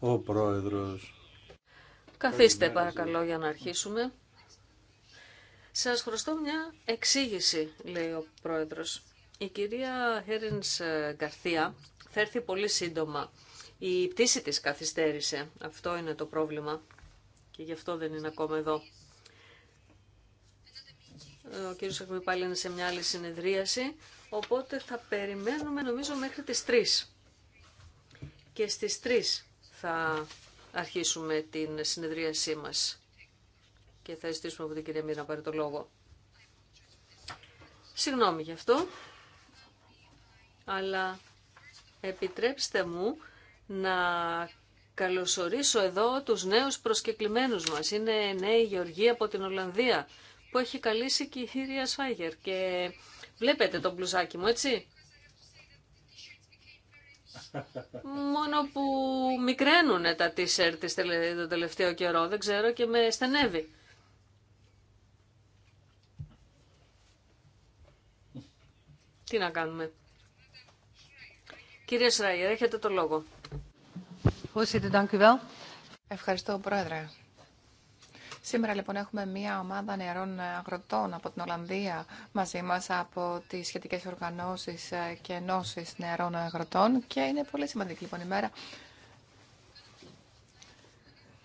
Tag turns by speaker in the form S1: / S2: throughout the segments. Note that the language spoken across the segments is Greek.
S1: Ο Πρόεδρος. Καθίστε
S2: παρακαλώ για να αρχίσουμε. Σας χρωστώ μια εξήγηση, λέει ο Πρόεδρος. Η κυρία Χέρινς ε, Γκαρθία θα έρθει πολύ σύντομα. Η πτήση της καθυστέρησε. Αυτό είναι το πρόβλημα. Και γι' αυτό δεν είναι ακόμα εδώ. Ο κύριος Αχμή πάλι είναι σε μια άλλη συνεδρίαση. Οπότε θα περιμένουμε νομίζω μέχρι τις 3 και στις 3 θα αρχίσουμε την συνεδρίασή μας και θα ζητήσουμε από την κυρία Μίρα να πάρει το λόγο. Συγγνώμη γι' αυτό, αλλά επιτρέψτε μου να καλωσορίσω εδώ τους νέους προσκεκλημένους μας. Είναι νέοι Γεωργοί από την Ολλανδία που έχει καλήσει και η κυρία Σφάγερ και βλέπετε το μπλουζάκι μου έτσι. Μόνο που μικραίνουν τα τίσερ το τελευταίο καιρό, δεν ξέρω, και με στενεύει. Τι να κάνουμε. Κύριε Σράιερ, έχετε το
S3: λόγο. Ευχαριστώ, Πρόεδρε. Σήμερα λοιπόν έχουμε μια ομάδα νεαρών ε, αγροτών από την Ολλανδία μαζί μας από τις σχετικές οργανώσεις ε, και ενώσεις νεαρών αγροτών και είναι πολύ σημαντική λοιπόν η μέρα.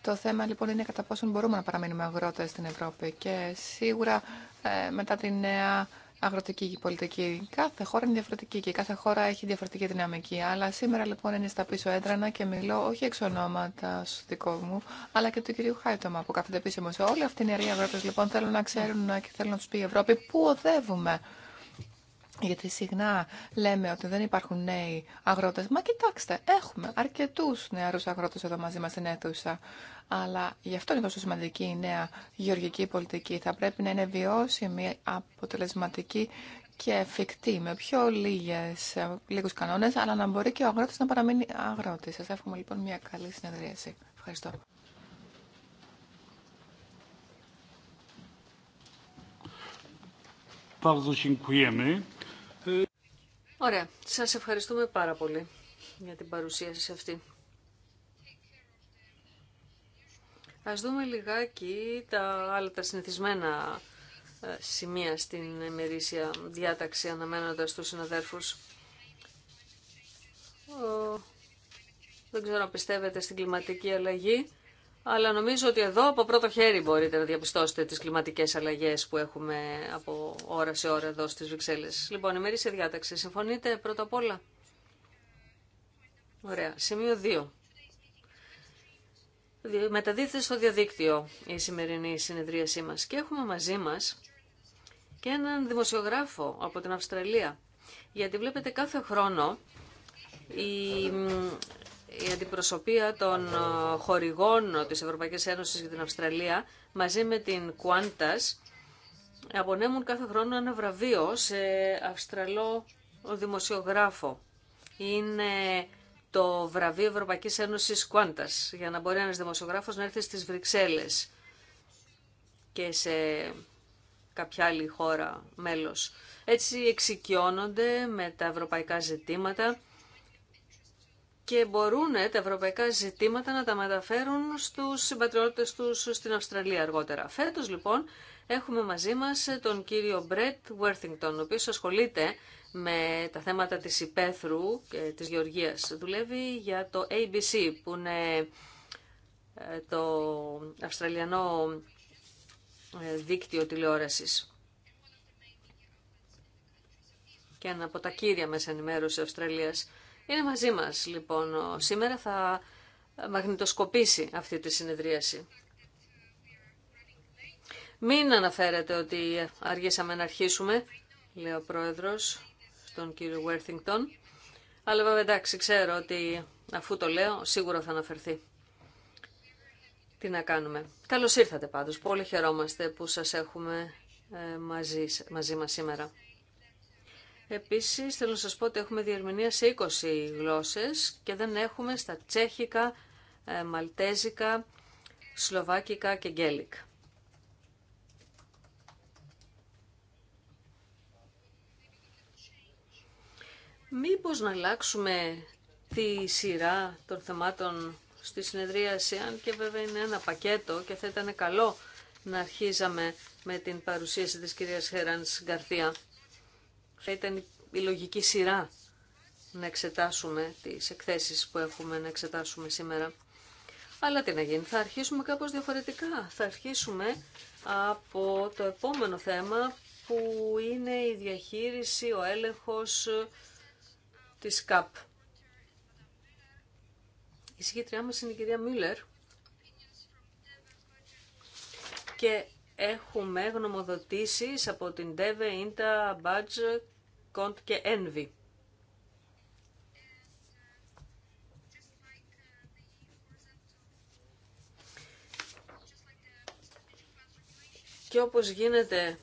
S3: Το θέμα λοιπόν είναι κατά πόσο μπορούμε να παραμείνουμε αγρότες στην Ευρώπη και σίγουρα ε, μετά τη νέα αγροτική και πολιτική. Κάθε χώρα είναι διαφορετική και κάθε χώρα έχει διαφορετική δυναμική. Αλλά σήμερα λοιπόν είναι στα πίσω έδρανα και μιλώ όχι εξ ονόματα δικό μου, αλλά και του κυρίου Χάιτομα που κάθεται πίσω Σε όλη αυτή την λοιπόν θέλουν να ξέρουν και θέλουν να του πει η Ευρώπη πού οδεύουμε. Γιατί συχνά λέμε ότι δεν υπάρχουν νέοι αγρότε. Μα κοιτάξτε, έχουμε αρκετού νεαρού αγρότε εδώ μαζί μα στην αίθουσα. Αλλά γι' αυτό είναι τόσο σημαντική η νέα γεωργική πολιτική. Θα πρέπει να είναι βιώσιμη, αποτελεσματική και εφικτή, με πιο ε, λίγου κανόνε, αλλά να μπορεί και ο αγρότη να παραμείνει αγρότη. Σα εύχομαι λοιπόν μια καλή συνεδρίαση. Ευχαριστώ.
S2: Ωραία. Σας ευχαριστούμε πάρα πολύ για την παρουσία σας αυτή. Ας δούμε λιγάκι τα άλλα τα συνηθισμένα ε, σημεία στην ημερήσια διάταξη αναμένοντας τους συναδέρφους. Δεν ξέρω αν πιστεύετε στην κλιματική αλλαγή αλλά νομίζω ότι εδώ από πρώτο χέρι μπορείτε να διαπιστώσετε τις κλιματικές αλλαγές που έχουμε από ώρα σε ώρα εδώ στις Βρυξέλλες. Λοιπόν, ημερήσια διάταξη. Συμφωνείτε πρώτα απ' όλα. Ωραία. Σημείο 2. Μεταδίδεται στο διαδίκτυο η σημερινή συνεδρίασή μας και έχουμε μαζί μας και έναν δημοσιογράφο από την Αυστραλία. Γιατί βλέπετε κάθε χρόνο η η αντιπροσωπεία των ε, χορηγών της Ευρωπαϊκής Ένωσης για την Αυστραλία μαζί με την Qantas απονέμουν κάθε χρόνο ένα βραβείο σε Αυστραλό δημοσιογράφο. Είναι το βραβείο Ευρωπαϊκής Ένωσης Qantas για να μπορεί ένας δημοσιογράφος να έρθει στις Βρυξέλλες και σε κάποια άλλη χώρα μέλος. Έτσι εξοικειώνονται με τα ευρωπαϊκά ζητήματα και μπορούν ε, τα ευρωπαϊκά ζητήματα να τα μεταφέρουν στους συμπατριώτες τους στην Αυστραλία αργότερα. Φέτος λοιπόν έχουμε μαζί μας ε, τον κύριο Μπρέτ Worthington, ο οποίος ασχολείται με τα θέματα της υπαίθρου και της γεωργίας. Δουλεύει για το ABC που είναι ε, το Αυστραλιανό δίκτυο τηλεόρασης και ένα από τα κύρια μέσα ενημέρωση Αυστραλίας. Είναι μαζί μας λοιπόν. Σήμερα θα μαγνητοσκοπήσει αυτή τη συνεδρίαση. Μην αναφέρετε ότι αργήσαμε να αρχίσουμε, λέει ο πρόεδρος στον κύριο Βέρθιγκτον. Αλλά βέβαια εντάξει, ξέρω ότι αφού το λέω, σίγουρα θα αναφερθεί. Τι να κάνουμε. Καλώς ήρθατε πάντως. Πολύ χαιρόμαστε που σας έχουμε ε, μαζί, μαζί μας σήμερα. Επίσης θέλω να σας πω ότι έχουμε διερμηνία σε 20 γλώσσες και δεν έχουμε στα τσέχικα, ε, μαλτέζικα, σλοβάκικα και γκέλικ. Μήπως να αλλάξουμε τη σειρά των θεμάτων στη συνεδρίαση, αν και βέβαια είναι ένα πακέτο και θα ήταν καλό να αρχίζαμε με την παρουσίαση της κυρίας Χέρανς Γκαρθία θα ήταν η λογική σειρά να εξετάσουμε τις εκθέσεις που έχουμε να εξετάσουμε σήμερα. Αλλά τι να γίνει, θα αρχίσουμε κάπως διαφορετικά. Θα αρχίσουμε από το επόμενο θέμα που είναι η διαχείριση, ο έλεγχος της ΚΑΠ. Η συγκεκριά μας είναι η κυρία Μίλλερ και έχουμε γνωμοδοτήσεις από την DEVE, INTA, Budget Κοντ και όπως γίνεται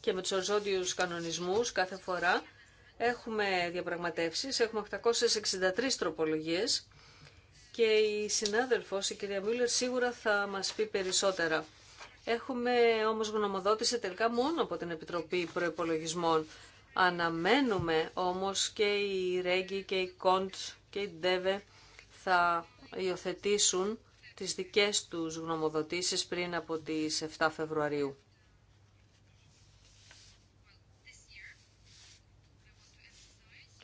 S2: και με τους οριζόντιους κανονισμούς κάθε φορά, έχουμε διαπραγματεύσεις, έχουμε 863 τροπολογίες και η συνάδελφος, η κυρία Μίλλερ, σίγουρα θα μας πει περισσότερα. Έχουμε όμως γνωμοδότηση τελικά μόνο από την Επιτροπή Προϋπολογισμών. Αναμένουμε όμως και η Ρέγγι και η Κοντ και η Ντέβε θα υιοθετήσουν τις δικές τους γνωμοδοτήσεις πριν από τις 7 Φεβρουαρίου.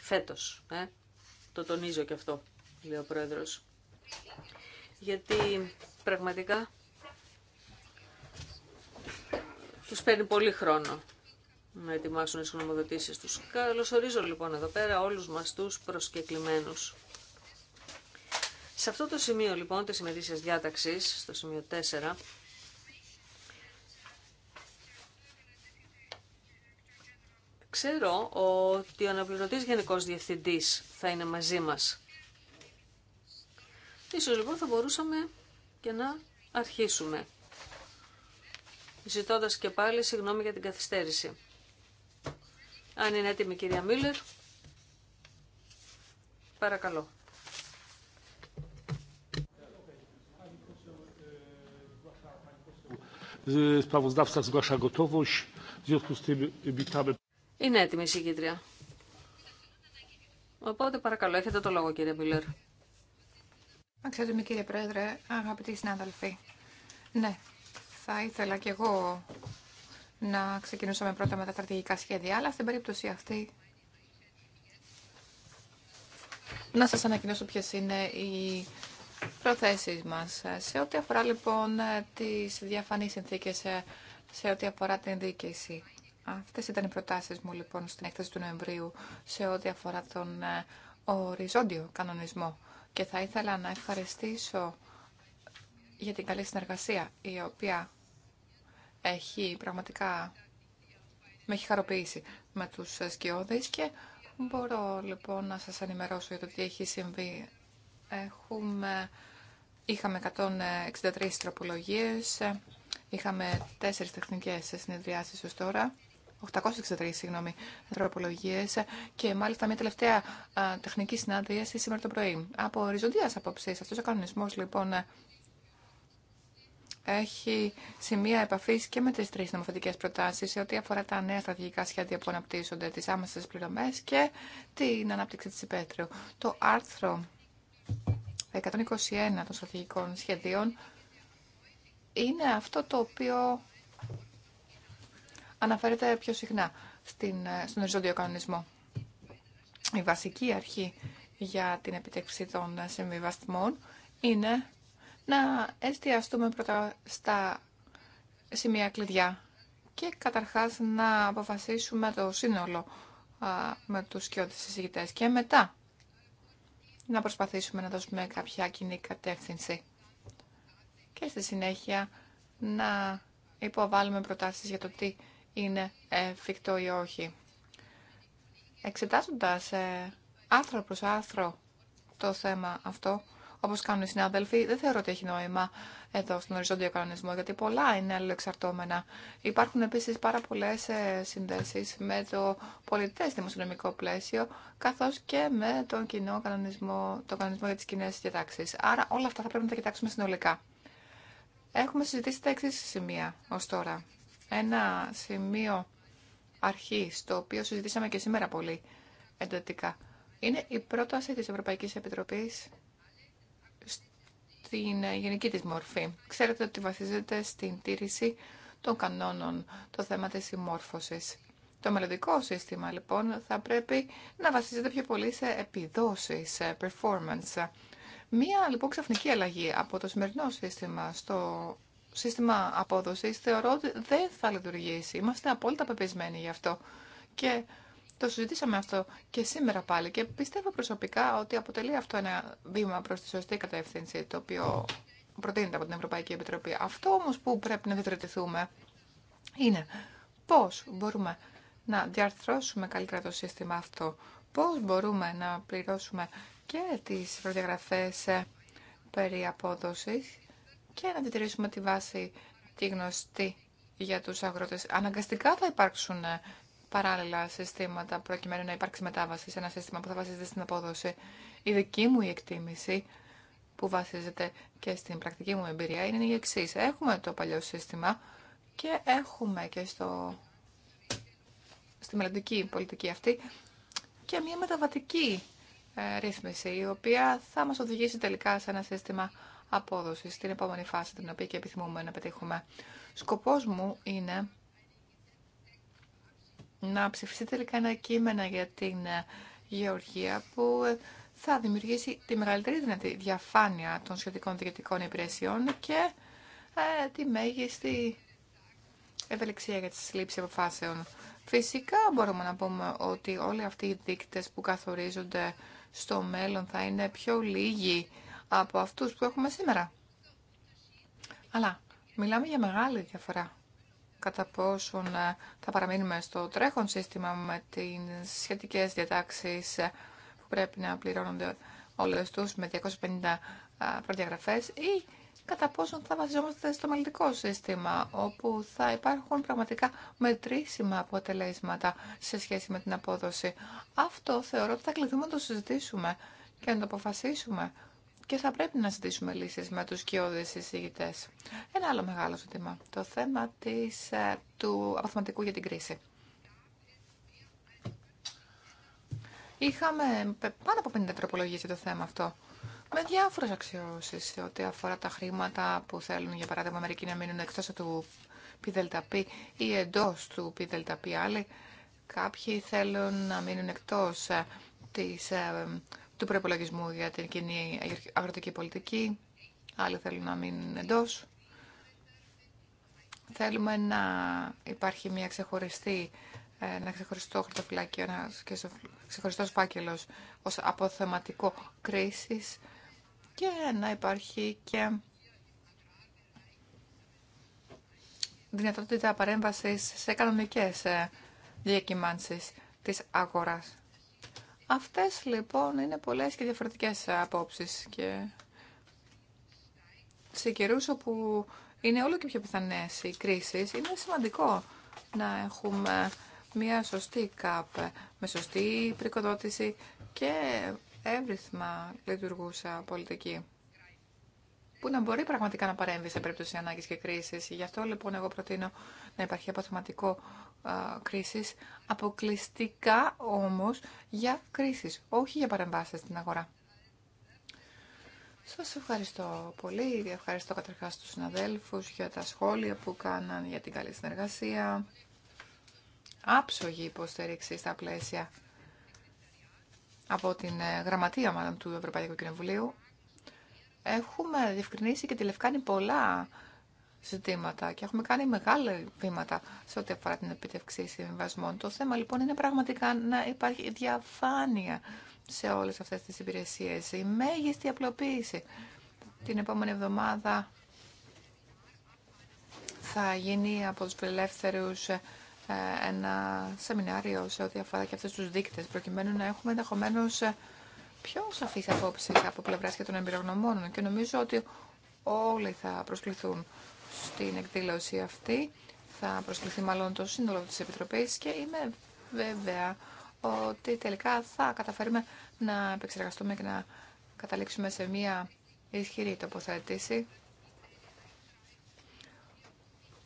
S2: Φέτος, ε? το τονίζω και αυτό, λέει ο Πρόεδρος. Γιατί πραγματικά Του παίρνει πολύ χρόνο να ετοιμάσουν τι γνωμοδοτήσει τους. Καλωσορίζω λοιπόν εδώ πέρα όλους μας τους προσκεκλημένου. Σε αυτό το σημείο λοιπόν τη ημερήσια διάταξης, στο σημείο 4, ξέρω ότι ο αναπληρωτής Γενικός Διευθυντής θα είναι μαζί μας. Ίσως λοιπόν θα μπορούσαμε και να αρχίσουμε ζητώντας και πάλι συγγνώμη για την καθυστέρηση. Αν είναι έτοιμη κυρία Μίλλερ, παρακαλώ.
S3: Είναι έτοιμη η συγκήτρια.
S1: Οπότε
S2: παρακαλώ, έχετε το λόγο κύριε Μίλλερ.
S3: Αξιότιμη κύριε Πρόεδρε, αγαπητοί συνάδελφοι. Ναι, θα ήθελα κι εγώ να ξεκινούσαμε πρώτα με τα στρατηγικά σχέδια, αλλά στην περίπτωση αυτή να σας ανακοινώσω ποιες είναι οι προθέσεις μας. Σε ό,τι αφορά λοιπόν τις διαφανείς συνθήκες, σε ό,τι αφορά την δίκηση. Αυτές ήταν οι προτάσεις μου λοιπόν στην έκθεση του Νοεμβρίου σε ό,τι αφορά τον ε, οριζόντιο κανονισμό. Και θα ήθελα να ευχαριστήσω για την καλή συνεργασία η οποία έχει πραγματικά με έχει χαροποιήσει με τους σκιώδεις και μπορώ λοιπόν να σας ενημερώσω για το τι έχει συμβεί. Έχουμε, είχαμε 163 τροπολογίες, είχαμε 4 τεχνικές συνεδριάσεις ως τώρα. 863, συγγνώμη, τροπολογίε και μάλιστα μια τελευταία τεχνική συνάντηση σήμερα το πρωί. Από οριζοντίας απόψη, αυτός ο κανονισμός λοιπόν έχει σημεία επαφή και με τι τρει νομοθετικέ προτάσει σε ό,τι αφορά τα νέα στρατηγικά σχέδια που αναπτύσσονται, τι άμεσε πληρωμέ και την ανάπτυξη τη υπέτρου. Το άρθρο 121 των στρατηγικών σχεδίων είναι αυτό το οποίο αναφέρεται πιο συχνά στην, στον οριζόντιο κανονισμό. Η βασική αρχή για την επιτευξη των συμβιβασμών είναι να εστιαστούμε πρώτα στα σημεία κλειδιά και καταρχάς να αποφασίσουμε το σύνολο με τους σκιώδεις συζητητές και μετά να προσπαθήσουμε να δώσουμε κάποια κοινή κατεύθυνση και στη συνέχεια να υποβάλουμε προτάσεις για το τι είναι εφικτό ή όχι. Εξετάζοντας ε, άνθρωπος προς άθρο το θέμα αυτό, όπω κάνουν οι συνάδελφοι, δεν θεωρώ ότι έχει νόημα εδώ στον οριζόντιο κανονισμό, γιατί πολλά είναι αλληλεξαρτώμενα. Υπάρχουν επίση πάρα πολλέ ε, συνδέσει με το πολιτέ δημοσιονομικό πλαίσιο, καθώ και με τον κοινό κανονισμό, το κανονισμό για τι κοινέ διατάξει. Άρα όλα αυτά θα πρέπει να τα κοιτάξουμε συνολικά. Έχουμε συζητήσει τα εξή σημεία ω τώρα. Ένα σημείο αρχή, το οποίο συζητήσαμε και σήμερα πολύ εντατικά. Είναι η πρόταση της Ευρωπαϊκής Επιτροπής στην γενική της μορφή. Ξέρετε ότι βασίζεται στην τήρηση των κανόνων το θέμα της συμμόρφωσης. Το μελλοντικό σύστημα λοιπόν θα πρέπει να βασίζεται πιο πολύ σε επιδόσεις, σε performance. Μία λοιπόν ξαφνική αλλαγή από το σημερινό σύστημα στο σύστημα απόδοσης θεωρώ ότι δεν θα λειτουργήσει. Είμαστε απόλυτα πεπισμένοι γι' αυτό. Και το συζητήσαμε αυτό και σήμερα πάλι και πιστεύω προσωπικά ότι αποτελεί αυτό ένα βήμα προς τη σωστή κατεύθυνση το οποίο προτείνεται από την Ευρωπαϊκή Επιτροπή. Αυτό όμω που πρέπει να διατηρηθούμε είναι πώς μπορούμε να διαρθρώσουμε καλύτερα το σύστημα αυτό, πώς μπορούμε να πληρώσουμε και τις προδιαγραφέ ε, περί απόδοση και να διατηρήσουμε τη βάση τη γνωστή για τους αγρότες. Αναγκαστικά θα υπάρξουν ε, παράλληλα συστήματα προκειμένου να υπάρξει μετάβαση σε ένα σύστημα που θα βασίζεται στην απόδοση. Η δική μου η εκτίμηση που βασίζεται και στην πρακτική μου εμπειρία είναι η εξή. Έχουμε το παλιό σύστημα και έχουμε και στο... στη μελλοντική πολιτική αυτή και μια μεταβατική ε, ρύθμιση η οποία θα μας οδηγήσει τελικά σε ένα σύστημα απόδοσης στην επόμενη φάση την οποία και επιθυμούμε να πετύχουμε. Σκοπός μου είναι να ψηφιστεί τελικά ένα κείμενα για την ε, γεωργία που ε, θα δημιουργήσει τη μεγαλύτερη δυνατή διαφάνεια των σχετικών διοικητικών υπηρεσιών και ε, τη μέγιστη ευελιξία για τις λήψεις αποφάσεων. Φυσικά μπορούμε να πούμε ότι όλοι αυτοί οι δείκτες που καθορίζονται στο μέλλον θα είναι πιο λίγοι από αυτούς που έχουμε σήμερα. Αλλά μιλάμε για μεγάλη διαφορά κατά πόσον ε, θα παραμείνουμε στο τρέχον σύστημα με τις σχετικές διατάξεις ε, που πρέπει να πληρώνονται όλες τους με 250 ε, προδιαγραφές ή κατά πόσον θα βασιζόμαστε στο μελλοντικό σύστημα όπου θα υπάρχουν πραγματικά μετρήσιμα αποτελέσματα σε σχέση με την απόδοση. Αυτό θεωρώ ότι θα κληθούμε να το συζητήσουμε και να το αποφασίσουμε και θα πρέπει να στήσουμε λύσεις με τους κοιόδες εισηγητές. Ένα άλλο μεγάλο ζήτημα, το θέμα της, ε, του αποθεματικού για την κρίση. Είχαμε πάνω από 50 τροπολογίες για το θέμα αυτό. Με διάφορε αξιώσει ό,τι αφορά τα χρήματα που θέλουν, για παράδειγμα, μερικοί να μείνουν εκτό του ΠΔΠ ή εντό του ΠΔΠ. Άλλοι κάποιοι θέλουν να μείνουν εκτό ε, τη ε, του προπολογισμού για την κοινή αγροτική πολιτική. Άλλοι θέλουν να μείνουν εντό. Θέλουμε να υπάρχει μια ξεχωριστή, ένα ξεχωριστό χαρτοφυλάκιο, ένα ξεχωριστό φάκελο ω αποθεματικό κρίση και να υπάρχει και δυνατότητα παρέμβασης σε κανονικές ε, διακυμάνσεις της αγοράς. Αυτές λοιπόν είναι πολλές και διαφορετικές απόψεις και σε καιρούς όπου είναι όλο και πιο πιθανές οι κρίσεις, είναι σημαντικό να έχουμε μια σωστή ΚΑΠ με σωστή πρικοδότηση και εύρυθμα λειτουργούσα πολιτική που να μπορεί πραγματικά να παρέμβει σε περίπτωση ανάγκης και κρίσης. Γι' αυτό λοιπόν εγώ προτείνω να υπάρχει αποθεματικό κρίσης, αποκλειστικά όμως για κρίσεις, όχι για παρεμβάσεις στην αγορά. Σας ευχαριστώ πολύ. Ευχαριστώ καταρχάς τους συναδέλφους για τα σχόλια που κάναν, για την καλή συνεργασία. Άψογη υποστήριξη στα πλαίσια από την ε, γραμματεία μάλλον του Ευρωπαϊκού Κοινοβουλίου. Έχουμε διευκρινίσει και τη πολλά ζητήματα και έχουμε κάνει μεγάλα βήματα σε ό,τι αφορά την επιτευξή συμβιβασμών. Το θέμα λοιπόν είναι πραγματικά να υπάρχει διαφάνεια σε όλες αυτές τις υπηρεσίες, η μέγιστη απλοποίηση. Την επόμενη εβδομάδα θα γίνει από τους φιλελεύθερους ε, ένα σεμινάριο σε ό,τι αφορά και αυτούς τους δείκτες, προκειμένου να έχουμε ενδεχομένω ε, πιο σαφείς απόψεις από πλευράς και των εμπειρογνωμών. και νομίζω ότι όλοι θα προσκληθούν στην εκδήλωση αυτή. Θα προσκληθεί μάλλον το σύνολο της Επιτροπής και είμαι βέβαια ότι τελικά θα καταφέρουμε να επεξεργαστούμε και να καταλήξουμε σε μία ισχυρή τοποθέτηση.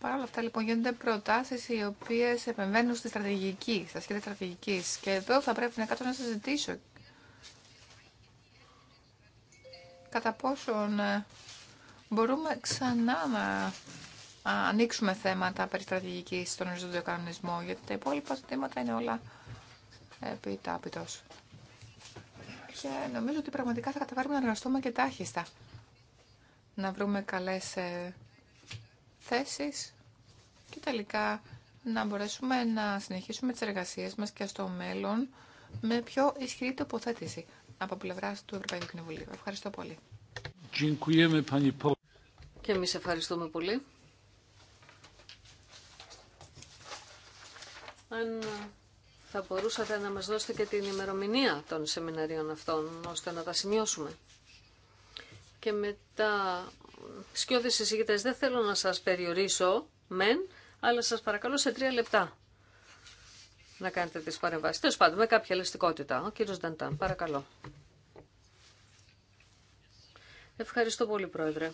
S3: Παρ' όλα αυτά λοιπόν γίνονται προτάσεις οι οποίες επεμβαίνουν στη στρατηγική, στα σχέδια στρατηγικής και εδώ θα πρέπει να κάτσω να συζητήσω κατά πόσον ε, μπορούμε ξανά να ανοίξουμε θέματα περί στρατηγικής στον οριζόντιο κανονισμό, γιατί τα υπόλοιπα θέματα είναι όλα επιτάπητος. Και νομίζω ότι πραγματικά θα καταφέρουμε να εργαστούμε και τάχιστα. Να βρούμε καλές ε, θέσεις και τελικά να μπορέσουμε να συνεχίσουμε τις εργασίες μας και στο μέλλον με πιο ισχυρή τοποθέτηση από πλευρά του Ευρωπαϊκού Κοινοβουλίου. Ευχαριστώ πολύ. Και εμείς ευχαριστούμε πολύ.
S2: Αν θα μπορούσατε να μας δώσετε και την ημερομηνία των σεμιναρίων αυτών, ώστε να τα σημειώσουμε. Και μετά, σκιώδες συζήτητες, δεν θέλω να σας περιορίσω, μεν, αλλά σας παρακαλώ σε τρία λεπτά να κάνετε τις παρεμβάσεις. Τέλος πάντων, με κάποια ελαστικότητα. Ο κύριος Νταντάν, παρακαλώ. Ευχαριστώ πολύ, Πρόεδρε.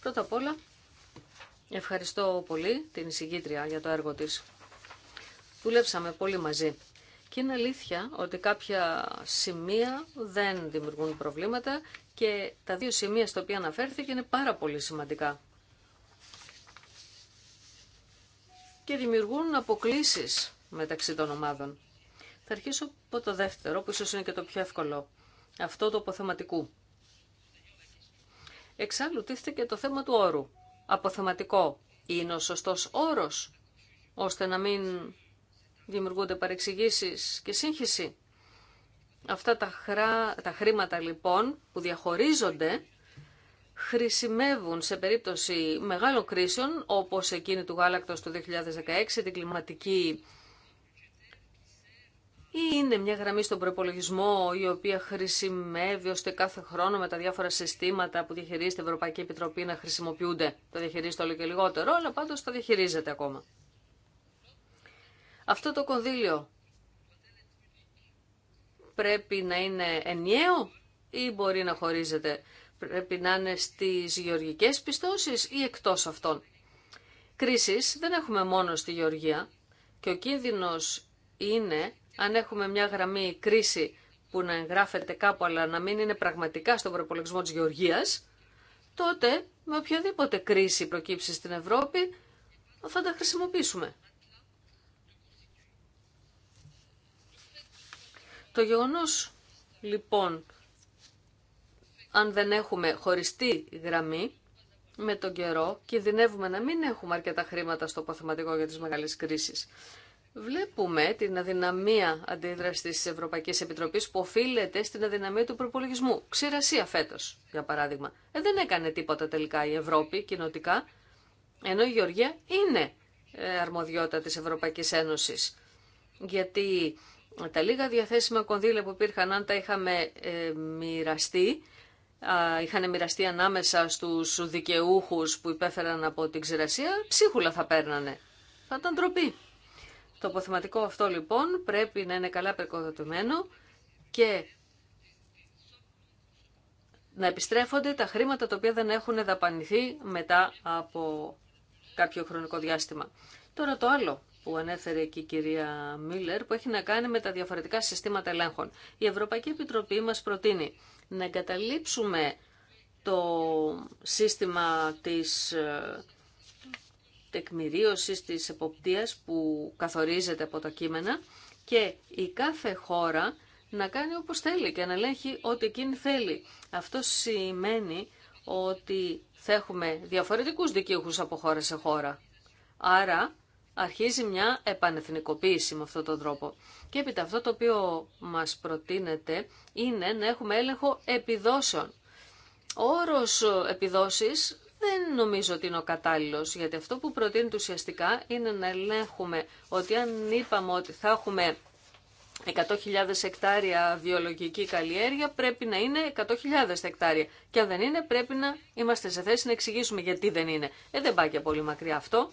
S2: Πρώτα απ' όλα, ευχαριστώ πολύ την εισηγήτρια για το έργο της. Δουλέψαμε πολύ μαζί. Και είναι αλήθεια ότι κάποια σημεία δεν δημιουργούν προβλήματα και τα δύο σημεία στα οποία αναφέρθηκε είναι πάρα πολύ σημαντικά. Και δημιουργούν αποκλίσεις μεταξύ των ομάδων. Θα αρχίσω από το δεύτερο, που ίσως είναι και το πιο εύκολο, αυτό το αποθεματικού. Εξάλλου τίθεται και το θέμα του όρου. Αποθεματικό είναι ο σωστός όρος, ώστε να μην δημιουργούνται παρεξηγήσεις και σύγχυση. Αυτά τα, τα χρήματα λοιπόν που διαχωρίζονται χρησιμεύουν σε περίπτωση μεγάλων κρίσεων όπως εκείνη του γάλακτος του 2016, την κλιματική ή είναι μια γραμμή στον προπολογισμό η οποία χρησιμεύει ώστε κάθε χρόνο με τα διάφορα συστήματα που διαχειρίζεται η Ευρωπαϊκή Επιτροπή να χρησιμοποιούνται. Το διαχειρίζεται όλο και λιγότερο, αλλά πάντως το διαχειρίζεται ακόμα. Αυτό το κονδύλιο πρέπει να είναι ενιαίο ή μπορεί να χωρίζεται. Πρέπει να είναι στις γεωργικές πιστώσεις ή εκτός αυτών. Κρίσεις δεν έχουμε μόνο στη γεωργία και ο κίνδυνος είναι αν έχουμε μια γραμμή κρίση που να εγγράφεται κάπου αλλά να μην είναι πραγματικά στον προπολογισμό της Γεωργίας, τότε με οποιαδήποτε κρίση προκύψει στην Ευρώπη θα τα χρησιμοποιήσουμε. Το γεγονός λοιπόν αν δεν έχουμε χωριστή γραμμή με τον καιρό, κινδυνεύουμε να μην έχουμε αρκετά χρήματα στο αποθεματικό για τις μεγάλες κρίσεις. Βλέπουμε την αδυναμία αντίδραση τη Ευρωπαϊκής Επιτροπής που οφείλεται στην αδυναμία του προπολογισμού. Ξηρασία φέτο, για παράδειγμα. Ε, δεν έκανε τίποτα τελικά η Ευρώπη κοινοτικά, ενώ η Γεωργία είναι ε, αρμοδιότητα της Ευρωπαϊκής Ένωσης. Γιατί τα λίγα διαθέσιμα κονδύλια που υπήρχαν, αν τα είχαμε ε, μοιραστεί, είχαν μοιραστεί ανάμεσα στους δικαιούχους που υπέφεραν από την ξηρασία, ψίχουλα θα παίρνανε. Θα ήταν ντροπή. Το αποθεματικό αυτό λοιπόν πρέπει να είναι καλά περικοδοτημένο και να επιστρέφονται τα χρήματα τα οποία δεν έχουν δαπανηθεί μετά από κάποιο χρονικό διάστημα. Τώρα το άλλο που ανέφερε και η κυρία Μίλλερ, που έχει να κάνει με τα διαφορετικά συστήματα ελέγχων. Η Ευρωπαϊκή Επιτροπή μας προτείνει να εγκαταλείψουμε το σύστημα της ε, τεκμηρίωσης της εποπτείας που καθορίζεται από τα κείμενα και η κάθε χώρα να κάνει όπως θέλει και να ελέγχει ό,τι εκείνη θέλει. Αυτό σημαίνει ότι θα έχουμε διαφορετικούς δικαιούχους από χώρα σε χώρα. Άρα αρχίζει μια επανεθνικοποίηση με αυτόν τον τρόπο. Και έπειτα αυτό το οποίο μας προτείνεται είναι να έχουμε έλεγχο επιδόσεων. Ο όρος επιδόσεις δεν νομίζω ότι είναι ο κατάλληλο, γιατί αυτό που προτείνει ουσιαστικά είναι να ελέγχουμε ότι αν είπαμε ότι θα έχουμε 100.000 εκτάρια βιολογική καλλιέργεια, πρέπει να είναι 100.000 εκτάρια. Και αν δεν είναι, πρέπει να είμαστε σε θέση να εξηγήσουμε γιατί δεν είναι. Ε, δεν πάει και πολύ μακριά αυτό.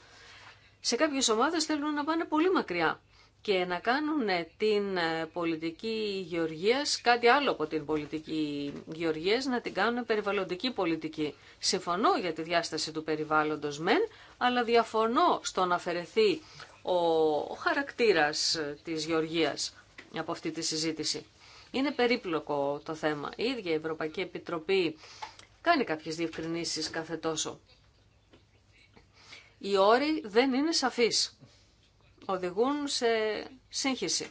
S2: Σε κάποιε ομάδε θέλουν να πάνε πολύ μακριά και να κάνουν την ε, πολιτική γεωργίας κάτι άλλο από την πολιτική γεωργίας, να την κάνουν περιβαλλοντική πολιτική. Συμφωνώ για τη διάσταση του περιβάλλοντος μεν, αλλά διαφωνώ στο να αφαιρεθεί ο χαρακτήρας ε, της γεωργίας από αυτή τη συζήτηση. Είναι περίπλοκο το θέμα. Η ίδια η Ευρωπαϊκή Επιτροπή κάνει κάποιες διευκρινήσεις κάθε τόσο. Οι όροι δεν είναι σαφείς οδηγούν σε σύγχυση.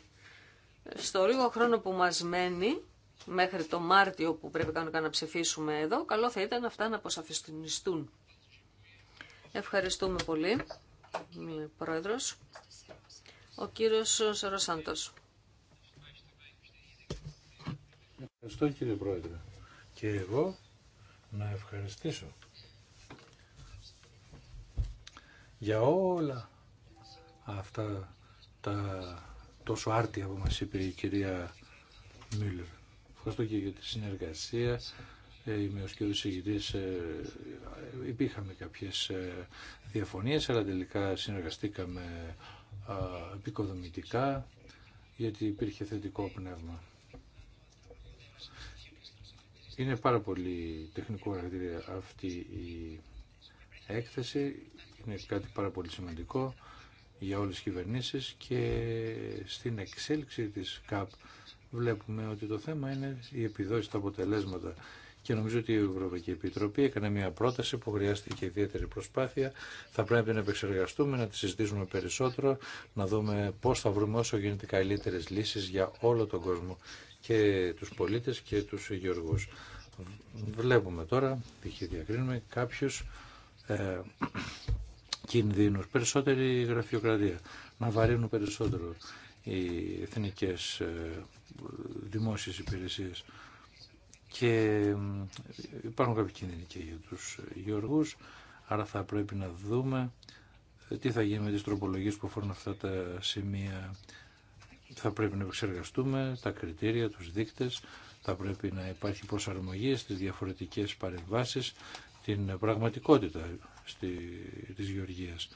S2: Στο λίγο χρόνο που μας μένει, μέχρι το Μάρτιο που πρέπει να ψηφίσουμε εδώ, καλό θα ήταν αυτά να αποσαφιστούν. Ευχαριστούμε πολύ, Πρόεδρος. Ο κύριος Σεροσάντος.
S4: Ευχαριστώ κύριε Πρόεδρε. Και εγώ να ευχαριστήσω για όλα αυτά τα τόσο άρτια που μας είπε η κυρία Μίλλερ. Ευχαριστώ και για τη συνεργασία. Ε, είμαι ο σκιώδης εισηγητής. Ε, υπήρχαμε κάποιες ε, διαφωνίες, αλλά τελικά συνεργαστήκαμε επικοδομητικά, γιατί υπήρχε θετικό πνεύμα. Είναι πάρα πολύ τεχνικό αυτή η έκθεση. Είναι κάτι πάρα πολύ σημαντικό για όλες τις κυβερνήσεις και στην εξέλιξη της ΚΑΠ βλέπουμε ότι το θέμα είναι η επιδόση τα αποτελέσματα. Και νομίζω ότι η Ευρωπαϊκή Επιτροπή έκανε μια πρόταση που χρειάστηκε ιδιαίτερη προσπάθεια. Θα πρέπει να επεξεργαστούμε, να τη συζητήσουμε περισσότερο, να δούμε πώ θα βρούμε όσο γίνεται καλύτερε λύσει για όλο τον κόσμο και του πολίτε και του γεωργού. Βλέπουμε τώρα, π.χ. διακρίνουμε κάποιου ε, κινδύνους, περισσότερη γραφειοκρατία, να βαρύνουν περισσότερο οι εθνικές ε, δημόσιες υπηρεσίες. Και υπάρχουν κάποιοι κίνδυνοι και για τους γεωργούς, άρα θα πρέπει να δούμε ε, τι θα γίνει με τις τροπολογίες που αφορούν αυτά τα σημεία. Θα πρέπει να επεξεργαστούμε τα κριτήρια, τους δείκτες, θα πρέπει να υπάρχει προσαρμογή στις διαφορετικές παρεμβάσεις, την πραγματικότητα στη, της γεωργίας.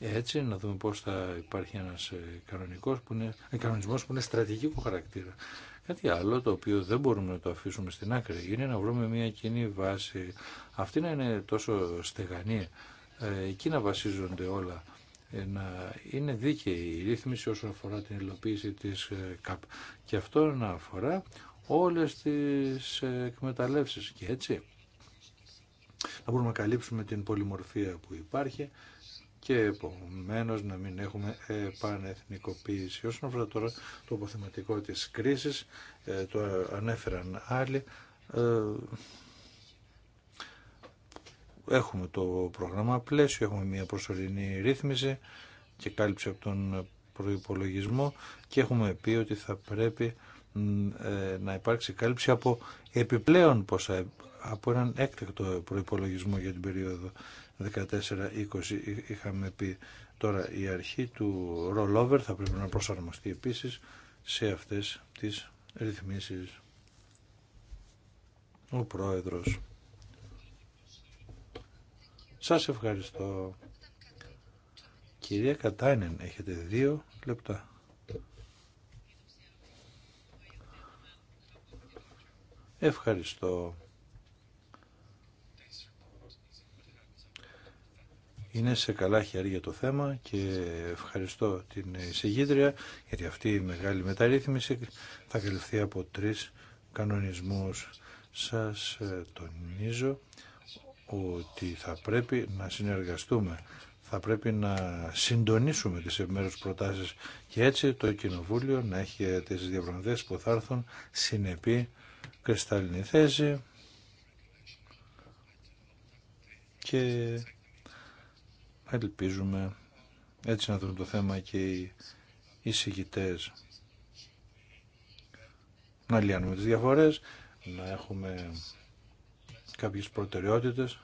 S4: Έτσι να δούμε πώς θα υπάρχει ένας ε, κανονικός που είναι, ε, κανονισμός που είναι στρατηγικού χαρακτήρα. Κάτι άλλο το οποίο δεν μπορούμε να το αφήσουμε στην άκρη είναι να βρούμε μια κοινή βάση. Αυτή να είναι τόσο στεγανή, ε, εκεί να βασίζονται όλα να είναι δίκαιη η ρύθμιση όσον αφορά την υλοποίηση της ΚΑΠ. Και αυτό να αφορά όλες τις εκμεταλλεύσεις. Και έτσι να μπορούμε να καλύψουμε την πολυμορφία που υπάρχει και επομένως να μην έχουμε επανεθνικοποίηση. Όσον αφορά τώρα το αποθεματικό της κρίσης, ε, το ανέφεραν άλλοι, ε, έχουμε το πρόγραμμα πλαίσιο, έχουμε μια προσωρινή ρύθμιση και κάλυψη από τον προϋπολογισμό και έχουμε πει ότι θα πρέπει ε, να υπάρξει κάλυψη από επιπλέον ποσά από έναν έκτακτο προϋπολογισμό για την περίοδο 14-20 είχαμε πει τώρα η αρχή του rollover θα πρέπει να προσαρμοστεί επίσης σε αυτές τις ρυθμίσεις. Ο Πρόεδρος. Σας ευχαριστώ. Κυρία Κατάινεν, έχετε δύο λεπτά. Ευχαριστώ. είναι σε καλά χέρια το θέμα και ευχαριστώ την εισηγήτρια γιατί αυτή η μεγάλη μεταρρύθμιση θα καλυφθεί από τρεις κανονισμούς. Σας ε, τονίζω ότι θα πρέπει να συνεργαστούμε, θα πρέπει να συντονίσουμε τις ευμέρους προτάσεις και έτσι το Κοινοβούλιο να έχει τις διαβροντές που θα έρθουν συνεπή κρυστάλλινη θέση και Ελπίζουμε έτσι να δουν το θέμα και οι εισηγητές. Να λιάνουμε τις διαφορές, να έχουμε κάποιες προτεραιότητες,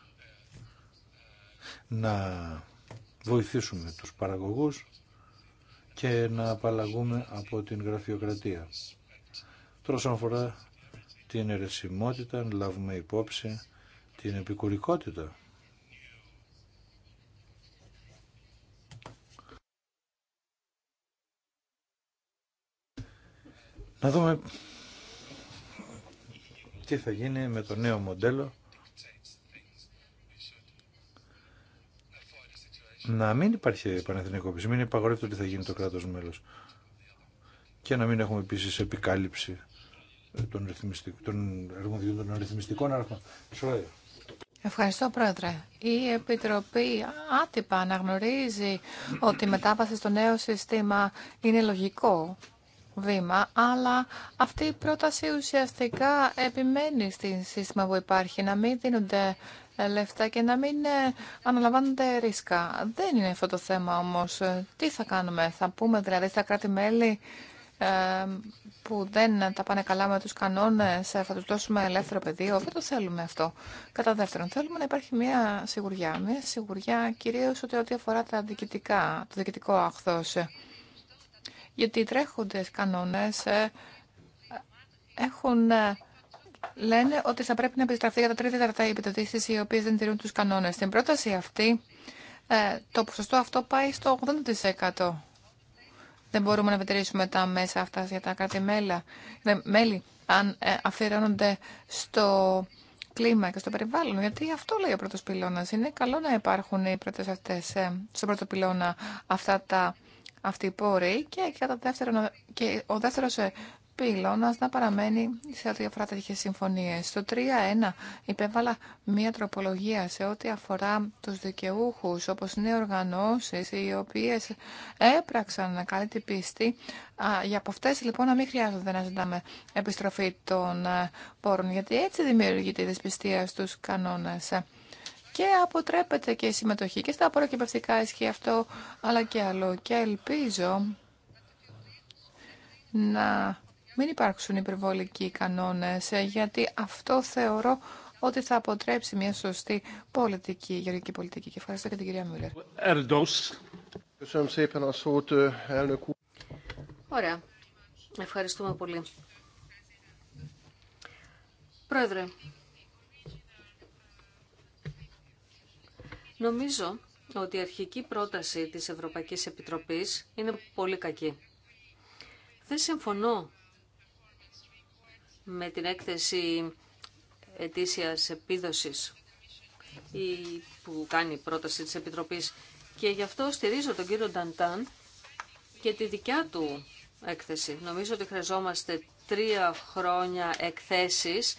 S4: να βοηθήσουμε τους παραγωγούς και να απαλλαγούμε από την γραφειοκρατία. Τώρα όσον αφορά την ερεσιμότητα, να λάβουμε υπόψη την επικουρικότητα Να δούμε τι θα γίνει με το νέο μοντέλο. Να μην υπάρχει πανεθνικοποίηση, μην υπαγορεύεται ότι θα γίνει το κράτος μέλος. Και να μην έχουμε επίσης επικάλυψη των, των εργοδιών των αριθμιστικών αρχών.
S3: Ευχαριστώ, Πρόεδρε. Η Επιτροπή άτυπα αναγνωρίζει ότι η μετάβαση στο νέο σύστημα είναι λογικό βήμα, αλλά αυτή η πρόταση ουσιαστικά επιμένει στην σύστημα που υπάρχει, να μην δίνονται λεφτά και να μην ε, αναλαμβάνονται ρίσκα. Δεν είναι αυτό το θέμα όμως. Ε, τι θα κάνουμε, θα πούμε δηλαδή στα κράτη-μέλη ε, που δεν τα πάνε καλά με τους κανόνες, θα τους δώσουμε ελεύθερο πεδίο. Δεν το θέλουμε αυτό. Κατά δεύτερον, θέλουμε να υπάρχει μια σιγουριά. Μια σιγουριά κυρίως ότι ό,τι αφορά τα διοικητικά, το διοικητικό αχθός γιατί οι τρέχοντες κανόνες ε, έχουν ε, λένε ότι θα πρέπει να επιστραφεί για τα τρίτη ταρτά οι επιδοτήσεις οι οποίες δεν τηρούν τους κανόνες. Στην πρόταση αυτή ε, το ποσοστό αυτό πάει στο 80%. Δεν μπορούμε να επιτηρήσουμε τα μέσα αυτά για τα κράτη-μέλη αν αφιερώνονται στο κλίμα και στο περιβάλλον. Γιατί αυτό λέει ο πρώτο πυλώνας. Είναι καλό να υπάρχουν οι πρώτε αυτέ, στον πρώτο πυλώνα, αυτά τα αυτή η πόρη και, και ο δεύτερος πυλώνας να παραμένει σε ό,τι αφορά τέτοιες συμφωνίες. Στο 3.1 υπέβαλα μία τροπολογία σε ό,τι αφορά τους δικαιούχους, όπως είναι οι οργανώσεις οι οποίες έπραξαν καλή την πίστη. Για από αυτές λοιπόν να μην χρειάζονται να ζητάμε επιστροφή των ε, πόρων, γιατί έτσι δημιουργείται η δυσπιστία στους κανόνες και αποτρέπεται και η συμμετοχή και στα απορροκυπευτικά ισχύει αυτό, αλλά και άλλο. Και ελπίζω να μην υπάρξουν υπερβολικοί κανόνες, γιατί αυτό θεωρώ ότι θα αποτρέψει μια σωστή πολιτική, γεωργική πολιτική. Και ευχαριστώ και την κυρία Μούλερ.
S2: Ωραία. Ευχαριστούμε πολύ. Πρόεδρε, Νομίζω ότι η αρχική πρόταση της Ευρωπαϊκής Επιτροπής είναι πολύ κακή. Δεν συμφωνώ με την έκθεση ετήσιας επίδοσης που κάνει η πρόταση της Επιτροπής και γι' αυτό στηρίζω τον κύριο Νταντάν και τη δικιά του έκθεση. Νομίζω ότι χρειαζόμαστε τρία χρόνια εκθέσεις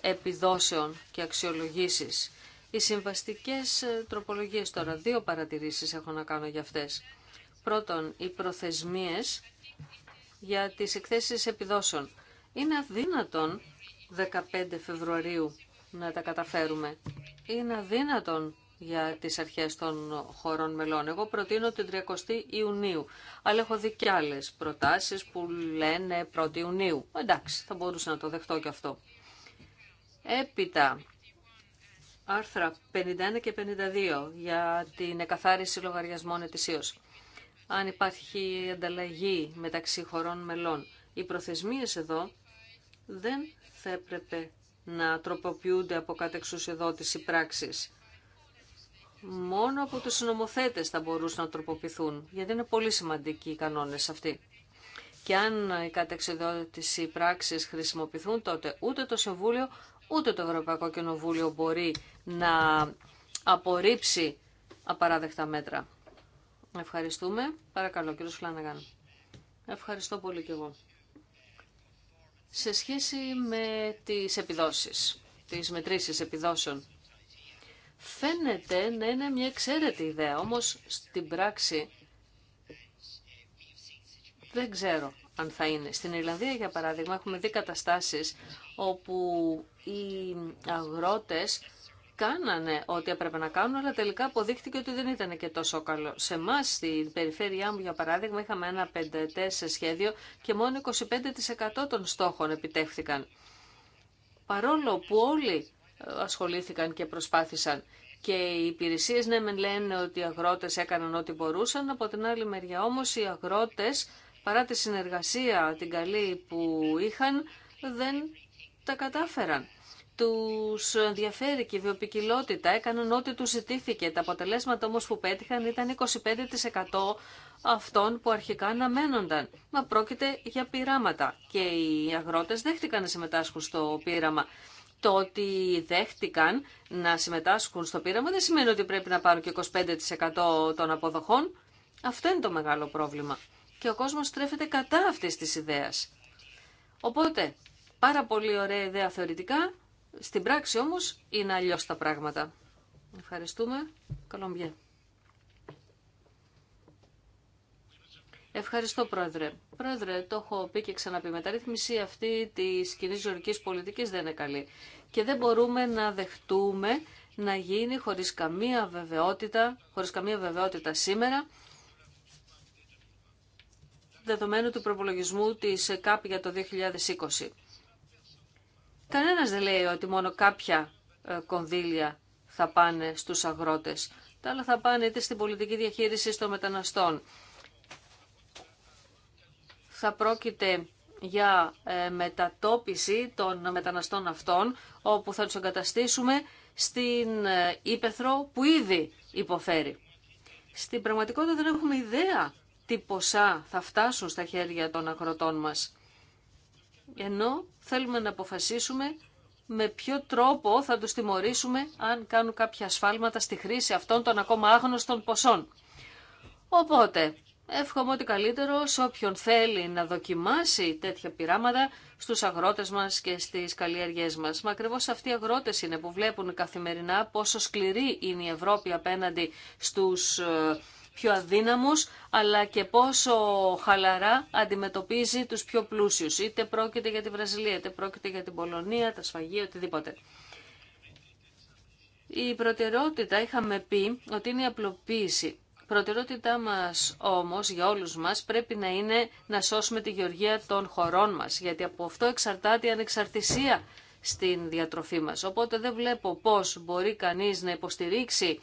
S2: επιδόσεων και αξιολογήσεις οι συμβαστικέ ε, τροπολογίες τώρα, δύο παρατηρήσεις έχω να κάνω για αυτές. Πρώτον, οι προθεσμίες για τις εκθέσεις επιδόσεων. Είναι αδύνατον 15 Φεβρουαρίου να τα καταφέρουμε. Είναι αδύνατον για τις αρχές των χωρών μελών. Εγώ προτείνω την 30η Ιουνίου, αλλά έχω δει και άλλες προτάσεις που λένε 1η Ιουνίου. Εντάξει, θα μπορούσα να το δεχτώ και αυτό. Έπειτα, άρθρα 51 και 52 για την εκαθάριση λογαριασμών ετησίως. Αν υπάρχει ανταλλαγή μεταξύ χωρών μελών, οι προθεσμίες εδώ δεν θα έπρεπε να τροποποιούνται από κατεξουσιοδότηση πράξης. Μόνο από τους συνομοθέτες θα μπορούσαν να τροποποιηθούν, γιατί είναι πολύ σημαντικοί οι κανόνες αυτοί. Και αν οι οι πράξεις χρησιμοποιηθούν, τότε ούτε το Συμβούλιο, Ούτε το Ευρωπαϊκό Κοινοβούλιο μπορεί να απορρίψει απαράδεκτα μέτρα. Ευχαριστούμε. Παρακαλώ, κύριο Φλάνεγκαν. Ευχαριστώ πολύ και εγώ. Σε σχέση με τις επιδόσεις, τις μετρήσεις επιδόσεων, φαίνεται να είναι μια εξαίρετη ιδέα, όμως στην πράξη δεν ξέρω αν θα είναι. Στην Ιρλανδία, για παράδειγμα, έχουμε δει καταστάσεις όπου οι αγρότες κάνανε ό,τι έπρεπε να κάνουν, αλλά τελικά αποδείχτηκε ότι δεν ήταν και τόσο καλό. Σε εμά, στην περιφέρειά μου, για παράδειγμα, είχαμε ένα σε σχέδιο και μόνο 25% των στόχων επιτεύχθηκαν. Παρόλο που όλοι ε, ασχολήθηκαν και προσπάθησαν. Και οι υπηρεσίες ναι λένε ότι οι αγρότες έκαναν ό,τι μπορούσαν, από την άλλη μεριά όμως οι αγρότες παρά τη συνεργασία την καλή που είχαν δεν τα κατάφεραν. Τους ενδιαφέρει και η βιοπικιλότητα, έκαναν ό,τι τους ζητήθηκε. Τα αποτελέσματα όμως που πέτυχαν ήταν 25% αυτών που αρχικά αναμένονταν. Μα πρόκειται για πειράματα και οι αγρότες δέχτηκαν να συμμετάσχουν στο πείραμα. Το ότι δέχτηκαν να συμμετάσχουν στο πείραμα δεν σημαίνει ότι πρέπει να πάρουν και 25% των αποδοχών. Αυτό είναι το μεγάλο πρόβλημα. Και ο κόσμος στρέφεται κατά αυτής της ιδέας. Οπότε, Πάρα πολύ ωραία ιδέα θεωρητικά, στην πράξη όμως είναι αλλιώ τα πράγματα. Ευχαριστούμε. Καλομπιέ. Ευχαριστώ, Πρόεδρε. Πρόεδρε, το έχω πει και ξαναπεί. Η μεταρρύθμιση αυτή της κοινή ζωική πολιτική δεν είναι καλή. Και δεν μπορούμε να δεχτούμε να γίνει χωρί καμία βεβαιότητα, χωρίς καμία βεβαιότητα σήμερα, δεδομένου του προπολογισμού τη ΕΚΑΠ για το 2020. Κανένας δεν λέει ότι μόνο κάποια ε, κονδύλια θα πάνε στους αγρότες. Τα άλλα θα πάνε είτε στην πολιτική διαχείριση των μεταναστών. Θα πρόκειται για ε, μετατόπιση των μεταναστών αυτών, όπου θα τους εγκαταστήσουμε στην Ήπεθρο ε, που ήδη υποφέρει. Στην πραγματικότητα δεν έχουμε ιδέα τι ποσά θα φτάσουν στα χέρια των αγροτών μας ενώ θέλουμε να αποφασίσουμε με ποιο τρόπο θα τους τιμωρήσουμε αν κάνουν κάποια ασφάλματα στη χρήση αυτών των ακόμα άγνωστων ποσών. Οπότε, εύχομαι ότι καλύτερο σε όποιον θέλει να δοκιμάσει τέτοια πειράματα στους αγρότες μας και στις καλλιέργειές μας. Μα ακριβώ αυτοί οι αγρότες είναι που βλέπουν καθημερινά πόσο σκληρή είναι η Ευρώπη απέναντι στους ε, πιο αδύναμους, αλλά και πόσο χαλαρά αντιμετωπίζει τους πιο πλούσιους. Είτε πρόκειται για τη Βραζιλία, είτε πρόκειται για την Πολωνία, τα σφαγεία, οτιδήποτε. Η προτεραιότητα είχαμε πει ότι είναι η απλοποίηση. Προτεραιότητά μας όμως για όλους μας πρέπει να είναι να σώσουμε τη γεωργία των χωρών μας, γιατί από αυτό εξαρτάται η ανεξαρτησία στην διατροφή μας. Οπότε δεν βλέπω πώς μπορεί κανείς να υποστηρίξει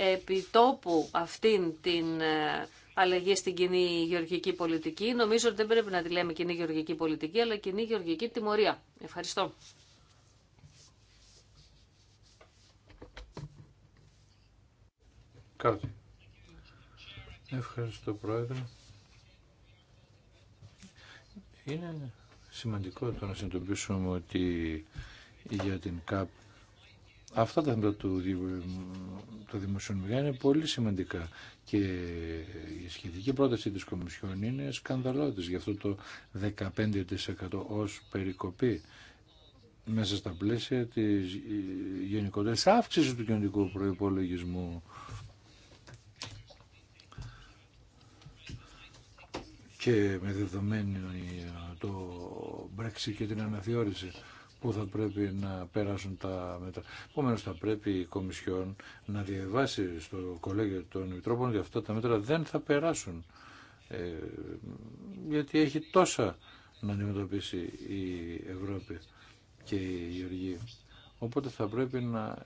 S2: επιτόπου αυτήν την ε, αλλαγή στην κοινή γεωργική πολιτική. Νομίζω ότι δεν πρέπει να τη λέμε κοινή γεωργική πολιτική, αλλά κοινή γεωργική τιμωρία. Ευχαριστώ.
S4: Κάτι. Ευχαριστώ Πρόεδρε. Είναι σημαντικό το να συνειδητοποιήσουμε ότι για την ΚΑΠ Αυτά τα θέματα του, του δημοσιονομικά είναι πολύ σημαντικά και η σχετική πρόταση της Κομισιόν είναι σκανδαλώτης γι' αυτό το 15% ως περικοπή μέσα στα πλαίσια της γενικότερης αύξησης του κοινωνικού προϋπολογισμού. και με δεδομένο το Brexit και την αναθεώρηση που θα πρέπει να περάσουν τα μέτρα. Επομένω, θα πρέπει η Κομισιόν να διαβάσει στο κολέγιο των Επιτρόπων ότι αυτά τα μέτρα δεν θα περάσουν. Ε, γιατί έχει τόσα να αντιμετωπίσει η Ευρώπη και η Γεωργία. Οπότε θα πρέπει να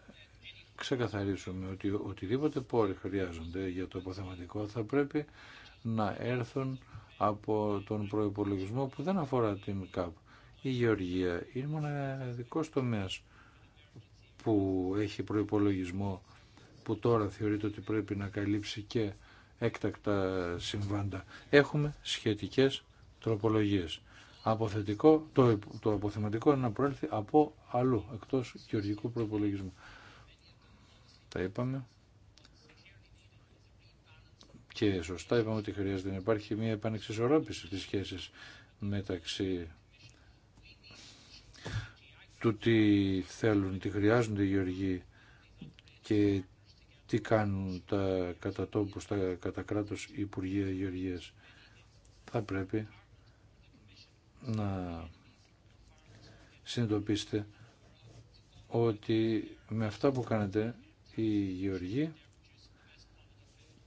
S4: ξεκαθαρίσουμε ότι οτιδήποτε πόροι χρειάζονται για το αποθεματικό θα πρέπει να έρθουν από τον προϋπολογισμό που δεν αφορά την ΚΑΠ η γεωργία είναι μοναδικός τομέας που έχει προϋπολογισμό που τώρα θεωρείται ότι πρέπει να καλύψει και έκτακτα συμβάντα. Έχουμε σχετικές τροπολογίες. Αποθετικό, το, το αποθεματικό να προέλθει από αλλού, εκτός γεωργικού προϋπολογισμού. Τα είπαμε. Και σωστά είπαμε ότι χρειάζεται να υπάρχει μια επανεξισορρόπηση της σχέσης μεταξύ του τι θέλουν, τι χρειάζονται οι γεωργοί και τι κάνουν τα κατά τα κατά Υπουργεία Γεωργίας. Θα πρέπει να συνειδητοποιήσετε ότι με αυτά που κάνετε οι γεωργοί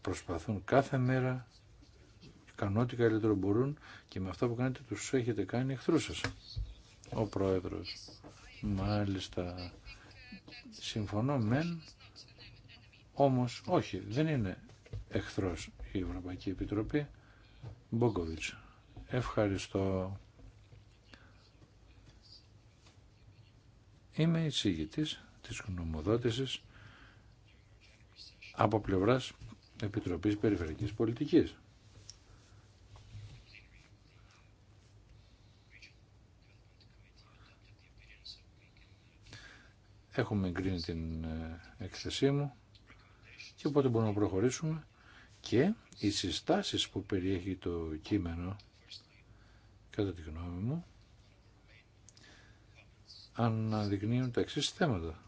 S4: προσπαθούν κάθε μέρα κάνουν ό,τι καλύτερο μπορούν και με αυτά που κάνετε τους έχετε κάνει εχθρούς σας. Ο Πρόεδρος. Μάλιστα. Συμφωνώ μεν, όμως όχι, δεν είναι εχθρός η Ευρωπαϊκή Επιτροπή. Μπόγκοβιτς. Ευχαριστώ. Είμαι εισηγητής της γνωμοδότησης από πλευράς Επιτροπής Περιφερειακής Πολιτικής. Έχουμε εγκρίνει την ε, έκθεσή μου και οπότε μπορούμε να προχωρήσουμε και οι συστάσεις που περιέχει το κείμενο κατά τη γνώμη μου αναδεικνύουν τα εξής θέματα.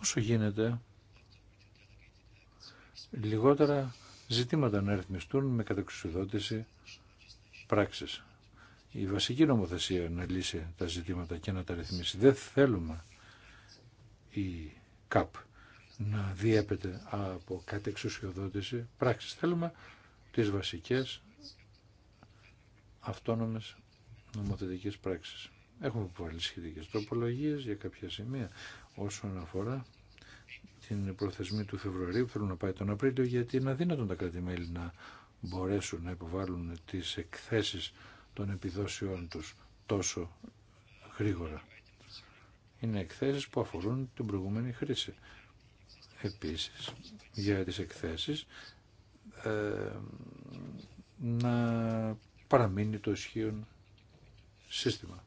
S4: Όσο γίνεται λιγότερα ζητήματα να αριθμιστούν με κατεξουσιοδότηση πράξης η βασική νομοθεσία να λύσει τα ζητήματα και να τα ρυθμίσει. Δεν θέλουμε η ΚΑΠ να διέπεται από κάτι εξουσιοδότηση πράξης. Θέλουμε τις βασικές αυτόνομες νομοθετικές πράξεις. Έχουμε βάλει σχετικέ τροπολογίε για κάποια σημεία όσον αφορά την προθεσμή του Φεβρουαρίου που θέλουν να πάει τον Απρίλιο γιατί είναι αδύνατον τα κράτη-μέλη να μπορέσουν να υποβάλουν τις εκθέσεις των επιδόσεών τους τόσο γρήγορα. Είναι εκθέσεις που αφορούν την προηγούμενη χρήση. Επίσης, για τις εκθέσεις ε, να παραμείνει το ισχύον σύστημα.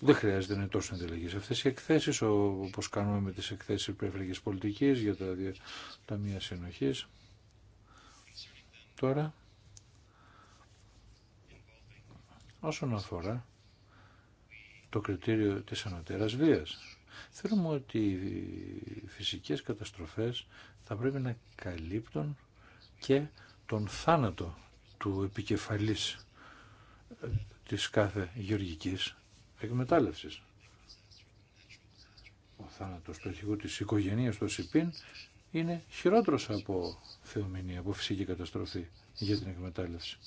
S4: Δεν χρειάζεται να είναι τόσο εντελεγής αυτέ οι εκθέσει όπω κάνουμε με τις εκθέσεις Περιφερειακή Πολιτική για τα ταμεία συνοχή. Τώρα, όσον αφορά το κριτήριο της ανωτέρας βίας, Θέλουμε ότι οι φυσικές καταστροφές θα πρέπει να καλύπτουν και τον θάνατο του επικεφαλής ε, της κάθε γεωργικής εκμετάλλευσης. Ο θάνατος του αρχηγού της οικογένειας του ΣΥΠΗΝ είναι χειρότερος από θεομηνία, από φυσική καταστροφή για την εκμετάλλευση.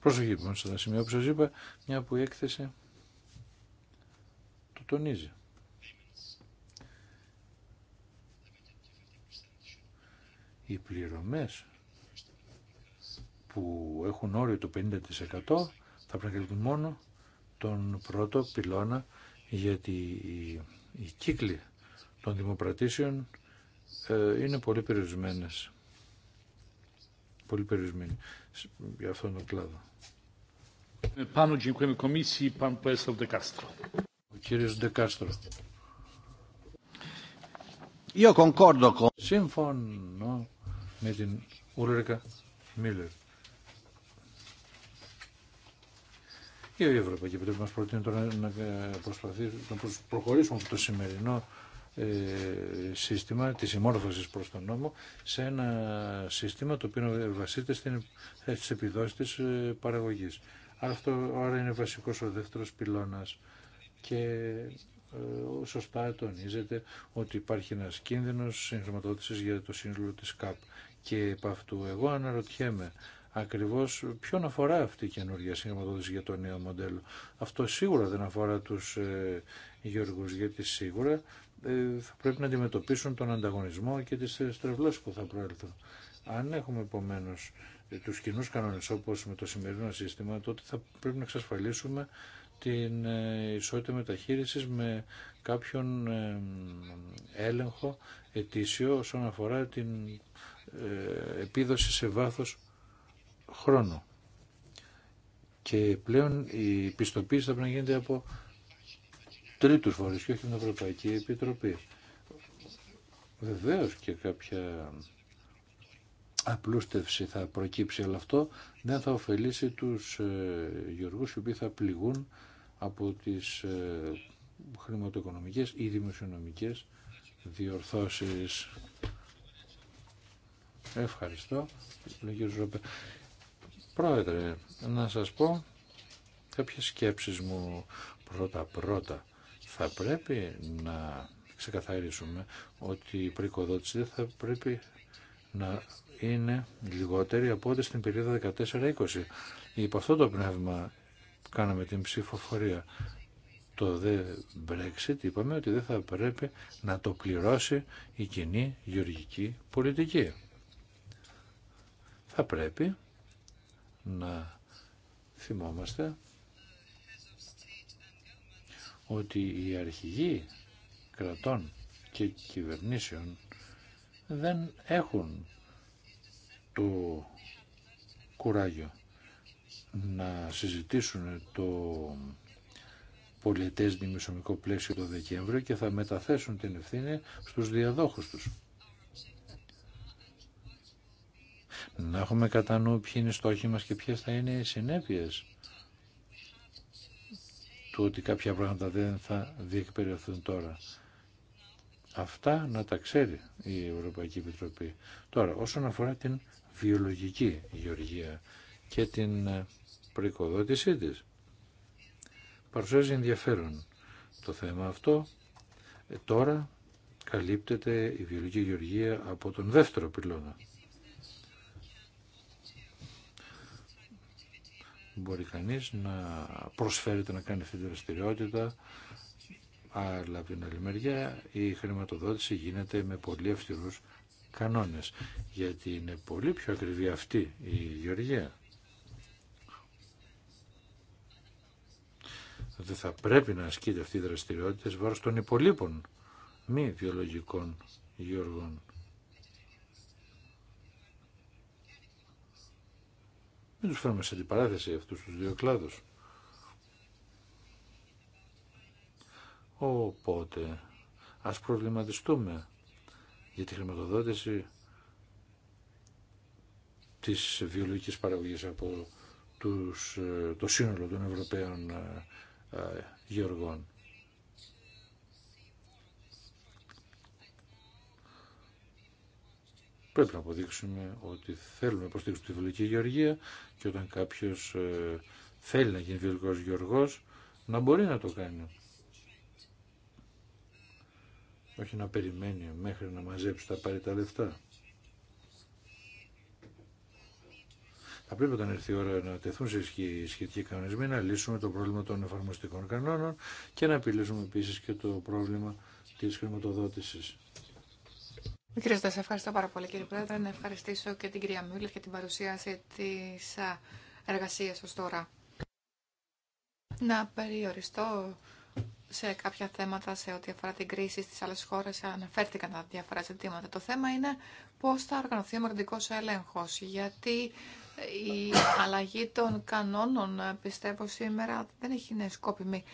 S4: Προσοχή λοιπόν σε ένα σημείο που σας είπα, μια που η έκθεση το τονίζει. Οι πληρωμές που έχουν όριο το 50% θα πρέπει μόνο τον πρώτο πυλώνα γιατί οι κύκλοι των δημοπρατήσεων ε, είναι πολύ περιορισμένες. Πολύ περιορισμένοι για
S1: αυτόν τον κλάδο. Ο κύριος Ντεκάστρο.
S4: Συμφωνώ με την Ούλρικα Μίλλερ. Και η Ευρωπαϊκή Επιτροπή μας προτείνει τώρα να, να ε, προχωρήσουμε από το σημερινό ε, σύστημα τη συμμόρφωση προ τον νόμο σε ένα σύστημα το οποίο βασίζεται ε, στι επιδόσει τη παραγωγή. Άρα αυτό άρα είναι βασικό ο δεύτερο πυλώνα και σωστά τονίζεται ότι υπάρχει ένα κίνδυνο συγχρηματοδότηση για το σύνολο τη ΚΑΠ. Και επ' αυτού εγώ αναρωτιέμαι ακριβώς ποιον αφορά αυτή η καινούργια συγχρηματοδότηση για το νέο μοντέλο. Αυτό σίγουρα δεν αφορά τους ε, γεωργούς, γιατί σίγουρα ε, θα πρέπει να αντιμετωπίσουν τον ανταγωνισμό και τις ε, στρεβλώσεις που θα προέλθουν. Αν έχουμε επομένω ε, του κοινού κανόνε όπω με το σημερινό σύστημα, τότε θα πρέπει να εξασφαλίσουμε την ισότητα μεταχείρισης με κάποιον έλεγχο ετήσιο όσον αφορά την επίδοση σε βάθος χρόνο. Και πλέον η πιστοποίηση θα πρέπει να γίνεται από τρίτους φορείς και όχι την Ευρωπαϊκή Επιτροπή. Βεβαίως και κάποια απλούστευση θα προκύψει, αλλά αυτό δεν θα ωφελήσει τους ε, γεωργούς οι οποίοι θα πληγούν από τις ε, χρηματοοικονομικές ή δημοσιονομικές διορθώσεις. Ευχαριστώ. Πρόεδρε, να σας πω κάποιες σκέψεις μου πρώτα-πρώτα. Θα πρέπει να ξεκαθαρίσουμε ότι η πρικοδότηση θα πρέπει να είναι λιγότερη από ό,τι στην περίοδο 14-20. Υπό αυτό το πνεύμα κάναμε την ψηφοφορία. Το δε Brexit είπαμε ότι δεν θα πρέπει να το πληρώσει η κοινή γεωργική πολιτική. Θα πρέπει να θυμόμαστε ότι οι αρχηγοί κρατών και κυβερνήσεων δεν έχουν το κουράγιο να συζητήσουν το πολιτές δημοσιομικό πλαίσιο το Δεκέμβριο και θα μεταθέσουν την ευθύνη στους διαδόχους τους. να έχουμε κατά νου ποιοι είναι οι στόχοι μας και ποιες θα είναι οι συνέπειες του ότι κάποια πράγματα δεν θα διεκπαιρεωθούν τώρα. Αυτά να τα ξέρει η Ευρωπαϊκή Επιτροπή. Τώρα, όσον αφορά την βιολογική γεωργία και την ε, προοικοδότησή της, παρουσιάζει ενδιαφέρον το θέμα αυτό. Ε, τώρα καλύπτεται η βιολογική γεωργία από τον δεύτερο πυλώνα. μπορεί κανείς να προσφέρεται να κάνει αυτή τη δραστηριότητα αλλά από την άλλη μεριά η χρηματοδότηση γίνεται με πολύ αυστηρούς κανόνες γιατί είναι πολύ πιο ακριβή αυτή η γεωργία. Δεν θα πρέπει να ασκείται αυτή η δραστηριότητα βάρος των υπολείπων μη βιολογικών γεωργών. Μην τους φέρουμε σε αντιπαράθεση αυτούς τους δύο κλάδους. Οπότε, ας προβληματιστούμε για τη χρηματοδότηση της βιολογικής παραγωγής από τους, ε, το σύνολο των Ευρωπαίων ε, ε, γεωργών. Πρέπει να αποδείξουμε ότι θέλουμε να υποστήριξουμε τη βιολογική γεωργία και όταν κάποιο ε, θέλει να γίνει βιολογικό γεωργό, να μπορεί να το κάνει. Όχι να περιμένει μέχρι να μαζέψει τα πάρει τα λεφτά. Θα πρέπει όταν έρθει η ώρα να τεθούν σε ισχύ οι σχετικοί κανονισμοί, να λύσουμε το πρόβλημα των εφαρμοστικών κανόνων και να επιλύσουμε επίση και το πρόβλημα της χρηματοδότησης.
S3: Κύριε Στάση, ευχαριστώ πάρα πολύ κύριε Πρόεδρε. Να ευχαριστήσω και την κυρία Μούλη για την παρουσίαση της εργασίας ως τώρα. Να περιοριστώ σε κάποια θέματα σε ό,τι αφορά την κρίση στις άλλες χώρες αναφέρθηκαν τα διάφορα ζητήματα. Το θέμα είναι πώς θα οργανωθεί ο έλεγχος, γιατί ε, η αλλαγή των κανόνων ε, πιστεύω σήμερα δεν έχει είναι σκόπιμη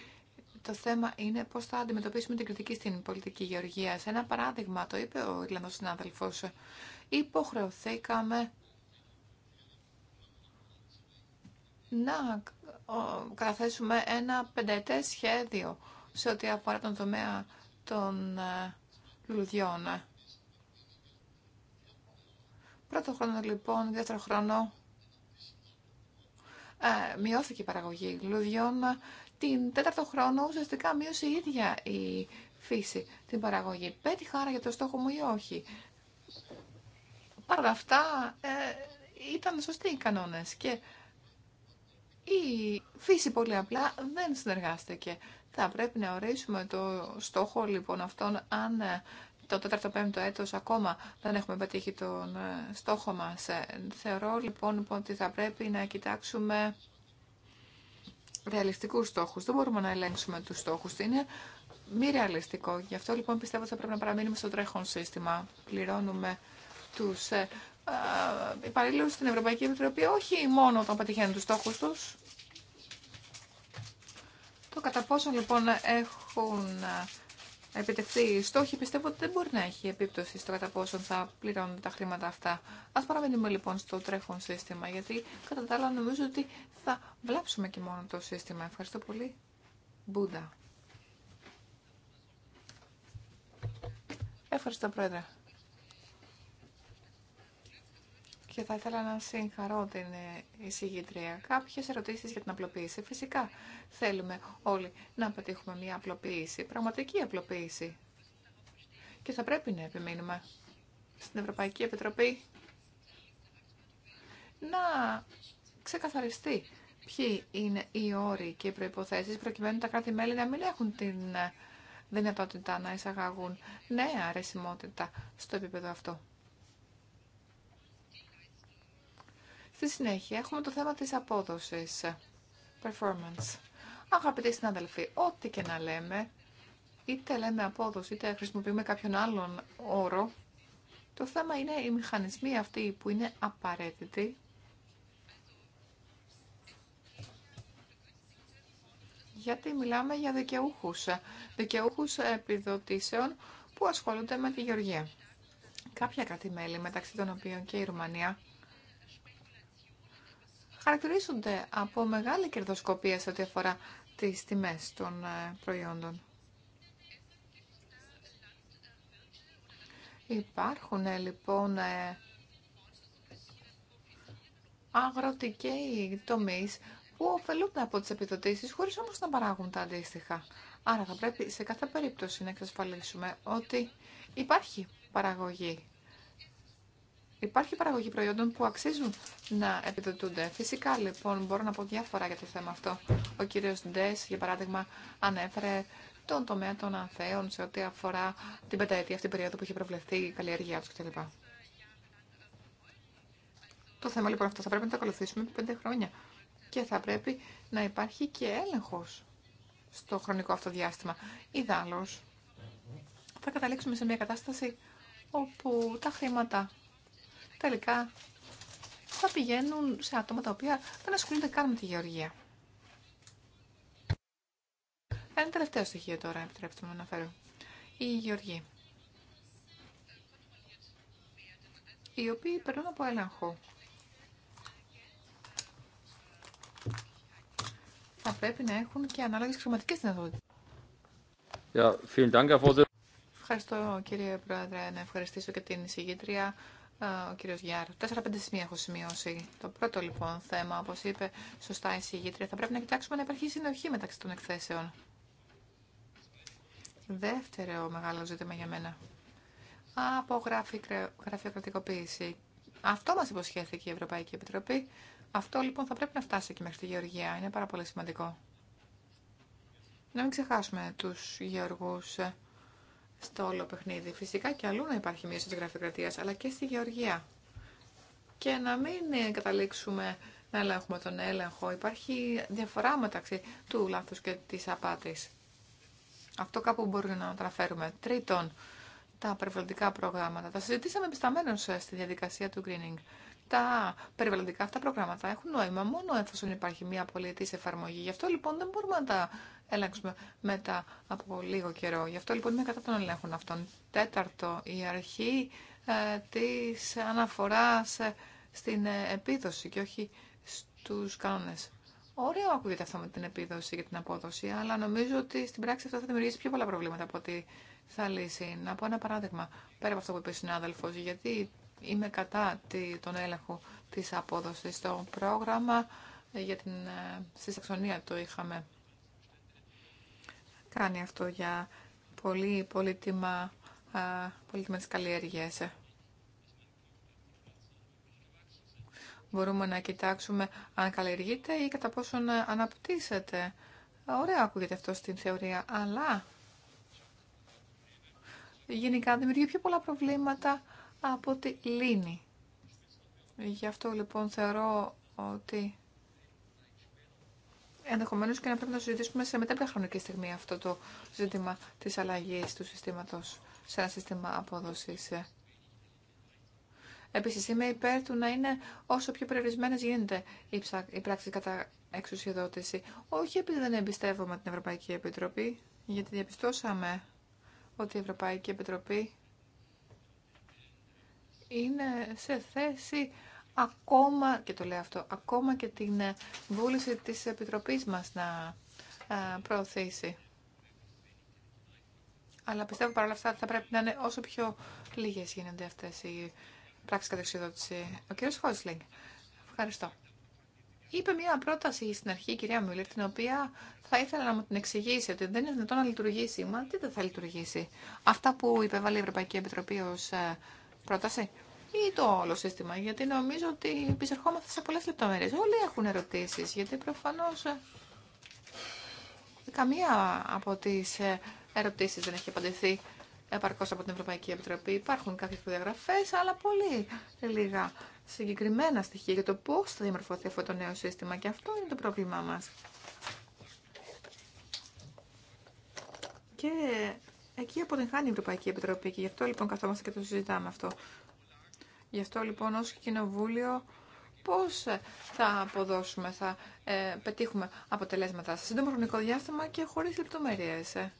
S3: το θέμα είναι πώ θα αντιμετωπίσουμε την κριτική στην πολιτική γεωργία. Σε ένα παράδειγμα, το είπε ο Ιρλανδό συνάδελφο, υποχρεωθήκαμε να καταθέσουμε ένα πενταετέ σχέδιο σε ό,τι αφορά τον τομέα των ε, λουλουδιών. Πρώτο χρόνο λοιπόν, δεύτερο χρόνο, ε, μειώθηκε η παραγωγή λουλουδιών την τέταρτο χρόνο ουσιαστικά μείωσε η ίδια η φύση την παραγωγή. Πέτυχα χάρα για το στόχο μου ή όχι. Παρ' αυτά ε, ήταν σωστοί οι κανόνες και η φύση πολύ απλά δεν συνεργάστηκε. Θα πρέπει να ορίσουμε το στόχο λοιπόν αυτόν αν ε, το τεταρτο ο 5 ακόμα δεν έχουμε πετύχει τον ε, στόχο μας. Θεωρώ λοιπόν ότι θα πρέπει να κοιτάξουμε ρεαλιστικούς στόχους. Δεν μπορούμε να ελέγξουμε τους στόχους. Είναι μη ρεαλιστικό. Γι' αυτό λοιπόν πιστεύω ότι θα πρέπει να παραμείνουμε στο τρέχον σύστημα. Πληρώνουμε τους ε, στην Ευρωπαϊκή Επιτροπή όχι μόνο όταν πετυχαίνουν τους στόχους τους. Το κατά πόσο λοιπόν έχουν επιτευχθεί η στόχη, πιστεύω ότι δεν μπορεί να έχει επίπτωση στο κατά πόσο θα πληρώνουν τα χρήματα αυτά. Α παραμείνουμε λοιπόν στο τρέχον σύστημα, γιατί κατά τα άλλα νομίζω ότι θα βλάψουμε και μόνο το σύστημα. Ευχαριστώ πολύ. Μπούντα. Ευχαριστώ, Πρόεδρε. και θα ήθελα να συγχαρώ την εισηγήτρια. κάποιε ερωτήσει για την απλοποίηση. Φυσικά θέλουμε όλοι να πετύχουμε μια απλοποίηση, πραγματική απλοποίηση. Και θα πρέπει να επιμείνουμε στην Ευρωπαϊκή Επιτροπή να ξεκαθαριστεί ποιοι είναι οι όροι και οι προϋποθέσεις προκειμένου τα κράτη-μέλη να μην έχουν την δυνατότητα να εισαγάγουν νέα αρεσιμότητα στο επίπεδο αυτό. Στη συνέχεια έχουμε το θέμα της απόδοσης, performance. Αγαπητοί συνάδελφοι, ό,τι και να λέμε, είτε λέμε απόδοση, είτε χρησιμοποιούμε κάποιον άλλον όρο, το θέμα είναι οι μηχανισμοί αυτοί που είναι απαραίτητοι γιατί μιλάμε για δικαιούχους, δικαιούχους επιδοτήσεων που ασχολούνται με τη Γεωργία. Κάποια κρατημέλη, μεταξύ των οποίων και η Ρουμανία, χαρακτηρίζονται από μεγάλη κερδοσκοπία σε ό,τι αφορά τις τιμές των ε, προϊόντων. Υπάρχουν ε, λοιπόν ε, αγροτικοί τομείς που ωφελούνται από τις επιδοτήσεις χωρίς όμως να παράγουν τα αντίστοιχα. Άρα θα πρέπει σε κάθε περίπτωση να εξασφαλίσουμε ότι υπάρχει παραγωγή Υπάρχει παραγωγή προϊόντων που αξίζουν να επιδοτούνται. Φυσικά λοιπόν μπορώ να πω διάφορα για το θέμα αυτό. Ο κύριος Ντες για παράδειγμα ανέφερε τον τομέα των ανθέων σε ό,τι αφορά την πενταετία αυτή περίοδο που είχε προβλεφθεί η καλλιέργειά του κτλ. Το θέμα λοιπόν αυτό θα πρέπει να το ακολουθήσουμε πέντε χρόνια και θα πρέπει να υπάρχει και έλεγχος στο χρονικό αυτό διάστημα. Ιδάλλως θα καταλήξουμε σε μια κατάσταση όπου τα χρήματα τελικά θα πηγαίνουν σε άτομα τα οποία δεν ασχολούνται καν με τη γεωργία. Ένα τελευταίο στοιχείο τώρα, επιτρέψτε μου να αναφέρω. Η γεωργοί. Οι οποίοι περνούν από έλεγχο. Θα πρέπει να έχουν και ανάλογες χρηματικές δυνατότητες. Ευχαριστώ κύριε Πρόεδρε, να ευχαριστήσω και την εισηγήτρια ο κύριος Γιάρ. Τέσσερα-πέντε σημεία έχω σημειώσει. Το πρώτο λοιπόν θέμα, όπως είπε σωστά η συγγήτρια, θα πρέπει να κοιτάξουμε να υπάρχει συνοχή μεταξύ των εκθέσεων. Δεύτερο μεγάλο ζήτημα για μένα. Από γραφειοκρατικοποίηση. Αυτό μας υποσχέθηκε η Ευρωπαϊκή Επιτροπή. Αυτό λοιπόν θα πρέπει να φτάσει και μέχρι τη Γεωργία. Είναι πάρα πολύ σημαντικό. Να μην ξεχάσουμε τους γεωργούς στο όλο παιχνίδι. Φυσικά και αλλού να υπάρχει μείωση τη γραφειοκρατίας, αλλά και στη γεωργία. Και να μην καταλήξουμε να ελέγχουμε τον έλεγχο. Υπάρχει διαφορά μεταξύ του λάθους και της απάτης. Αυτό κάπου μπορούμε να αναφέρουμε. Τρίτον, τα περιβαλλοντικά προγράμματα. Τα συζητήσαμε επισταμένως στη διαδικασία του greening. Τα περιβαλλοντικά αυτά προγράμματα έχουν νόημα μόνο εφόσον υπάρχει μια πολιτική εφαρμογή. Γι' αυτό λοιπόν δεν μπορούμε να τα ελέγξουμε μετά από λίγο καιρό. Γι' αυτό λοιπόν είμαι κατά των ελέγχων αυτών. Τέταρτο, η αρχή ε, της αναφοράς ε, στην ε, επίδοση και όχι στους κανόνες. Ωραίο ακούγεται αυτό με την επίδοση και την απόδοση, αλλά νομίζω ότι στην πράξη αυτό θα δημιουργήσει πιο πολλά προβλήματα από ότι θα λύσει. Να πω ένα παράδειγμα πέρα από αυτό που είπε ο συνάδελφο, γιατί είμαι κατά τον έλεγχο της απόδοσης Το πρόγραμμα για την συσταξονία ε, το είχαμε κάνει αυτό για πολύ πολύτιμα, πολύτιμες καλλιέργειες. Μπορούμε να κοιτάξουμε αν καλλιεργείται ή κατά πόσον αναπτύσσεται. Ωραία ακούγεται αυτό στην θεωρία, αλλά γενικά δημιουργεί πιο πολλά προβλήματα από τη λύνει. Γι' αυτό λοιπόν θεωρώ ότι ενδεχομένως και να πρέπει να συζητήσουμε σε μετέπειτα χρονική στιγμή αυτό το ζήτημα της αλλαγής του συστήματος σε ένα σύστημα απόδοσης. Επίσης, είμαι υπέρ του να είναι όσο πιο περιορισμένες γίνεται η πράξη κατά εξουσιοδότηση. Όχι επειδή δεν εμπιστεύομαι την Ευρωπαϊκή Επιτροπή, γιατί διαπιστώσαμε ότι η Ευρωπαϊκή Επιτροπή είναι σε θέση ακόμα, και το λέω αυτό, ακόμα και την ε, βούληση της Επιτροπής μας να ε, προωθήσει. Αλλά πιστεύω παρόλα αυτά θα πρέπει να είναι όσο πιο λίγες γίνονται αυτές οι πράξεις κατεξιδότηση. Ο κύριος Χόσλινγκ, ευχαριστώ. Είπε μια πρόταση στην αρχή η κυρία Μιούλερ, την οποία θα ήθελα να μου την εξηγήσει, ότι δεν είναι δυνατόν να λειτουργήσει. Μα τι δεν θα λειτουργήσει. Αυτά που υπεβάλλει η Ευρωπαϊκή Επιτροπή ως ε, πρόταση ή το όλο σύστημα, γιατί νομίζω ότι επισερχόμαστε σε πολλές λεπτομέρειες. Όλοι έχουν ερωτήσεις, γιατί προφανώς ε, καμία από τις ε, ερωτήσεις δεν έχει απαντηθεί επαρκώς από την Ευρωπαϊκή Επιτροπή. Υπάρχουν κάποιες προδιαγραφές, αλλά πολύ λίγα συγκεκριμένα στοιχεία για το πώς θα διαμορφωθεί αυτό το νέο σύστημα και αυτό είναι το πρόβλημά μας. Και εκεί αποτυγχάνει η Ευρωπαϊκή Επιτροπή και γι' αυτό λοιπόν καθόμαστε και το συζητάμε αυτό. Γι' αυτό λοιπόν ως κοινοβούλιο πώς θα αποδώσουμε, θα ε, πετύχουμε αποτελέσματα σε σύντομο χρονικό διάστημα και χωρίς λεπτομέρειες. Ε?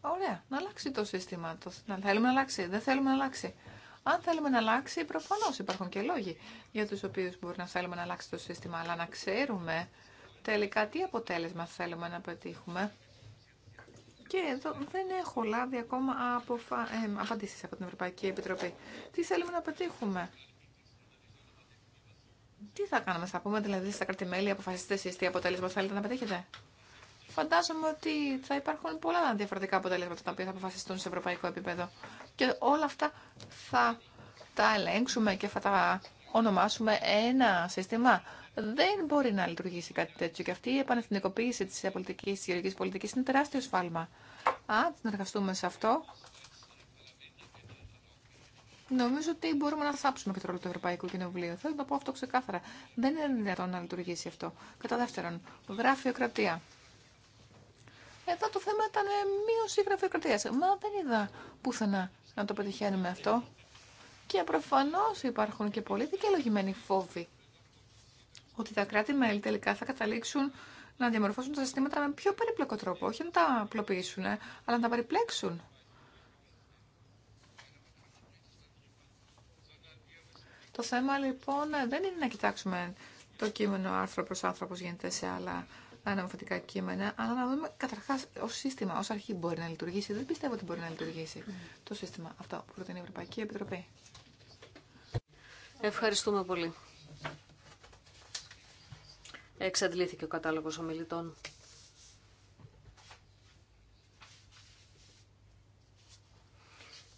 S3: Ωραία, να αλλάξει το σύστημα. Το, να θέλουμε να αλλάξει, δεν θέλουμε να αλλάξει. Αν θέλουμε να αλλάξει, προφανώ υπάρχουν και λόγοι για του οποίου μπορεί να θέλουμε να αλλάξει το σύστημα, αλλά να ξέρουμε τελικά τι αποτέλεσμα θέλουμε να πετύχουμε. Και εδώ δεν έχω λάβει ακόμα αποφα... Ε, απαντήσεις από την Ευρωπαϊκή Επιτροπή. Τι θέλουμε να πετύχουμε. Τι θα κάνουμε, θα πούμε δηλαδή στα κρατημέλη, αποφασιστείτε εσείς τι αποτέλεσμα θέλετε να πετύχετε. Φαντάζομαι ότι θα υπάρχουν πολλά διαφορετικά αποτελέσματα τα οποία θα αποφασιστούν σε ευρωπαϊκό επίπεδο. Και όλα αυτά θα τα ελέγξουμε και θα τα ονομάσουμε ένα σύστημα. Δεν μπορεί να λειτουργήσει κάτι τέτοιο. Και αυτή η επανεθνικοποίηση τη πολιτική, τη γεωργική πολιτική είναι τεράστιο σφάλμα. Αν συνεργαστούμε σε αυτό, νομίζω ότι μπορούμε να θάψουμε και το ρόλο του Ευρωπαϊκού Κοινοβουλίου. Θέλω να πω αυτό ξεκάθαρα. Δεν είναι δυνατόν να λειτουργήσει αυτό. Κατά δεύτερον, γραφειοκρατία. Εδώ το θέμα ήταν μείωση γραφειοκρατία. Μα δεν είδα πουθενά να το πετυχαίνουμε αυτό. Και προφανώ υπάρχουν και πολλοί δικαιολογημένοι φόβοι ότι τα κράτη-μέλη τελικά θα καταλήξουν να διαμορφώσουν τα συστήματα με πιο περίπλοκο τρόπο, όχι να τα απλοποιήσουν, ε, αλλά να τα περιπλέξουν. Το θέμα λοιπόν δεν είναι να κοιτάξουμε το κείμενο άρθρο προς άνθρωπο γίνεται σε άλλα αναμορφωτικά ε, κείμενα, αλλά να δούμε καταρχά ω σύστημα, ω αρχή μπορεί να λειτουργήσει. Δεν πιστεύω ότι μπορεί να λειτουργήσει το σύστημα αυτό που προτείνει η Ευρωπαϊκή Επιτροπή.
S2: Ευχαριστούμε πολύ. Εξαντλήθηκε ο κατάλογος ομιλητών.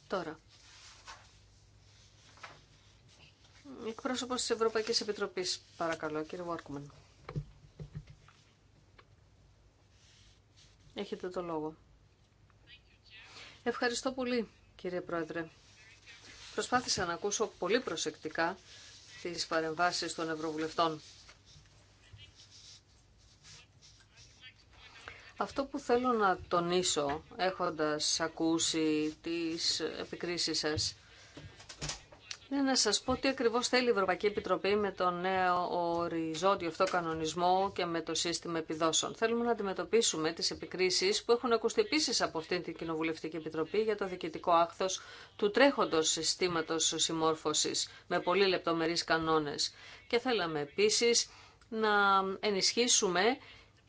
S2: Τώρα. Εκπρόσωπος της Ευρωπαϊκής Επιτροπής, παρακαλώ, κύριε Βόρκουμεν. Έχετε το λόγο. Ευχαριστώ πολύ, κύριε Πρόεδρε. Προσπάθησα να ακούσω πολύ προσεκτικά τις παρεμβάσεις των Ευρωβουλευτών. Αυτό που θέλω να τονίσω έχοντας ακούσει τις επικρίσεις σας ναι, να σας πω τι ακριβώς θέλει η Ευρωπαϊκή Επιτροπή με το νέο οριζόντιο αυτό κανονισμό και με το σύστημα επιδόσεων. Θέλουμε να αντιμετωπίσουμε τις επικρίσεις που έχουν ακουστεί επίση από αυτήν την Κοινοβουλευτική Επιτροπή για το διοικητικό άχθος του τρέχοντος συστήματος συμμόρφωσης με πολύ λεπτομερείς κανόνες. Και θέλαμε επίση να ενισχύσουμε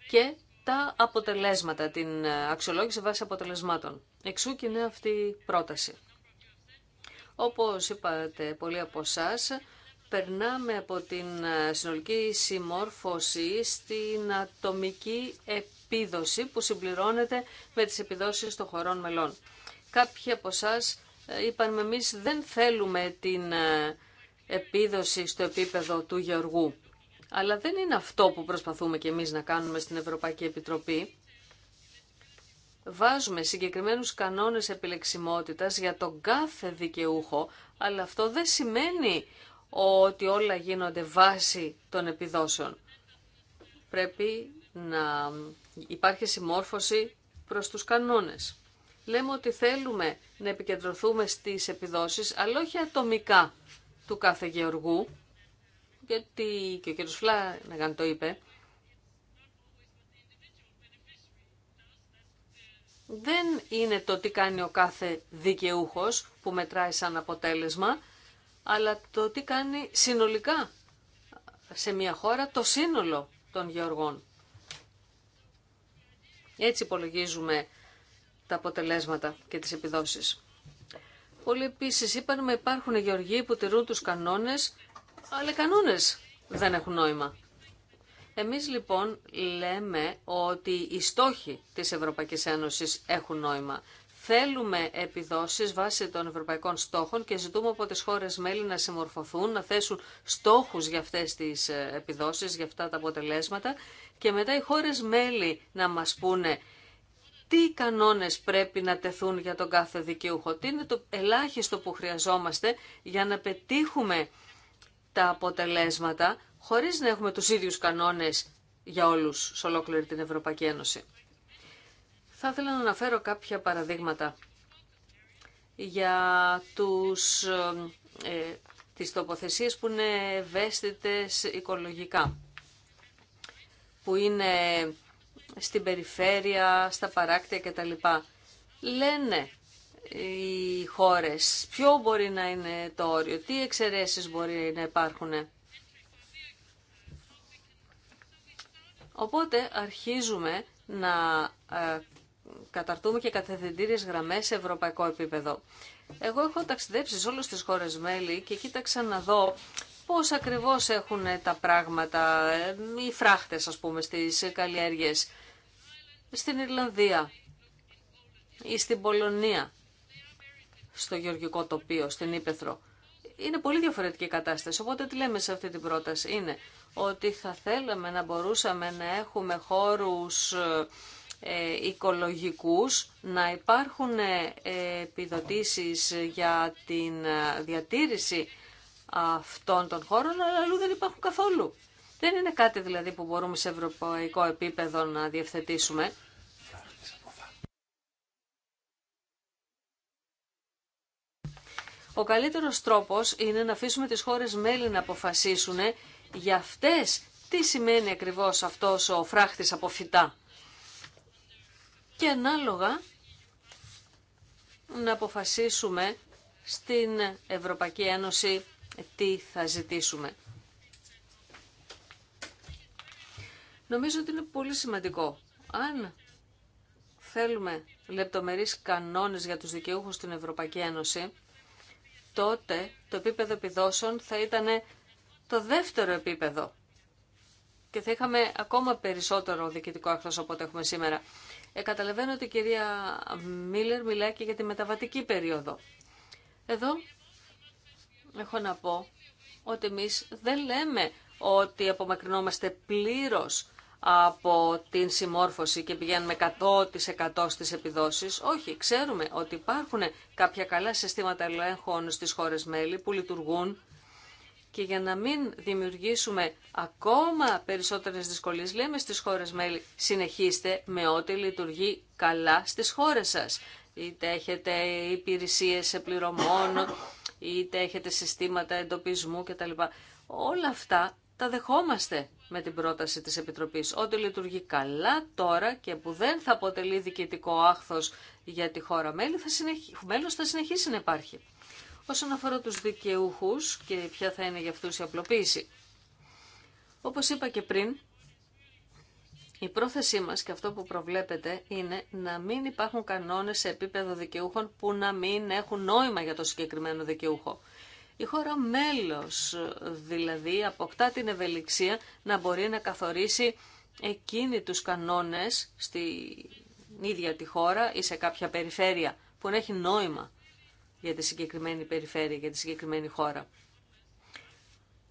S2: και τα αποτελέσματα, την αξιολόγηση βάση αποτελεσμάτων. Εξού και είναι αυτή η πρόταση. Όπως είπατε πολλοί από εσά, περνάμε από την ε, συνολική συμμόρφωση στην ατομική επίδοση που συμπληρώνεται με τις επιδόσεις των χωρών μελών. Κάποιοι από εσά ε, είπαν εμείς δεν θέλουμε την ε, επίδοση στο επίπεδο του Γεωργού. Αλλά δεν είναι αυτό που προσπαθούμε και εμείς να κάνουμε στην Ευρωπαϊκή Επιτροπή βάζουμε συγκεκριμένους κανόνες επιλεξιμότητας για τον κάθε δικαιούχο, αλλά αυτό δεν σημαίνει ότι όλα γίνονται βάση των επιδόσεων. Πρέπει να υπάρχει συμμόρφωση προς τους κανόνες. Λέμε ότι θέλουμε να επικεντρωθούμε στις επιδόσεις, αλλά όχι ατομικά του κάθε γεωργού, γιατί και ο κ. Φλάνεγαν το είπε, δεν είναι το τι κάνει ο κάθε δικαιούχος που μετράει σαν αποτέλεσμα, αλλά το τι κάνει συνολικά σε μια χώρα το σύνολο των γεωργών. Έτσι υπολογίζουμε τα αποτελέσματα και τις επιδόσεις. Πολλοί επίση είπαν ότι υπάρχουν γεωργοί που τηρούν τους κανόνες, αλλά κανόνες δεν έχουν νόημα. Εμείς λοιπόν λέμε ότι οι στόχοι της Ευρωπαϊκής Ένωσης έχουν νόημα. Θέλουμε επιδόσεις βάσει των ευρωπαϊκών στόχων και ζητούμε από τις χώρες μέλη να συμμορφωθούν, να θέσουν στόχους για αυτές τις ε, επιδόσεις, για αυτά τα αποτελέσματα και μετά οι χώρες μέλη να μας πούνε τι κανόνες πρέπει να τεθούν για τον κάθε δικαιούχο, τι είναι το ελάχιστο που χρειαζόμαστε για να πετύχουμε τα αποτελέσματα χωρίς να έχουμε τους ίδιους κανόνες για όλους σε ολόκληρη την Ευρωπαϊκή Ένωση. Θα ήθελα να αναφέρω κάποια παραδείγματα για τους, ε, τις τοποθεσίες που είναι ευαίσθητες οικολογικά, που είναι στην περιφέρεια, στα παράκτια κτλ. Λένε οι χώρες ποιο μπορεί να είναι το όριο, τι εξαιρέσεις μπορεί να υπάρχουν. Οπότε αρχίζουμε να ε, καταρτούμε και κατευθυντήριες γραμμές σε ευρωπαϊκό επίπεδο. Εγώ έχω ταξιδέψει σε όλες τις χώρες μέλη και κοίταξα να δω πώς ακριβώς έχουν τα πράγματα, ε, οι φράχτες ας πούμε στις καλλιέργειες, στην Ιρλανδία ή στην Πολωνία, στο γεωργικό τοπίο, στην Ήπεθρο είναι πολύ διαφορετική η κατάσταση. Οπότε τι λέμε σε αυτή την πρόταση είναι ότι θα θέλαμε να μπορούσαμε να έχουμε χώρους ε, οικολογικούς, να υπάρχουν ε, επιδοτήσεις για την ε, διατήρηση αυτών των χώρων, αλλά αλλού δεν υπάρχουν καθόλου. Δεν είναι κάτι δηλαδή που μπορούμε σε ευρωπαϊκό επίπεδο να διευθετήσουμε. Ο καλύτερος τρόπος είναι να αφήσουμε τις χώρες μέλη να αποφασίσουν για αυτές τι σημαίνει ακριβώς αυτός ο φράχτης από φυτά. Και ανάλογα να αποφασίσουμε στην Ευρωπαϊκή Ένωση τι θα ζητήσουμε. Νομίζω ότι είναι πολύ σημαντικό. Αν θέλουμε λεπτομερείς κανόνες για τους δικαιούχους στην Ευρωπαϊκή Ένωση, τότε το επίπεδο επιδόσεων θα ήταν το δεύτερο επίπεδο και θα είχαμε ακόμα περισσότερο διοικητικό άξονα από ό,τι έχουμε σήμερα. Ε, καταλαβαίνω ότι η κυρία Μίλλερ μιλάει και για τη μεταβατική περίοδο. Εδώ έχω να πω ότι εμείς δεν λέμε ότι απομακρυνόμαστε πλήρως από την συμμόρφωση και πηγαίνουμε 100% στις επιδόσεις. Όχι, ξέρουμε ότι υπάρχουν κάποια καλά συστήματα ελέγχων στις χώρες μέλη που λειτουργούν και για να μην δημιουργήσουμε ακόμα περισσότερες δυσκολίες, λέμε στις χώρες μέλη, συνεχίστε με ό,τι λειτουργεί καλά στις χώρες σας. Είτε έχετε υπηρεσίες πληρωμών, είτε έχετε συστήματα εντοπισμού κτλ. Όλα αυτά τα δεχόμαστε με την πρόταση της Επιτροπής, ότι λειτουργεί καλά τώρα και που δεν θα αποτελεί διοικητικό άχθος για τη χώρα μέλη, θα συνεχί... μέλος θα συνεχίσει να υπάρχει. Όσον αφορά τους δικαιούχους και ποια θα είναι για αυτούς η απλοποίηση. Όπως είπα και πριν, η πρόθεσή μας και αυτό που προβλέπετε είναι να μην υπάρχουν κανόνες σε επίπεδο δικαιούχων που να μην έχουν νόημα για το συγκεκριμένο δικαιούχο. Η χώρα μέλος δηλαδή αποκτά την ευελιξία να μπορεί να καθορίσει εκείνη τους κανόνες στην ίδια τη χώρα ή σε κάποια περιφέρεια που να έχει νόημα για τη συγκεκριμένη περιφέρεια, για τη συγκεκριμένη χώρα.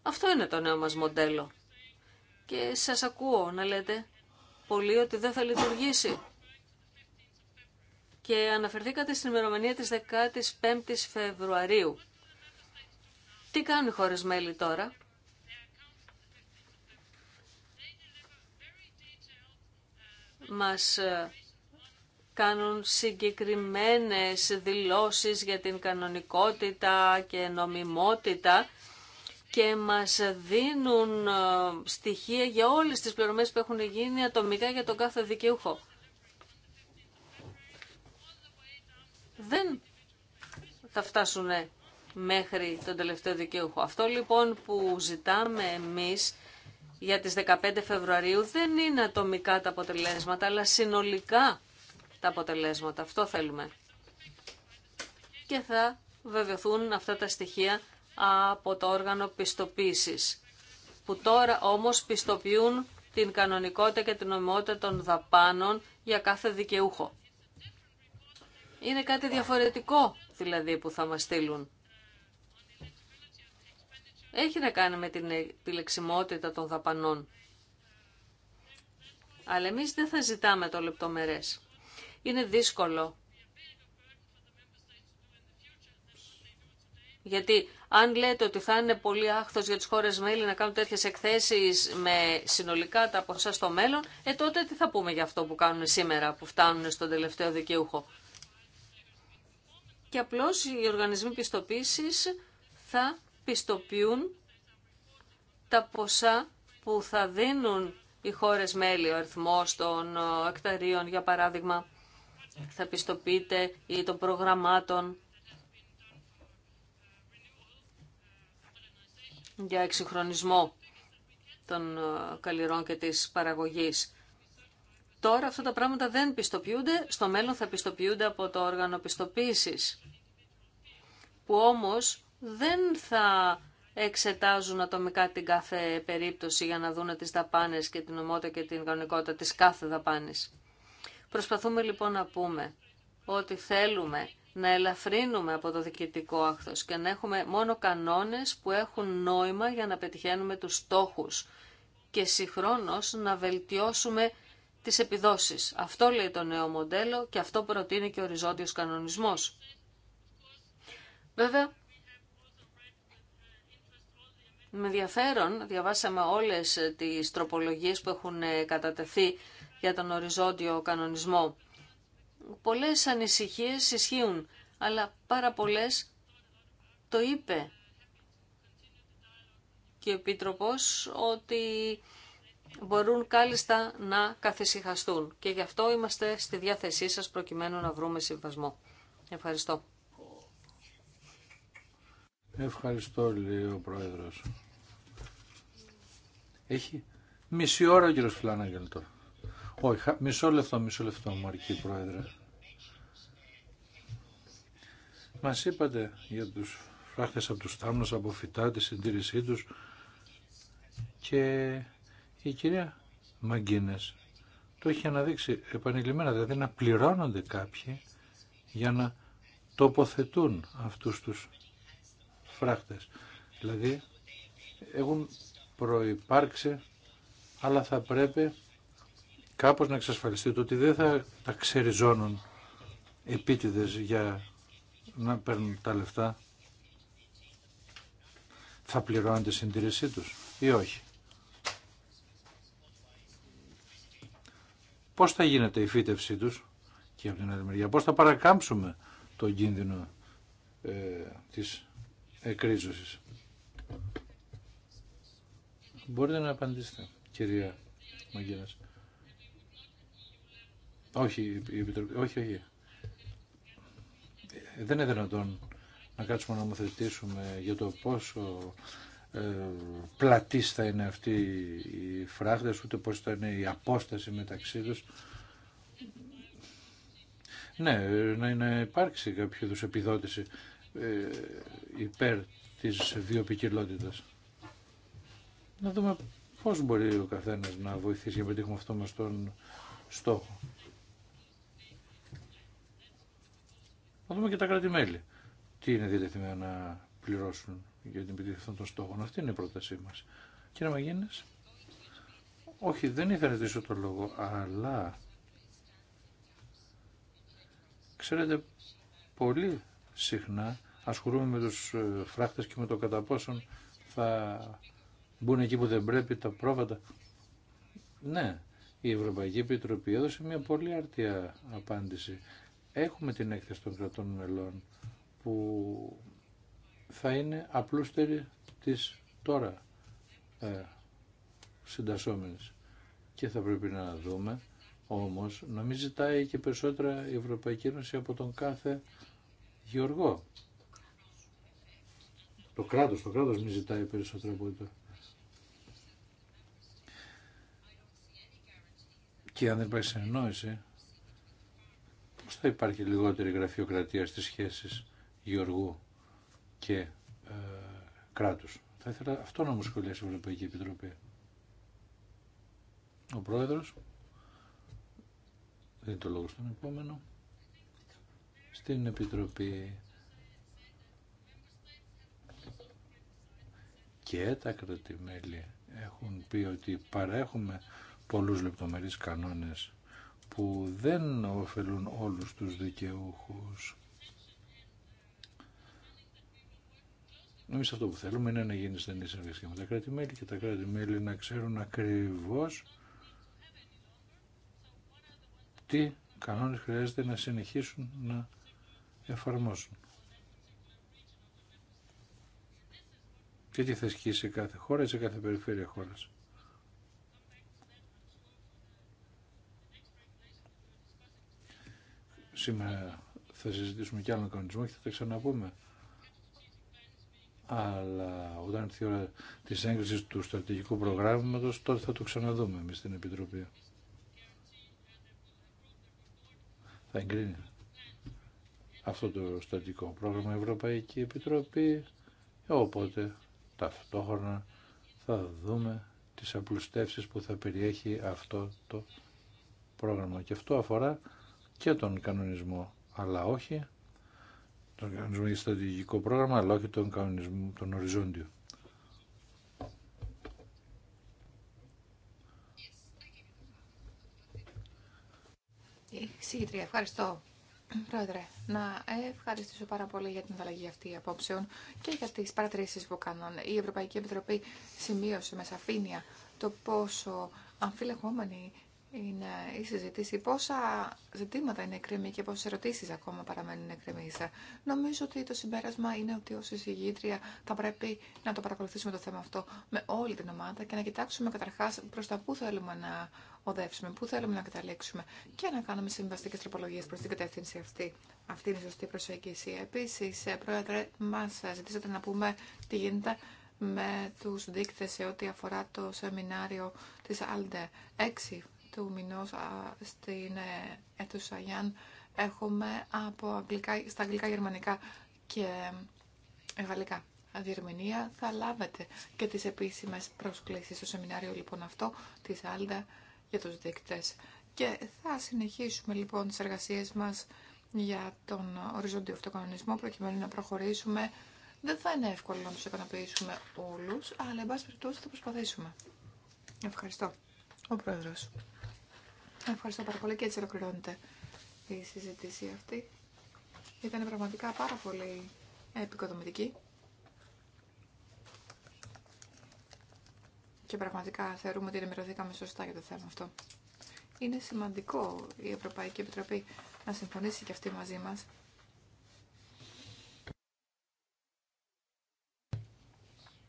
S2: Αυτό είναι το νέο μας μοντέλο. Και σας ακούω να λέτε πολύ ότι δεν θα λειτουργήσει. Και αναφερθήκατε στην ημερομηνία της 15ης Φεβρουαρίου. Τι κάνουν οι χώρες μέλη τώρα. Μας ε, κάνουν συγκεκριμένες δηλώσεις για την κανονικότητα και νομιμότητα και μας δίνουν ε, στοιχεία για όλες τις πληρωμές που έχουν γίνει ατομικά για τον κάθε δικαιούχο. Δεν θα φτάσουν μέχρι τον τελευταίο δικαιούχο. Αυτό λοιπόν που ζητάμε εμείς για τις 15 Φεβρουαρίου δεν είναι ατομικά τα αποτελέσματα, αλλά συνολικά τα αποτελέσματα. Αυτό θέλουμε. Και θα βεβαιωθούν αυτά τα στοιχεία από το όργανο πιστοποίησης, που τώρα όμως πιστοποιούν την κανονικότητα και την νομιμότητα των δαπάνων για κάθε δικαιούχο. Είναι κάτι διαφορετικό δηλαδή που θα μας στείλουν έχει να κάνει με την επιλεξιμότητα των δαπανών. Αλλά εμείς δεν θα ζητάμε το λεπτομερές. Είναι δύσκολο. Γιατί αν λέτε ότι θα είναι πολύ άχθος για τις χώρες μέλη να κάνουν τέτοιες εκθέσεις με συνολικά τα ποσά στο μέλλον, ε τότε τι θα πούμε για αυτό που κάνουν σήμερα, που φτάνουν στον τελευταίο δικαιούχο. Και απλώς οι οργανισμοί πιστοποίησης θα πιστοποιούν τα ποσά που θα δίνουν οι χώρες μέλη, ο αριθμό των ε, εκταρίων για παράδειγμα, θα πιστοποιείται ή των προγραμμάτων για εξυγχρονισμό των ε, καλλιρών και της παραγωγής. Τώρα αυτά τα πράγματα δεν πιστοποιούνται, στο μέλλον θα πιστοποιούνται από το όργανο πιστοποίησης, που όμως δεν θα εξετάζουν ατομικά την κάθε περίπτωση για να δούνε τις δαπάνες και την ομότητα και την κανονικότητα της κάθε δαπάνης. Προσπαθούμε λοιπόν να πούμε ότι θέλουμε να ελαφρύνουμε από το διοικητικό άκθος και να έχουμε μόνο κανόνες που έχουν νόημα για να πετυχαίνουμε τους στόχους και συγχρόνως να βελτιώσουμε τις επιδόσεις. Αυτό λέει το νέο μοντέλο και αυτό προτείνει και ο οριζόντιος κανονισμός. Βέβαια, με ενδιαφέρον διαβάσαμε όλες τις τροπολογίες που έχουν ε, κατατεθεί για τον οριζόντιο κανονισμό. Πολλές ανησυχίες ισχύουν, αλλά πάρα πολλές το είπε και ο Επίτροπος ότι μπορούν κάλλιστα να καθησυχαστούν. Και γι' αυτό είμαστε στη διάθεσή σας προκειμένου να βρούμε συμβασμό. Ευχαριστώ.
S4: Ευχαριστώ, λέει ο Πρόεδρος. Έχει μισή ώρα ο κύριο Φιλάναγκελ τώρα. Όχι, μισό λεπτό, μισό λεπτό μου Πρόεδρε. Μα είπατε για τους φράχτες από τους θάμνους, από φυτά, τη συντήρησή τους και η κυρία Μαγκίνε το έχει αναδείξει επανειλημμένα, δηλαδή να πληρώνονται κάποιοι για να τοποθετούν αυτούς τους φράχτες. Δηλαδή έχουν προϋπάρξει αλλά θα πρέπει κάπως να εξασφαλιστεί το ότι δεν θα τα ξεριζώνουν επίτηδες για να παίρνουν τα λεφτά. Θα πληρώνουν τη συντηρησή τους ή όχι. Πώς θα γίνεται η φύτευσή τους και από την άλλη μεριά. Πώς θα παρακάμψουμε τον κίνδυνο ε, της εκρίζωσης. Μπορείτε να απαντήσετε, κυρία Μαγκίνας. Όχι, η Επιτροπή, όχι, όχι. Ε, δεν είναι δυνατόν να κάτσουμε να νομοθετήσουμε για το πόσο ε, θα είναι αυτή η φράχτες, ούτε θα είναι η απόσταση μεταξύ τους. Ναι, ε, να, να υπάρξει κάποιο είδου επιδότηση ε, υπέρ της βιοπικιλότητας. Να δούμε πώς μπορεί ο καθένας να βοηθήσει για να πετύχουμε αυτό μας τον στόχο. Να δούμε και τα κράτη-μέλη. Τι είναι διατεθειμένα να πληρώσουν για την επιτυχία αυτών των στόχων. Αυτή είναι η πρότασή μας. Κύριε Μαγίνες, όχι δεν ήθελα να το λόγο, αλλά ξέρετε πολύ συχνά ασχολούμαι με τους ε, φράχτες και με το κατά πόσον θα μπουν εκεί που δεν πρέπει τα πρόβατα. Ναι, η Ευρωπαϊκή Επιτροπή έδωσε μια πολύ άρτια απάντηση. Έχουμε την έκθεση των κρατών μελών που θα είναι απλούστερη της τώρα ε, συντασσόμενης. Και θα πρέπει να δούμε όμως να μην ζητάει και περισσότερα η Ευρωπαϊκή Ένωση από τον κάθε Γιωργό Το κράτος, το κράτος μη ζητάει περισσότερο από το. Και αν δεν υπάρχει συνεννόηση, πώς θα υπάρχει λιγότερη γραφειοκρατία στις σχέσεις Γιωργού και ε, κράτους. Θα ήθελα αυτό να μου σχολιάσει η Ευρωπαϊκή Επιτροπή. Ο Πρόεδρος δίνει το λόγο στον επόμενο στην Επιτροπή και τα κρατημέλη έχουν πει ότι παρέχουμε πολλούς λεπτομερείς κανόνες που δεν ωφελούν όλους τους δικαιούχους. Εμείς αυτό που θέλουμε είναι να γίνει στενή συνεργασία με τα κρατη και τα κρατη να ξέρουν ακριβώς τι κανόνες χρειάζεται να συνεχίσουν να εφαρμόσουν. Και τι θα ισχύει σε κάθε χώρα, σε κάθε περιφέρεια χώρας. Σήμερα θα συζητήσουμε κι άλλο κανονισμό και θα τα ξαναπούμε. Αλλά όταν έρθει η ώρα τη έγκρισης του στρατηγικού προγράμματος, τότε θα το ξαναδούμε εμεί στην Επιτροπή. Θα εγκρίνει αυτό το στατικό πρόγραμμα Ευρωπαϊκή Επιτροπή οπότε ταυτόχρονα θα δούμε τις απλουστεύσεις που θα περιέχει αυτό το πρόγραμμα και αυτό αφορά και τον κανονισμό αλλά όχι τον κανονισμό για στρατηγικό πρόγραμμα αλλά όχι τον κανονισμό τον οριζόντιο
S3: ε, ευχαριστώ Πρόεδρε, να ευχαριστήσω πάρα πολύ για την ανταλλαγή αυτή απόψεων και για τις παρατηρήσεις που κάναν. Η Ευρωπαϊκή Επιτροπή σημείωσε με σαφήνεια το πόσο αμφιλεγόμενη είναι η συζήτηση, πόσα ζητήματα είναι εκκρεμή και πόσε ερωτήσει ακόμα παραμένουν εκκρεμή. Νομίζω ότι το συμπέρασμα είναι ότι ω εισηγήτρια θα πρέπει να το παρακολουθήσουμε το θέμα αυτό με όλη την ομάδα και να κοιτάξουμε καταρχά προ τα πού θέλουμε να οδεύσουμε, πού θέλουμε να καταλήξουμε και να κάνουμε συμβαστικέ τροπολογίε προ την κατεύθυνση αυτή. Αυτή είναι η σωστή προσέγγιση. Επίση, ε, Πρόεδρε, μα ζητήσατε να πούμε τι γίνεται με του δείκτε σε ό,τι αφορά το σεμινάριο τη ΑΛΔΕ. 6 του μηνό στην ε, αίθουσα Γιάν έχουμε από αγγλικά, στα αγγλικά, γερμανικά και ε, γαλλικά διερμηνία θα λάβετε και τις επίσημες προσκλήσεις στο σεμινάριο λοιπόν αυτό της Άλντα για τους δείκτες. Και θα συνεχίσουμε λοιπόν τις εργασίες μας για τον οριζόντιο αυτοκανονισμό προκειμένου να προχωρήσουμε. Δεν θα είναι εύκολο να τους ικανοποιήσουμε όλους, αλλά εν πάση περιπτώσει θα προσπαθήσουμε. Ευχαριστώ. Ο Πρόεδρος. Ευχαριστώ πάρα πολύ και έτσι ολοκληρώνεται η συζήτηση αυτή. Ήταν πραγματικά πάρα πολύ επικοδομητική. και πραγματικά θεωρούμε ότι ενημερωθήκαμε σωστά για το θέμα αυτό. Είναι σημαντικό η Ευρωπαϊκή Επιτροπή να συμφωνήσει και αυτή μαζί μας.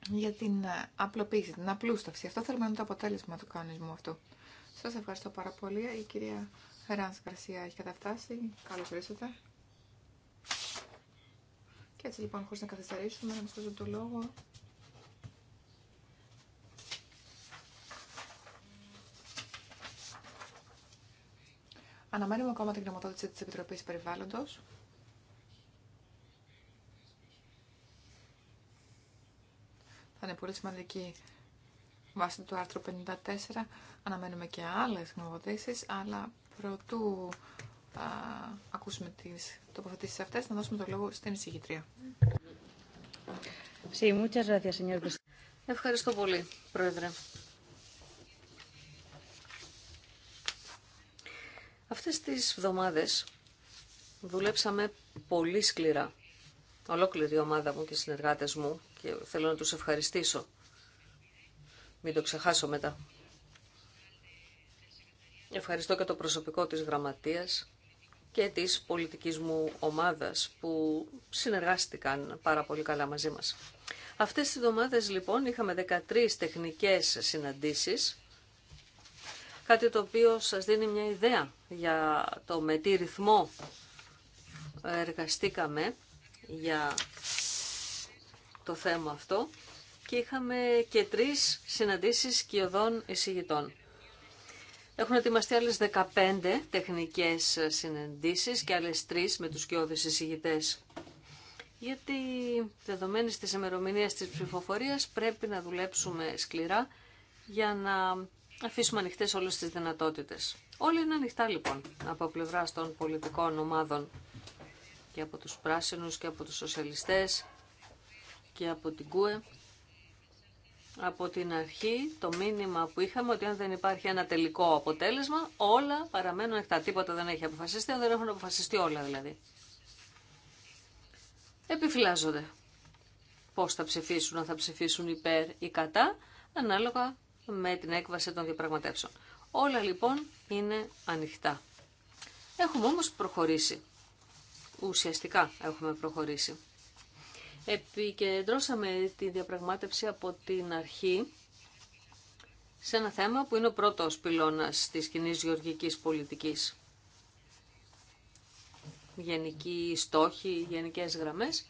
S3: για την ε, απλοποίηση, την απλούσταυση. Αυτό θέλουμε να είναι το αποτέλεσμα του κανονισμού αυτού. Σας ευχαριστώ πάρα πολύ. Η κυρία Φεράνς Γκαρσία έχει καταφτάσει. Καλώς ορίσατε. Και έτσι λοιπόν, χωρίς να καθυστερήσουμε, να μας δώσω το λόγο Αναμένουμε ακόμα την γνωμοδότηση της Επιτροπής Περιβάλλοντος. Θα είναι πολύ σημαντική βάση του άρθρου 54. Αναμένουμε και άλλες γνωμοδοτήσεις, αλλά προτού α, ακούσουμε τις τοποθετήσεις αυτές, να δώσουμε το λόγο στην εισηγητρία. Ευχαριστώ πολύ, Πρόεδρε.
S2: Αυτές τις εβδομάδες δουλέψαμε πολύ σκληρά. Ολόκληρη η ομάδα μου και οι συνεργάτες μου και θέλω να τους ευχαριστήσω. Μην το ξεχάσω μετά. Ευχαριστώ και το προσωπικό της γραμματείας και της πολιτικής μου ομάδας που συνεργάστηκαν πάρα πολύ καλά μαζί μας. Αυτές τις εβδομάδες λοιπόν είχαμε 13 τεχνικές συναντήσεις Κάτι το οποίο σας δίνει μια ιδέα για το με τι ρυθμό εργαστήκαμε για το θέμα αυτό και είχαμε και τρεις συναντήσεις σκιωδών εισηγητών. Έχουν ετοιμαστεί άλλες 15 τεχνικές συναντήσεις και άλλες τρεις με τους σκιώδες εισηγητές. Γιατί δεδομένη της ημερομηνία της ψηφοφορίας πρέπει να δουλέψουμε σκληρά για να αφήσουμε ανοιχτέ όλε τις δυνατότητες. Όλοι είναι ανοιχτά λοιπόν από πλευρά των πολιτικών ομάδων και από τους πράσινους και από τους σοσιαλιστές και από την ΚΟΕ. Από την αρχή το μήνυμα που είχαμε ότι αν δεν υπάρχει ένα τελικό αποτέλεσμα όλα παραμένουν ανοιχτά. Τίποτα δεν έχει αποφασιστεί, δεν έχουν αποφασιστεί όλα δηλαδή. Επιφυλάζονται πώς θα ψηφίσουν, αν θα ψηφίσουν υπέρ ή κατά, ανάλογα με την έκβαση των διαπραγματεύσεων. Όλα λοιπόν είναι ανοιχτά. Έχουμε όμως προχωρήσει. Ουσιαστικά έχουμε προχωρήσει. Επικεντρώσαμε τη διαπραγμάτευση από την αρχή σε ένα θέμα που είναι ο πρώτος πυλώνας της κοινή γεωργικής πολιτικής. Γενικοί στόχοι, γενικές γραμμές,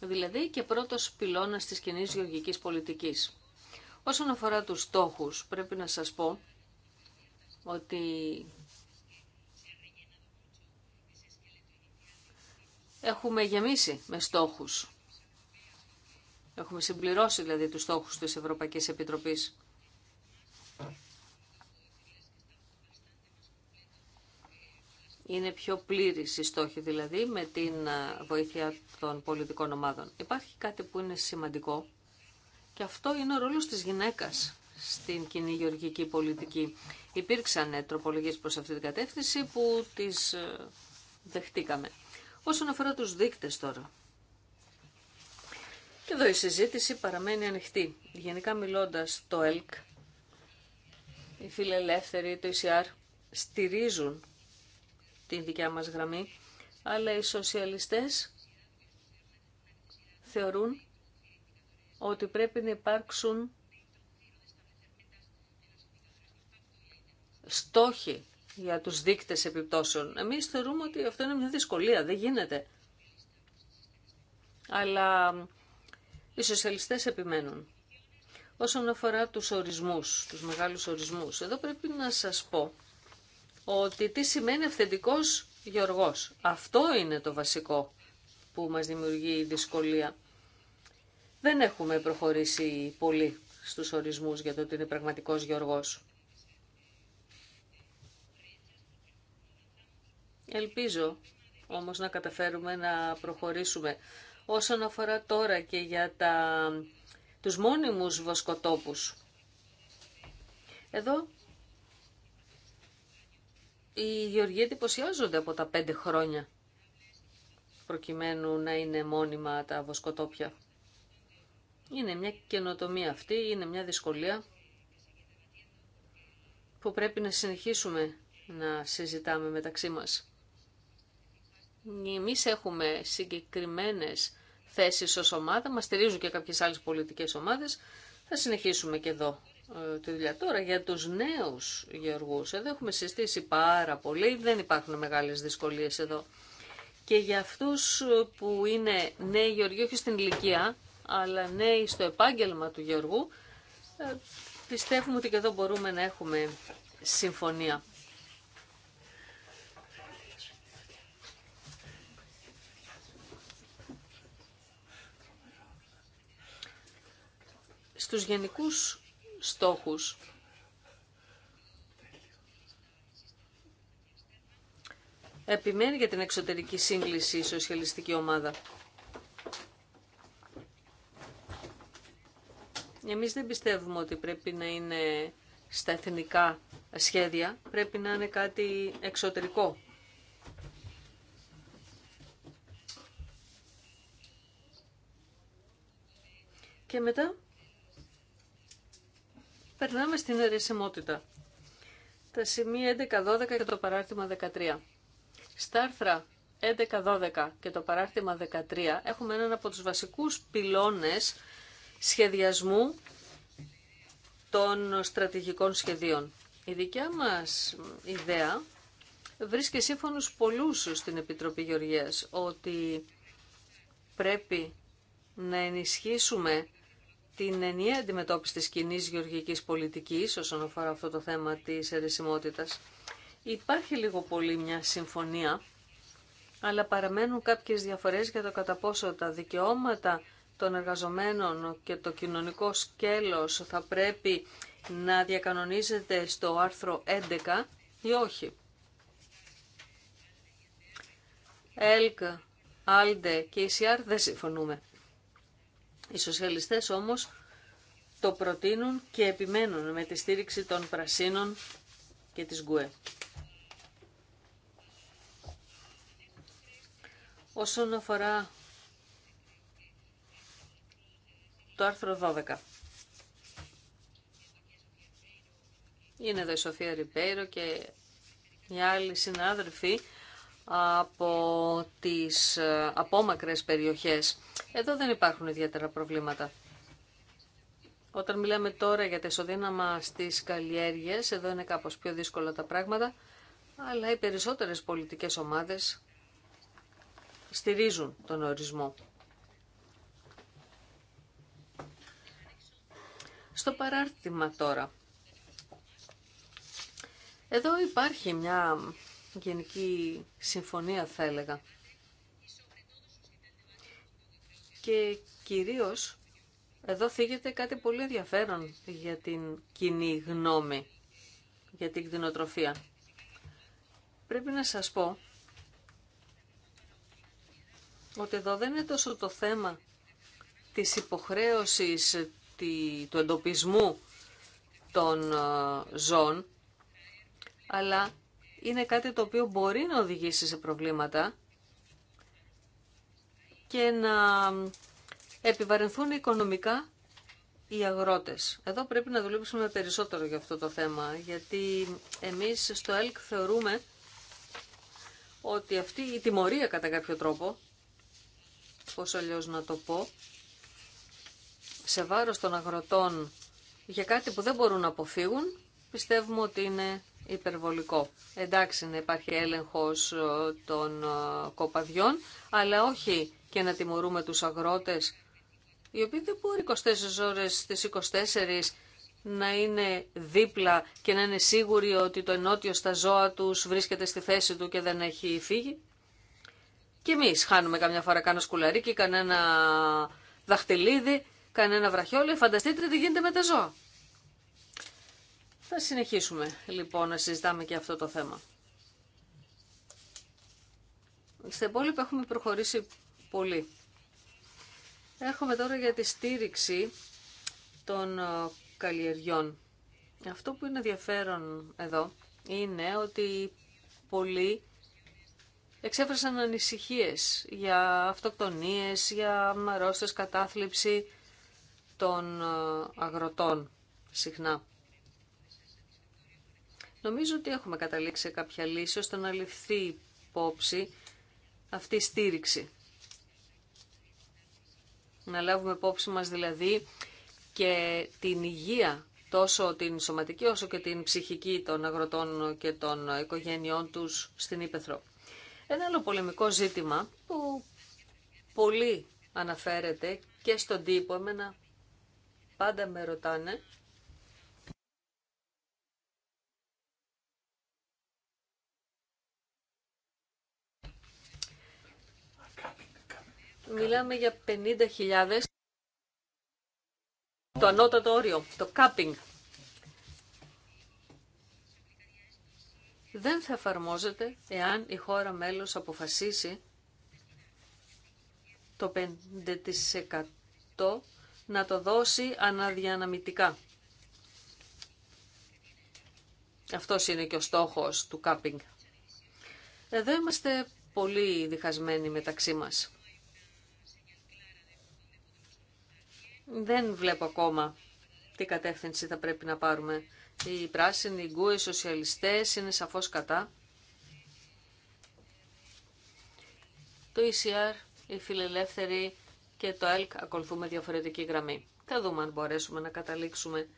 S2: δηλαδή και πρώτος πυλώνας της κοινή γεωργικής πολιτικής. Όσον αφορά τους στόχους, πρέπει να σας πω ότι έχουμε γεμίσει με στόχους. Έχουμε συμπληρώσει δηλαδή τους στόχους της Ευρωπαϊκής Επιτροπής. Είναι πιο πλήρης η στόχη δηλαδή με την ε, βοήθεια των πολιτικών ομάδων. Υπάρχει κάτι που είναι σημαντικό και αυτό είναι ο ρόλος της γυναίκας στην κοινή γεωργική πολιτική. Υπήρξαν τροπολογίες προς αυτή την κατεύθυνση που τις ε, δεχτήκαμε. Όσον αφορά τους δείκτες τώρα. Και εδώ η συζήτηση παραμένει ανοιχτή. Γενικά μιλώντας το ΕΛΚ, οι φιλελεύθεροι, το ECR, στηρίζουν την δικιά μας γραμμή, αλλά οι σοσιαλιστές θεωρούν ότι πρέπει να υπάρξουν στόχοι για τους δείκτες επιπτώσεων. Εμείς θεωρούμε ότι αυτό είναι μια δυσκολία, δεν γίνεται. Αλλά οι σοσιαλιστές επιμένουν. Όσον αφορά τους ορισμούς, τους μεγάλους ορισμούς, εδώ πρέπει να σας πω ότι τι σημαίνει αυθεντικός γεωργός. Αυτό είναι το βασικό που μας δημιουργεί η δυσκολία δεν έχουμε προχωρήσει πολύ στους ορισμούς για το ότι είναι πραγματικός Γιώργος. Ελπίζω όμως να καταφέρουμε να προχωρήσουμε. Όσον αφορά τώρα και για τα, τους μόνιμους βοσκοτόπους. Εδώ οι γεωργοί εντυπωσιάζονται από τα πέντε χρόνια προκειμένου να είναι μόνιμα τα βοσκοτόπια. Είναι μια καινοτομία αυτή, είναι μια δυσκολία που πρέπει να συνεχίσουμε να συζητάμε μεταξύ μας. Εμείς έχουμε συγκεκριμένες θέσεις ως ομάδα, μας στηρίζουν και κάποιες άλλες πολιτικές ομάδες. Θα συνεχίσουμε και εδώ ε, τη δουλειά. Τώρα για τους νέους γεωργούς, εδώ έχουμε συστήσει πάρα πολύ, δεν υπάρχουν μεγάλες δυσκολίες εδώ. Και για αυτούς που είναι νέοι γεωργοί, όχι στην ηλικία, αλλά νέοι στο επάγγελμα του Γεωργού, ε, πιστεύουμε ότι και εδώ μπορούμε να έχουμε συμφωνία. Στους γενικούς στόχους επιμένει για την εξωτερική σύγκληση η σοσιαλιστική ομάδα. Εμείς δεν πιστεύουμε ότι πρέπει να είναι στα εθνικά σχέδια, πρέπει να είναι κάτι εξωτερικό. Και μετά περνάμε στην αιρεσιμότητα. Τα σημεία 11, 12 και το παράρτημα 13. Στα άρθρα 11, 12 και το παράρτημα 13 έχουμε έναν από τους βασικούς πυλώνες σχεδιασμού των στρατηγικών σχεδίων. Η δικιά μας ιδέα βρίσκει σύμφωνος πολλούς στην Επιτροπή Γεωργίας ότι πρέπει να ενισχύσουμε την ενιαία αντιμετώπιση της κοινή γεωργικής πολιτικής όσον αφορά αυτό το θέμα της αιρεσιμότητας. Υπάρχει λίγο πολύ μια συμφωνία, αλλά παραμένουν κάποιες διαφορές για το κατά πόσο τα δικαιώματα των εργαζομένων και το κοινωνικό σκέλος θα πρέπει να διακανονίζεται στο άρθρο 11 ή όχι. ΕΛΚ, ΑΛΔΕ και ΙΣΙΑΡ δεν συμφωνούμε. Οι σοσιαλιστές όμως το προτείνουν και επιμένουν με τη στήριξη των Πρασίνων και της ΓΚΟΕ. Όσον αφορά το άρθρο 12. Είναι εδώ η Σοφία Ριπέιρο και οι άλλοι συνάδελφοι από τις ε, απόμακρες περιοχές. Εδώ δεν υπάρχουν ιδιαίτερα προβλήματα. Όταν μιλάμε τώρα για τα ισοδύναμα στις καλλιέργειες, εδώ είναι κάπως πιο δύσκολα τα πράγματα, αλλά οι περισσότερες πολιτικές ομάδες στηρίζουν τον ορισμό Στο παράρτημα τώρα. Εδώ υπάρχει μια γενική συμφωνία θα έλεγα. Και κυρίως εδώ θίγεται κάτι πολύ ενδιαφέρον για την κοινή γνώμη, για την κτηνοτροφία. Πρέπει να σας πω ότι εδώ δεν είναι τόσο το θέμα της υποχρέωσης του εντοπισμού των ε, ζώων, αλλά είναι κάτι το οποίο μπορεί να οδηγήσει σε προβλήματα και να επιβαρυνθούν οικονομικά οι αγρότες. Εδώ πρέπει να δουλέψουμε περισσότερο για αυτό το θέμα, γιατί εμείς στο ΕΛΚ θεωρούμε ότι αυτή η τιμωρία κατά κάποιο τρόπο, πώς αλλιώς να το πω, σε βάρος των αγροτών για κάτι που δεν μπορούν να αποφύγουν, πιστεύουμε ότι είναι υπερβολικό. Εντάξει να υπάρχει έλεγχος ε, των ε, κοπαδιών, αλλά όχι και να τιμωρούμε τους αγρότες, οι οποίοι δεν μπορεί 24 ώρες στις 24 να είναι δίπλα και να είναι σίγουροι ότι το ενότιο στα ζώα τους βρίσκεται στη θέση του και δεν έχει φύγει. Και εμείς χάνουμε καμιά φορά κανένα σκουλαρίκι, κανένα δαχτυλίδι κανένα βραχιόλι, φανταστείτε τι γίνεται με τα ζώα. Θα συνεχίσουμε λοιπόν να συζητάμε και αυτό το θέμα. Στην υπόλοιπα έχουμε προχωρήσει πολύ. Έρχομαι τώρα για τη στήριξη των ε, καλλιεργιών. Αυτό που είναι ενδιαφέρον εδώ είναι ότι πολλοί εξέφρασαν ανησυχίες για αυτοκτονίες, για αρρώστες, κατάθλιψη των ε, αγροτών συχνά. Νομίζω ότι έχουμε καταλήξει κάποια λύση ώστε να ληφθεί υπόψη αυτή η στήριξη. Να λάβουμε υπόψη μας δηλαδή και την υγεία τόσο την σωματική όσο και την ψυχική των αγροτών και των οικογένειών τους στην Ήπεθρο. Ένα άλλο πολεμικό ζήτημα που πολύ αναφέρεται και στον τύπο εμένα Πάντα με ρωτάνε Μιλάμε για 50.000 το ανώτατο όριο, το κάπινγκ. Δεν θα εφαρμόζεται εάν η χώρα μέλος αποφασίσει το 5% να το δώσει αναδιαναμητικά. Αυτός είναι και ο στόχος του κάπινγκ. Εδώ είμαστε πολύ διχασμένοι μεταξύ μας. Δεν βλέπω ακόμα τι κατεύθυνση θα πρέπει να πάρουμε. Οι πράσινοι, οι γκου, οι σοσιαλιστές είναι σαφώς κατά. Το ECR, οι φιλελεύθεροι και το ΕΛΚ ακολουθούμε διαφορετική γραμμή. Θα δούμε αν μπορέσουμε να καταλήξουμε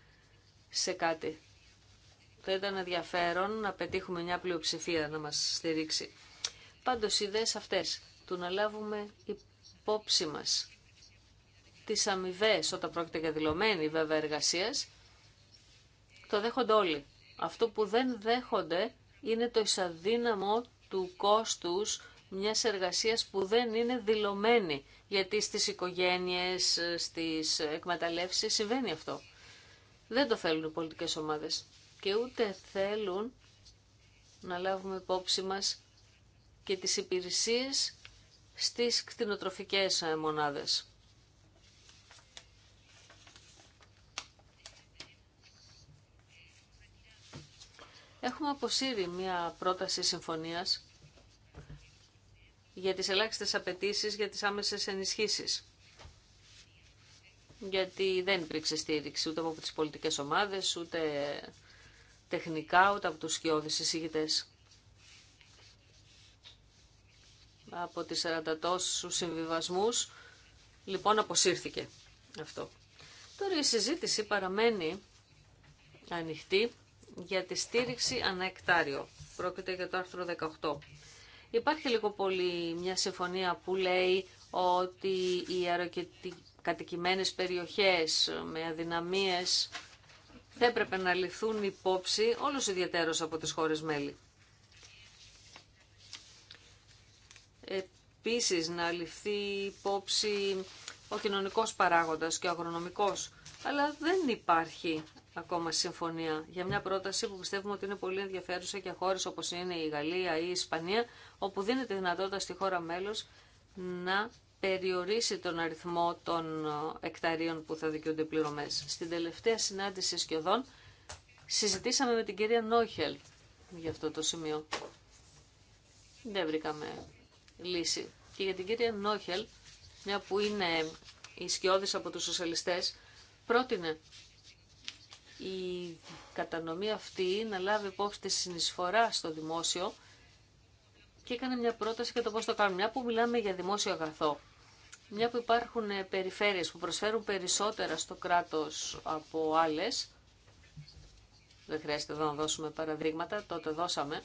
S2: σε κάτι. Θα ήταν ενδιαφέρον να πετύχουμε μια πλειοψηφία να μας στηρίξει. Πάντως οι ιδέες αυτές, του να λάβουμε υπόψη μας τις αμοιβέ όταν πρόκειται για δηλωμένη βέβαια εργασία, το δέχονται όλοι. Αυτό που δεν δέχονται είναι το εισαδύναμο του κόστους μιας εργασίας που δεν είναι δηλωμένη γιατί στις οικογένειες, στις εκμεταλλεύσεις συμβαίνει αυτό. Δεν το θέλουν οι πολιτικές ομάδες και ούτε θέλουν να λάβουμε υπόψη μας και τις υπηρεσίες στις κτηνοτροφικές ε, μονάδες. Έχουμε αποσύρει μια πρόταση συμφωνίας για τις ελάχιστες απαιτήσει για τις άμεσες ενισχύσεις. Γιατί δεν υπήρξε στήριξη ούτε από τις πολιτικές ομάδες, ούτε τεχνικά, ούτε από τους σκιώδεις εισηγητές. Από τις 40 τόσους συμβιβασμούς, λοιπόν, αποσύρθηκε αυτό. Τώρα η συζήτηση παραμένει ανοιχτή για τη στήριξη ανά εκτάριο. Πρόκειται για το άρθρο 18. Υπάρχει λίγο πολύ μια συμφωνία που λέει ότι οι αεροκατοικημένες περιοχές με αδυναμίες θα έπρεπε να ληφθούν υπόψη όλος ιδιαίτερος από τις χώρες μέλη. Επίσης να ληφθεί υπόψη ο κοινωνικός παράγοντας και ο αγρονομικός, αλλά δεν υπάρχει ακόμα συμφωνία για μια πρόταση που πιστεύουμε ότι είναι πολύ ενδιαφέρουσα για χώρες όπως είναι η Γαλλία ή η Ισπανία, όπου δίνεται δυνατότητα στη χώρα μέλος να περιορίσει τον αριθμό των ε, εκταρίων που θα δικαιούνται πληρωμέ. Στην τελευταία συνάντηση σκιωδών συζητήσαμε με την κυρία Νόχελ για αυτό το σημείο. Δεν βρήκαμε λύση. Και για την κυρία Νόχελ, μια που είναι σκιώδη από τους σοσιαλιστές, πρότεινε η κατανομή αυτή να λάβει υπόψη τη συνεισφορά στο δημόσιο και έκανε μια πρόταση για το πώς το κάνουμε. Μια που μιλάμε για δημόσιο αγαθό, μια που υπάρχουν ε, περιφέρειες που προσφέρουν περισσότερα στο κράτος από άλλες, δεν χρειάζεται εδώ να δώσουμε παραδείγματα, τότε δώσαμε,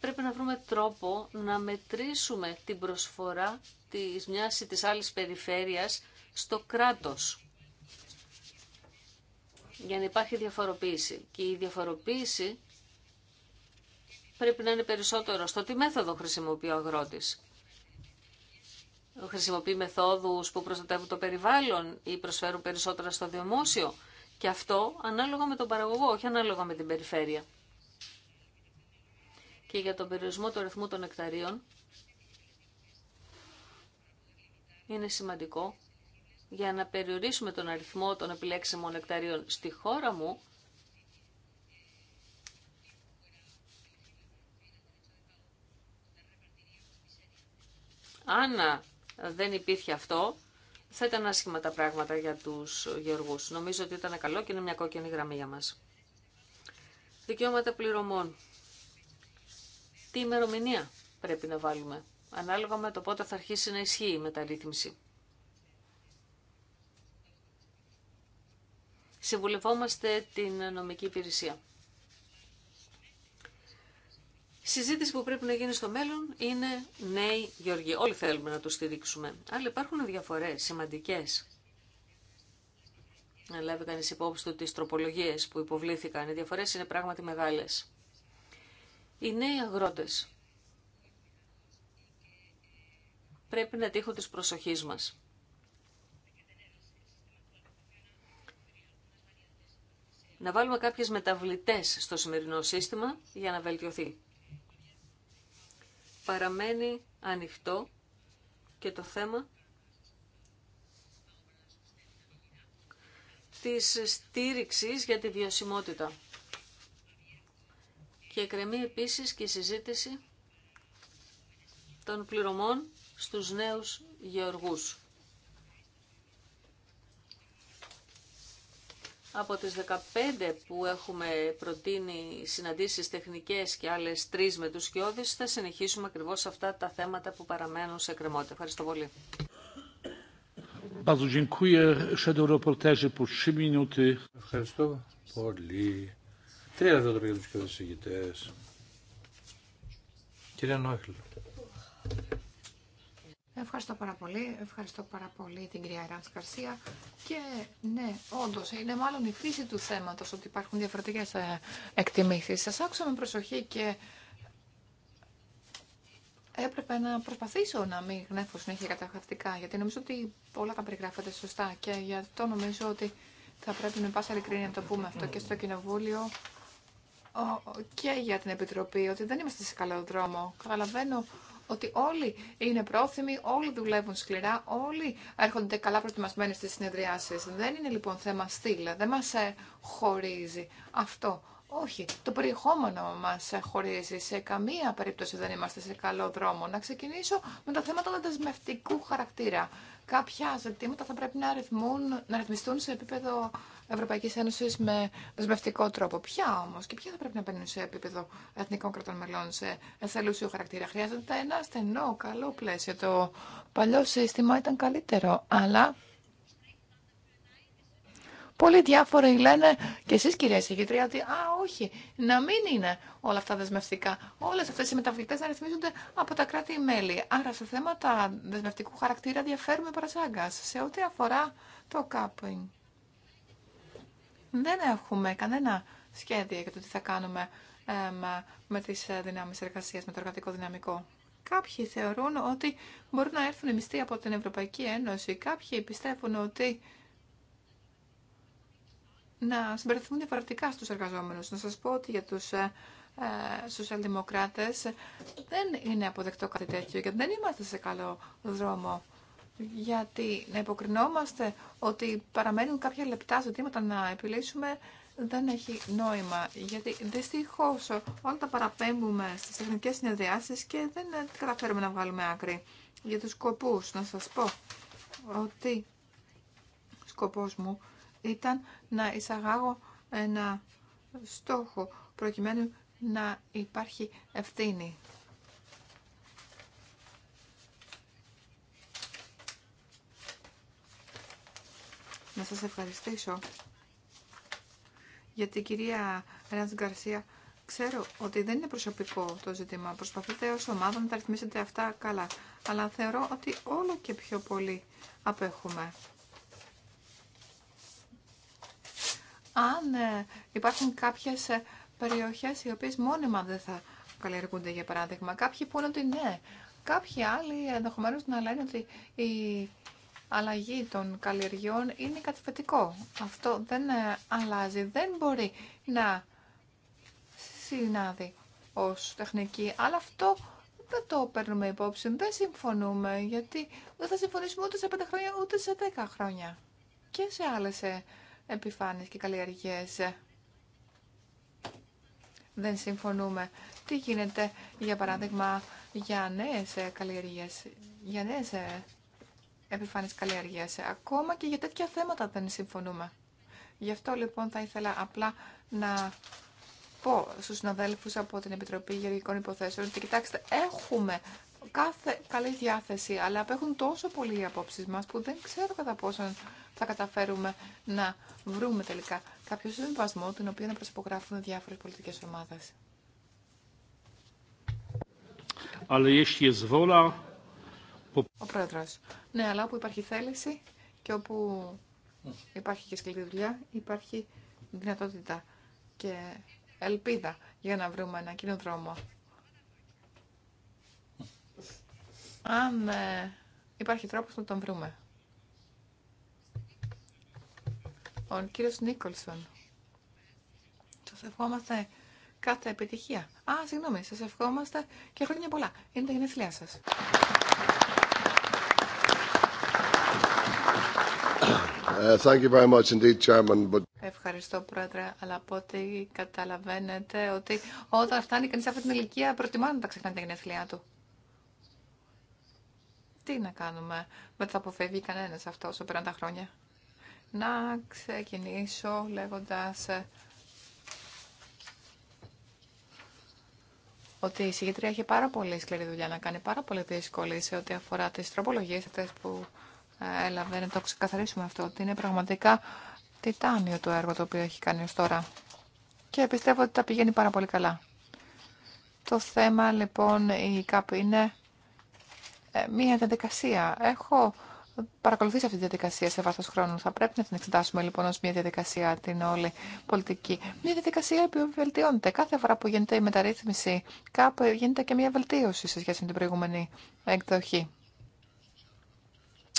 S2: πρέπει να βρούμε τρόπο να μετρήσουμε την προσφορά της μιας ή της άλλης περιφέρειας στο κράτος για να υπάρχει διαφοροποίηση. Και η διαφοροποίηση πρέπει να είναι περισσότερο στο τι μέθοδο χρησιμοποιεί ο αγρότης. Χρησιμοποιεί μεθόδους που προστατεύουν το περιβάλλον ή προσφέρουν περισσότερα στο δημόσιο. Και αυτό ανάλογα με τον παραγωγό, όχι ανάλογα με την περιφέρεια. Και για τον περιορισμό του ρυθμού των εκταρίων είναι σημαντικό για να περιορίσουμε τον αριθμό των επιλέξιμων εκταρίων στη χώρα μου, αν δεν υπήρχε αυτό, θα ήταν άσχημα τα πράγματα για τους γεωργούς. Νομίζω ότι ήταν καλό και είναι μια κόκκινη γραμμή για μας. Δικαιώματα πληρωμών. Τι ημερομηνία πρέπει να βάλουμε, ανάλογα με το πότε θα αρχίσει να ισχύει η μεταρρύθμιση. Συμβουλευόμαστε την νομική υπηρεσία. Συζήτηση που πρέπει να γίνει στο μέλλον είναι νέοι Γεωργοί. Όλοι θέλουμε να τους στηρίξουμε. Αλλά υπάρχουν διαφορές σημαντικές. Να λάβει κανείς υπόψη του τις τροπολογίες που υποβλήθηκαν. Οι διαφορές είναι πράγματι μεγάλες. Οι νέοι αγρότες πρέπει να τύχουν της προσοχής μας. να βάλουμε κάποιες μεταβλητές στο σημερινό σύστημα για να βελτιωθεί. Παραμένει ανοιχτό και το θέμα της στήριξης για τη βιωσιμότητα. Και εκρεμεί επίσης και η συζήτηση των πληρωμών στους νέους γεωργούς. από τις 15 που έχουμε προτείνει συναντήσεις τεχνικές και άλλες τρεις με τους σκιώδεις, θα συνεχίσουμε ακριβώς αυτά τα θέματα που παραμένουν σε κρεμότητα. Ευχαριστώ πολύ.
S1: Ευχαριστώ πολύ.
S4: Τρία λεπτά για τους σκιώδεις ηγητές. Κύριε Νόχλη.
S3: Ευχαριστώ πάρα πολύ. Ευχαριστώ πάρα πολύ την κυρία Ράντ Καρσία. Και ναι, όντω, είναι μάλλον η φύση του θέματο ότι υπάρχουν διαφορετικέ ε, εκτιμήσει. Σα άκουσα με προσοχή και έπρεπε να προσπαθήσω να μην γνέφω συνέχεια καταχαρτικά, γιατί νομίζω ότι όλα τα περιγράφονται σωστά και γι' αυτό νομίζω ότι θα πρέπει με πάσα ειλικρίνεια να το πούμε αυτό και στο Κοινοβούλιο και για την Επιτροπή, ότι δεν είμαστε σε καλό δρόμο. Καταλαβαίνω ότι όλοι είναι πρόθυμοι, όλοι δουλεύουν σκληρά, όλοι έρχονται καλά προετοιμασμένοι στις συνεδριάσεις. Δεν είναι λοιπόν θέμα στήλα, δεν μας ε, χωρίζει αυτό. Όχι, το περιεχόμενο μας ε, χωρίζει. Σε καμία περίπτωση δεν είμαστε σε καλό δρόμο. Να ξεκινήσω με τα θέματα του δεσμευτικού χαρακτήρα κάποια ζητήματα θα πρέπει να, ρυθμούν, να ρυθμιστούν σε επίπεδο Ευρωπαϊκή Ένωση με δεσμευτικό τρόπο. Ποια όμω και ποια θα πρέπει να μπαίνουν σε επίπεδο εθνικών κρατών μελών σε εθελούσιο χαρακτήρα. Χρειάζεται ένα στενό, καλό πλαίσιο. Το παλιό σύστημα ήταν καλύτερο, αλλά Πολλοί διάφοροι λένε, και εσείς κυρία Συγητρία ότι α, όχι, να μην είναι όλα αυτά δεσμευτικά. Όλες αυτές οι μεταβλητές να ρυθμίζονται από τα κράτη-μέλη. Άρα σε θέματα δεσμευτικού χαρακτήρα διαφέρουμε παρασάγκα. σε ό,τι αφορά το κάπινγκ. Δεν έχουμε κανένα σχέδιο για το τι θα κάνουμε ε, με τις ε, δυνάμεις εργασία, με το εργατικό δυναμικό. Κάποιοι θεωρούν ότι μπορούν να έρθουν οι μισθοί από την Ευρωπαϊκή Ένωση. Κάποιοι πιστεύουν ότι να συμπεριθούν διαφορετικά στους εργαζόμενους. Να σας πω ότι για τους ε, ε, σοσιαλδημοκράτες δεν είναι αποδεκτό κάτι τέτοιο γιατί δεν είμαστε σε καλό δρόμο. Γιατί να υποκρινόμαστε ότι παραμένουν κάποια λεπτά ζητήματα να επιλύσουμε δεν έχει νόημα. Γιατί δυστυχώ όλα τα παραπέμπουμε στις τεχνικές συνεδριάσεις και δεν καταφέρουμε να βγάλουμε άκρη. Για τους σκοπούς να σας πω ότι σκοπός μου ήταν να εισαγάγω ένα στόχο προκειμένου να υπάρχει ευθύνη. Να σας ευχαριστήσω για την κυρία Ρανς Γκαρσία. Ξέρω ότι δεν είναι προσωπικό το ζήτημα. Προσπαθείτε ως ομάδα να τα ρυθμίσετε αυτά καλά. Αλλά θεωρώ ότι όλο και πιο πολύ απέχουμε. αν ε, υπάρχουν κάποιες ε, περιοχές οι οποίες μόνιμα δεν θα καλλιεργούνται, για παράδειγμα. Κάποιοι πούνε ότι ναι, κάποιοι άλλοι ενδεχομένω να λένε ότι η αλλαγή των καλλιεργιών είναι κατηφετικό. Αυτό δεν ε, αλλάζει, δεν μπορεί να συνάδει ως τεχνική, αλλά αυτό δεν το παίρνουμε υπόψη, δεν συμφωνούμε, γιατί δεν θα συμφωνήσουμε ούτε σε 5 χρόνια, ούτε σε 10 χρόνια και σε άλλες επιφάνειες και καλλιεργίες. Δεν συμφωνούμε. Τι γίνεται, για παράδειγμα, για νέες ε, καλλιεργίες, για νέες ε, επιφάνειες καλλιεργίες. Ακόμα και για τέτοια θέματα δεν συμφωνούμε. Γι' αυτό λοιπόν θα ήθελα απλά να πω στους συναδέλφους από την Επιτροπή Γεωργικών Υποθέσεων ότι κοιτάξτε, έχουμε κάθε καλή διάθεση, αλλά απέχουν τόσο πολλοί οι απόψεις μας που δεν ξέρω κατά πόσον θα καταφέρουμε να βρούμε τελικά κάποιο συμβασμό, τον οποίο να προσυπογράφουν διάφορες πολιτικές ομάδες. Ο πρόεδρος. Ναι, αλλά όπου υπάρχει θέληση και όπου υπάρχει και σκληρή δουλειά, υπάρχει δυνατότητα και ελπίδα για να βρούμε ένα κοινό δρόμο. Αν ε, υπάρχει τρόπος να τον βρούμε. Ο κύριος Νίκολσον. Σα ευχόμαστε κάθε επιτυχία. Α, συγγνώμη, σας ευχόμαστε και χρόνια πολλά. Είναι τα γενέθλιά σας. Uh, Ευχαριστώ, Πρόεδρε, αλλά από ό,τι καταλαβαίνετε ότι όταν φτάνει κανείς αυτή την ηλικία προτιμά να τα ξεχνάει τα γενέθλιά του. Τι να κάνουμε, δεν θα αποφεύγει κανένας όσο πέραν τα χρόνια να ξεκινήσω λέγοντας ε, ότι η συγγετρία έχει πάρα πολύ σκληρή δουλειά να κάνει, πάρα πολύ δύσκολη σε ό,τι αφορά τις τροπολογίες αυτές που ε, έλαβε, να το ξεκαθαρίσουμε αυτό, ότι είναι πραγματικά τιτάνιο το έργο το οποίο έχει κάνει ως τώρα. Και πιστεύω ότι τα πηγαίνει πάρα πολύ καλά. Το θέμα λοιπόν η ΚΑΠ είναι ε, μια διαδικασία. Έχω παρακολουθήσει αυτή τη διαδικασία σε βάθο χρόνου. Θα πρέπει να την εξετάσουμε λοιπόν ως μια διαδικασία την όλη πολιτική. Μια διαδικασία που βελτιώνεται. Κάθε φορά που γίνεται η μεταρρύθμιση κάπου γίνεται και μια βελτίωση σε σχέση με την προηγούμενη εκδοχή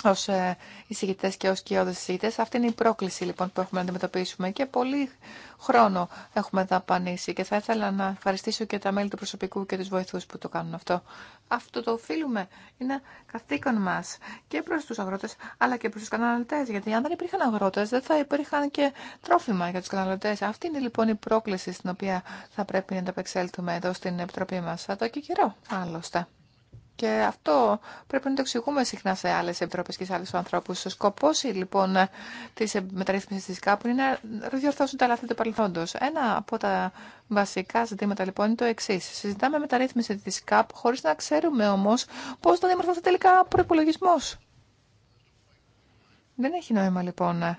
S3: ως ε, εισηγητέ και ως κοιόδες εισηγητέ. Αυτή είναι η πρόκληση λοιπόν που έχουμε να αντιμετωπίσουμε και πολύ χρόνο έχουμε δαπανίσει και θα ήθελα να ευχαριστήσω και τα μέλη του προσωπικού και τους βοηθούς που το κάνουν αυτό. Αυτό το οφείλουμε, είναι καθήκον μας και προς τους αγρότες αλλά και προς τους καταναλωτές γιατί αν δεν υπήρχαν αγρότες δεν θα υπήρχαν και τρόφιμα για τους καταναλωτές. Αυτή είναι λοιπόν η πρόκληση στην οποία θα πρέπει να τα εδώ στην Επιτροπή μας. Θα το και καιρό άλλωστε. Και αυτό πρέπει να το εξηγούμε συχνά σε άλλε επιτροπές και σε άλλου ανθρώπου. Ο σκοπό λοιπόν τη μεταρρύθμιση τη ΚΑΠ είναι να διορθώσουν τα λάθη του παρελθόντο. Ένα από τα βασικά ζητήματα λοιπόν είναι το εξή. Συζητάμε μεταρρύθμιση τη ΚΑΠ χωρί να ξέρουμε όμω πώ θα διαμορφωθεί τελικά ο προπολογισμό. Δεν έχει νόημα λοιπόν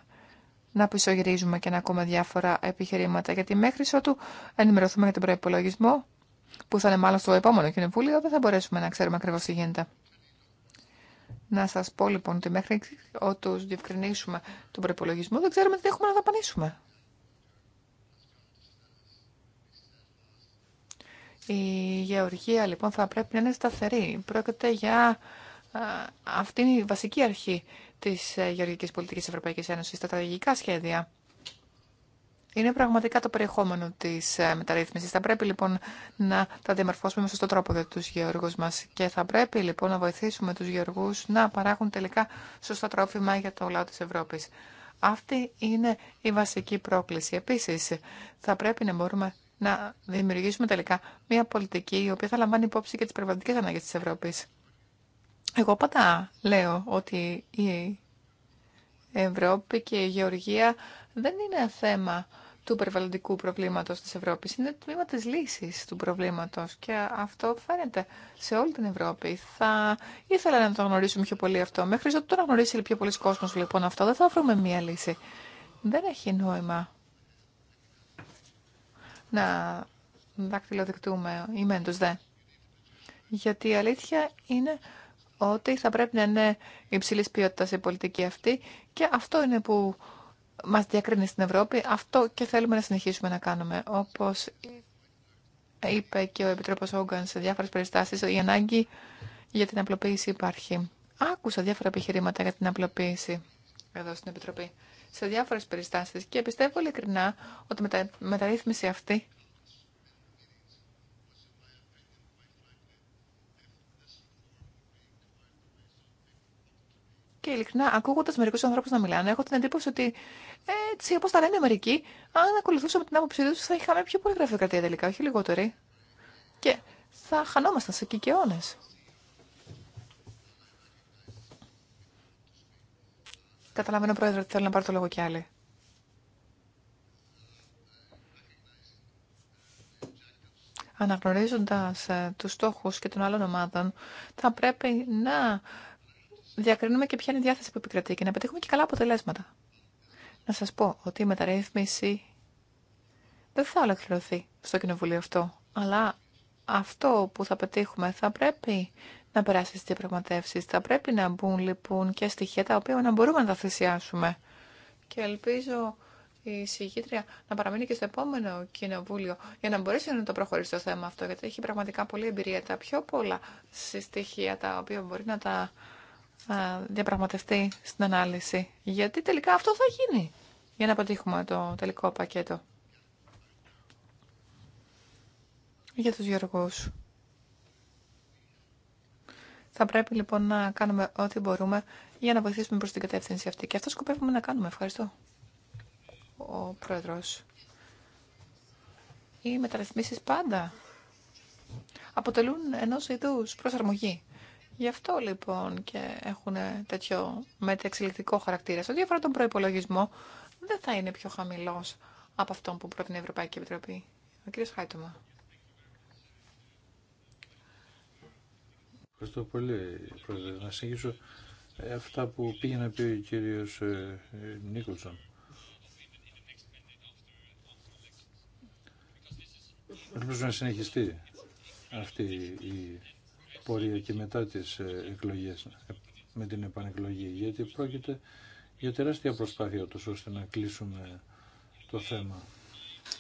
S3: να πισωγυρίζουμε και να ακούμε διάφορα επιχειρήματα, γιατί μέχρι ότου ενημερωθούμε για τον προπολογισμό, που θα είναι μάλλον στο επόμενο κοινοβούλιο, δεν θα μπορέσουμε να ξέρουμε ακριβώ τι γίνεται. Να σα πω λοιπόν ότι μέχρι ότου διευκρινίσουμε τον προπολογισμό, δεν ξέρουμε τι έχουμε να δαπανίσουμε. Η γεωργία λοιπόν θα πρέπει να είναι σταθερή. Πρόκειται για αυτή είναι η βασική αρχή της ε, γεωργικής πολιτικής Ευρωπαϊκής Ένωσης, τα στρατηγικά σχέδια είναι πραγματικά το περιεχόμενο τη ε, μεταρρύθμιση. Θα πρέπει λοιπόν να τα διαμορφώσουμε με σωστό τρόπο για του γεωργού μα και θα πρέπει λοιπόν να βοηθήσουμε του γεωργού να παράγουν τελικά σωστά τρόφιμα για το λαό τη Ευρώπη. Αυτή είναι η βασική πρόκληση. Επίση, θα πρέπει να μπορούμε να δημιουργήσουμε τελικά μια πολιτική η οποία θα λαμβάνει υπόψη και τι περιβαλλοντικέ ανάγκε τη Ευρώπη. Εγώ πάντα λέω ότι η Ευρώπη και η γεωργία δεν είναι θέμα του περιβαλλοντικού προβλήματος της Ευρώπης. Είναι το τμήμα της λύσης του προβλήματος και αυτό φαίνεται σε όλη την Ευρώπη. Θα ήθελα να το γνωρίσουμε πιο πολύ αυτό. Μέχρι ότου το γνωρίσει πιο πολλοί κόσμος λοιπόν αυτό δεν θα βρούμε μία λύση. Δεν έχει νόημα να δακτυλοδεικτούμε ή μέντος δε. Γιατί η αλήθεια είναι ότι θα πρέπει να είναι υψηλής ποιότητας η πολιτική αυτή και αυτό είναι που μας διακρίνει στην Ευρώπη. Αυτό και θέλουμε να συνεχίσουμε να κάνουμε. Όπως είπε και ο Επιτρόπος Όγκαν σε διάφορες περιστάσεις, η ανάγκη για την απλοποίηση υπάρχει. Άκουσα διάφορα επιχειρήματα για την απλοποίηση εδώ στην Επιτροπή σε διάφορες περιστάσεις και πιστεύω ειλικρινά ότι με τα μεταρρύθμιση αυτή Και ειλικρινά, ακούγοντα μερικού ανθρώπου να μιλάνε, έχω την εντύπωση ότι έτσι όπω τα λένε μερικοί, αν ακολουθούσαμε την άποψή του, θα είχαμε πιο πολύ γραφειοκρατία τελικά, όχι λιγότερη. Και θα χανόμασταν σε κικαιώνε. Καταλαβαίνω, Πρόεδρε, ότι θέλω να πάρω το λόγο κι άλλοι. Αναγνωρίζοντας ε, τους στόχους και των άλλων ομάδων, θα πρέπει να διακρίνουμε και ποια είναι η διάθεση που επικρατεί και να πετύχουμε και καλά αποτελέσματα. Να σας πω ότι η μεταρρύθμιση δεν θα ολοκληρωθεί στο κοινοβουλίο αυτό, αλλά αυτό που θα πετύχουμε θα πρέπει να περάσει στι διαπραγματεύσει. Θα πρέπει να μπουν λοιπόν και στοιχεία τα οποία να μπορούμε να τα θυσιάσουμε. Και ελπίζω η συγκήτρια να παραμείνει και στο επόμενο κοινοβούλιο για να μπορέσει να το προχωρήσει το θέμα αυτό, γιατί έχει πραγματικά πολλή εμπειρία τα πιο πολλά στοιχεία τα οποία μπορεί να τα διαπραγματευτεί στην ανάλυση. Γιατί τελικά αυτό θα γίνει για να αποτύχουμε το τελικό πακέτο. Για τους γεωργούς. Θα πρέπει λοιπόν να κάνουμε ό,τι μπορούμε για να βοηθήσουμε προς την κατεύθυνση αυτή. Και αυτό σκοπεύουμε να κάνουμε. Ευχαριστώ. Ο Πρόεδρος. Οι μεταρρυθμίσεις πάντα αποτελούν ενός είδους προσαρμογή Γι' αυτό λοιπόν και έχουν τέτοιο μεταεξελικτικό χαρακτήρα. Σε ό,τι τον προπολογισμό, δεν θα είναι πιο χαμηλό από αυτόν που προτείνει η Ευρωπαϊκή Επιτροπή. Ο κύριο Χάιτομα.
S4: Ευχαριστώ πολύ, Πρόεδρε. Να συνεχίσω ε, αυτά που πήγε να πει ο κύριος ε, Νίκολσον. Ελπίζω να συνεχιστεί αυτή η πορεία και μετά τις ε, εκλογές ε, με την επανεκλογή γιατί πρόκειται για τεράστια προσπάθεια τους ώστε να κλείσουμε το θέμα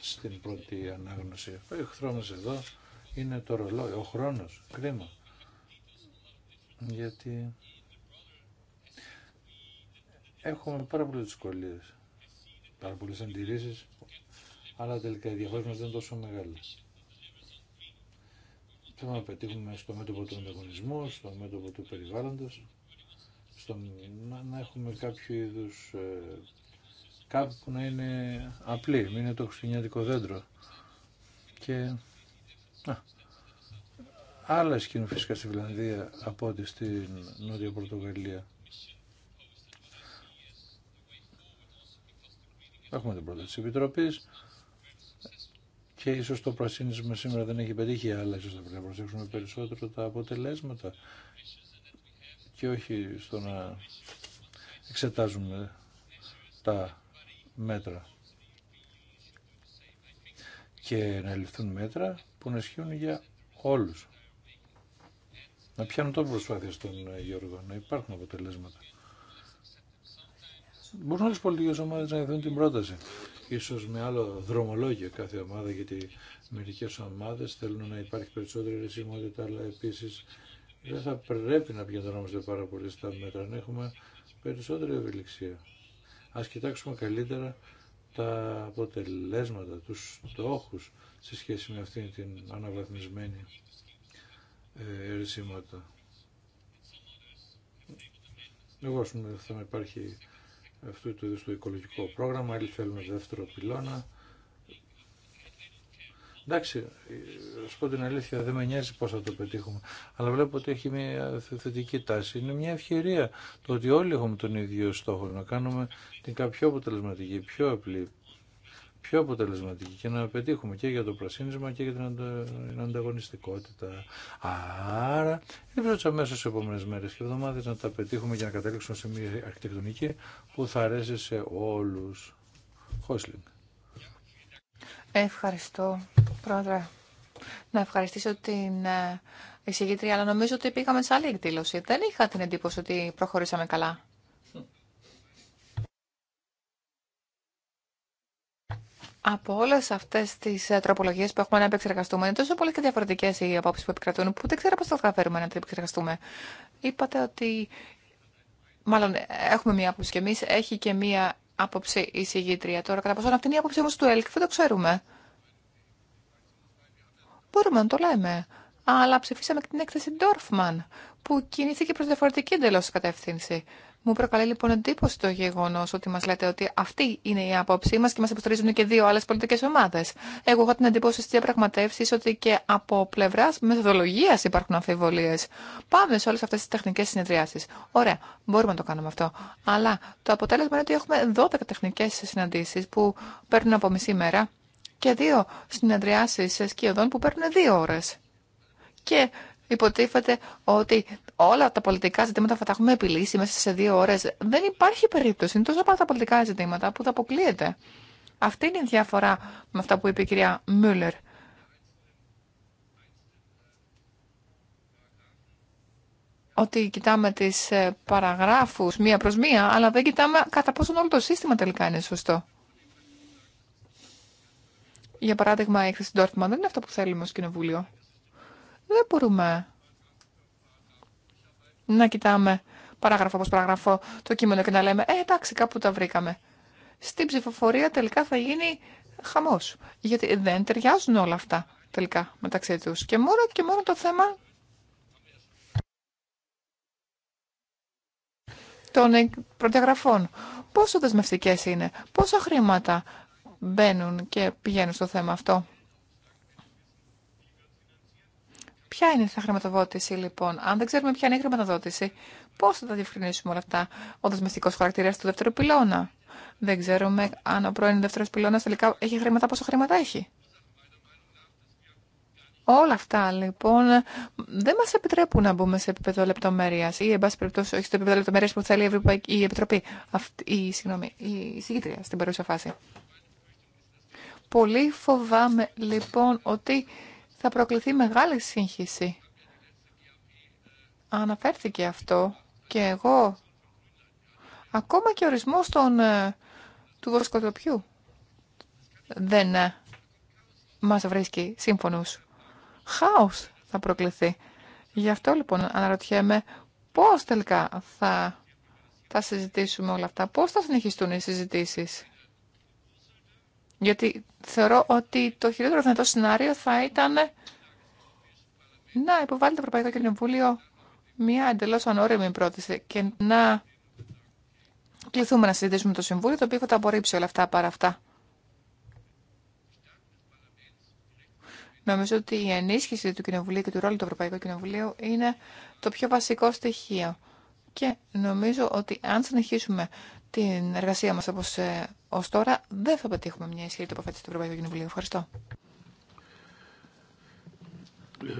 S4: στην πρώτη ανάγνωση. Ο εχθρό εδώ είναι το ρολόι, ο χρόνος, κρίμα. Γιατί έχουμε πάρα πολλές δυσκολίε, πάρα πολλές αντιρρήσεις, αλλά τελικά οι διαφορές μας δεν είναι τόσο μεγάλες θέλουμε να πετύχουμε στο μέτωπο του ανταγωνισμού, στο μέτωπο του περιβάλλοντος, στο, να, έχουμε κάποιο είδους ε, κάπου που να είναι απλή, μην είναι το χριστουγεννιάτικο δέντρο. Και α, άλλα σκηνού φυσικά στη Βλανδία από ό,τι στην Νότια Πορτογαλία. Έχουμε την πρόταση της Επιτροπής, και ίσως το πρασίνισμα σήμερα δεν έχει πετύχει, αλλά ίσως θα πρέπει να προσέξουμε περισσότερο τα αποτελέσματα και όχι στο να εξετάζουμε τα μέτρα και να ληφθούν μέτρα που να ισχύουν για όλους. Να πιάνουν τόπο προσπάθεια στον Γιώργο, να υπάρχουν αποτελέσματα. Μπορούν όλες οι πολιτικές ομάδες να δουν την πρόταση ίσως με άλλο δρομολόγιο κάθε ομάδα, γιατί μερικές ομάδες θέλουν να υπάρχει περισσότερη ρεσιμότητα, αλλά επίσης δεν θα πρέπει να πιεντρωνόμαστε πάρα πολύ στα μέτρα, να έχουμε περισσότερη ευελιξία. Ας κοιτάξουμε καλύτερα τα αποτελέσματα, τους στόχους σε σχέση με αυτήν την αναβαθμισμένη ε, Εγώ, ας πούμε, θα υπάρχει αυτού του είδους το οικολογικό πρόγραμμα, άλλοι θέλουν δεύτερο πυλώνα. Εντάξει, σου πω την αλήθεια, δεν με νοιάζει πώς θα το πετύχουμε, αλλά βλέπω ότι έχει μια θετική τάση. Είναι μια ευκαιρία το ότι όλοι έχουμε τον ίδιο στόχο, να κάνουμε την πιο αποτελεσματική, πιο απλή, πιο αποτελεσματική και να πετύχουμε και για το πρασίνισμα και για την ανταγωνιστικότητα. Άρα, ελπίζω τι αμέσω σε επόμενε μέρε και εβδομάδε να τα πετύχουμε και να καταλήξουμε σε μια αρχιτεκτονική που θα αρέσει σε όλου.
S3: Χόσλινγκ. Ευχαριστώ, Πρόεδρε. Να ευχαριστήσω την ε, εισηγήτρια, αλλά νομίζω ότι πήγαμε σε άλλη εκδήλωση. Δεν είχα την εντύπωση ότι προχωρήσαμε καλά. Από όλε αυτέ τι ε, τροπολογίε που έχουμε να επεξεργαστούμε, είναι τόσο πολλέ και διαφορετικέ οι απόψει που επικρατούν, που δεν ξέρω πώ θα καταφέρουμε να τι επεξεργαστούμε. Είπατε ότι. Μάλλον έχουμε μία άποψη κι εμεί, έχει και μία άποψη η συγγήτρια. Τώρα, κατά πόσο αυτή είναι η άποψη όμω του ΕΛΚ, δεν το ξέρουμε. Μπορούμε να το λέμε. Αλλά ψηφίσαμε και την έκθεση Ντόρφμαν, που κινήθηκε προ διαφορετική εντελώ κατεύθυνση. Μου προκαλεί λοιπόν εντύπωση το γεγονό ότι μα λέτε ότι αυτή είναι η άποψή μα και μα υποστηρίζουν και δύο άλλε πολιτικέ ομάδε. Εγώ έχω την εντύπωση στι διαπραγματεύσει ότι και από πλευρά μεθοδολογία υπάρχουν αμφιβολίε. Πάμε σε όλε αυτέ τι τεχνικέ συνεδριάσει. Ωραία, μπορούμε να το κάνουμε αυτό. Αλλά το αποτέλεσμα είναι ότι έχουμε 12 τεχνικέ συναντήσει που παίρνουν από μισή μέρα και δύο συνεδριάσει σκιωδών που παίρνουν δύο ώρε. Και Υποτίθεται ότι όλα τα πολιτικά ζητήματα θα τα έχουμε επιλύσει μέσα σε δύο ώρε. Δεν υπάρχει περίπτωση. Είναι τόσο πάρα τα πολιτικά ζητήματα που θα αποκλείεται. Αυτή είναι η διαφορά με αυτά που είπε η κυρία Μούλερ. Ότι κοιτάμε τι ε, παραγράφου μία προ μία, αλλά δεν κοιτάμε κατά πόσον όλο το σύστημα τελικά είναι σωστό. Για παράδειγμα, η έκθεση Ντόρτμαν δεν είναι αυτό που θέλουμε ω κοινοβούλιο δεν μπορούμε να κοιτάμε παράγραφο όπως παράγραφο το κείμενο και να λέμε «Ε, εντάξει, κάπου τα βρήκαμε». Στην ψηφοφορία τελικά θα γίνει χαμός, γιατί δεν ταιριάζουν όλα αυτά τελικά μεταξύ τους. Και μόνο και μόνο το θέμα των προδιαγραφών. Πόσο δεσμευτικές είναι, πόσα χρήματα μπαίνουν και πηγαίνουν στο θέμα αυτό. Ποια είναι η χρηματοδότηση λοιπόν. Αν δεν ξέρουμε ποια είναι η χρηματοδότηση, πώ θα τα διευκρινίσουμε όλα αυτά. Ο δεσμευτικό χαρακτήρα του δεύτερου πυλώνα. Δεν ξέρουμε αν ο πρώην δεύτερο πυλώνα τελικά έχει χρήματα, πόσο χρήματα έχει. Όλα αυτά λοιπόν δεν μα επιτρέπουν να μπούμε σε επίπεδο λεπτομέρεια ή, εν πάση περιπτώσει, όχι στο επίπεδο λεπτομέρεια που θέλει η, Ευρωπαϊκή, η Επιτροπή, αυτή, η, συγγνώμη, η συγγνωμη η στην παρούσα φάση. Πολύ φοβάμαι λοιπόν ότι θα προκληθεί μεγάλη σύγχυση. Αναφέρθηκε αυτό και εγώ. Ακόμα και ορισμός των, ε, του βοσκοτροπιού δεν ε, μας βρίσκει σύμφωνος. Χάος θα προκληθεί. Γι' αυτό λοιπόν αναρωτιέμαι πώς τελικά θα, θα συζητήσουμε όλα αυτά, πώς θα συνεχιστούν οι συζητήσεις. Γιατί θεωρώ ότι το χειρότερο δυνατό σενάριο θα ήταν να υποβάλει το Ευρωπαϊκό Κοινοβούλιο μια εντελώ ανώριμη πρόταση και να κληθούμε να συζητήσουμε το Συμβούλιο, το οποίο θα τα απορρίψει όλα αυτά παρά αυτά. Νομίζω ότι η ενίσχυση του Κοινοβουλίου και του ρόλου του Ευρωπαϊκού Κοινοβουλίου είναι το πιο βασικό στοιχείο. Και νομίζω ότι αν συνεχίσουμε την εργασία μας όπως ε, Ω τώρα δεν θα πετύχουμε μια ισχυρή τοποθέτηση του Ευρωπαϊκού Κοινοβουλίου. Ευχαριστώ.
S1: Πρέπει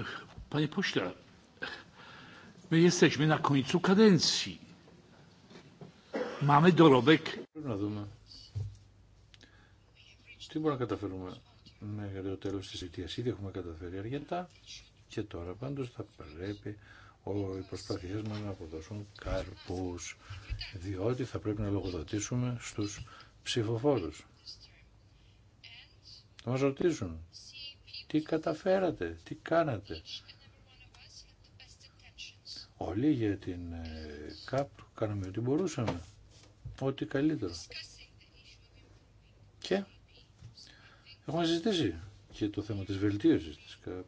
S1: να δούμε
S4: τι μπορούμε να καταφέρουμε μέχρι το τέλο τη αιτία. Ήδη έχουμε καταφέρει αρκετά και τώρα πάντω θα πρέπει οι προσπάθειέ μα να αποδώσουν καρπού. διότι θα πρέπει να λογοδοτήσουμε στου ψηφοφόρους. Θα μας ρωτήσουν τι καταφέρατε, τι κάνατε. Όλοι για την ε, ΚΑΠ κάναμε ό,τι μπορούσαμε, ό,τι καλύτερο. Και έχουμε συζητήσει και το θέμα της βελτίωσης της ΚΑΠ.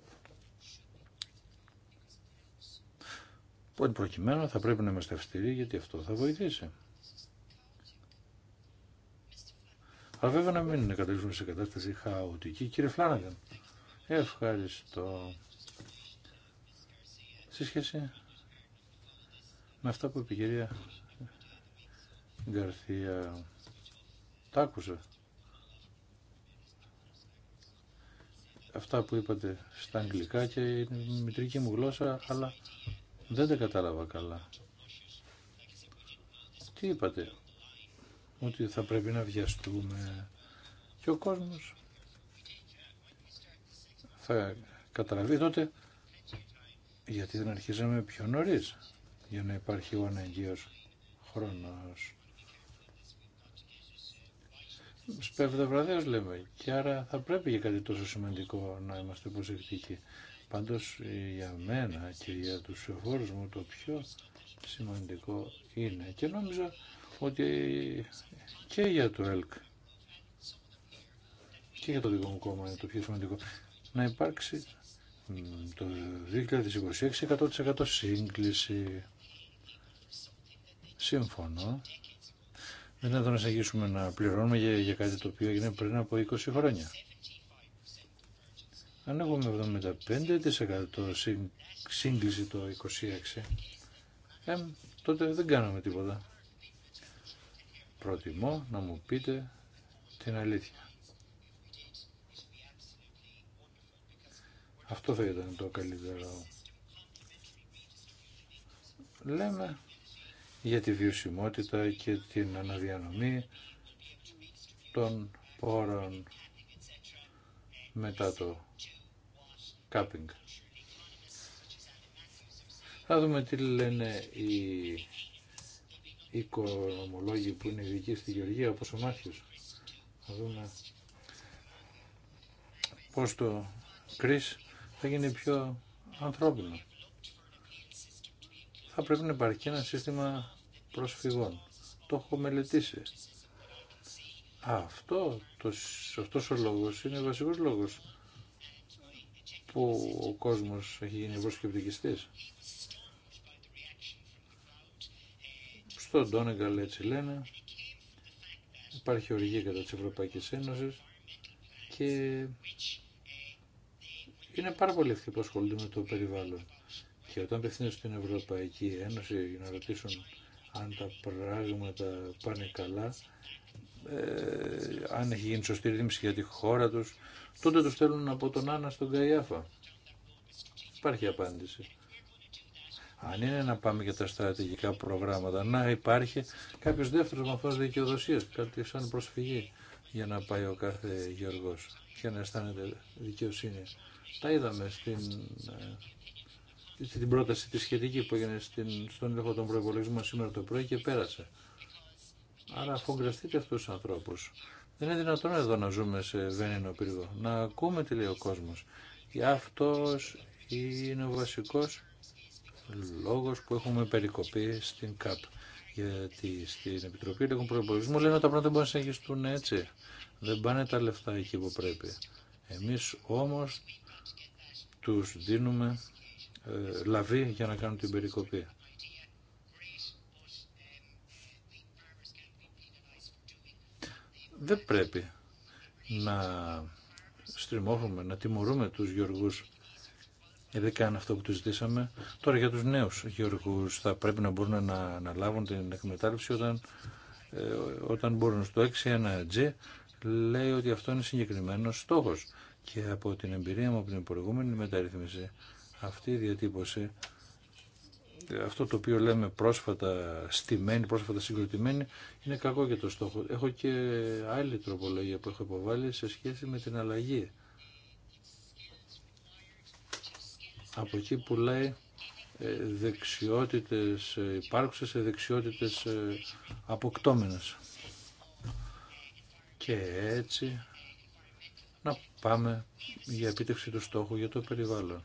S4: Οπότε προκειμένου θα πρέπει να είμαστε αυστηροί γιατί αυτό θα βοηθήσει. Αλλά βέβαια να μην καταλήξουμε σε κατάσταση χαοτική. Κύριε Φλάναγκαν, ευχαριστώ. Σε σχέση με αυτά που είπε η κυρία Γκαρθία, τα άκουσα. Αυτά που είπατε στα αγγλικά και η μητρική μου γλώσσα, αλλά δεν τα κατάλαβα καλά. Τι είπατε, ότι θα πρέπει να βιαστούμε και ο κόσμος θα καταλαβεί τότε γιατί δεν αρχίζαμε πιο νωρίς για να υπάρχει ο αναγκαίος χρόνος. Σπέβδε βραδέως λέμε και άρα θα πρέπει για κάτι τόσο σημαντικό να είμαστε προσεκτικοί. Πάντως για μένα και για τους εφόρους μου το πιο σημαντικό είναι και νόμιζα ότι και για το ΕΛΚ και για το δικό μου κόμμα είναι το πιο σημαντικό να υπάρξει το 2026 100% σύγκληση. Σύμφωνο. Δεν είναι εδώ να συνεχίσουμε να πληρώνουμε για, κάτι το οποίο έγινε πριν από 20 χρόνια. Αν έχουμε 75% σύγκληση το 26, τότε δεν κάνουμε τίποτα προτιμώ να μου πείτε την αλήθεια. Αυτό θα ήταν το καλύτερο. Λέμε για τη βιωσιμότητα και την αναδιανομή των πόρων μετά το κάπινγκ. Θα δούμε τι λένε οι οικονομολόγοι που είναι ειδικοί στη Γεωργία, όπως ο Μάθιος. Θα δούμε πώς το κρίς θα γίνει πιο ανθρώπινο. Θα πρέπει να υπάρχει ένα σύστημα προσφυγών. Το έχω μελετήσει. Αυτό, το, αυτός ο λόγος είναι ο βασικός λόγος που ο κόσμος έχει γίνει προσκεπτικιστής. Το Ντόνεγκαλ έτσι λένε, υπάρχει οργή κατά της Ευρωπαϊκής Ένωσης και είναι πάρα πολύ αυτοί που ασχολούνται με το περιβάλλον. Και όταν απευθύνονται στην Ευρωπαϊκή Ένωση για να ρωτήσουν αν τα πράγματα πάνε καλά, ε, αν έχει γίνει σωστή ρύθμιση για τη χώρα τους, τότε τους θέλουν από τον Άννα στον Καϊάφα. Υπάρχει απάντηση. Αν είναι να πάμε για τα στρατηγικά προγράμματα, να υπάρχει κάποιο δεύτερο μορφό δικαιοδοσία, κάτι σαν προσφυγή για να πάει ο κάθε Γεωργό και να αισθάνεται δικαιοσύνη. Τα είδαμε στην, ε, στην πρόταση τη σχετική που έγινε στον έλεγχο των προπολογισμών σήμερα το πρωί και πέρασε. Άρα αφογκραστείτε αυτού του ανθρώπου. Δεν είναι δυνατόν εδώ να ζούμε σε βένινο πύργο. Να ακούμε τι λέει ο κόσμο. Αυτό είναι ο βασικός λόγος που έχουμε περικοπεί στην ΚΑΠ. Γιατί στην Επιτροπή Ελέγχου Προπολογισμού λένε ότι τα πράγματα μπορούν να συνεχιστούν έτσι. Δεν πάνε τα λεφτά εκεί που πρέπει. Εμείς όμως τους δίνουμε ε, λαβή για να κάνουν την περικοπή. Δεν πρέπει να στριμώχνουμε, να τιμωρούμε τους Γιώργους δεν κάνουν αυτό που του ζητήσαμε. Τώρα για του νέου γεωργούς θα πρέπει να μπορούν να αναλάβουν την εκμετάλλευση όταν, ε, όταν μπορούν. Στο 6.1G λέει ότι αυτό είναι συγκεκριμένο στόχο. και από την εμπειρία μου από την προηγούμενη μεταρρύθμιση αυτή η διατύπωση αυτό το οποίο λέμε πρόσφατα στημένη, πρόσφατα συγκροτημένη, είναι κακό για το στόχο. Έχω και άλλη τροπολογία που έχω υποβάλει σε σχέση με την αλλαγή από εκεί που λέει ε, δεξιότητες ε, υπάρχουσες σε δεξιότητες ε, αποκτώμενες. Και έτσι να πάμε για επίτευξη του στόχου για το περιβάλλον.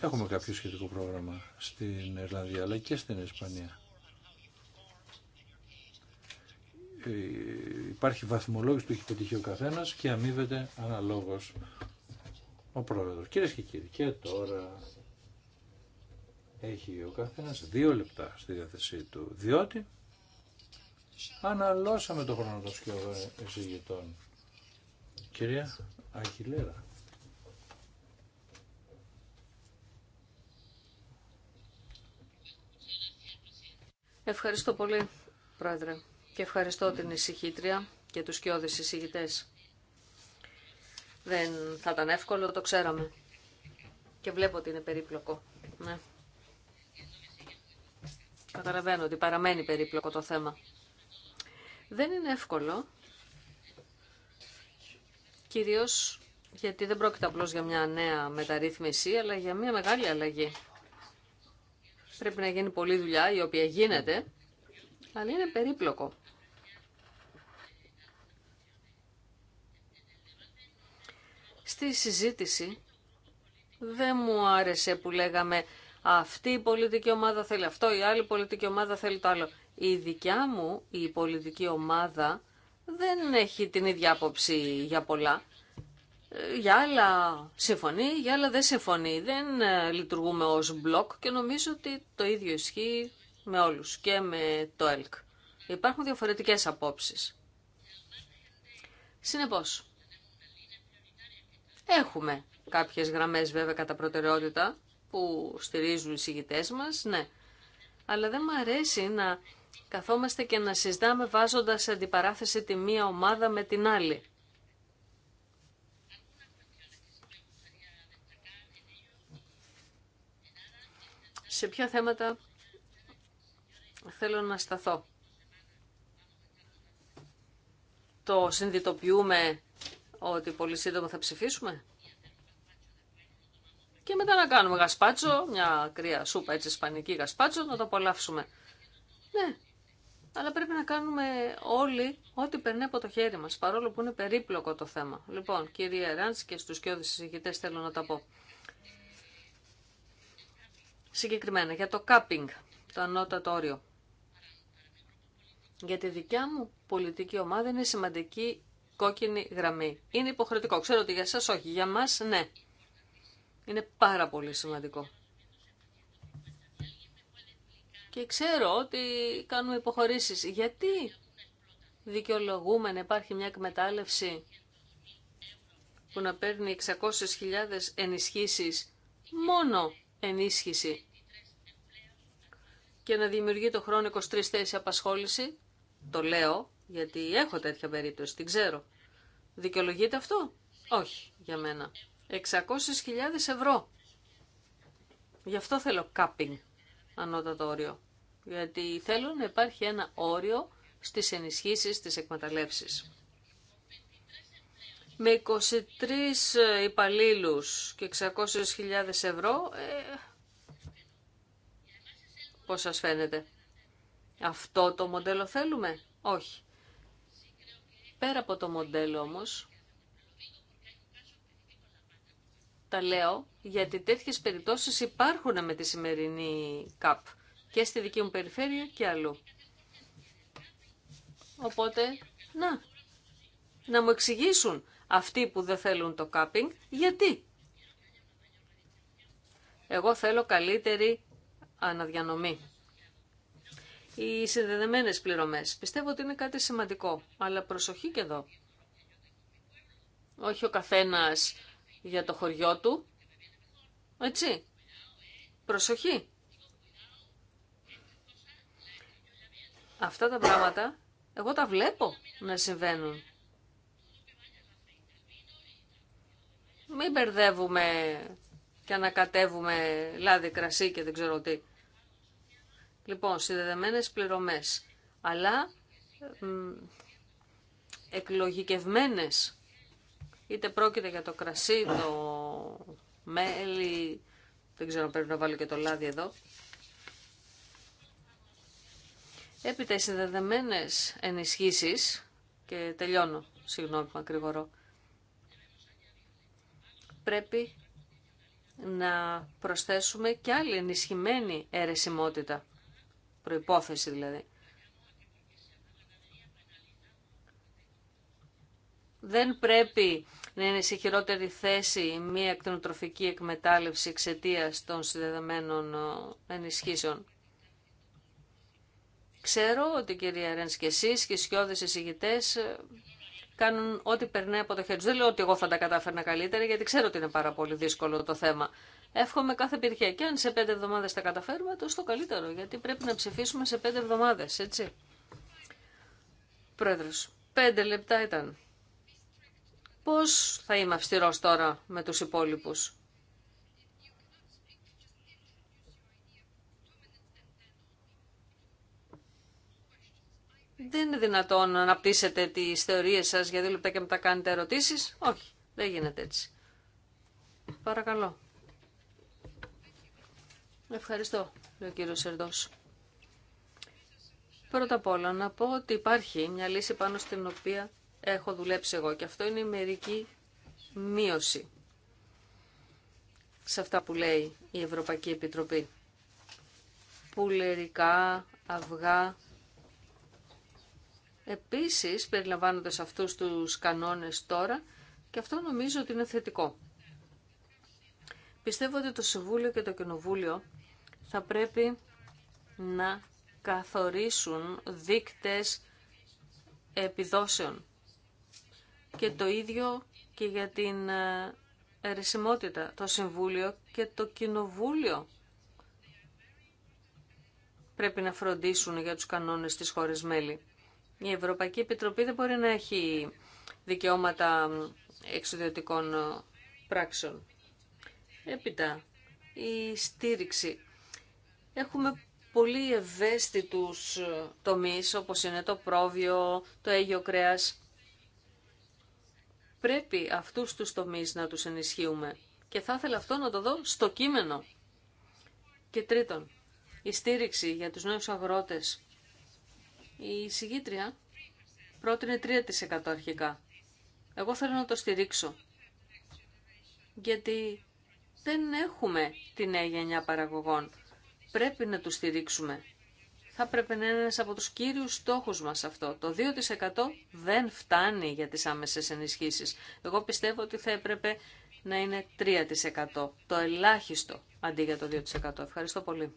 S4: Έχουμε κάποιο σχετικό πρόγραμμα στην Ιρλανδία αλλά και στην Ισπανία. υπάρχει βαθμολόγηση που έχει πετύχει ο καθένας και αμείβεται αναλόγως ο πρόεδρος. Κυρίε και κύριοι, και τώρα έχει ο καθένας δύο λεπτά στη διάθεσή του, διότι αναλώσαμε το χρόνο των σκιωδών Κυρία Αγγιλέρα.
S2: Ευχαριστώ πολύ, Πρόεδρε και ευχαριστώ την εισηγήτρια και τους κοιόδες εισηγητές. Δεν θα ήταν εύκολο, το ξέραμε. Και βλέπω ότι είναι περίπλοκο. Ναι. Καταλαβαίνω ότι παραμένει περίπλοκο το θέμα. Δεν είναι εύκολο, κυρίως γιατί δεν πρόκειται απλώς για μια νέα μεταρρύθμιση, αλλά για μια μεγάλη αλλαγή. Πρέπει να γίνει πολλή δουλειά, η οποία γίνεται, αλλά είναι περίπλοκο. Η συζήτηση δεν μου άρεσε που λέγαμε αυτή η πολιτική ομάδα θέλει αυτό, η άλλη πολιτική ομάδα θέλει το άλλο. Η δικιά μου η πολιτική ομάδα δεν έχει την ίδια άποψη για πολλά. Για άλλα συμφωνεί, για άλλα δεν συμφωνεί. Δεν ε, λειτουργούμε ως μπλοκ και νομίζω ότι το ίδιο ισχύει με όλους και με το ΕΛΚ. Υπάρχουν διαφορετικές απόψεις. Συνεπώς, Έχουμε κάποιες γραμμές βέβαια κατά προτεραιότητα που στηρίζουν οι συγητές μας, ναι. Αλλά δεν μου αρέσει να καθόμαστε και να συζητάμε βάζοντας αντιπαράθεση τη μία ομάδα με την άλλη. Σε ποια θέματα θέλω να σταθώ. Το συνδυτοποιούμε ότι πολύ σύντομα θα ψηφίσουμε. Και μετά να κάνουμε γασπάτσο, μια κρύα σούπα έτσι σπανική γασπάτσο, να το απολαύσουμε. Ναι, αλλά πρέπει να κάνουμε όλοι ό,τι περνάει από το χέρι μας, παρόλο που είναι περίπλοκο το θέμα. Λοιπόν, κύριε Ράντς και στους κοιόδης συζητητές θέλω να τα πω. Συγκεκριμένα, για το κάπινγκ, το ανώτατο όριο. Για τη δικιά μου πολιτική ομάδα είναι σημαντική κόκκινη γραμμή. Είναι υποχρεωτικό. Ξέρω ότι για σας όχι, για μας ναι. Είναι πάρα πολύ σημαντικό. Και ξέρω ότι κάνουμε υποχωρήσεις. Γιατί δικαιολογούμε να υπάρχει μια εκμετάλλευση που να παίρνει 600.000 ενισχύσεις, μόνο ενίσχυση και να δημιουργεί το χρόνο 23 θέση απασχόληση, το λέω γιατί έχω τέτοια περίπτωση, την ξέρω. Δικαιολογείται αυτό? Όχι για μένα. 600.000 ευρώ. Γι' αυτό θέλω κάπινγκ ανώτατο όριο. Γιατί θέλω να υπάρχει ένα όριο στις ενισχύσεις της εκμεταλλεύσεις. Με 23 υπαλλήλου και 600.000 ευρώ, ε, πώς σας φαίνεται. Αυτό το μοντέλο θέλουμε. Όχι. Πέρα από το μοντέλο όμως, τα λέω, γιατί τέτοιες περιπτώσεις υπάρχουν με τη σημερινή ΚΑΠ και στη δική μου περιφέρεια και αλλού. Οπότε, να, να μου εξηγήσουν αυτοί που δεν θέλουν το κάπινγκ, γιατί. Εγώ θέλω καλύτερη αναδιανομή οι συνδεδεμένες πληρωμές. Πιστεύω ότι είναι κάτι σημαντικό, αλλά προσοχή και εδώ. Όχι ο καθένας για το χωριό του, έτσι. Προσοχή. Αυτά τα πράγματα εγώ τα βλέπω να συμβαίνουν. Μην μπερδεύουμε και ανακατεύουμε λάδι, κρασί και δεν ξέρω τι. Λοιπόν, συνδεδεμένες πληρωμές, αλλά εκλογικευμένες, είτε πρόκειται για το κρασί, το μέλι, δεν ξέρω πρέπει να βάλω και το λάδι εδώ. Έπειτα οι συνδεδεμένες ενισχύσεις, και τελειώνω, συγγνώμη μακρηγορώ, πρέπει να προσθέσουμε και άλλη ενισχυμένη αιρεσιμότητα προϋπόθεση δηλαδή. Δεν πρέπει να είναι σε χειρότερη θέση μία εκτενοτροφική εκμετάλλευση εξαιτία των συνδεδεμένων ε, ενισχύσεων. Ξέρω ότι κυρία Ρένς και εσείς και οι σκιώδες εισηγητές ε, κάνουν ό,τι περνάει από το χέρι Δεν λέω ότι εγώ θα τα κατάφερνα καλύτερα, γιατί ξέρω ότι είναι πάρα πολύ δύσκολο το θέμα. Εύχομαι κάθε επιτυχία. Και αν σε πέντε εβδομάδε τα καταφέρουμε, τόσο το καλύτερο. Γιατί πρέπει να ψηφίσουμε σε πέντε εβδομάδε, έτσι. Πρόεδρο, πέντε λεπτά ήταν. Πώ θα είμαι αυστηρό τώρα με του υπόλοιπου. Δεν είναι δυνατόν να αναπτύσσετε τις θεωρίες σας για δύο λεπτά και μετά κάνετε ερωτήσεις. Όχι, δεν γίνεται έτσι. Παρακαλώ. Ευχαριστώ, λέει ο κύριος Σερδός. Πρώτα απ' όλα να πω ότι υπάρχει μια λύση πάνω στην οποία έχω δουλέψει εγώ και αυτό είναι η μερική μείωση σε αυτά που λέει η Ευρωπαϊκή Επιτροπή. Πουλερικά, αυγά. Επίσης, περιλαμβάνοντας αυτούς τους κανόνες τώρα και αυτό νομίζω ότι είναι θετικό. Πιστεύω ότι το Συμβούλιο και το Κοινοβούλιο θα πρέπει να καθορίσουν δίκτες επιδόσεων. Και το ίδιο και για την ερεσιμότητα, το Συμβούλιο και το Κοινοβούλιο πρέπει να φροντίσουν για τους κανόνες της χώρες μέλη. Η Ευρωπαϊκή Επιτροπή δεν μπορεί να έχει δικαιώματα εξουδιωτικών ε, πράξεων. Έπειτα, η στήριξη Έχουμε πολύ ευαίσθητους τομείς όπως είναι το πρόβιο, το έγιο κρέας. Πρέπει αυτούς τους τομείς να τους ενισχύουμε και θα ήθελα αυτό να το δω στο κείμενο. Και τρίτον, η στήριξη για τους νέους αγρότες. Η συγγήτρια πρότεινε 3% αρχικά. Εγώ θέλω να το στηρίξω. Γιατί δεν έχουμε την νέα παραγωγών πρέπει να τους στηρίξουμε. Θα πρέπει να είναι ένας από τους κύριους στόχους μας αυτό. Το 2% δεν φτάνει για τις άμεσες ενισχύσεις. Εγώ πιστεύω ότι θα έπρεπε να είναι 3%. Το ελάχιστο αντί για το 2%. Ευχαριστώ πολύ.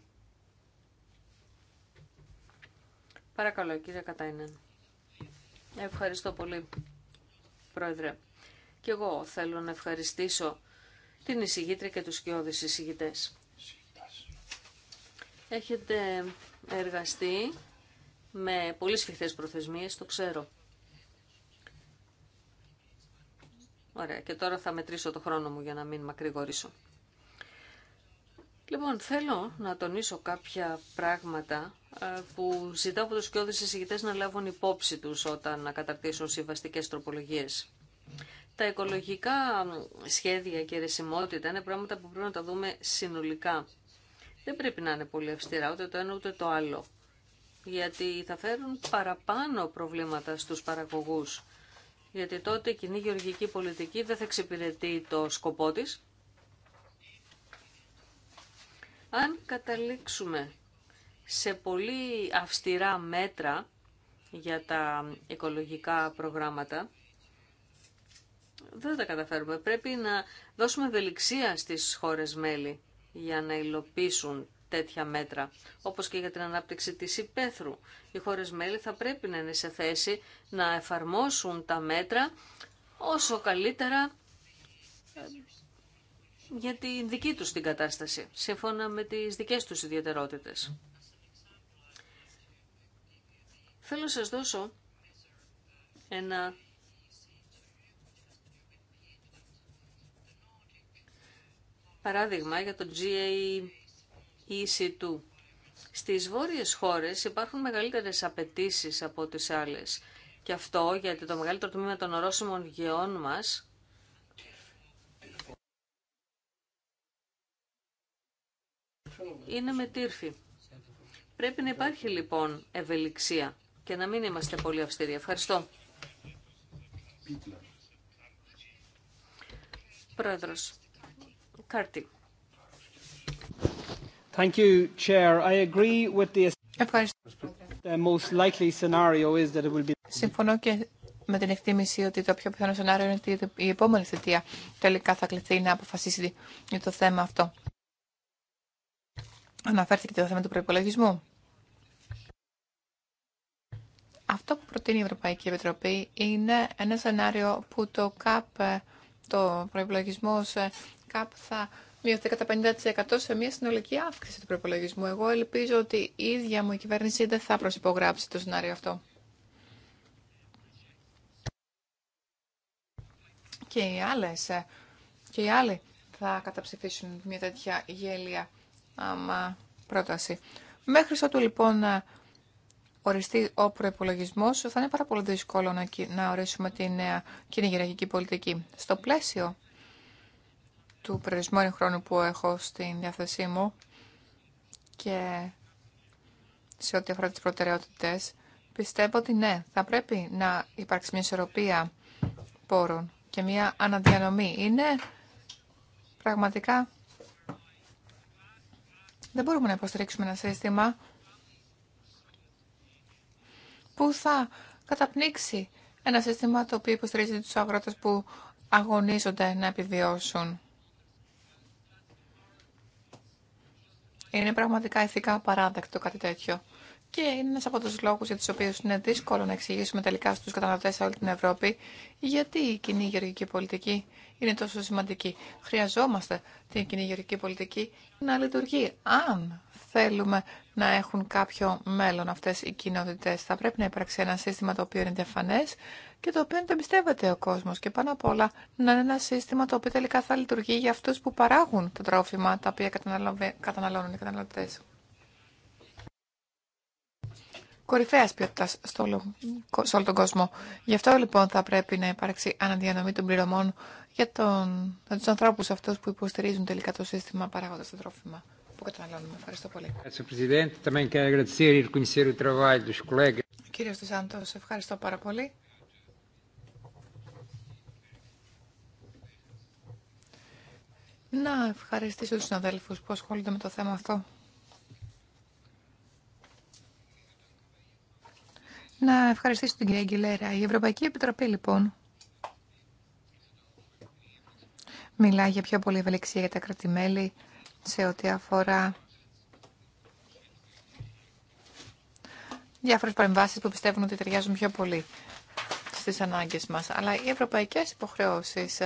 S2: Παρακαλώ, κύριε Κατάινεν. Ευχαριστώ πολύ, Πρόεδρε. Και εγώ θέλω να ευχαριστήσω την εισηγήτρια και τους κοιόδης εισηγητές έχετε εργαστεί με πολύ σφιχτές προθεσμίες, το ξέρω. Ωραία, και τώρα θα μετρήσω το χρόνο μου για να μην μακρηγορήσω. Λοιπόν, θέλω να τονίσω κάποια πράγματα ε, που ζητάω από τους κοιόδους εισηγητές να λάβουν υπόψη τους όταν να καταρτήσουν συμβαστικές τροπολογίες. Τα οικολογικά σχέδια και ρεσιμότητα είναι πράγματα που πρέπει να τα δούμε συνολικά δεν πρέπει να είναι πολύ αυστηρά ούτε το ένα ούτε το άλλο. Γιατί θα φέρουν παραπάνω προβλήματα στους παραγωγούς. Γιατί τότε η κοινή γεωργική πολιτική δεν θα εξυπηρετεί το σκοπό της. Αν καταλήξουμε σε πολύ αυστηρά μέτρα για τα οικολογικά προγράμματα, δεν τα καταφέρουμε. Πρέπει να δώσουμε ευελιξία στις χώρες μέλη για να υλοποιήσουν τέτοια μέτρα, όπως και για την ανάπτυξη της υπαίθρου. Οι χώρες μέλη θα πρέπει να είναι σε θέση να εφαρμόσουν τα μέτρα όσο καλύτερα ε, για την δική τους την κατάσταση, σύμφωνα με τις δικές τους ιδιαιτερότητες. Θέλω να σας δώσω ένα Παράδειγμα για το GAEC2. Στις βόρειες χώρες υπάρχουν μεγαλύτερες απαιτήσει από τις άλλες. Και αυτό γιατί το μεγαλύτερο τμήμα των ορόσημων γεών μας είναι με τύρφη. Πρέπει να υπάρχει λοιπόν ευελιξία και να μην είμαστε πολύ αυστηροί. Ευχαριστώ. Πρόεδρος, The
S3: most Συμφωνώ και με την εκτίμηση ότι το πιο πιθανό σενάριο είναι ότι η επόμενη θητεία τελικά θα κληθεί να αποφασίσει για το θέμα αυτό. Αναφέρθηκε το θέμα του προπολογισμού. Αυτό που προτείνει η Ευρωπαϊκή Επιτροπή είναι ένα σενάριο που το ΚΑΠ, το προπολογισμό που θα μειωθεί κατά 50% σε μια συνολική αύξηση του προπολογισμού. Εγώ ελπίζω ότι η ίδια μου η κυβέρνηση δεν θα προσυπογράψει το σενάριο αυτό. Και οι άλλες, ε, και οι άλλοι θα καταψηφίσουν μια τέτοια γέλια άμα, πρόταση. Μέχρι ότου λοιπόν ε, οριστεί ο προπολογισμό, θα είναι πάρα πολύ δύσκολο να, ορίσουμε τη νέα πολιτική. Στο πλαίσιο του περιορισμένου χρόνου που έχω στην διάθεσή μου και σε ό,τι αφορά τις προτεραιότητες, πιστεύω ότι ναι, θα πρέπει να υπάρξει μια ισορροπία πόρων και μια αναδιανομή. Είναι πραγματικά... Δεν μπορούμε να υποστηρίξουμε ένα σύστημα που θα καταπνίξει ένα σύστημα το οποίο υποστηρίζει τους αγρότες που αγωνίζονται να επιβιώσουν. Είναι πραγματικά ηθικά παράδεκτο κάτι τέτοιο. Και είναι ένα από του λόγου για του οποίου είναι δύσκολο να εξηγήσουμε τελικά στου καταναλωτέ σε όλη την Ευρώπη γιατί η κοινή γεωργική πολιτική είναι τόσο σημαντική. Χρειαζόμαστε την κοινή γεωργική πολιτική να λειτουργεί. Αν θέλουμε να έχουν κάποιο μέλλον αυτές οι κοινότητες. Θα πρέπει να υπάρξει ένα σύστημα το οποίο είναι διαφανές και το οποίο δεν πιστεύεται ο κόσμος και πάνω απ' όλα να είναι ένα σύστημα το οποίο τελικά θα λειτουργεί για αυτούς που παράγουν τα τρόφιμα τα οποία καταναλώνουν οι καταναλωτές. Κορυφαία ποιότητα σε όλο τον κόσμο. Γι' αυτό λοιπόν θα πρέπει να υπάρξει αναδιανομή των πληρωμών για, τον, για τους ανθρώπους αυτούς που υποστηρίζουν τελικά το σύστημα παράγοντα το τρόφιμα που καταναλώνουμε. Ευχαριστώ πολύ. Κύριε Στουσάντος, ευχαριστώ πάρα πολύ. Να ευχαριστήσω τους συναδέλφους που ασχολούνται με το θέμα αυτό. Να ευχαριστήσω την κυρία Αγγιλέρα. Η Ευρωπαϊκή Επιτροπή, λοιπόν, μιλάει για πιο πολύ ευελιξία για τα κρατημέλη σε ό,τι αφορά διάφορες παρεμβάσεις που πιστεύουν ότι ταιριάζουν πιο πολύ στις ανάγκες μας. Αλλά οι ευρωπαϊκές υποχρεώσεις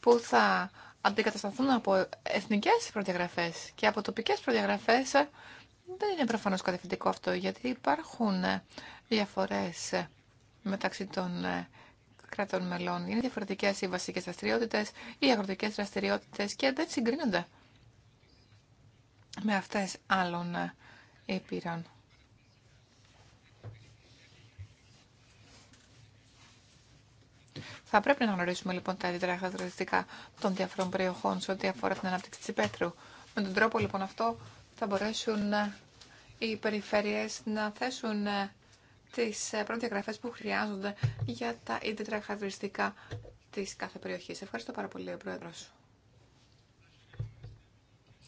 S3: που θα αντικατασταθούν από εθνικές προδιαγραφές και από τοπικές προδιαγραφές δεν είναι προφανώς κατευθυντικό αυτό, γιατί υπάρχουν διαφορές μεταξύ των κρατών μελών. Είναι διαφορετικέ οι βασικέ δραστηριότητε, οι αγροτικέ δραστηριότητε και δεν συγκρίνονται με αυτέ άλλων ε, ήπειρων. Θα πρέπει να γνωρίσουμε λοιπόν τα ιδιαίτερα χαρακτηριστικά των διαφορών περιοχών σε ό,τι αφορά την ανάπτυξη τη υπαίθρου. Με τον τρόπο λοιπόν αυτό θα μπορέσουν ε, οι περιφέρειες να θέσουν ε, τις ε, διαγραφές που χρειάζονται για τα ιδιαίτερα χαρακτηριστικά της κάθε περιοχής. Ευχαριστώ πάρα πολύ, ο Πρόεδρος.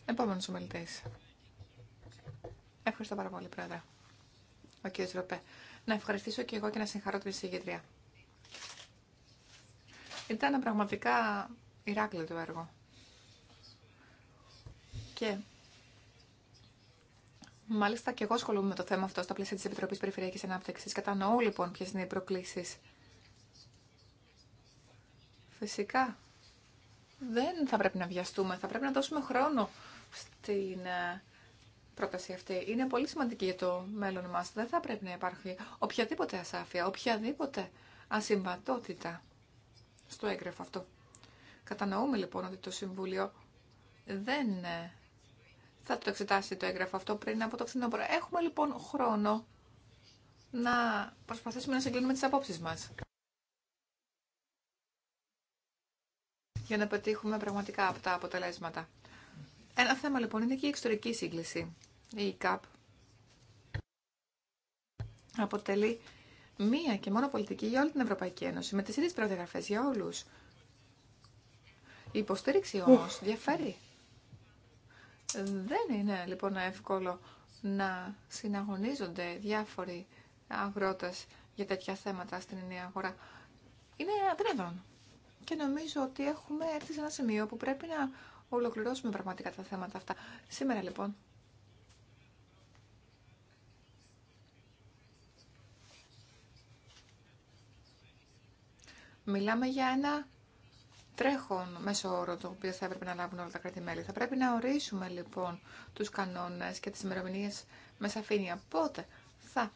S3: Επόμενος ομιλητής. Ευχαριστώ πάρα πολύ, Πρόεδρε. Ο κ. Ροπέ. Να ευχαριστήσω και εγώ και να συγχαρώ την συγκέντρια. Ήταν πραγματικά Ηράκλειο το έργο. Και Μάλιστα και εγώ ασχολούμαι με το θέμα αυτό στα πλαίσια της Επιτροπής Περιφερειακής ανάπτυξη. Κατανοώ λοιπόν ποιε είναι οι προκλήσει. Φυσικά δεν θα πρέπει να βιαστούμε, θα πρέπει να δώσουμε χρόνο στην ε, πρόταση αυτή. Είναι πολύ σημαντική για το μέλλον μας. Δεν θα πρέπει να υπάρχει οποιαδήποτε ασάφεια, οποιαδήποτε ασυμβατότητα στο έγγραφο αυτό. Κατανοούμε λοιπόν ότι το Συμβούλιο δεν ε, θα το εξετάσει το έγγραφο αυτό πριν από το φθινόπωρο. Έχουμε λοιπόν χρόνο να προσπαθήσουμε να συγκλίνουμε τις απόψεις μας. Για να πετύχουμε πραγματικά από τα αποτελέσματα. Ένα θέμα λοιπόν είναι και η εξωτερική σύγκληση. Η ΚΑΠ αποτελεί μία και μόνο πολιτική για όλη την Ευρωπαϊκή Ένωση, με τις ίδιες προδιαγραφές για όλους. Η υποστήριξη όμως διαφέρει δεν είναι λοιπόν εύκολο να συναγωνίζονται διάφοροι αγρότες για τέτοια θέματα στην ενιαία αγορά. Είναι αδύνατον. Και νομίζω ότι έχουμε έρθει σε ένα σημείο που πρέπει να ολοκληρώσουμε πραγματικά τα θέματα αυτά. Σήμερα λοιπόν. Μιλάμε για ένα τρέχον μέσο όρο το οποίο θα έπρεπε να λάβουν όλα τα κράτη-μέλη. Θα πρέπει να ορίσουμε λοιπόν τους κανόνες και τις ημερομηνίε με σαφήνεια. Πότε θα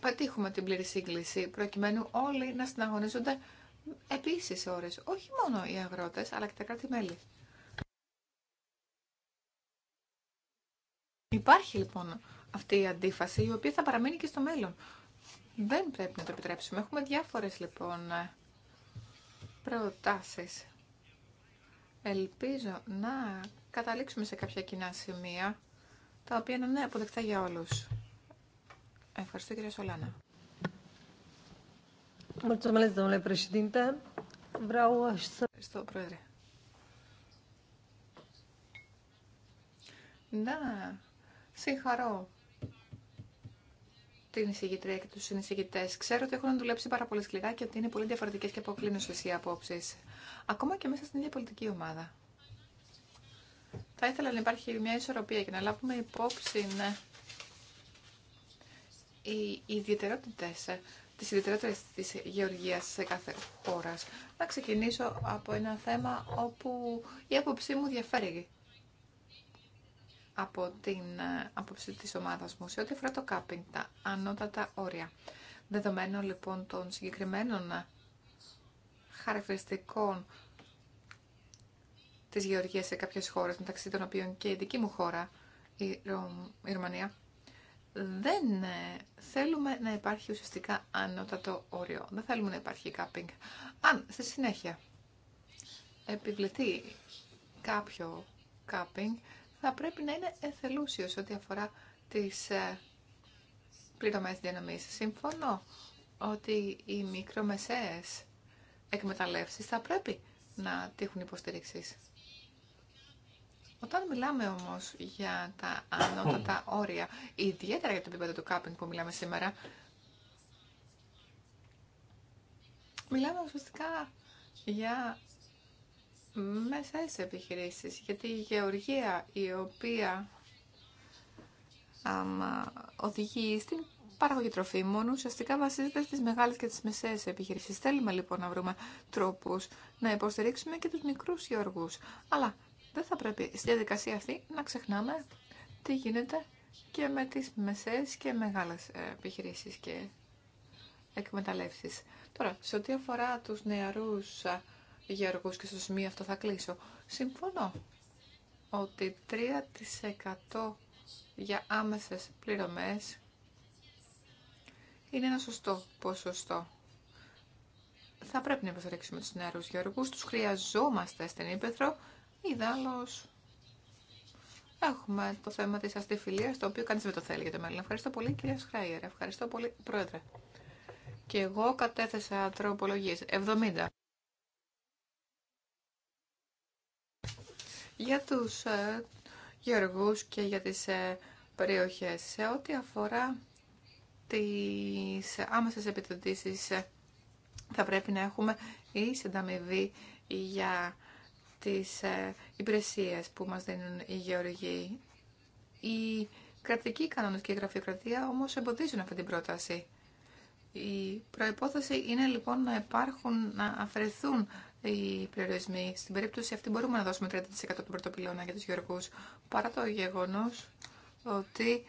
S3: πετύχουμε την πλήρη σύγκληση προκειμένου όλοι να συναγωνίζονται επίσης ώρες. Όχι μόνο οι αγρότες αλλά και τα κράτη-μέλη. Υπάρχει λοιπόν αυτή η αντίφαση η οποία θα παραμείνει και στο μέλλον. Δεν πρέπει να το επιτρέψουμε. Έχουμε διάφορες λοιπόν προτάσεις. Ελπίζω να καταλήξουμε σε κάποια κοινά σημεία, τα οποία να είναι αποδεκτά για όλους. Ευχαριστώ κυρία Σολάνα.
S2: Ευχαριστώ, Πρόεδρε.
S3: Ναι. συγχαρώ την εισηγητρία και του συνεισηγητέ. Ξέρω ότι έχουν δουλέψει πάρα πολύ σκληρά και ότι είναι πολύ διαφορετικέ και αποκλίνουσε οι απόψει. Ακόμα και μέσα στην ίδια πολιτική ομάδα. Θα ήθελα να υπάρχει μια ισορροπία και να λάβουμε υπόψη ναι, οι ιδιαιτερότητε τι ιδιαιτερότητε τη γεωργία σε κάθε χώρα. Να ξεκινήσω από ένα θέμα όπου η άποψή μου διαφέρει από την ε, άποψη της ομάδας μου σε ό,τι αφορά το κάπινγκ, τα ανώτατα όρια. Δεδομένων λοιπόν των συγκεκριμένων ε, χαρακτηριστικών της γεωργίας σε κάποιες χώρες, μεταξύ των οποίων και η δική μου χώρα, η, Ρωμανία... δεν ε, θέλουμε να υπάρχει ουσιαστικά ανώτατο όριο. Δεν θέλουμε να υπάρχει κάπινγκ. Αν στη συνέχεια επιβληθεί κάποιο κάπινγκ, θα πρέπει να είναι εθελούσιος ό,τι αφορά τις ε, πληρωμές διανομής. Συμφωνώ ότι οι μικρομεσαίες εκμεταλλεύσεις θα πρέπει να τύχουν υποστήριξης. Όταν μιλάμε όμως για τα ανώτατα όρια, ιδιαίτερα για το επίπεδο του κάπινγκ που μιλάμε σήμερα, μιλάμε ουσιαστικά για μεσαίες επιχειρήσεις. Γιατί η γεωργία η οποία οδηγεί στην παραγωγή τροφίμων ουσιαστικά βασίζεται στις μεγάλες και τις μεσαίες επιχειρήσεις. Θέλουμε λοιπόν να βρούμε τρόπους να υποστηρίξουμε και τους μικρούς γεωργούς. Αλλά δεν θα πρέπει στη διαδικασία αυτή να ξεχνάμε τι γίνεται και με τις μεσαίες και μεγάλες ε, επιχειρήσεις και εκμεταλλεύσεις. Τώρα, σε ό,τι αφορά τους νεαρούς γεωργούς και στο σημείο αυτό θα κλείσω. Συμφωνώ ότι 3% για άμεσες πληρωμές είναι ένα σωστό ποσοστό. Θα πρέπει να υποστηρίξουμε τους νεαρούς γεωργούς, τους χρειαζόμαστε στην Ήπεθρο, ιδάλλως έχουμε το θέμα της αστιφιλίας, το οποίο κανείς δεν το θέλει για το μέλλον. Ευχαριστώ πολύ κυρία Σχράιερ, ευχαριστώ πολύ πρόεδρε. Και εγώ κατέθεσα τροπολογίες, 70. για τους ε, γεωργούς και για τις ε, περιοχές. Σε ό,τι αφορά τις άμεσες επιδοτήσεις ε, θα πρέπει να έχουμε ή συνταμιβή για τις υπηρεσίες που μας δίνουν οι γεωργοί. Οι κρατικοί κανόνες και η γραφειοκρατία όμως εμποδίζουν αυτή την πρόταση. Η προϋπόθεση είναι λοιπόν να υπάρχουν, να αφαιρεθούν οι περιορισμοί. Στην περίπτωση αυτή μπορούμε να δώσουμε 30% του πρωτοπυλώνα για τους γεωργούς, παρά το γεγονός ότι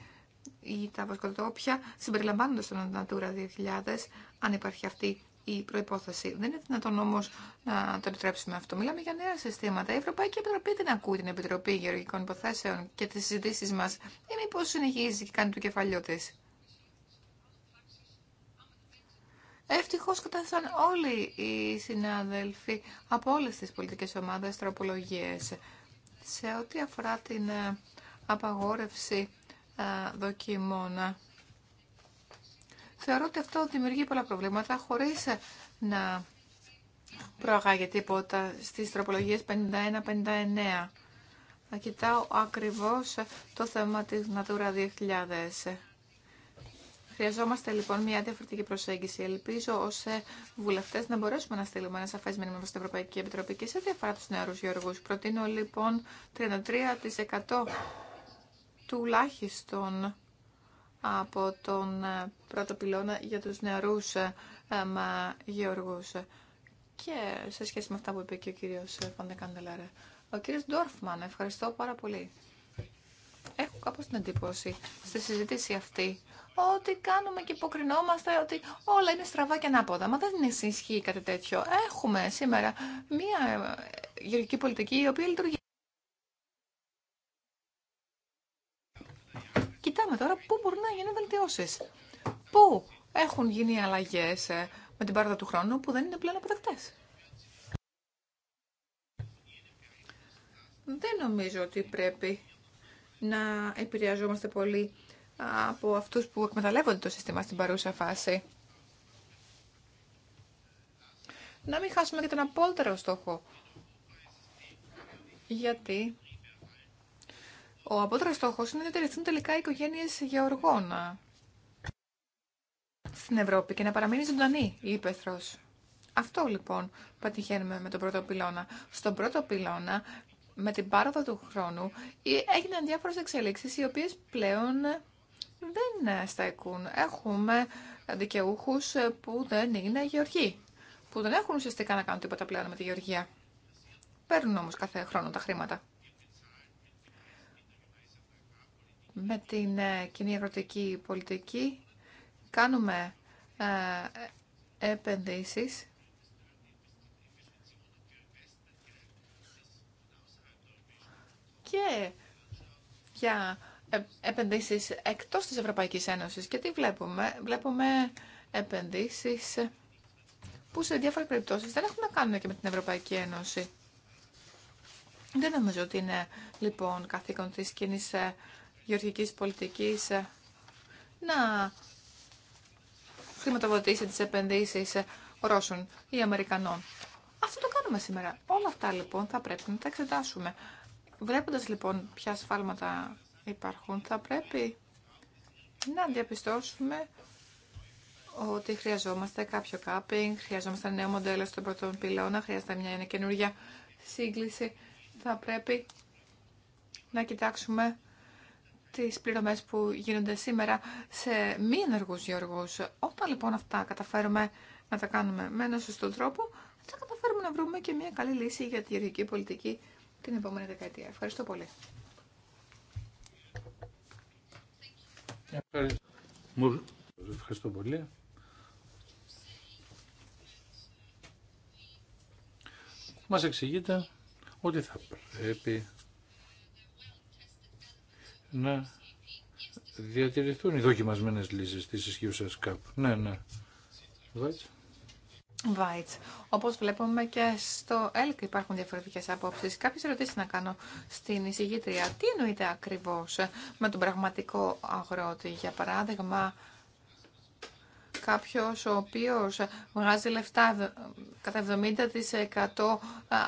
S3: τα βοσκοτόπια συμπεριλαμβάνονται στον Natura 2000, αν υπάρχει αυτή η προϋπόθεση. Δεν είναι δυνατόν όμω να το επιτρέψουμε αυτό. Μιλάμε για νέα συστήματα. Η Ευρωπαϊκή Επιτροπή δεν ακούει την Επιτροπή Γεωργικών Υποθέσεων και τι συζητήσει μα, ή μήπως συνεχίζει και κάνει του κεφαλιό τη. Ευτυχώς κατάθεσαν όλοι οι συνάδελφοι από όλες τις πολιτικές ομάδες τροπολογίες. Σε ό,τι αφορά την ε, απαγόρευση ε, δοκιμώνα, ε, θεωρώ ότι αυτό δημιουργεί πολλά προβλήματα χωρίς να προαγάγει τίποτα στις τροπολογίες 51-59. Να κοιτάω ακριβώς το θέμα της Natura 2000. Χρειαζόμαστε λοιπόν μια διαφορετική προσέγγιση. Ελπίζω ω ε, βουλευτέ να μπορέσουμε να στείλουμε ένα σαφέ μήνυμα στην Ευρωπαϊκή Επιτροπή και σε διαφορά του νεαρού γεωργού. Προτείνω λοιπόν 33% τουλάχιστον από τον ε, πρώτο πυλώνα για τους νεαρούς ε, γεωργούς. Και σε σχέση με αυτά που είπε και ο κύριος Φαντεκάντελαρε. Ο κύριος Ντόρφμαν, ευχαριστώ πάρα πολύ. Έχω κάπως την εντύπωση στη συζήτηση αυτή ότι κάνουμε και υποκρινόμαστε ότι όλα είναι στραβά και ανάποδα. Μα δεν είναι ισχύει κάτι τέτοιο. Έχουμε σήμερα μία ε, γεωργική πολιτική η οποία λειτουργεί. Κοιτάμε τώρα πού μπορούν να γίνουν βελτιώσει. Πού έχουν γίνει αλλαγέ ε, με την πάροδο του χρόνου που δεν είναι πλέον αποδεκτέ. Δεν νομίζω ότι πρέπει να επηρεαζόμαστε πολύ από αυτούς που εκμεταλλεύονται το σύστημα στην παρούσα φάση. Να μην χάσουμε και τον απόλυτερο στόχο. Γιατί ο απότερος στόχος είναι να διατηρηθούν τελικά οι οικογένειες γεωργών στην Ευρώπη και να παραμείνει ζωντανή η ύπεθρος. Αυτό λοιπόν πατυχαίνουμε με τον πρώτο πυλώνα. Στον πρώτο πυλώνα, με την πάροδο του χρόνου, ε, έγιναν διάφορες εξελίξεις οι οποίες πλέον δεν στέκουν. Έχουμε δικαιούχου που δεν είναι γεωργοί, που δεν έχουν ουσιαστικά να κάνουν τίποτα πλέον με τη γεωργία. Παίρνουν όμως κάθε χρόνο τα χρήματα. Με την ε, κοινή ερωτική πολιτική κάνουμε ε, επενδύσεις και για επενδύσεις εκτός της Ευρωπαϊκής Ένωσης. Και τι βλέπουμε. Βλέπουμε επενδύσεις που σε διάφορες περιπτώσεις δεν έχουν να κάνουν και με την Ευρωπαϊκή Ένωση. Δεν νομίζω ότι είναι λοιπόν καθήκον της κοινή ε, γεωργικής πολιτικής ε, να χρηματοδοτήσει τις επενδύσεις ε, Ρώσων ή Αμερικανών. Αυτό το κάνουμε σήμερα. Όλα αυτά λοιπόν θα πρέπει να τα εξετάσουμε. Βλέποντας λοιπόν ποια σφάλματα υπάρχουν, θα πρέπει να διαπιστώσουμε ότι χρειαζόμαστε κάποιο κάπινγκ, χρειαζόμαστε νέο μοντέλο στον πρώτο πυλώνα, χρειάζεται μια καινούργια σύγκληση. Θα πρέπει να κοιτάξουμε τις πληρωμές που γίνονται σήμερα σε μη ενεργούς γεωργούς. Όταν λοιπόν αυτά καταφέρουμε να τα κάνουμε με έναν σωστό τρόπο, θα καταφέρουμε να βρούμε και μια καλή λύση για τη γεωργική πολιτική την επόμενη δεκαετία. Ευχαριστώ πολύ.
S1: Ευχαριστώ,
S4: Ευχαριστώ πολύ. Μας εξηγείτε ότι θα πρέπει να διατηρηθούν οι δοκιμασμένες λύσεις της ισχύουσας ΚΑΠ. Ναι, ναι.
S3: Βάιτς. Όπως βλέπουμε και στο ΕΛΚ υπάρχουν διαφορετικέ απόψει. Κάποιε ερωτήσει να κάνω στην εισηγήτρια. Τι εννοείται ακριβώ με τον πραγματικό αγρότη. Για παράδειγμα, κάποιο ο οποίο βγάζει λεφτά κατά 70% ε,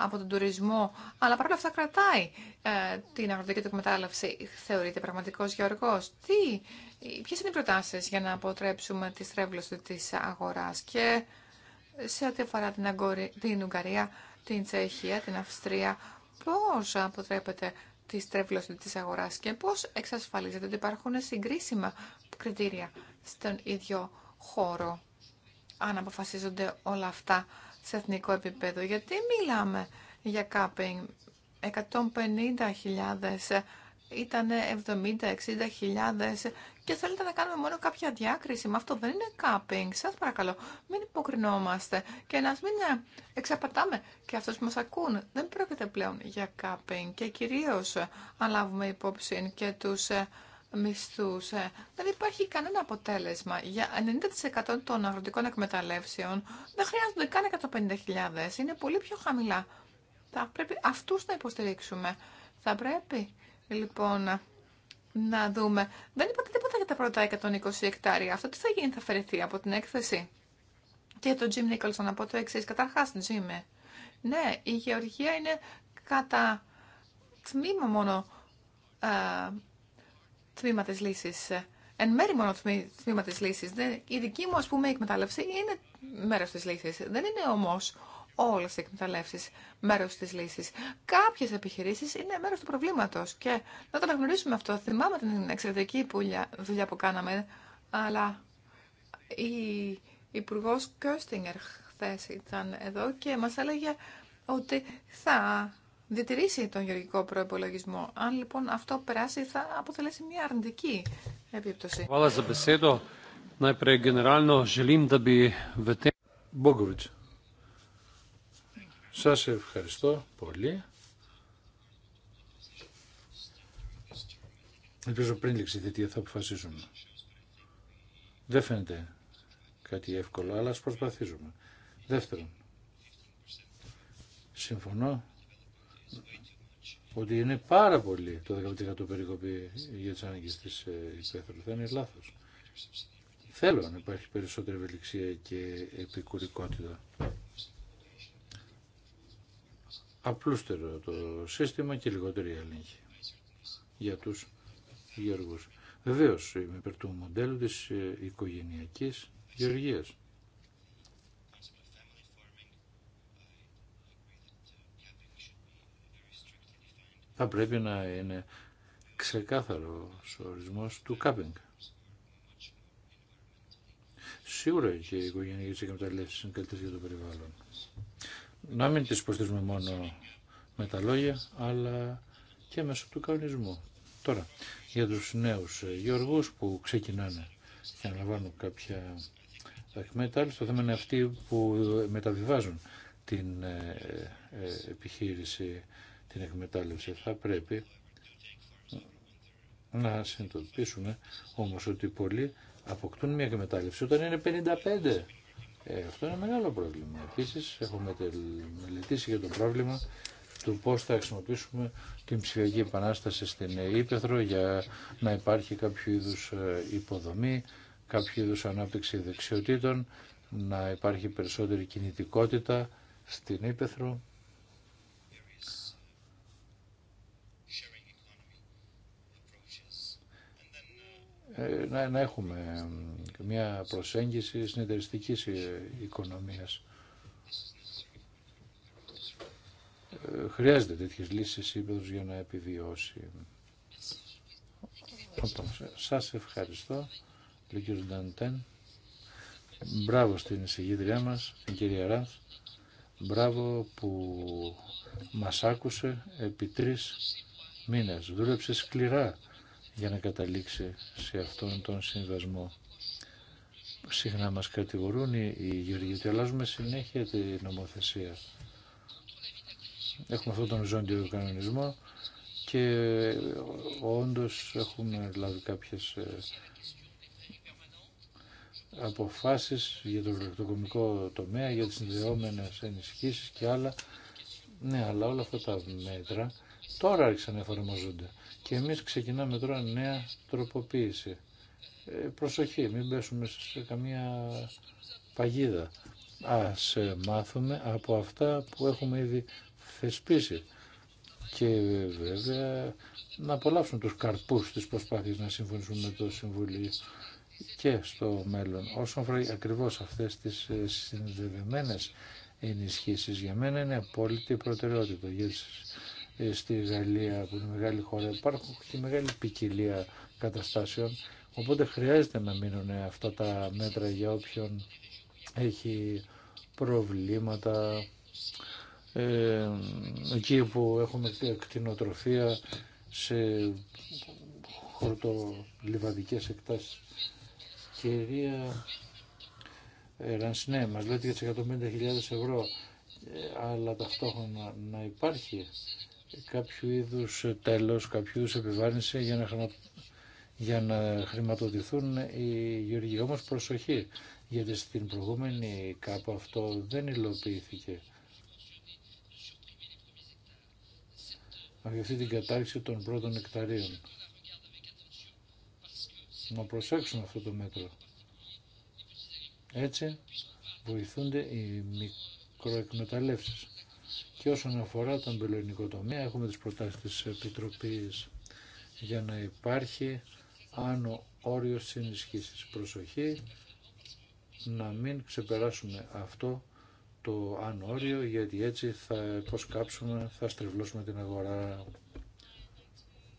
S3: από τον τουρισμό, αλλά παρόλα αυτά κρατάει ε, την αγροτική του εκμετάλλευση, θεωρείται πραγματικό γεωργό. Τι, είναι οι προτάσει για να αποτρέψουμε τη στρέβλωση τη αγορά και σε ό,τι αφορά την, την Ουγγαρία, την Τσεχία, την Αυστρία, πώς αποτρέπεται τη στρέβλωση της αγοράς και πώς εξασφαλίζεται ότι υπάρχουν συγκρίσιμα κριτήρια στον ίδιο χώρο αν αποφασίζονται όλα αυτά σε εθνικό επίπεδο. Γιατί μιλάμε για κάπινγκ 150.000 ήταν 70-60.000 και θέλετε να κάνουμε μόνο κάποια διάκριση. Μα αυτό δεν είναι κάπινγκ. Σα παρακαλώ, μην υποκρινόμαστε και να μην ε, εξαπατάμε και αυτού που μα ακούν. Δεν πρόκειται πλέον για κάπινγκ και κυρίω ε, αν λάβουμε υπόψη και του ε, μισθού. Δεν υπάρχει κανένα αποτέλεσμα. Για 90% των αγροτικών εκμεταλλεύσεων δεν χρειάζονται καν 150.000. Είναι πολύ πιο χαμηλά. Θα πρέπει αυτού να υποστηρίξουμε. Θα πρέπει λοιπόν να δούμε. Δεν είπα τα πρώτα 120 εκτάρια. Αυτό τι θα γίνει, θα αφαιρεθεί από την έκθεση. Και το Jim Nicholson να πω το εξή. Καταρχά, Jim, ναι, η γεωργία είναι κατά τμήμα μόνο ε, τμήμα τη λύση. Εν μέρη μόνο τμήμα τη λύση. Η δική μου, α πούμε, εκμετάλλευση είναι μέρο τη λύση. Δεν είναι όμω όλε τι εκμεταλλεύσει μέρο τη λύση. Κάποιε επιχειρήσει είναι μέρο του προβλήματο. και να το αναγνωρίσουμε αυτό. Θυμάμαι την εξαιρετική δουλειά που κάναμε, αλλά η υπουργό Κέρστιγκερ χθε ήταν εδώ και μα έλεγε ότι θα διατηρήσει τον γεωργικό προπολογισμό. Αν λοιπόν αυτό περάσει θα αποτελέσει μια αρνητική επίπτωση.
S4: Σας ευχαριστώ πολύ. Ελπίζω πριν λήξει η θητεία θα αποφασίσουμε. Δεν φαίνεται κάτι εύκολο, αλλά ας προσπαθήσουμε. Δεύτερον, συμφωνώ ότι είναι πάρα πολύ το 15% περικοπή για τις ανάγκες της ε, υπαίθρου. Θα είναι λάθος. Θέλω να υπάρχει περισσότερη ευελιξία και επικουρικότητα απλούστερο το σύστημα και λιγότερη έλεγχη για τους γεωργούς. Βεβαίως είμαι υπέρ του μοντέλου της ε, οικογενειακής γεωργίας. Θα πρέπει να είναι ξεκάθαρο ο ορισμός του κάπινγκ. Σίγουρα και οι οικογενειακές εκμεταλλεύσεις είναι καλύτερες για το περιβάλλον να μην τις υποστηρίζουμε μόνο με τα λόγια, αλλά και μέσω του κανονισμού. Τώρα, για τους νέους γεωργούς που ξεκινάνε και αναλαμβάνουν κάποια εκμετάλλευση, το θέμα είναι αυτοί που μεταβιβάζουν την ε, ε, επιχείρηση, την εκμετάλλευση. Θα πρέπει να συνειδητοποιήσουμε όμως ότι πολλοί αποκτούν μια εκμετάλλευση όταν είναι 55 ε, αυτό είναι μεγάλο πρόβλημα. Επίση, έχουμε μελετήσει για το πρόβλημα του πώ θα χρησιμοποιήσουμε την ψηφιακή επανάσταση στην Ήπεθρο για να υπάρχει κάποιο είδους ε, υποδομή, κάποιο είδους ανάπτυξη δεξιοτήτων, να υπάρχει περισσότερη κινητικότητα στην Ήπεθρο Ε, να, έχουμε μια προσέγγιση συνεταιριστικής ε, οικονομίας. Ε, χρειάζεται τέτοιες λύσεις ύπεδος για να επιβιώσει. Σας ευχαριστώ, κύριε Νταντέν. Μπράβο στην εισηγήτριά μας, την κυρία Ράς. Μπράβο που μας άκουσε επί τρεις μήνες. Δούλεψε σκληρά για να καταλήξει σε αυτόν τον συνδεσμό. Συχνά μας κατηγορούν οι Γεωργοί ότι αλλάζουμε συνέχεια τη νομοθεσία. Έχουμε αυτόν τον ζώντιο κανονισμό και όντως έχουμε λάβει κάποιες ε, αποφάσεις για το βιβλιοκομικό τομέα, για τις συνδεόμενες ενισχύσεις και άλλα. Ναι, αλλά όλα αυτά τα μέτρα τώρα άρχισαν να εφαρμοζούνται. Και εμείς ξεκινάμε τώρα νέα τροποποίηση. Ε, προσοχή, μην πέσουμε σε καμία παγίδα. Ας ε, μάθουμε από αυτά που έχουμε ήδη θεσπίσει. Και βέβαια να απολαύσουν τους καρπούς της προσπάθειας να συμφωνήσουν με το Συμβουλίο και στο μέλλον. Όσον αφορά ακριβώς αυτές τις ε, συνδεδεμένες ενισχύσεις, για μένα είναι απόλυτη προτεραιότητα ε, στη Γαλλία που είναι μεγάλη χώρα υπάρχουν και μεγάλη ποικιλία καταστάσεων οπότε χρειάζεται να μείνουν αυτά τα μέτρα για όποιον έχει προβλήματα ε, εκεί που έχουμε κτηνοτροφία σε χορτολιβαδικές εκτάσεις κυρία Ρανσνέ ναι, μας λέτε για τις 150.000 ευρώ ε, αλλά ταυτόχρονα να υπάρχει κάποιο είδους τέλος, κάποιο είδους επιβάρυνση για να, χρημα... για να χρηματοδοτηθούν οι γεωργοί. Όμως προσοχή, γιατί στην προηγούμενη κάπου αυτό δεν υλοποιήθηκε. Από την κατάρριξη των πρώτων εκταρίων. Να προσέξουμε αυτό το μέτρο. Έτσι βοηθούνται οι μικροεκμεταλλεύσεις. Και όσον αφορά τον πελοενικό τομέα έχουμε τις προτάσεις της Επιτροπής για να υπάρχει άνω όριο συνισχύσεις. Προσοχή να μην ξεπεράσουμε αυτό το άνω όριο γιατί έτσι θα προσκάψουμε, θα στρεβλώσουμε την αγορά.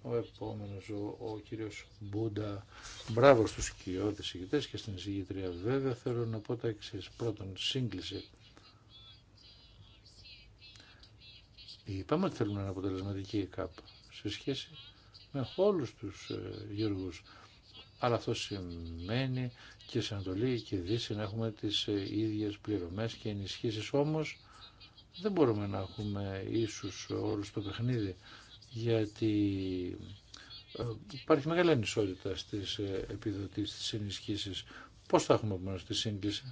S4: Ο επόμενος, ο, ο κύριος Μπούντα, μπράβο στους οι ηγητές και στην εισηγητρία βέβαια θέλω να πω τα εξής. Πρώτον, σύγκληση Είπαμε ότι θέλουμε ένα αποτελεσματική ΚΑΠ σε σχέση με όλους τους ε, γεωργούς. Αλλά αυτό σημαίνει και σε Ανατολή και Δύση να έχουμε τις ε, ίδιες πληρωμές και ενισχύσεις. Όμως δεν μπορούμε να έχουμε ίσους όλους το παιχνίδι γιατί ε, υπάρχει μεγάλη ανισότητα στις επιδοτήσεις, στις ενισχύσεις. Πώς θα έχουμε επομένως τη σύγκληση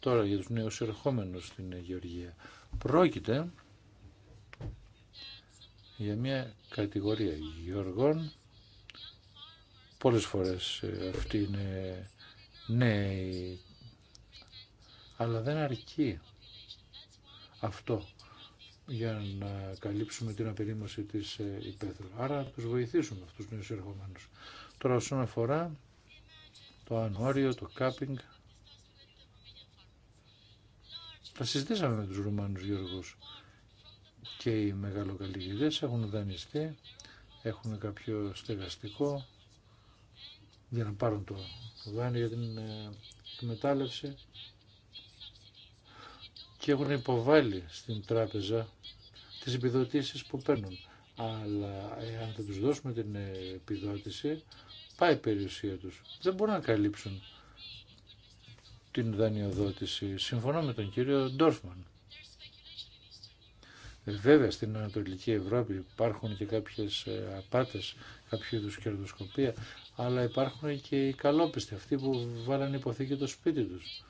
S4: τώρα για τους νέους ερχόμενους στην Γεωργία. Πρόκειται για μια κατηγορία γεωργών. Πολλές φορές ε, αυτοί είναι νέοι, αλλά δεν αρκεί αυτό για να καλύψουμε την απερίμωση της ε, υπαίθρου. Άρα να τους βοηθήσουμε αυτούς τους νέους ερχομένους. Τώρα όσον αφορά το ανώριο, το κάπινγκ, τα συζητήσαμε με τους Ρουμάνους Γιώργους και οι μεγαλοκαλλιεργητές έχουν δανειστεί, έχουν κάποιο στεγαστικό για να πάρουν το δάνειο για την εκμετάλλευση και έχουν υποβάλει στην τράπεζα τις επιδοτήσεις που παίρνουν. Αλλά αν δεν τους δώσουμε την ε, επιδότηση, πάει η περιουσία τους. Δεν μπορούν να καλύψουν την δανειοδότηση. Συμφωνώ με τον κύριο Ντόρφμαν. Ε, βέβαια στην Ανατολική Ευρώπη υπάρχουν και κάποιες ε, απάτες, κάποιο είδου κερδοσκοπία, αλλά υπάρχουν και οι καλόπιστοι, αυτοί που βάλανε υποθήκη το σπίτι τους.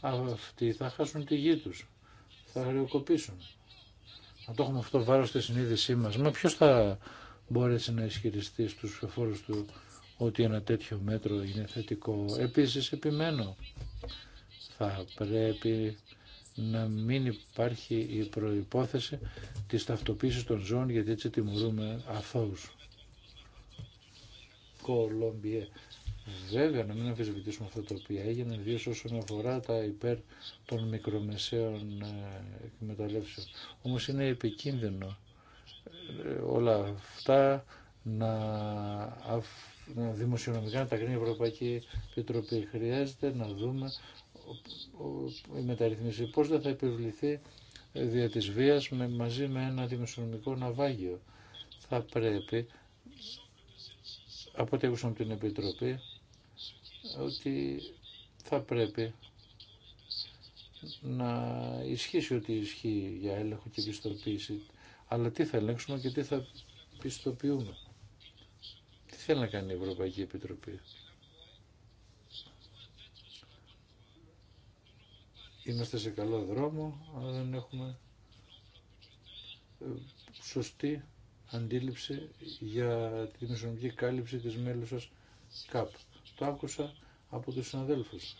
S4: Αυτοί θα χάσουν τη γη τους, θα χρεοκοπήσουν. Να το έχουμε αυτό βάρος στη συνείδησή μας. Μα ποιος θα μπορέσει να ισχυριστεί στους φόρους του ότι ένα τέτοιο μέτρο είναι θετικό. Επίσης επιμένω, θα πρέπει να μην υπάρχει η προϋπόθεση της ταυτοποίησης των ζώων γιατί έτσι τιμωρούμε αθώους. Κολομπιέ. Βέβαια, να μην αμφισβητήσουμε αυτά τα οποία έγινε, ιδίω όσον αφορά τα υπέρ των μικρομεσαίων ε, εκμεταλλεύσεων. Όμως είναι επικίνδυνο ε, όλα αυτά να, δημοσιονομικά να τα κρίνει η Ευρωπαϊκή Επιτροπή. Χρειάζεται να δούμε η μεταρρύθμιση, πώς δεν θα επιβληθεί ε, δια της βίας με, μαζί με ένα δημοσιονομικό ναυάγιο. Θα πρέπει, από ό,τι από την Επιτροπή, ότι θα πρέπει να ισχύσει ότι ισχύει για έλεγχο και πιστοποίηση. Αλλά τι θα ελέγξουμε και τι θα πιστοποιούμε. Τι θέλει να κάνει η Ευρωπαϊκή Επιτροπή. είμαστε σε καλό δρόμο, αλλά δεν έχουμε ε, σωστή αντίληψη για τη μεσονομική κάλυψη της μέλους σας ΚΑΠ. Το άκουσα από τους συναδέλφους.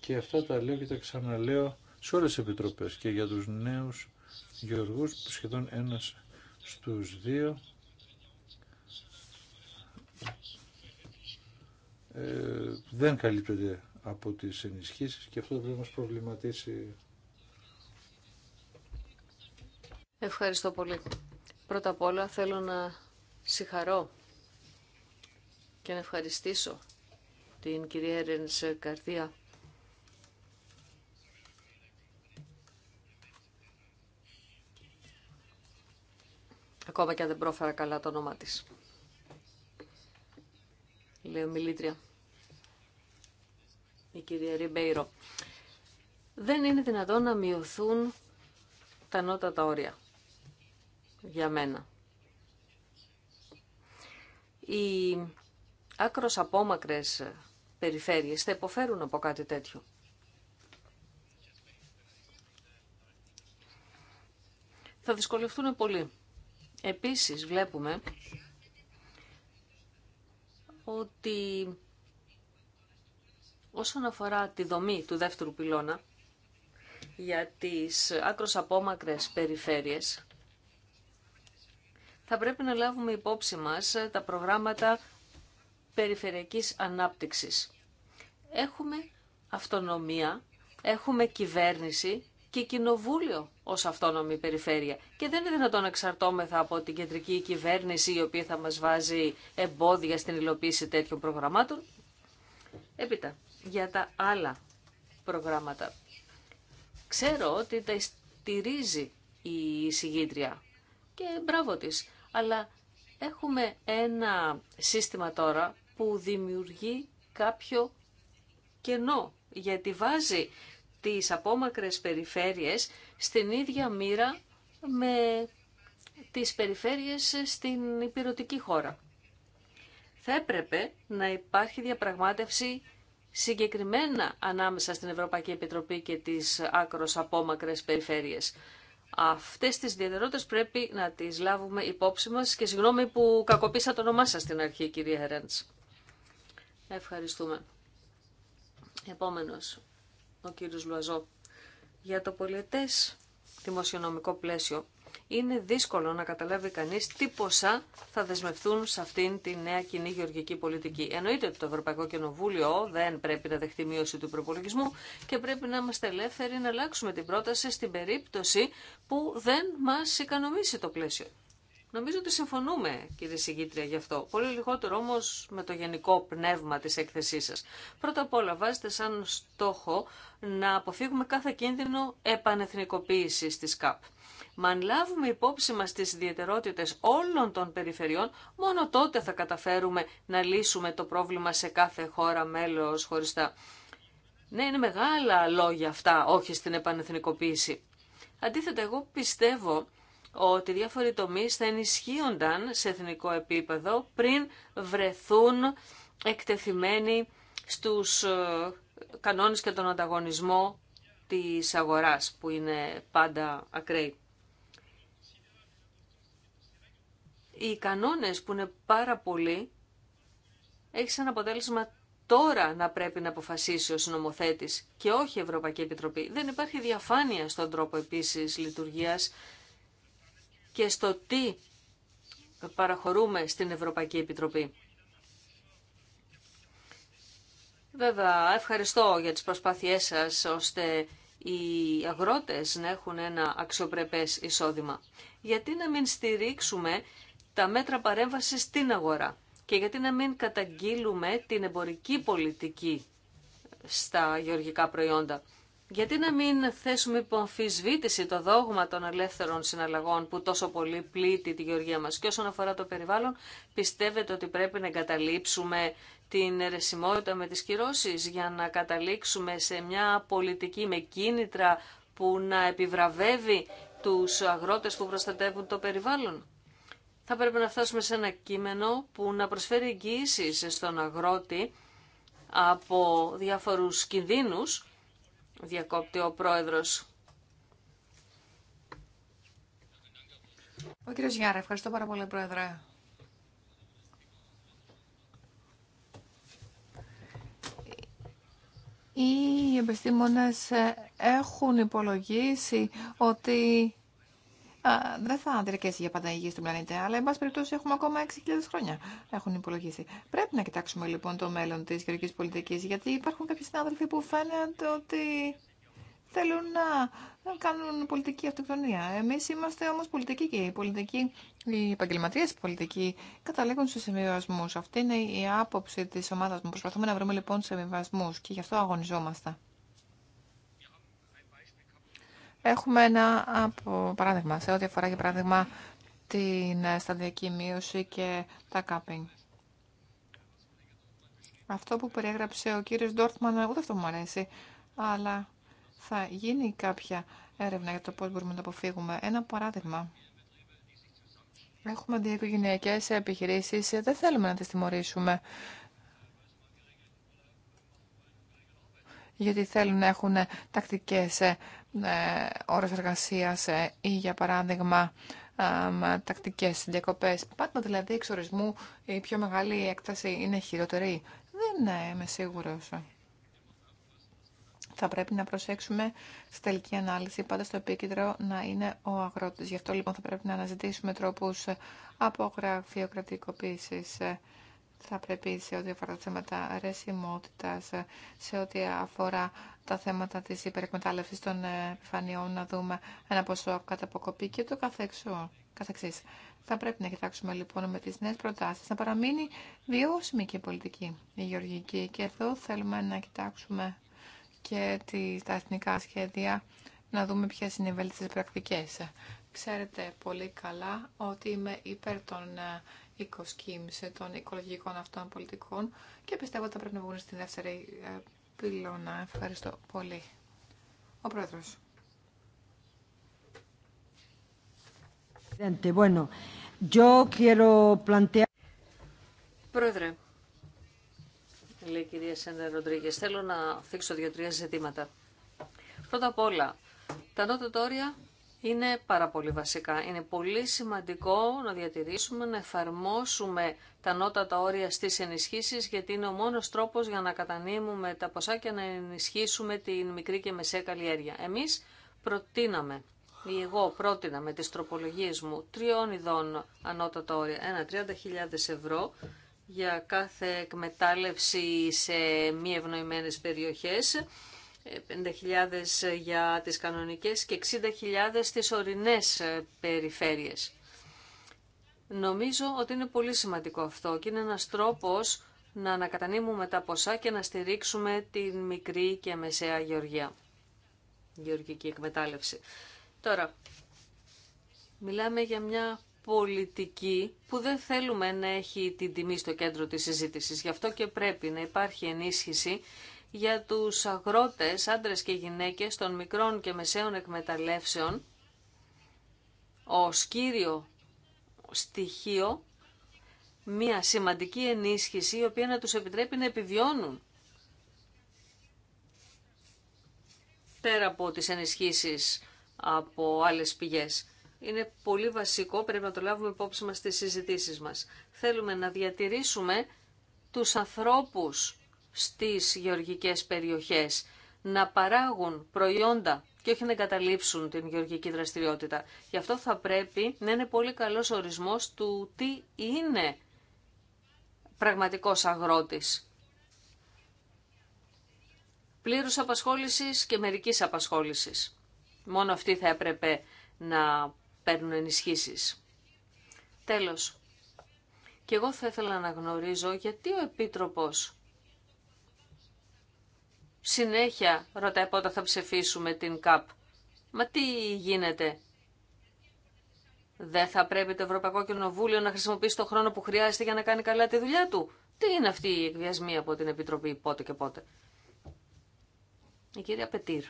S4: Και αυτά τα λέω και τα ξαναλέω σε όλες τις επιτροπές και για τους νέους γεωργούς, σχεδόν ένας στους δύο. Ε, δεν καλύπτεται από τις ενισχύσεις και αυτό δεν να μας προβληματίσει.
S2: Ευχαριστώ πολύ. Πρώτα απ' όλα θέλω να συγχαρώ και να ευχαριστήσω την κυρία Έρενς Καρδία ακόμα και αν δεν πρόφερα καλά το όνομά της. Λέω μιλήτρια η κυρία Ριμπέιρο. Δεν είναι δυνατόν να μειωθούν τα τα όρια για μένα. Οι άκρος απόμακρες περιφέρειες θα υποφέρουν από κάτι τέτοιο. Θα δυσκολευτούν πολύ. Επίσης βλέπουμε ότι Όσον αφορά τη δομή του δεύτερου πυλώνα για τις άκρος απόμακρες περιφέρειες, θα πρέπει να λάβουμε υπόψη μας τα προγράμματα περιφερειακής ανάπτυξης. Έχουμε αυτονομία, έχουμε κυβέρνηση και κοινοβούλιο ως αυτόνομη περιφέρεια. Και δεν είναι δυνατόν να εξαρτώμεθα από την κεντρική κυβέρνηση η οποία θα μας βάζει εμπόδια στην υλοποίηση τέτοιων προγραμμάτων. Έπειτα, για τα άλλα προγράμματα. Ξέρω ότι τα στηρίζει η συγγήτρια και μπράβο της, αλλά έχουμε ένα σύστημα τώρα που δημιουργεί κάποιο κενό, γιατί βάζει τις απόμακρες περιφέρειες στην ίδια μοίρα με τις περιφέρειες στην υπηρετική χώρα. Θα έπρεπε να υπάρχει διαπραγμάτευση συγκεκριμένα ανάμεσα στην Ευρωπαϊκή Επιτροπή και τις άκρος απόμακρες περιφέρειες. Αυτές τις ιδιαιτερότητες πρέπει να τις λάβουμε υπόψη μας και συγγνώμη που κακοποίησα το όνομά σας στην αρχή, κυρία Ρέντς. Ευχαριστούμε. Επόμενος, ο κύριος Λουαζό. Για το πολιτές δημοσιονομικό πλαίσιο είναι δύσκολο να καταλάβει κανείς τι ποσά θα δεσμευτούν σε αυτήν τη νέα κοινή γεωργική πολιτική. Εννοείται ότι το Ευρωπαϊκό Κοινοβούλιο δεν πρέπει να δεχτεί μείωση του προπολογισμού και πρέπει να είμαστε ελεύθεροι να αλλάξουμε την πρόταση στην περίπτωση που δεν μας ικανομήσει το πλαίσιο. Νομίζω ότι συμφωνούμε, κύριε Συγκήτρια, γι' αυτό. Πολύ λιγότερο όμω με το γενικό πνεύμα τη έκθεσή σα. Πρώτα απ' όλα, βάζετε σαν στόχο να αποφύγουμε κάθε κίνδυνο επανεθνικοποίηση τη ΚΑΠ. Μα αν λάβουμε υπόψη μας τις ιδιαιτερότητες όλων των περιφερειών, μόνο τότε θα καταφέρουμε να λύσουμε το πρόβλημα σε κάθε χώρα μέλος χωριστά. Ναι, είναι μεγάλα λόγια αυτά, όχι στην επανεθνικοποίηση. Αντίθετα, εγώ πιστεύω ότι διάφοροι τομείς θα ενισχύονταν σε εθνικό επίπεδο πριν βρεθούν εκτεθειμένοι στους ε, κανόνες και τον ανταγωνισμό της αγοράς που είναι πάντα ακραίοι. οι κανόνες που είναι πάρα πολλοί, έχει σαν αποτέλεσμα τώρα να πρέπει να αποφασίσει ο συνομοθέτης και όχι η Ευρωπαϊκή Επιτροπή. Δεν υπάρχει διαφάνεια στον τρόπο επίσης λειτουργίας και στο τι παραχωρούμε στην Ευρωπαϊκή Επιτροπή. Βέβαια, ευχαριστώ για τις προσπάθειές σας ώστε οι αγρότες να έχουν ένα αξιοπρεπές εισόδημα. Γιατί να μην στηρίξουμε τα μέτρα παρέμβαση στην αγορά. Και γιατί να μην καταγγείλουμε την εμπορική πολιτική στα γεωργικά προϊόντα. Γιατί να μην θέσουμε υπό το δόγμα των ελεύθερων συναλλαγών που τόσο πολύ πλήττει τη γεωργία μας. Και όσον αφορά το περιβάλλον, πιστεύετε ότι πρέπει να εγκαταλείψουμε την αιρεσιμότητα με τις κυρώσεις για να καταλήξουμε σε μια πολιτική με κίνητρα που να επιβραβεύει τους αγρότες που προστατεύουν το περιβάλλον θα πρέπει να φτάσουμε σε ένα κείμενο που να προσφέρει εγγύηση στον αγρότη από διάφορους κινδύνους, διακόπτει ο πρόεδρος.
S3: Ο κύριος Γιάρα, ευχαριστώ πάρα πολύ πρόεδρε. Οι επιστήμονες έχουν υπολογίσει ότι δεν θα διαρκέσει για πάντα η γη στον πλανήτη, αλλά εν πάση περιπτώσει έχουμε ακόμα 6.000 χρόνια έχουν υπολογίσει. Πρέπει να κοιτάξουμε λοιπόν το μέλλον τη γεωργική πολιτική, γιατί υπάρχουν κάποιοι συνάδελφοι που φαίνεται ότι θέλουν να κάνουν πολιτική αυτοκτονία. Εμεί είμαστε όμω πολιτικοί και οι πολιτικοί, οι επαγγελματίε πολιτικοί, καταλήγουν στου συμβιβασμού. Αυτή είναι η άποψη τη ομάδα μου. Προσπαθούμε να βρούμε λοιπόν συμβιβασμού και γι' αυτό αγωνιζόμαστε. Έχουμε ένα από, παράδειγμα, σε ό,τι αφορά για παράδειγμα την ε, σταδιακή μείωση και τα κάπινγκ. Αυτό που περιέγραψε ο κύριος εγώ ούτε αυτό μου αρέσει, αλλά θα γίνει κάποια έρευνα για το πώς μπορούμε να το αποφύγουμε. Ένα παράδειγμα. Έχουμε δύο οικογενειακές επιχειρήσεις, δεν θέλουμε να τις τιμωρήσουμε. Γιατί θέλουν να έχουν ε, τακτικές ε, ε, ώρες εργασίας ε, ή για παράδειγμα ε, τακτικές διακοπές. Πάντα δηλαδή εξορισμού η πιο μεγάλη έκταση είναι χειρότερη. Δεν είμαι σίγουρος. Θα πρέπει να προσέξουμε στη τελική ανάλυση πάντα στο επίκεντρο να είναι ο αγρότης. Γι' αυτό λοιπόν θα πρέπει να αναζητήσουμε τρόπους απογραφειοκρατικοποίησης θα πρέπει σε ό,τι αφορά τα θέματα ρεσιμότητας, σε ό,τι αφορά τα θέματα της υπερεκμετάλλευσης των ε, επιφανειών, να δούμε ένα ποσό κατά αποκοπή και το καθεξό, καθεξής. Θα πρέπει να κοιτάξουμε λοιπόν με τις νέες προτάσεις να παραμείνει βιώσιμη και η πολιτική, η γεωργική. Και εδώ θέλουμε να κοιτάξουμε και τα εθνικά σχέδια, να δούμε ποιε είναι οι βέλτιστες πρακτικές. Ξέρετε πολύ καλά ότι είμαι υπέρ των ε, οικοσκήμ, των οικολογικών αυτών πολιτικών και πιστεύω ότι θα πρέπει να βγουν στην δεύτερη ε, πυλώνα. Ευχαριστώ πολύ. Ο Πρόεδρος.
S2: Πρόεδρε, λέει η κυρία Σέντερ Ροντρίγκε, θέλω να θίξω δύο-τρία ζητήματα. Πρώτα απ' όλα, τα νότια τόρια είναι πάρα πολύ βασικά. Είναι πολύ σημαντικό να διατηρήσουμε, να εφαρμόσουμε τα νότατα όρια στις ενισχύσεις, γιατί είναι ο μόνος τρόπος για να κατανείμουμε τα ποσά και να ενισχύσουμε την μικρή και μεσαία καλλιέργεια. Εμείς προτείναμε, ή εγώ πρότεινα με τις τροπολογίες μου, τριών ειδών ανώτατα όρια, ένα 30.000 ευρώ, για κάθε εκμετάλλευση σε μη ευνοημένες περιοχές, 50.000 για τις κανονικές και 60.000 στις ορεινές ε, περιφέρειες. Νομίζω ότι είναι πολύ σημαντικό αυτό και είναι ένας τρόπος να ανακατανύμουμε τα ποσά και να στηρίξουμε την μικρή και μεσαία γεωργία, γεωργική εκμετάλλευση. Τώρα, μιλάμε για μια πολιτική που δεν θέλουμε να έχει την τιμή στο κέντρο της συζήτησης. Γι' αυτό και πρέπει να υπάρχει ενίσχυση για τους αγρότες, άντρες και γυναίκες των μικρών και μεσαίων εκμεταλλεύσεων Ο κύριο στοιχείο μια σημαντική ενίσχυση η οποία να τους επιτρέπει να επιβιώνουν. Πέρα από τις ενισχύσεις από άλλες πηγές. Είναι πολύ βασικό, πρέπει να το λάβουμε υπόψη μας στις συζητήσεις μας. Θέλουμε να διατηρήσουμε τους ανθρώπους στις γεωργικές περιοχές, να παράγουν προϊόντα και όχι να εγκαταλείψουν την γεωργική δραστηριότητα. Γι' αυτό θα πρέπει να είναι πολύ καλός ορισμός του τι είναι πραγματικός αγρότης. Πλήρους απασχόλησης και μερικής απασχόλησης. Μόνο αυτοί θα έπρεπε να παίρνουν ενισχύσεις. Τέλος, και εγώ θα ήθελα να γνωρίζω γιατί ο Επίτροπος συνέχεια ρωτάει πότε θα ψηφίσουμε την ΚΑΠ. Μα τι γίνεται. Δεν θα πρέπει το Ευρωπαϊκό Κοινοβούλιο να χρησιμοποιήσει το χρόνο που χρειάζεται για να κάνει καλά τη δουλειά του. Τι είναι αυτή η εκβιασμή από την Επιτροπή πότε και πότε. Η κυρία Πετήρ.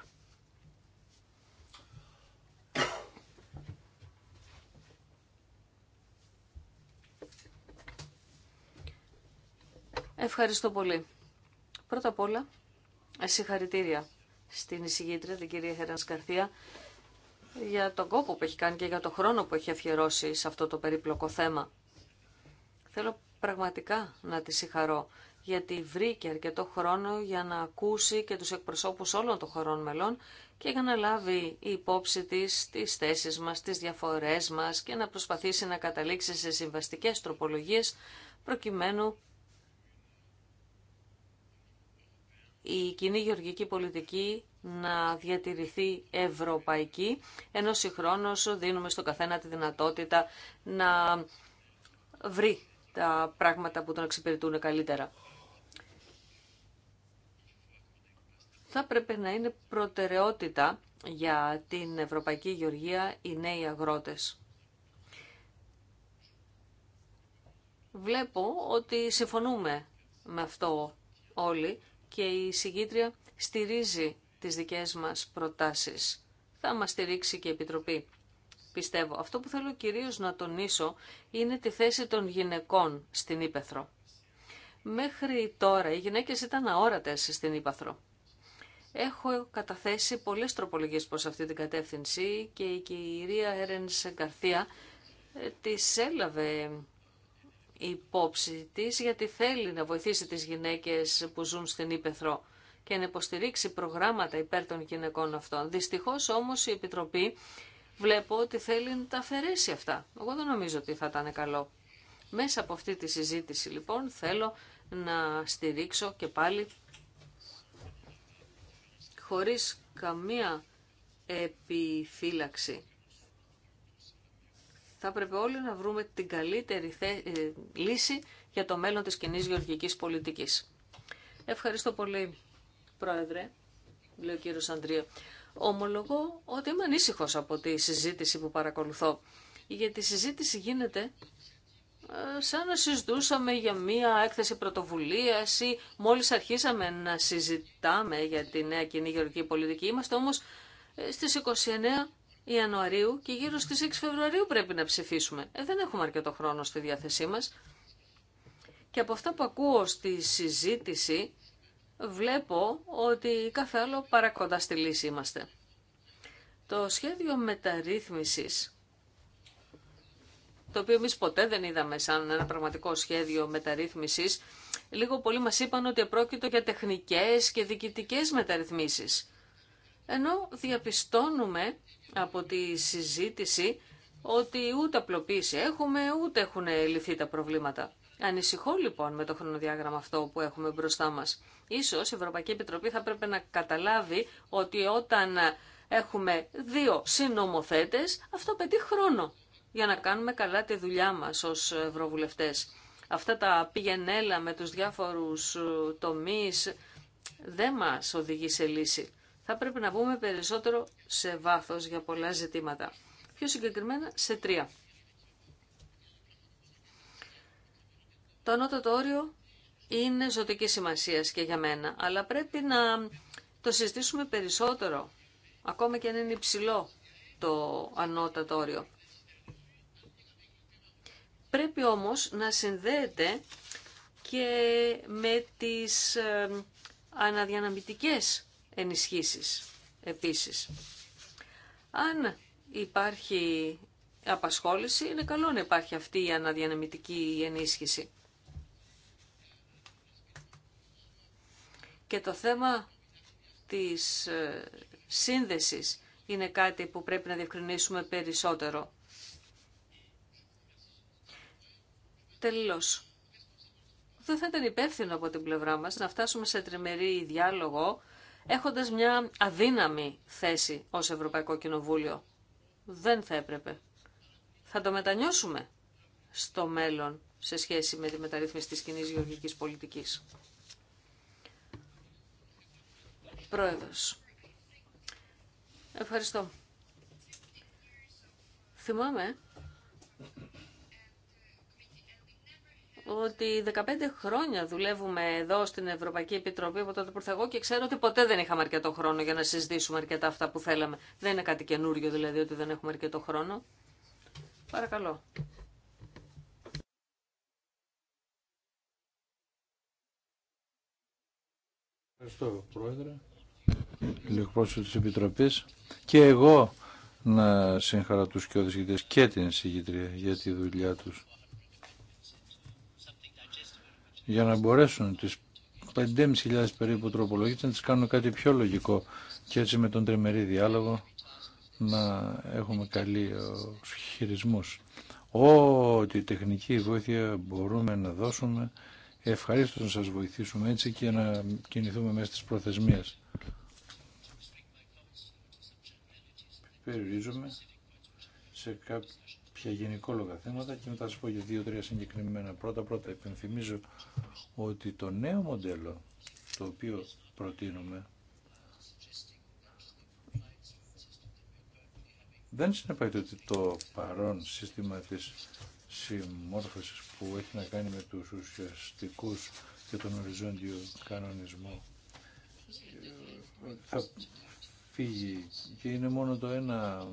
S2: Ευχαριστώ πολύ. Πρώτα απ' όλα, Συγχαρητήρια στην εισηγήτρια, την κυρία Χεράνς Καρθία, για τον κόπο που έχει κάνει και για τον χρόνο που έχει αφιερώσει σε αυτό το περίπλοκο θέμα. Θέλω πραγματικά να τη συγχαρώ, γιατί βρήκε αρκετό χρόνο για να ακούσει και τους εκπροσώπους όλων των χωρών μελών και για να λάβει η υπόψη της τις θέσεις μας, τις διαφορές μας και να προσπαθήσει να καταλήξει σε συμβαστικές τροπολογίες προκειμένου η κοινή γεωργική πολιτική να διατηρηθεί ευρωπαϊκή, ενώ συγχρόνως δίνουμε στο καθένα τη δυνατότητα να βρει τα πράγματα που τον εξυπηρετούν καλύτερα. Θα πρέπει να είναι προτεραιότητα για την Ευρωπαϊκή Γεωργία οι νέοι αγρότες. Βλέπω ότι συμφωνούμε με αυτό όλοι και η συγκίτρια στηρίζει τις δικές μας προτάσεις. Θα μας στηρίξει και η Επιτροπή. Πιστεύω. Αυτό που θέλω κυρίως να τονίσω είναι τη θέση των γυναικών στην Ήπεθρο. Μέχρι τώρα οι γυναίκες ήταν αόρατες στην Ήπαθρο. Έχω καταθέσει πολλές τροπολογίες προς αυτή την κατεύθυνση και η κυρία Έρενς Καρθία ε, τις έλαβε υπόψη της γιατί θέλει να βοηθήσει τις γυναίκες που ζουν στην Ήπεθρο και να υποστηρίξει προγράμματα υπέρ των γυναικών αυτών. Δυστυχώς όμως η Επιτροπή βλέπω ότι θέλει να τα αφαιρέσει αυτά. Εγώ δεν νομίζω ότι θα ήταν καλό. Μέσα από αυτή τη συζήτηση λοιπόν θέλω να στηρίξω και πάλι χωρίς καμία επιφύλαξη θα πρέπει όλοι να βρούμε την καλύτερη ε, λύση για το μέλλον της κοινή γεωργικής πολιτικής. Ευχαριστώ πολύ, Πρόεδρε, λέει ο κύριος Αντρία. Ομολογώ ότι είμαι ανήσυχο από τη συζήτηση που παρακολουθώ. Γιατί η συζήτηση γίνεται ε, σαν να συζητούσαμε για μία έκθεση πρωτοβουλίας ή μόλις αρχίσαμε να συζητάμε για τη νέα κοινή γεωργική πολιτική. Είμαστε όμως ε, στις 29 Ιανουαρίου και γύρω στις 6 Φεβρουαρίου πρέπει να ψηφίσουμε. Ε, δεν έχουμε αρκετό χρόνο στη διάθεσή μας. Και από αυτά που ακούω στη συζήτηση βλέπω ότι κάθε άλλο παρακοντά στη λύση είμαστε. Το σχέδιο μεταρρύθμισης, το οποίο εμεί ποτέ δεν είδαμε σαν ένα πραγματικό σχέδιο μεταρρύθμισης, λίγο πολύ μας είπαν ότι πρόκειται για τεχνικές και διοικητικές μεταρρυθμίσεις. Ενώ διαπιστώνουμε από τη συζήτηση ότι ούτε απλοποίηση έχουμε, ούτε έχουν λυθεί τα προβλήματα. Ανησυχώ λοιπόν με το χρονοδιάγραμμα αυτό που έχουμε μπροστά μας. Ίσως η Ευρωπαϊκή Επιτροπή θα πρέπει να καταλάβει ότι όταν έχουμε δύο συνομοθέτες, αυτό πετύχει χρόνο για να κάνουμε καλά τη δουλειά μας ως ευρωβουλευτές. Αυτά τα πηγενέλα με τους διάφορους τομείς δεν μας οδηγεί σε λύση θα πρέπει να μπούμε περισσότερο σε βάθος για πολλά ζητήματα. Πιο συγκεκριμένα σε τρία. Το ανώτατο όριο είναι ζωτική σημασία και για μένα, αλλά πρέπει να το συζητήσουμε περισσότερο, ακόμα και αν είναι υψηλό το ανώτατο όριο. Πρέπει όμως να συνδέεται και με τις ε, αναδιαναμητικές ενισχύσεις επίσης. Αν υπάρχει απασχόληση, είναι καλό να υπάρχει αυτή η αναδιανεμητική ενίσχυση. Και το θέμα της ε, σύνδεσης είναι κάτι που πρέπει να διευκρινίσουμε περισσότερο. Τελείως. Δεν θα ήταν υπεύθυνο από την πλευρά μας να φτάσουμε σε τριμερή διάλογο έχοντας μια αδύναμη θέση ως Ευρωπαϊκό Κοινοβούλιο. Δεν θα έπρεπε. Θα το μετανιώσουμε στο μέλλον σε σχέση με τη μεταρρύθμιση της κοινή γεωργικής πολιτικής. Πρόεδρος. Ευχαριστώ. Θυμάμαι ότι 15 χρόνια δουλεύουμε εδώ στην Ευρωπαϊκή Επιτροπή από τότε που ήρθα εγώ και ξέρω ότι ποτέ δεν είχαμε αρκετό χρόνο για να συζητήσουμε αρκετά αυτά που θέλαμε. Δεν είναι κάτι καινούριο δηλαδή ότι δεν έχουμε αρκετό χρόνο. Παρακαλώ.
S4: Ευχαριστώ, Πρόεδρε, εκπρόσωπο της Επιτροπής και εγώ να συγχαρώ τους και και την συγγητρία για τη δουλειά τους για να μπορέσουν τις 5.500 περίπου τροπολογίες να τις κάνουν κάτι πιο λογικό και έτσι με τον τριμερή διάλογο να έχουμε καλή ε, χειρισμούς. Ό,τι τεχνική βοήθεια μπορούμε να δώσουμε, ευχαρίστως να σας βοηθήσουμε έτσι και να κινηθούμε μέσα στις προθεσμίες. περιορίζουμε σε κάποιο για γενικόλογα θέματα και μετά θα σας πω για δύο-τρία συγκεκριμένα. Πρώτα-πρώτα υπενθυμίζω ότι το νέο μοντέλο το οποίο προτείνουμε δεν συνεπάγεται ότι το παρόν σύστημα της συμμόρφωσης που έχει να κάνει με τους ουσιαστικούς και τον οριζόντιο κανονισμό θα φύγει και είναι μόνο το ένα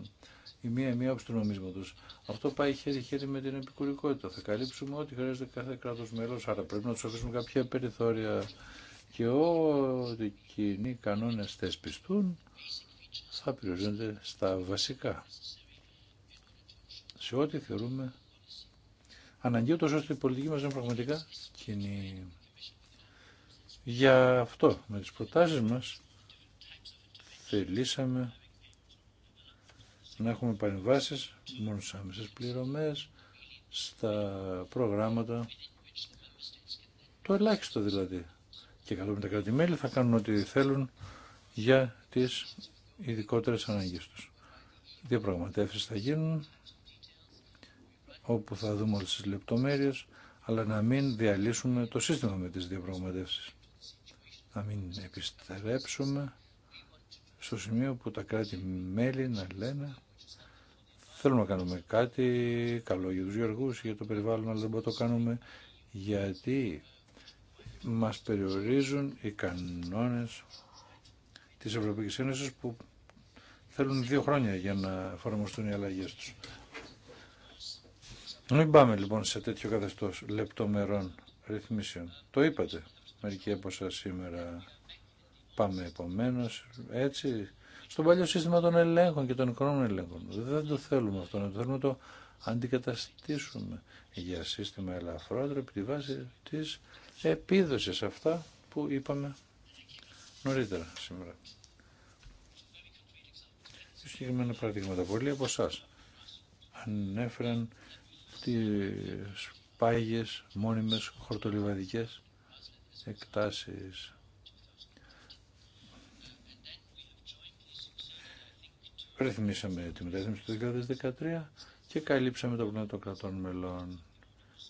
S4: η μία μία όψη του τους. αυτο Αυτό πάει χέρι-χέρι με την επικουρικότητα. Θα καλύψουμε ό,τι χρειάζεται κάθε κράτο μέλος, άρα πρέπει να του αφήσουμε κάποια περιθώρια και ό,τι κοινοί κανόνες θεσπιστούν θα περιορίζονται στα βασικά. Σε ό,τι θεωρούμε αναγκαίο τόσο ώστε η πολιτική μας είναι πραγματικά κοινή. Γι' αυτό με τις προτάσεις μας θελήσαμε να έχουμε παρεμβάσεις μόνο στις άμεσες πληρωμές, στα προγράμματα, το ελάχιστο δηλαδή. Και καλό με τα κρατη θα κάνουν ό,τι θέλουν για τις ειδικότερε ανάγκες τους. Διαπραγματεύσεις θα γίνουν, όπου θα δούμε όλες τις λεπτομέρειες, αλλά να μην διαλύσουμε το σύστημα με τις διαπραγματεύσεις. Να μην επιστρέψουμε στο σημείο που τα κράτη-μέλη να λένε θέλουμε να κάνουμε κάτι καλό για τους γεωργούς, για το περιβάλλον, αλλά δεν μπορούμε να το κάνουμε γιατί μας περιορίζουν οι κανόνες της Ευρωπαϊκής Ένωσης που θέλουν δύο χρόνια για να εφαρμοστούν οι αλλαγές τους. Μην πάμε λοιπόν σε τέτοιο καθεστώς λεπτομερών ρυθμίσεων. Το είπατε μερικοί από σήμερα. Πάμε επομένω έτσι στο παλιό σύστημα των ελέγχων και των χρόνων ελέγχων. Δεν το θέλουμε αυτό, να το θέλουμε το αντικαταστήσουμε για σύστημα ελαφρότερο επί τη βάση τη επίδοσης αυτά που είπαμε νωρίτερα σήμερα. Συγκεκριμένα παραδείγματα πολλοί από εσά ανέφεραν τις πάγιε μόνιμες χορτολιβαδικές εκτάσεις ρυθμίσαμε τη μεταρρύθμιση του 2013 και καλύψαμε το πλήμα των κρατών μελών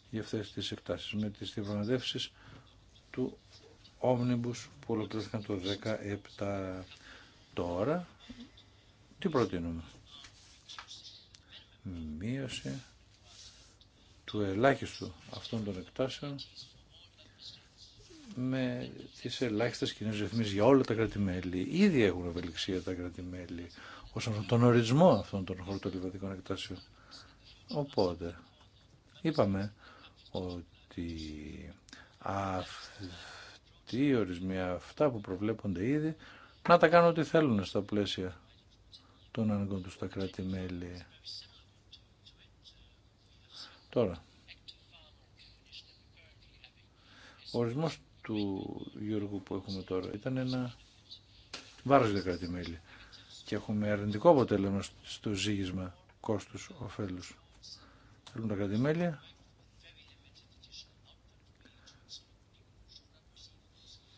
S4: για αυτές τις εκτάσεις με τις διαπραγματεύσεις του Omnibus που ολοκληρώθηκαν το 2017 τώρα. Τι προτείνουμε. Μείωση του ελάχιστου αυτών των εκτάσεων με τις ελάχιστες κοινές ρυθμίσεις για όλα τα κρατημέλη. Ήδη έχουν ευελιξία τα κρατημέλη όσον αφορά τον ορισμό αυτών των χορτολιβαδικών εκτάσεων. Οπότε, είπαμε ότι αυτοί οι ορισμοί, αυτά που προβλέπονται ήδη, να τα κάνουν ό,τι θέλουν στα πλαίσια των αναγκών του στα κράτη-μέλη. Τώρα, ο ορισμός του Γιώργου που έχουμε τώρα ήταν ένα βάρος για κράτη-μέλη και έχουμε αρνητικό αποτέλεσμα στο ζήγισμα κόστους ωφέλους. Θέλουν τα κρατημέλια.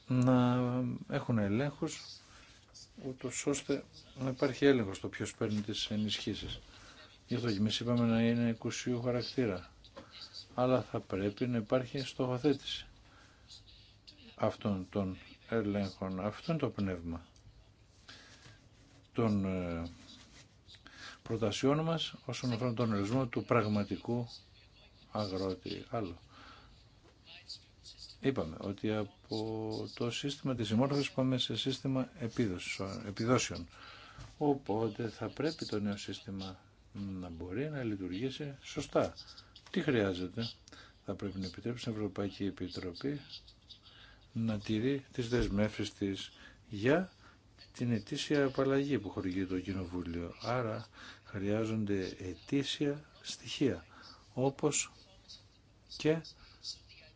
S4: να έχουν ελέγχους ούτω ώστε να υπάρχει έλεγχο στο ποιο παίρνει τι ενισχύσει. Γι' αυτό εμεί είπαμε να είναι εκουσίου χαρακτήρα. Αλλά θα πρέπει να υπάρχει στοχοθέτηση αυτών των ελέγχων. Αυτό είναι το πνεύμα των ε, προτασιών μας όσον αφορά τον ορισμό του πραγματικού αγρότη. Άλλο. Είπαμε ότι από το σύστημα της συμμόρφωσης πάμε σε σύστημα επιδόσεων. Οπότε θα πρέπει το νέο σύστημα να μπορεί να λειτουργήσει σωστά. Τι χρειάζεται. Θα πρέπει να επιτρέψει την Ευρωπαϊκή Επιτροπή να τηρεί τις δεσμεύσεις της για την ετήσια απαλλαγή που χορηγεί το Κοινοβούλιο. Άρα χρειάζονται ετήσια στοιχεία, όπως και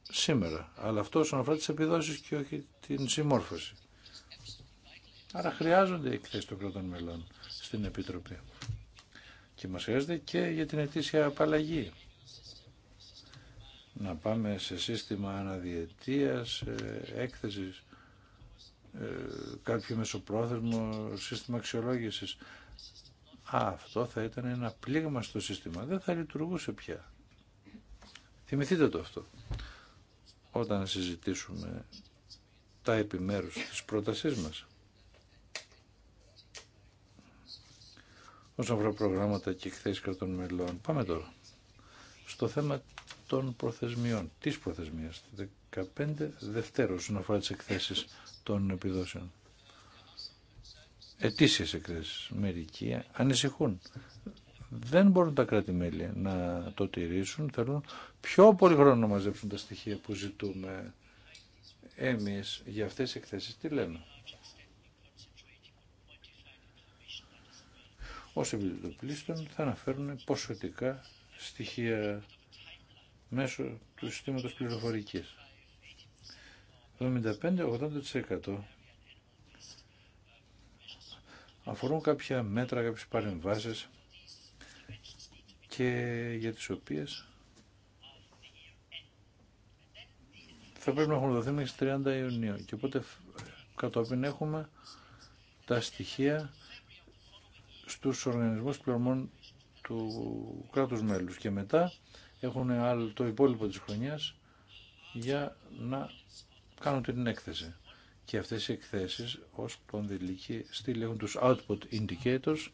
S4: σήμερα. Αλλά αυτό όσον αφορά τις επιδόσεις και όχι την συμμόρφωση. Άρα χρειάζονται εκθέσεις των κρατών μελών στην Επιτροπή. Και μας χρειάζεται και για την ετήσια απαλλαγή. Να πάμε σε σύστημα αναδιετίας, ε, έκθεσης ε, κάποιο μεσοπρόθεσμο σύστημα αξιολόγησης. Α, αυτό θα ήταν ένα πλήγμα στο σύστημα. Δεν θα λειτουργούσε πια. Θυμηθείτε το αυτό. Όταν συζητήσουμε τα επιμέρους της πρότασής μας. Όσον αφορά προγράμματα και εκθέσεις κρατών μελών. Πάμε τώρα στο θέμα των προθεσμιών, Τις προθεσμίες. 15 Δευτέρου όσον αφορά τις εκθέσεις των επιδόσεων. Ετήσιε εκθέσει Μερικοί ανησυχούν. Δεν μπορούν τα κράτη-μέλη να το τηρήσουν. Θέλουν πιο πολύ χρόνο να μαζέψουν τα στοιχεία που ζητούμε εμείς για αυτές τι εκθέσει Τι λέμε. Όσοι επιδοπλίστων θα αναφέρουν ποσοτικά στοιχεία μέσω του συστήματος πληροφορικής. 75-80% αφορούν κάποια μέτρα, κάποιες παρεμβάσεις και για τις οποίες θα πρέπει να έχουν δοθεί μέχρι 30 Ιουνίου και οπότε κατόπιν έχουμε τα στοιχεία στους οργανισμούς πληρωμών του κράτους μέλους και μετά έχουν το υπόλοιπο της χρονιάς για να κάνουν την έκθεση. Και αυτές οι εκθέσεις ως πονδυλική στήλη έχουν τους output indicators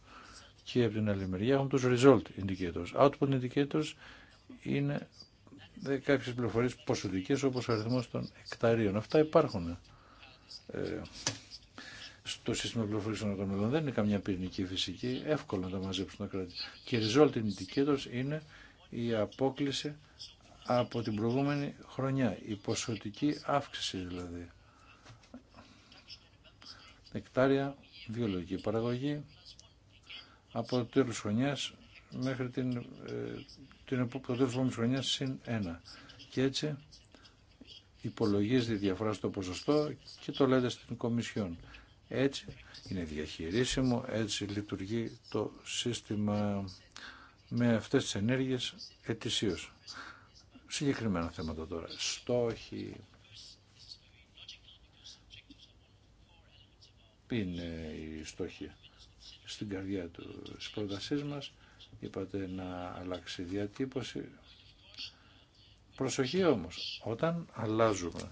S4: και από την άλλη μεριά έχουν τους result indicators. Output indicators είναι κάποιες πληροφορίες ποσοτικές όπως ο αριθμός των εκταρίων. Αυτά υπάρχουν ε, στο σύστημα πληροφορίων των μελών. Δεν είναι καμιά πυρηνική φυσική, εύκολο να τα μαζέψουν τα κράτη. Και result indicators είναι η απόκληση από την προηγούμενη χρονιά, η ποσοτική αύξηση δηλαδή. νεκτάρια βιολογική παραγωγή, από το τέλος χρονιάς μέχρι την, ε, την, το συν 1. Και έτσι υπολογίζει Η διαφορά στο ποσοστό και το λέτε στην Κομισιόν. Έτσι είναι διαχειρίσιμο, έτσι λειτουργεί το σύστημα με αυτές τις ενέργειες ετησίως συγκεκριμένα θέματα τώρα. Στόχοι. Είναι οι στόχοι στην καρδιά του της πρότασής Είπατε να αλλάξει η διατύπωση. Προσοχή όμως, όταν αλλάζουμε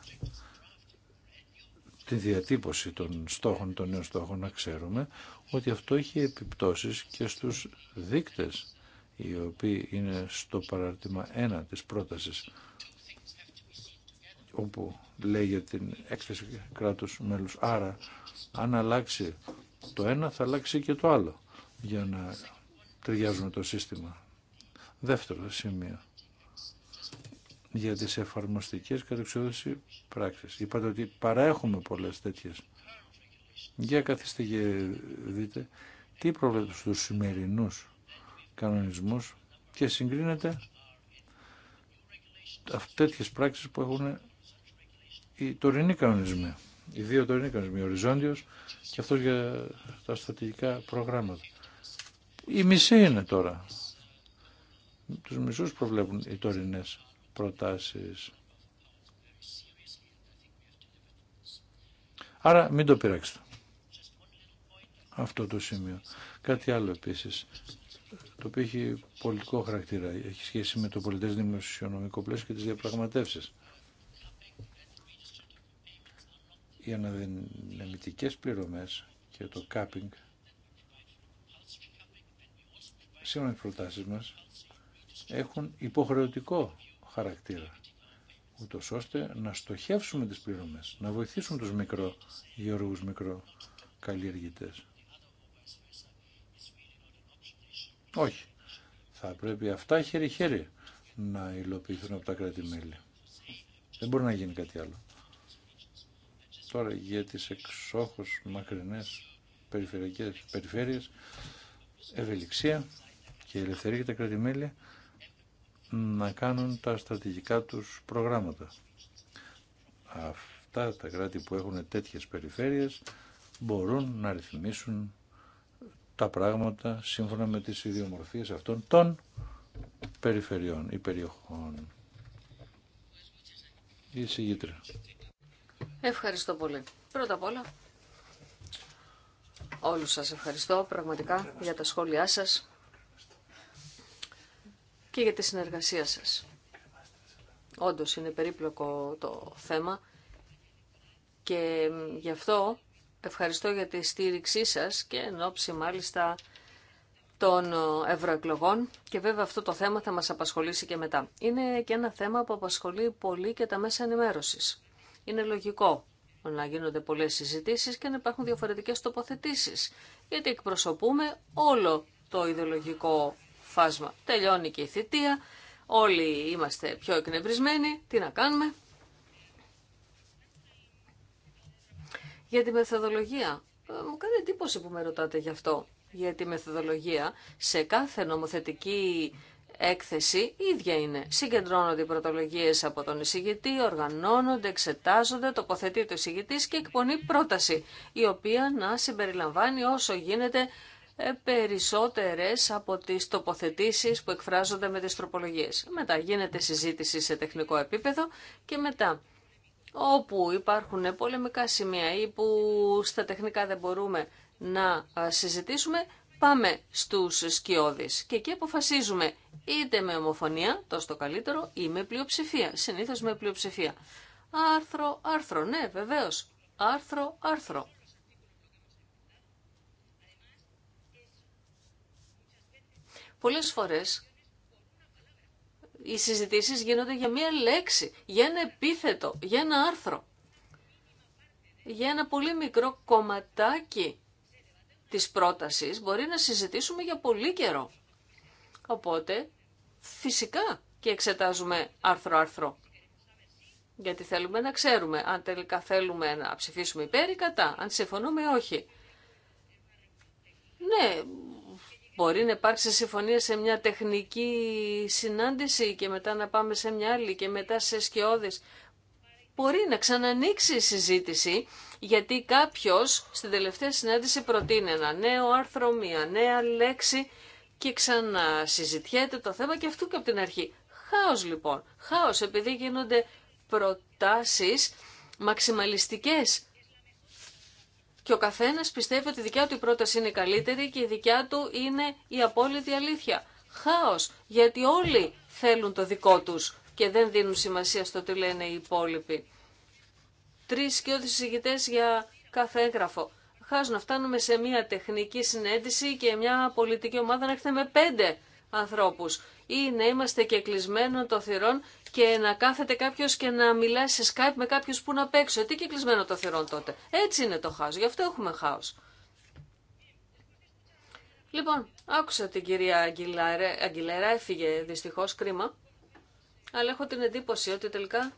S4: τη διατύπωση των στόχων, των νέων στόχων, να ξέρουμε ότι αυτό έχει επιπτώσεις και στους δείκτες οι οποίοι είναι στο παράρτημα 1 της πρότασης όπου λέει για την έκθεση κράτους μέλους. Άρα, αν αλλάξει το ένα, θα αλλάξει και το άλλο για να ταιριάζουμε το σύστημα. Δεύτερο σημείο για τις εφαρμοστικές κατεξοδόσεις πράξεις. Είπατε ότι παραέχουμε πολλές τέτοιες. Για καθίστε και δείτε τι προβλέπετε στους σημερινούς κανονισμούς και συγκρίνεται τέτοιες πράξεις που έχουν οι τωρινοί κανονισμοί. Οι δύο τωρινοί κανονισμοί, οριζόντιος και αυτός για τα στρατηγικά προγράμματα. Η μισή είναι τώρα. Τους μισούς προβλέπουν οι τωρινές προτάσεις. Άρα μην το πειράξετε. Αυτό το σημείο. Κάτι άλλο επίσης το οποίο έχει πολιτικό χαρακτήρα, έχει σχέση με το πολιτές δημοσιονομικό πλαίσιο και τις διαπραγματεύσεις. Οι αναδυναμητικές πληρωμές και το κάπινγκ σύμφωνα με προτάσεις μας έχουν υποχρεωτικό χαρακτήρα ούτω ώστε να στοχεύσουμε τις πληρωμές, να βοηθήσουν τους μικρό γεωργούς, μικρό καλλιεργητές. Όχι. Θα πρέπει αυτά χέρι-χέρι να υλοποιηθούν από τα κράτη-μέλη. Δεν μπορεί να γίνει κάτι άλλο. Τώρα για τις εξόχως μακρινές περιφερειακές περιφέρειες, ευελιξία και ελευθερία για τα κράτη-μέλη να κάνουν τα στρατηγικά τους προγράμματα. Αυτά τα κράτη που έχουν τέτοιες περιφέρειες μπορούν να ρυθμίσουν τα πράγματα σύμφωνα με τις ιδιομορφίες αυτών των περιφερειών ή
S2: περιοχών.
S4: Η περιοχων
S2: πολύ. Πρώτα απ' όλα, όλους σας ευχαριστώ πραγματικά για τα σχόλιά σας και για τη συνεργασία σας. Όντως είναι περίπλοκο το θέμα και γι' αυτό Ευχαριστώ για τη στήριξή σας και εν ώψη μάλιστα των ευρωεκλογών και βέβαια αυτό το θέμα θα μας απασχολήσει και μετά. Είναι και ένα θέμα που απασχολεί πολύ και τα μέσα ενημέρωσης. Είναι λογικό να γίνονται πολλές συζητήσεις και να υπάρχουν διαφορετικές τοποθετήσεις, γιατί εκπροσωπούμε όλο το ιδεολογικό φάσμα. Τελειώνει και η θητεία, όλοι είμαστε πιο εκνευρισμένοι, τι να κάνουμε. Για τη μεθοδολογία. Ε, μου κάνει εντύπωση που με ρωτάτε γι' αυτό. Για τη μεθοδολογία σε κάθε νομοθετική έκθεση ίδια είναι. Συγκεντρώνονται οι πρωτολογίε από τον εισηγητή, οργανώνονται, εξετάζονται, τοποθετεί το εισηγητή και εκπονεί πρόταση, η οποία να συμπεριλαμβάνει όσο γίνεται ε, περισσότερε από τι τοποθετήσει που εκφράζονται με τι τροπολογίε. Μετά γίνεται συζήτηση σε τεχνικό επίπεδο και μετά όπου υπάρχουν πολεμικά σημεία ή που στα τεχνικά δεν μπορούμε να συζητήσουμε, πάμε στους σκιώδεις και εκεί αποφασίζουμε είτε με ομοφωνία, τόσο το καλύτερο, ή με πλειοψηφία, συνήθως με πλειοψηφία. Άρθρο, άρθρο, ναι βεβαίως, άρθρο, άρθρο. Πολλές φορές οι συζητήσεις γίνονται για μία λέξη, για ένα επίθετο, για ένα άρθρο, για ένα πολύ μικρό κομματάκι της πρότασης μπορεί να συζητήσουμε για πολύ καιρό. Οπότε, φυσικά και εξετάζουμε άρθρο-άρθρο. Γιατί θέλουμε να ξέρουμε αν τελικά θέλουμε να ψηφίσουμε υπέρ ή κατά, αν συμφωνούμε ή όχι. Ναι, Μπορεί να υπάρξει συμφωνία σε μια τεχνική συνάντηση και μετά να πάμε σε μια άλλη και μετά σε σκιώδες. Μπορεί να ξανανοίξει η συζήτηση γιατί κάποιος στην τελευταία συνάντηση προτείνει ένα νέο άρθρο, μια νέα λέξη και ξανασυζητιέται το θέμα και αυτού και από την αρχή. Χάος λοιπόν. Χάος επειδή γίνονται προτάσεις μαξιμαλιστικές και ο καθένα πιστεύει ότι η δικιά του η πρόταση είναι καλύτερη και η δικιά του είναι η απόλυτη αλήθεια. Χάος, γιατί όλοι θέλουν το δικό τους και δεν δίνουν σημασία στο τι λένε οι υπόλοιποι. Τρεις και συζητητέ για κάθε έγγραφο. Χάς να φτάνουμε σε μια τεχνική συνέντηση και μια πολιτική ομάδα να έχετε με πέντε ανθρώπους ή να είμαστε και κλεισμένο το θυρών και να κάθεται κάποιο και να μιλάει σε Skype με κάποιους που να παίξω. Ε, τι και κλεισμένο το θυρών τότε. Έτσι είναι το χάο. Γι' αυτό έχουμε χάο. Λοιπόν, άκουσα την κυρία Αγγιλέρα, Αγγιλέρα έφυγε δυστυχώ κρίμα. Αλλά έχω την εντύπωση ότι τελικά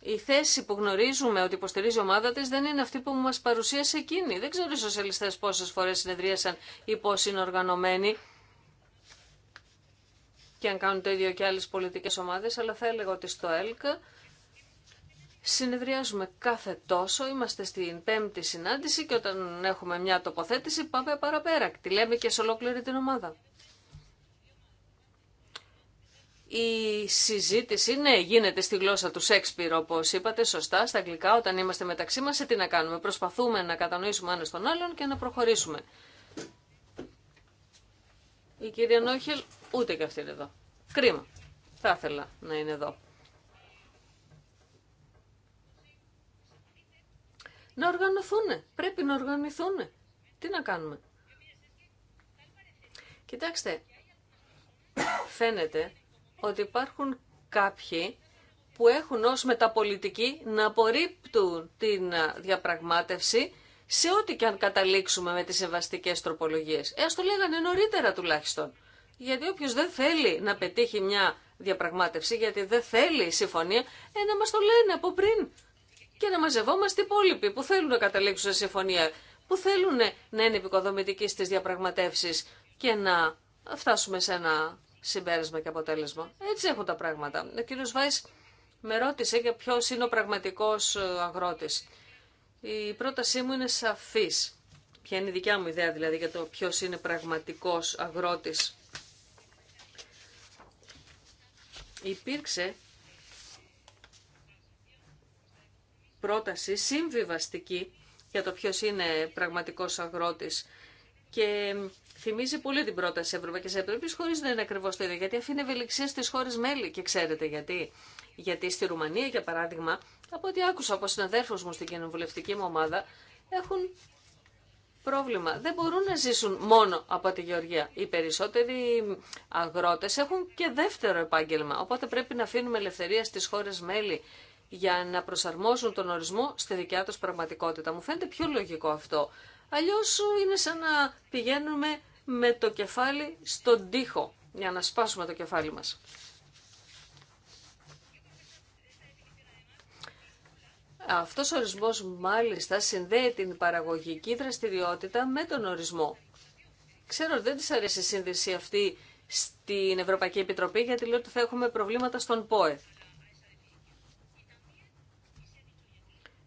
S2: η θέση που γνωρίζουμε ότι υποστηρίζει η ομάδα τη δεν είναι αυτή που μα παρουσίασε εκείνη. Δεν ξέρω οι σοσιαλιστέ πόσε φορέ συνεδρίασαν ή πώ είναι οργανωμένοι και αν κάνουν το ίδιο και άλλες πολιτικές ομάδες, αλλά θα έλεγα ότι στο ΕΛΚ συνεδριάζουμε κάθε τόσο, είμαστε στην πέμπτη συνάντηση και όταν έχουμε μια τοποθέτηση πάμε παραπέρα. Τη λέμε και σε ολόκληρη την ομάδα. Η συζήτηση, ναι, γίνεται στη γλώσσα του Σέξπιρ, όπω είπατε σωστά, στα αγγλικά, όταν είμαστε μεταξύ μα, τι να κάνουμε. Προσπαθούμε να κατανοήσουμε ένα τον άλλον και να προχωρήσουμε. Η κυρία Νόχελ ούτε και αυτή είναι εδώ. Κρίμα. Θα ήθελα να είναι εδώ. Να οργανωθούν. Πρέπει να οργανωθούν. Τι να κάνουμε. Κοιτάξτε, φαίνεται ότι υπάρχουν κάποιοι που έχουν ως μεταπολιτικοί να απορρίπτουν την διαπραγμάτευση σε ό,τι και αν καταλήξουμε με τις σεβαστικές τροπολογίες. Ε, ας το λέγανε νωρίτερα τουλάχιστον. Γιατί όποιος δεν θέλει να πετύχει μια διαπραγμάτευση, γιατί δεν θέλει συμφωνία, ε, να μας το λένε από πριν. Και να μαζευόμαστε οι υπόλοιποι που θέλουν να καταλήξουν σε συμφωνία, που θέλουν να είναι επικοδομητικοί στις διαπραγματεύσεις και να φτάσουμε σε ένα συμπέρασμα και αποτέλεσμα. Έτσι έχουν τα πράγματα. Ο κύριος Βάης με ρώτησε για ποιος είναι ο πραγματικός ε, αγρότης. Η πρότασή μου είναι σαφής. Ποια είναι η δικιά μου ιδέα δηλαδή για το ποιος είναι πραγματικός αγρότης. Υπήρξε πρόταση συμβιβαστική για το ποιος είναι πραγματικός αγρότης και Θυμίζει πολύ την πρόταση Ευρωπαϊκή Επιτροπή, χωρί να είναι ακριβώ το ίδιο, γιατί αφήνει ευελιξία στι χώρε μέλη. Και ξέρετε γιατί. Γιατί στη Ρουμανία, για παράδειγμα, από ό,τι άκουσα από συναδέρφου μου στην κοινοβουλευτική μου ομάδα, έχουν πρόβλημα. Δεν μπορούν να ζήσουν μόνο από τη γεωργία. Οι περισσότεροι αγρότες έχουν και δεύτερο επάγγελμα, οπότε πρέπει να αφήνουμε ελευθερία στις χώρες μέλη για να προσαρμόσουν τον ορισμό στη δικιά τους πραγματικότητα. Μου φαίνεται πιο λογικό αυτό. Αλλιώς είναι σαν να πηγαίνουμε με το κεφάλι στον τοίχο για να σπάσουμε το κεφάλι μας. Αυτός ο ορισμός μάλιστα συνδέει την παραγωγική δραστηριότητα με τον ορισμό. Ξέρω ότι δεν της αρέσει η σύνδεση αυτή στην Ευρωπαϊκή Επιτροπή γιατί λέω ότι θα έχουμε προβλήματα στον ΠΟΕ.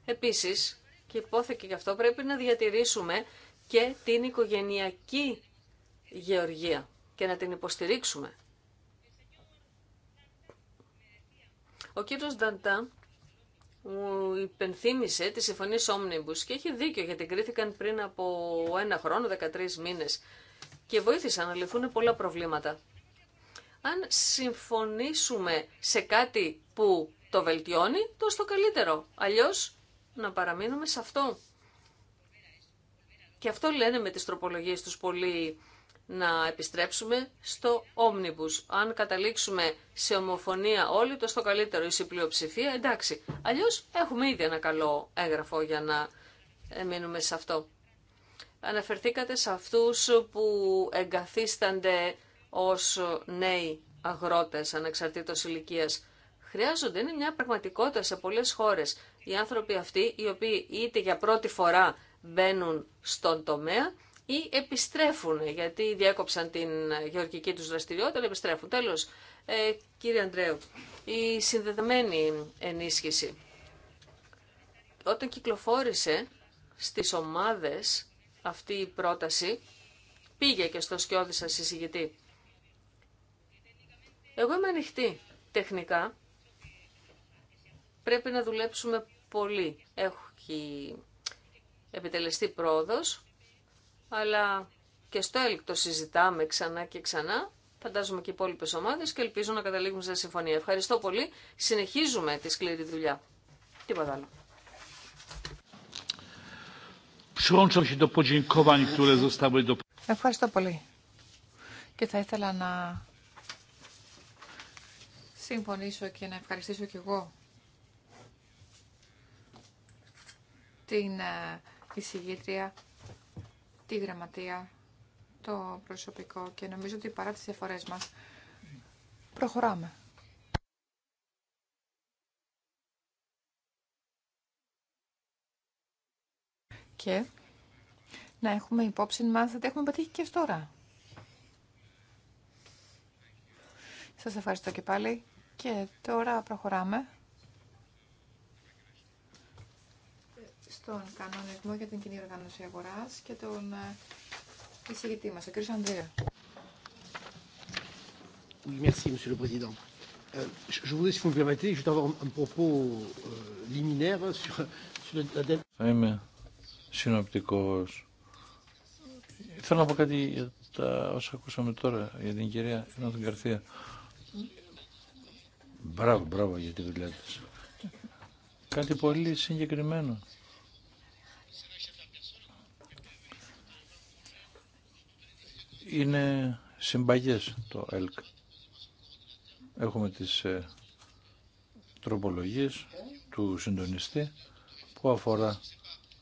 S2: Επίσης, και υπόθεκε γι' αυτό, πρέπει να διατηρήσουμε και την οικογενειακή γεωργία και να την υποστηρίξουμε. Ο κύριος Νταντά μου υπενθύμησε τη συμφωνία Omnibus και έχει δίκιο γιατί κρίθηκαν πριν από ένα χρόνο, 13 μήνες και βοήθησαν να λυθούν πολλά προβλήματα. Αν συμφωνήσουμε σε κάτι που το βελτιώνει, το καλύτερο. Αλλιώς να παραμείνουμε σε αυτό. Και αυτό λένε με τις τροπολογίες τους πολλοί να επιστρέψουμε στο όμνιμπους. Αν καταλήξουμε σε ομοφωνία όλοι, το στο καλύτερο η πλειοψηφία, εντάξει. Αλλιώς έχουμε ήδη ένα καλό έγγραφο για να μείνουμε σε αυτό. Αναφερθήκατε σε αυτούς που εγκαθίστανται ως νέοι αγρότες ανεξαρτήτως ηλικίας. Χρειάζονται, είναι μια πραγματικότητα σε πολλές χώρες. Οι άνθρωποι αυτοί οι οποίοι είτε για πρώτη φορά μπαίνουν στον τομέα, ή επιστρέφουν γιατί διέκοψαν την γεωργική τους δραστηριότητα, αλλά επιστρέφουν. Τέλος, ε, κύριε Αντρέου, η συνδεδεμένη ενίσχυση την Όταν δραστηριοτητα στις ομάδες αυτή η πρόταση, πήγε και στο σκιώδη σας συζητητή. Εγώ είμαι ανοιχτή τεχνικά. Πρέπει να δουλέψουμε πολύ. και επιτελεστεί πρόοδος αλλά και στο ΕΛΚ συζητάμε ξανά και ξανά. Φαντάζομαι και οι υπόλοιπε ομάδε και ελπίζω να καταλήγουμε σε συμφωνία. Ευχαριστώ πολύ. Συνεχίζουμε τη σκληρή δουλειά. Τίποτα άλλο.
S3: Ευχαριστώ πολύ. Και θα ήθελα να συμφωνήσω και να ευχαριστήσω και εγώ την ε, εισηγήτρια τη γραμματεία, το προσωπικό και νομίζω ότι παρά τις διαφορές μας προχωράμε. Και να έχουμε υπόψη μας ότι έχουμε πετύχει και τώρα. Σας ευχαριστώ και πάλι και τώρα προχωράμε. στον κανονισμό για την κοινή οργάνωση αγοράς και τον ε, εισηγητή μας, ο κ. Ανδρέα.
S1: Oui, merci, Monsieur le Président. Euh, je voudrais, si vous me permettez, juste avoir un propos euh, liminaire sur, sur la dette.
S4: Θα είμαι συνοπτικός.
S1: Θέλω να πω κάτι για τα
S4: όσα ακούσαμε τώρα για την κυρία Νότον Καρθία. Μπράβο, μπράβο για τη δουλειά της. Κάτι πολύ συγκεκριμένο. είναι συμπαγές το ΕΛΚ. Έχουμε τις ε, τροπολογίες του συντονιστή που αφορά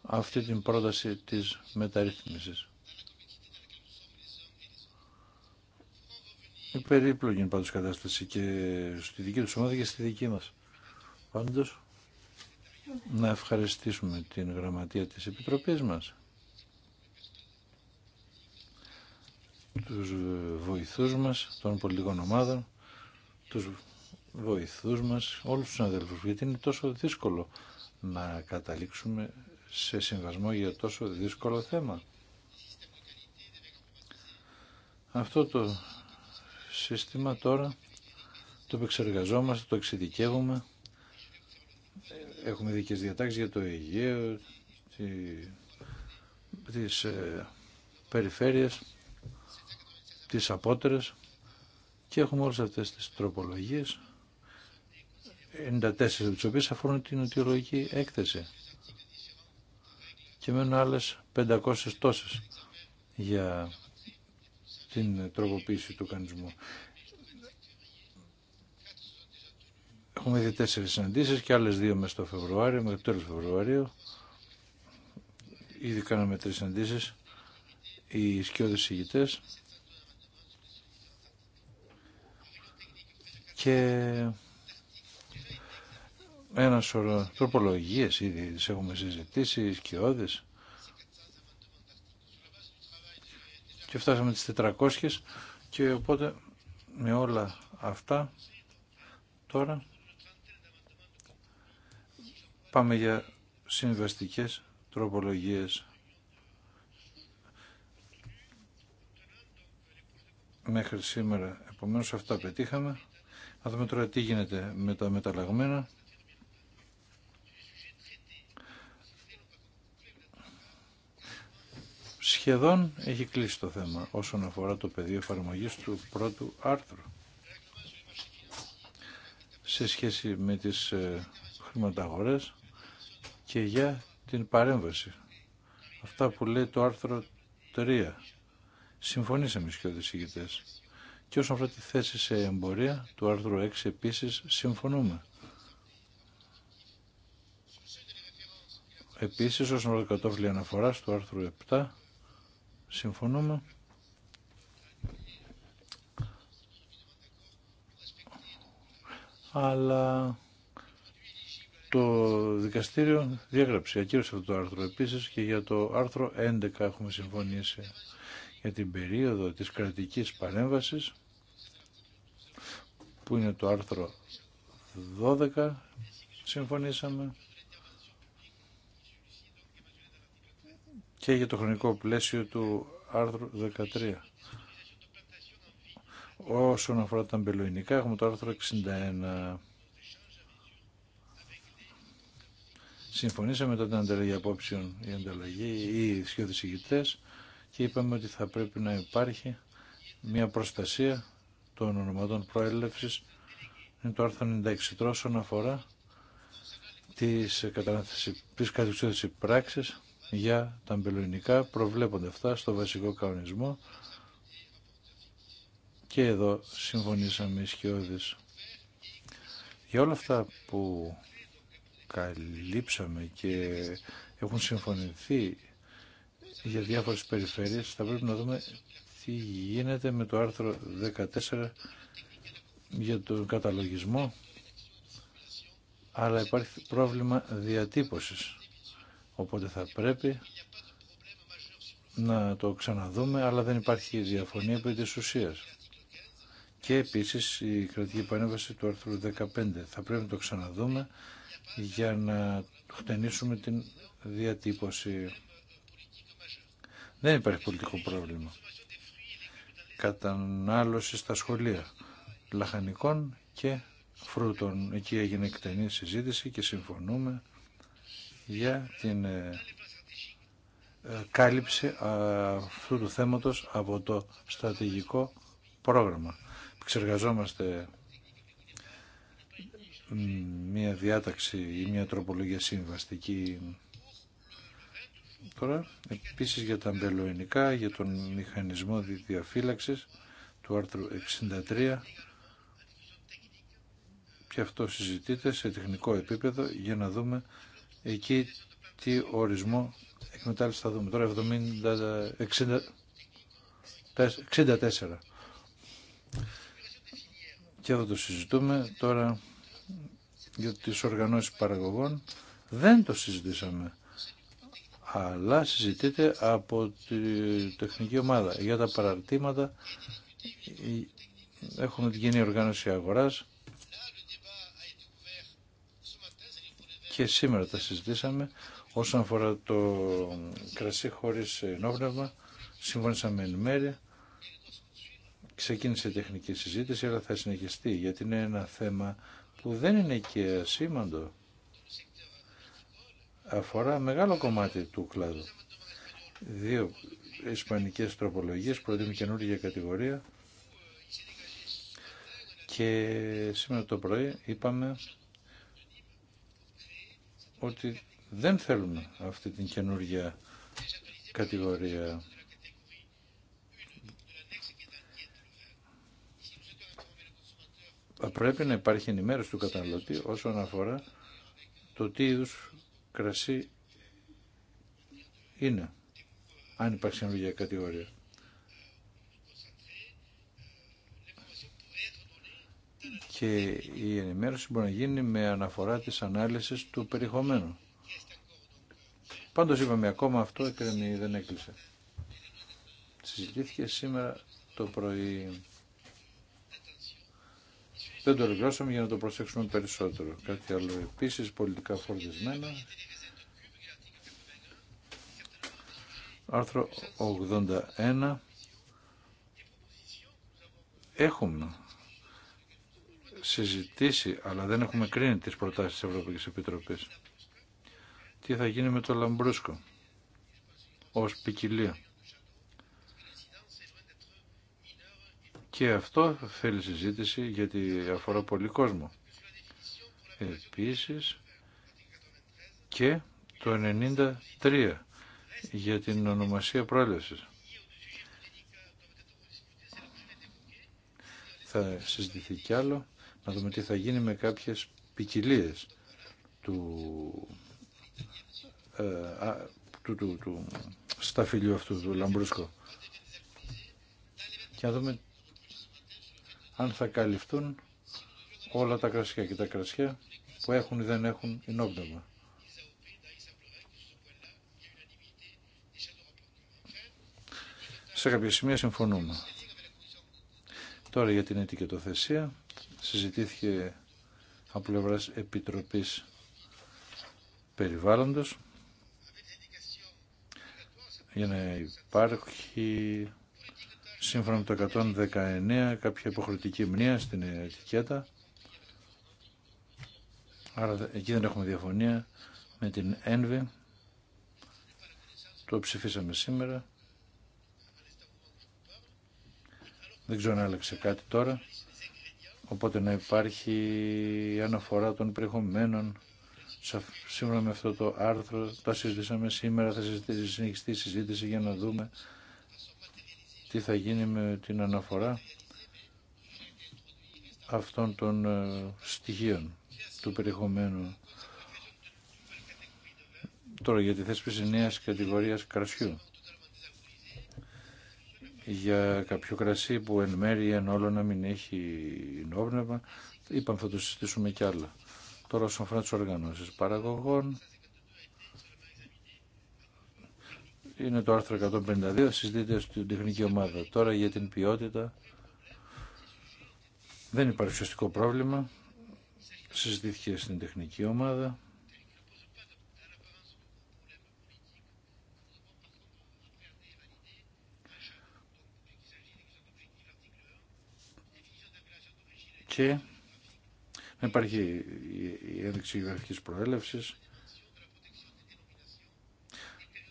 S4: αυτή την πρόταση της μεταρρύθμισης. Η περίπλοκη είναι πάντως κατάσταση και στη δική του ομάδα και στη δική μας. Πάντως, να ευχαριστήσουμε την γραμματεία της Επιτροπής μας τους βοηθούς μας, των πολιτικών ομάδων, τους βοηθούς μας, όλους τους αδελφούς, γιατί είναι τόσο δύσκολο να καταλήξουμε σε συμβασμό για τόσο δύσκολο θέμα. Αυτό το σύστημα τώρα το επεξεργαζόμαστε, το εξειδικεύουμε. Έχουμε δικές διατάξεις για το Αιγαίο, τη, τις ε, περιφέρειες τις απότερες και έχουμε όλες αυτές τις τροπολογίες 94 τις οποίες αφορούν την οτιολογική έκθεση και μένουν άλλες 500 τόσες για την τροποποίηση του κανονισμού. Έχουμε ήδη τέσσερις συναντήσεις και άλλες δύο μέσα στο Φεβρουάριο, με το τέλος Φεβρουάριο. Ήδη κάναμε τρεις συναντήσεις. Οι σκιώδες ηγητές και ένα σωρό τροπολογίες ήδη τις έχουμε συζητήσει, σκιώδες και φτάσαμε τις 400 και οπότε με όλα αυτά τώρα πάμε για συμβαστικές τροπολογίες μέχρι σήμερα. Επομένως αυτά πετύχαμε. Να δούμε τώρα τι γίνεται με τα μεταλλαγμένα. Σχεδόν έχει κλείσει το θέμα όσον αφορά το πεδίο εφαρμογή του πρώτου άρθρου σε σχέση με τις ε, χρηματαγορές και για την παρέμβαση. Αυτά που λέει το άρθρο 3. Συμφωνήσαμε και οι και όσον αφορά τη θέση σε εμπορία του άρθρου 6 επίσης συμφωνούμε. Επίσης όσον αφορά κατόφλι αναφοράς του άρθρου 7 συμφωνούμε. Αλλά το δικαστήριο διέγραψε ακύρωσε αυτό το άρθρο επίσης και για το άρθρο 11 έχουμε συμφωνήσει για την περίοδο της κρατικής παρέμβασης που είναι το άρθρο 12 συμφωνήσαμε και για το χρονικό πλαίσιο του άρθρου 13. Όσον αφορά τα αμπελοϊνικά έχουμε το άρθρο 61. Συμφωνήσαμε τότε την ανταλλαγή απόψεων, η ανταλλαγή ή οι και είπαμε ότι θα πρέπει να υπάρχει μια προστασία των ονοματών προέλευσης είναι το άρθρο 96 τρόσον αφορά της κατεξούδας πράξεις για τα αμπελοϊνικά προβλέπονται αυτά στο βασικό κανονισμό και εδώ συμφωνήσαμε ισχυώδης. Για όλα αυτά που καλύψαμε και έχουν συμφωνηθεί για διάφορες περιφέρειες θα πρέπει να δούμε τι γίνεται με το άρθρο 14 για τον καταλογισμό αλλά υπάρχει πρόβλημα διατύπωσης οπότε θα πρέπει να το ξαναδούμε αλλά δεν υπάρχει διαφωνία επί της ουσίας και επίσης η κρατική επανέβαση του άρθρου 15 θα πρέπει να το ξαναδούμε για να χτενίσουμε την διατύπωση δεν υπάρχει πολιτικό πρόβλημα. Κατανάλωση στα σχολεία λαχανικών και φρούτων. Εκεί έγινε εκτενή συζήτηση και συμφωνούμε για την ε, ε, κάλυψη αυτού του θέματος από το στρατηγικό πρόγραμμα. Ξεργαζόμαστε μία διάταξη ή μία τροπολογία συμβαστική Τώρα, επίσης για τα αμπελοενικά, για τον μηχανισμό διαφύλαξης του άρθρου 63 και αυτό συζητείται σε τεχνικό επίπεδο για να δούμε εκεί τι ορισμό εκμετάλλευση θα δούμε. Τώρα 70, 64. Και εδώ το συζητούμε τώρα για τις οργανώσεις παραγωγών. Δεν το συζητήσαμε αλλά συζητείται από τη τεχνική ομάδα. Για τα παραρτήματα έχουμε την κοινή οργάνωση αγοράς και σήμερα τα συζητήσαμε όσον αφορά το κρασί χωρίς νόπνευμα συμφωνήσαμε εν μέρη ξεκίνησε η τεχνική συζήτηση αλλά θα συνεχιστεί γιατί είναι ένα θέμα που δεν είναι και ασήμαντο αφορά μεγάλο κομμάτι του κλάδου. Δύο ισπανικές τροπολογίες προτείνουν καινούργια κατηγορία και σήμερα το πρωί είπαμε ότι δεν θέλουμε αυτή την καινούργια κατηγορία. Πρέπει να υπάρχει ενημέρωση του καταναλωτή όσον αφορά το τι είδους κρασί είναι, αν υπάρχει αναλογία κατηγορία. Και η ενημέρωση μπορεί να γίνει με αναφορά της ανάλυσης του περιεχομένου. Πάντως είπαμε ακόμα αυτό και δεν έκλεισε. Συζητήθηκε σήμερα το πρωί δεν το για να το προσέξουμε περισσότερο. Κάτι άλλο επίσης πολιτικά φορτισμένα. Άρθρο 81. Έχουμε συζητήσει, αλλά δεν έχουμε κρίνει τις προτάσεις της Ευρωπαϊκής Επιτροπής. Τι θα γίνει με το Λαμπρούσκο ως ποικιλία. Και αυτό θέλει συζήτηση γιατί αφορά πολύ κόσμο. Επίσης και το 93 για την ονομασία πρόλευσης. Θα συζητηθεί κι άλλο να δούμε τι θα γίνει με κάποιες ποικιλίε ε, του, του, του, του σταφυλιού αυτού του Λαμπρούσκο και να δούμε αν θα καλυφθούν όλα τα κρασιά και τα κρασιά που έχουν ή δεν έχουν ενόπνευμα. Σε κάποια σημεία συμφωνούμε. Τώρα για την ετικετοθεσία συζητήθηκε από πλευρά Επιτροπής Περιβάλλοντος για να υπάρχει σύμφωνα με το 119 κάποια υποχρεωτική μνήμα στην ετικέτα. Άρα εκεί δεν έχουμε διαφωνία με την ένβη. Το ψηφίσαμε σήμερα. Δεν ξέρω αν άλλαξε κάτι τώρα. Οπότε να υπάρχει αναφορά των περιεχομένων σύμφωνα με αυτό το άρθρο. Τα συζητήσαμε σήμερα. Θα συνεχιστεί η συζήτηση για να δούμε τι θα γίνει με την αναφορά αυτών των ε, στοιχείων του περιεχομένου τώρα για τη θέσπιση νέας κατηγορίας κρασιού για κάποιο κρασί που εν μέρει εν όλο να μην έχει νόμνευμα είπαμε θα το συζητήσουμε κι άλλα τώρα όσον αφορά τις οργανώσεις παραγωγών είναι το άρθρο 152, συζητείται στην τεχνική ομάδα. Τώρα για την ποιότητα δεν υπάρχει ουσιαστικό πρόβλημα. Συζητήθηκε στην τεχνική ομάδα. Και υπάρχει η ένδειξη γραφικής προέλευσης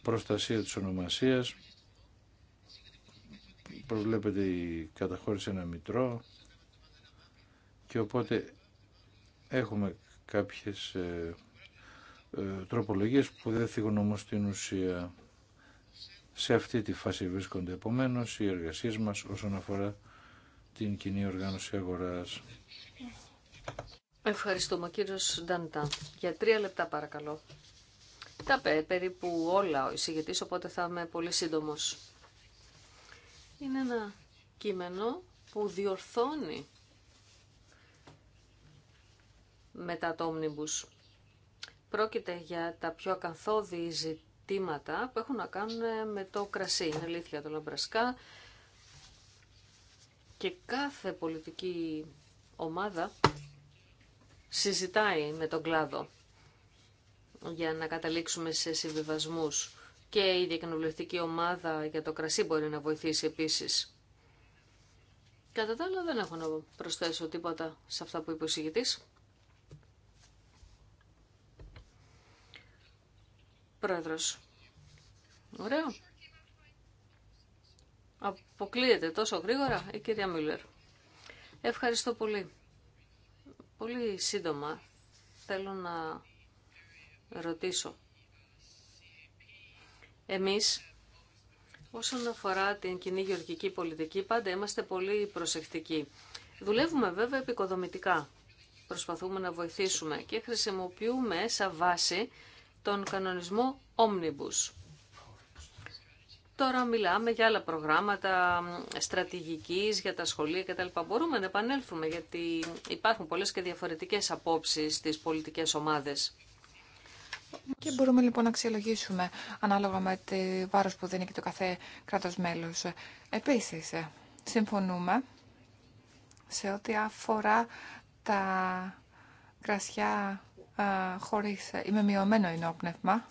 S4: προστασία της ονομασίας, προβλέπεται η καταχώρηση ένα μητρό και οπότε έχουμε κάποιες ε, ε τροπολογίες που δεν θίγουν όμως την ουσία. Σε αυτή τη φάση βρίσκονται επομένω οι εργασίες μας όσον αφορά την κοινή οργάνωση αγοράς.
S2: Ευχαριστούμε κύριος Νταντά. Για τρία λεπτά παρακαλώ. Τα περίπου όλα ο εισηγητής, οπότε θα είμαι πολύ σύντομος. Είναι ένα κείμενο που διορθώνει μετά το Omnibus. Πρόκειται για τα πιο ακαθόδη ζητήματα που έχουν να κάνουν με το κρασί. Είναι αλήθεια το λαμπρασκά. Και κάθε πολιτική ομάδα συζητάει με τον κλάδο για να καταλήξουμε σε συμβιβασμούς. Και η διακοινοβουλευτική ομάδα για το κρασί μπορεί να βοηθήσει επίσης. Κατά τα άλλα δεν έχω να προσθέσω τίποτα σε αυτά που είπε ο συγητής. Πρόεδρος. Ωραίο. Αποκλείεται τόσο γρήγορα η κυρία Μίλλερ. Ευχαριστώ πολύ. Πολύ σύντομα θέλω να ρωτήσω. Εμείς, όσον αφορά την κοινή γεωργική πολιτική, πάντα είμαστε πολύ προσεκτικοί. Δουλεύουμε βέβαια επικοδομητικά. Προσπαθούμε να βοηθήσουμε και χρησιμοποιούμε σαν βάση τον κανονισμό Omnibus. Τώρα μιλάμε για άλλα προγράμματα στρατηγικής για τα σχολεία κτλ. Μπορούμε να επανέλθουμε γιατί υπάρχουν πολλές και διαφορετικές απόψεις στις πολιτικές ομάδες.
S3: Και μπορούμε λοιπόν να αξιολογήσουμε ανάλογα με το βάρος που δίνει και το κάθε κράτος μέλος. Επίσης, συμφωνούμε σε ό,τι αφορά τα κρασιά α, χωρίς ή με μειωμένο ενόπνευμα,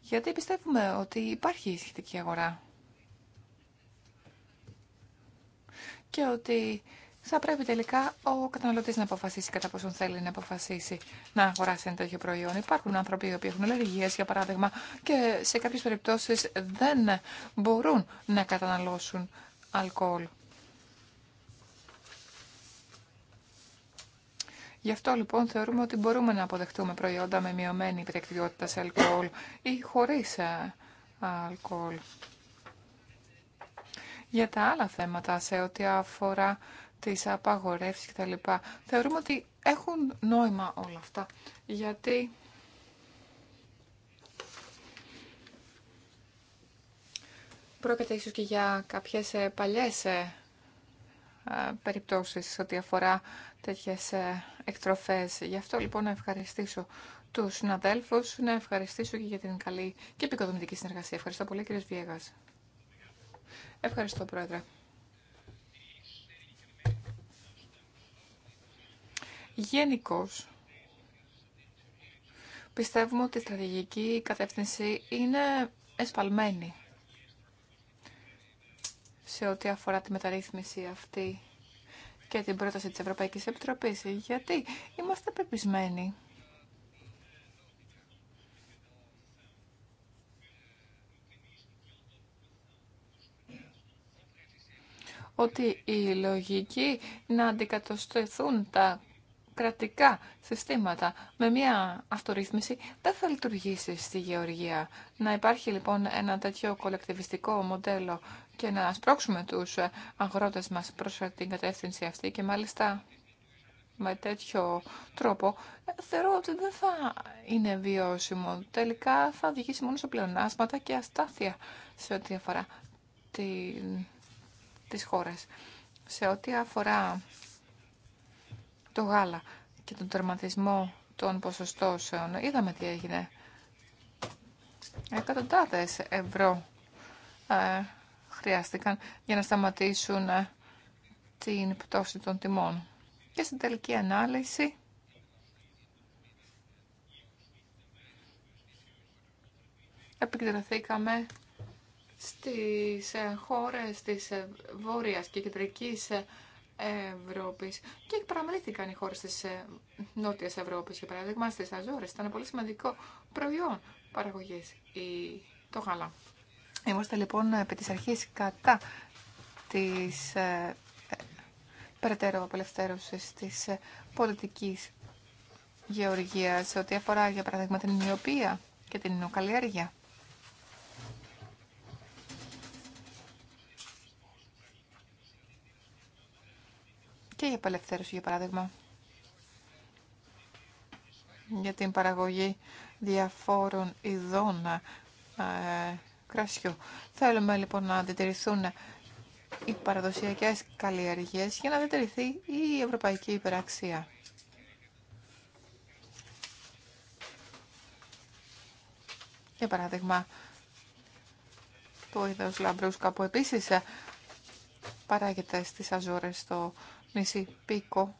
S3: γιατί πιστεύουμε ότι υπάρχει σχετική αγορά και ότι θα πρέπει τελικά ο καταναλωτής να αποφασίσει κατά πόσον θέλει να αποφασίσει να αγοράσει ένα τέτοιο προϊόν. Υπάρχουν άνθρωποι οι οποίοι έχουν αλλεργίες, για παράδειγμα, και σε κάποιες περιπτώσεις δεν μπορούν να καταναλώσουν αλκοόλ. Γι' αυτό λοιπόν θεωρούμε ότι μπορούμε να αποδεχτούμε προϊόντα με μειωμένη υπηρεκτικότητα σε αλκοόλ ή χωρίς ε, αλκοόλ. Για τα άλλα θέματα σε ό,τι αφορά τι απαγορεύσει κτλ. Θεωρούμε ότι έχουν νόημα όλα αυτά, γιατί πρόκειται ίσως και για κάποιες ε, παλιές ε, ε, περιπτώσεις ό,τι αφορά τέτοιες εκτροφές. Γι' αυτό λοιπόν να ευχαριστήσω τους συναδέλφους, να ευχαριστήσω και για την καλή και επικοδομητική συνεργασία. Ευχαριστώ πολύ κύριε Βιέγας. Ευχαριστώ πρόεδρε. Γενικώ, πιστεύουμε ότι η στρατηγική κατεύθυνση είναι εσφαλμένη σε ό,τι αφορά τη μεταρρύθμιση αυτή και την πρόταση της Ευρωπαϊκής Επιτροπής, γιατί είμαστε πεπισμένοι ότι η λογική να αντικατοστεθούν τα κρατικά συστήματα με μια αυτορύθμιση δεν θα λειτουργήσει στη γεωργία. Να υπάρχει λοιπόν ένα τέτοιο κολεκτιβιστικό μοντέλο και να σπρώξουμε τους ε, αγρότες μας προς την κατεύθυνση αυτή και μάλιστα με τέτοιο τρόπο, ε, θεωρώ ότι δεν θα είναι βιώσιμο. Τελικά θα οδηγήσει μόνο σε πλεονάσματα και αστάθεια σε ό,τι αφορά τη, τις χώρες. Σε ό,τι αφορά το γάλα και τον τερματισμό των ποσοστώσεων. Είδαμε τι έγινε. Εκατοντάδες ευρώ ε, χρειάστηκαν για να σταματήσουν ε, την πτώση των τιμών. Και στην τελική ανάλυση επικεντρωθήκαμε στις ε, χώρες της Βόρειας και Κεντρικής Ευρώπης και παραμελήθηκαν οι χώρε τη ε, νότια Ευρώπη, για παράδειγμα στι Αζόρε. Ήταν πολύ σημαντικό προϊόν παραγωγή το γάλα. Είμαστε λοιπόν επί τη αρχή κατά τη ε, περαιτέρω απελευθέρωση της ε, πολιτικής ό,τι αφορά για παράδειγμα την ιδιοπία και την καλλιέργεια. και η απελευθέρωση, για παράδειγμα, για την παραγωγή διαφόρων ειδών ε, κρασιού. Θέλουμε λοιπόν να αντιτηρηθούν οι παραδοσιακές καλλιεργίες για να αντιτηρηθεί η ευρωπαϊκή υπεραξία. Για παράδειγμα, το είδος λαμπρούσκα που επίσης παράγεται στις Αζόρες στο νησί Πίκο,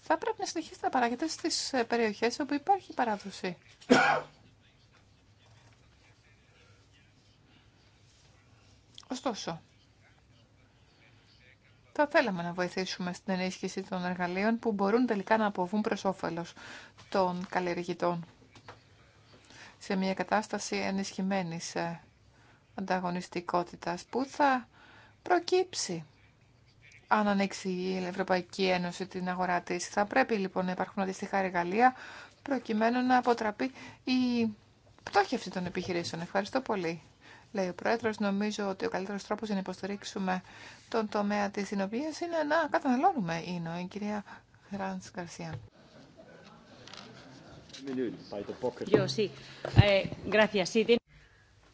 S3: θα πρέπει να συνεχίσετε να παράγεται στις ε, περιοχές όπου υπάρχει παράδοση. Ωστόσο, θα θέλαμε να βοηθήσουμε στην ενίσχυση των εργαλείων που μπορούν τελικά να αποβούν προς όφελος των καλλιεργητών σε μια κατάσταση ενισχυμένης ε, ανταγωνιστικότητας που θα προκύψει αν ανοίξει η Ευρωπαϊκή Ένωση την αγορά τη. Θα πρέπει λοιπόν να υπάρχουν αντίστοιχα εργαλεία προκειμένου να αποτραπεί η πτώχευση των επιχειρήσεων. Ευχαριστώ πολύ. Λέει ο Πρόεδρος, νομίζω ότι ο καλύτερο τρόπο για να υποστηρίξουμε τον τομέα τη συνοπία είναι να καταναλώνουμε είναι Η κυρία Χράνς Γκαρσία.
S2: Eh,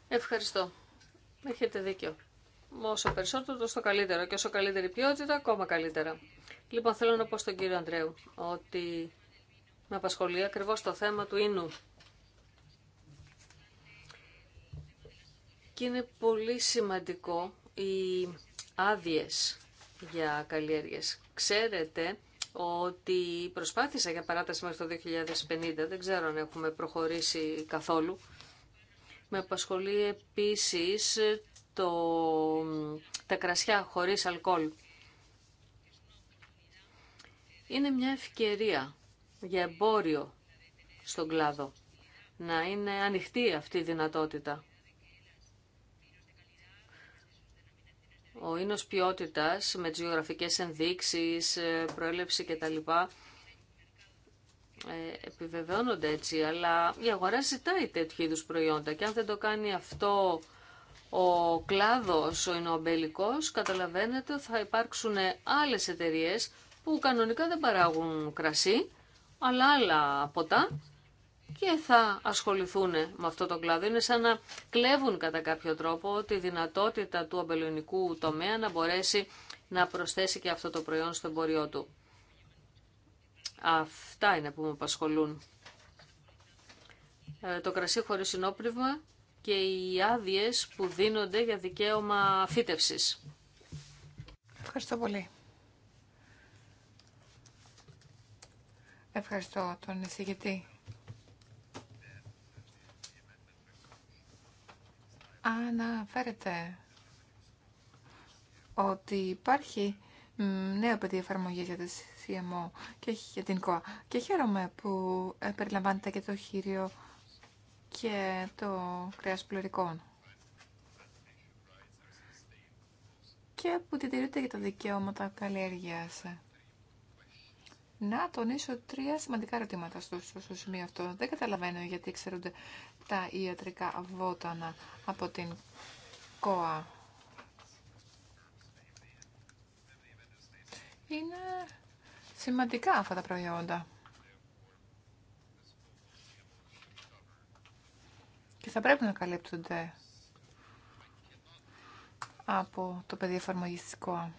S2: Ευχαριστώ. Έχετε δίκιο όσο περισσότερο τόσο καλύτερο και όσο καλύτερη ποιότητα ακόμα καλύτερα. Λοιπόν θέλω να πω στον κύριο Αντρέου ότι με απασχολεί ακριβώ το θέμα του ίνου. Και είναι πολύ σημαντικό οι άδειε για καλλιέργειες. Ξέρετε ότι προσπάθησα για παράταση μέχρι το 2050, δεν ξέρω αν έχουμε προχωρήσει καθόλου. Με απασχολεί επίσης το, τα κρασιά χωρίς αλκοόλ. Είναι μια ευκαιρία για εμπόριο στον κλάδο. Να είναι ανοιχτή αυτή η δυνατότητα. Ο ίνος ποιότητας με τις γεωγραφικές ενδείξεις, ε, προέλευση κτλ. Ε, επιβεβαιώνονται έτσι, αλλά η αγορά ζητάει τέτοιου είδου προϊόντα και αν δεν το κάνει αυτό ο κλάδος ο εινοαμπέλικος, καταλαβαίνετε ότι θα υπάρξουν άλλες εταιρείες που κανονικά δεν παράγουν κρασί αλλά άλλα ποτά και θα ασχοληθούν με αυτό το κλάδο. Είναι σαν να κλέβουν κατά κάποιο τρόπο τη δυνατότητα του αμπελονικού τομέα να μπορέσει να προσθέσει και αυτό το προϊόν στο εμπόριό του. Αυτά είναι που με απασχολούν. Ε, το κρασί χωρίς συνόπνευμα και οι άδειε που δίνονται για δικαίωμα
S3: φύτευση. Ευχαριστώ πολύ. Ευχαριστώ τον εισηγητή. Αναφέρεται ότι υπάρχει νέο πεδίο εφαρμογή για τη CMO και για την ΚΟΑ. Και χαίρομαι που περιλαμβάνεται και το χείριο και το κρέας πληρικών Και που τηρείται για τα δικαιώματα καλλιέργειας. Να τονίσω τρία σημαντικά ερωτήματα στο, σημείο αυτό. Δεν καταλαβαίνω γιατί ξέρονται τα ιατρικά βότανα από την ΚΟΑ. Είναι σημαντικά αυτά τα προϊόντα. και θα πρέπει να καλύπτονται από το πεδίο εφαρμογιστικό.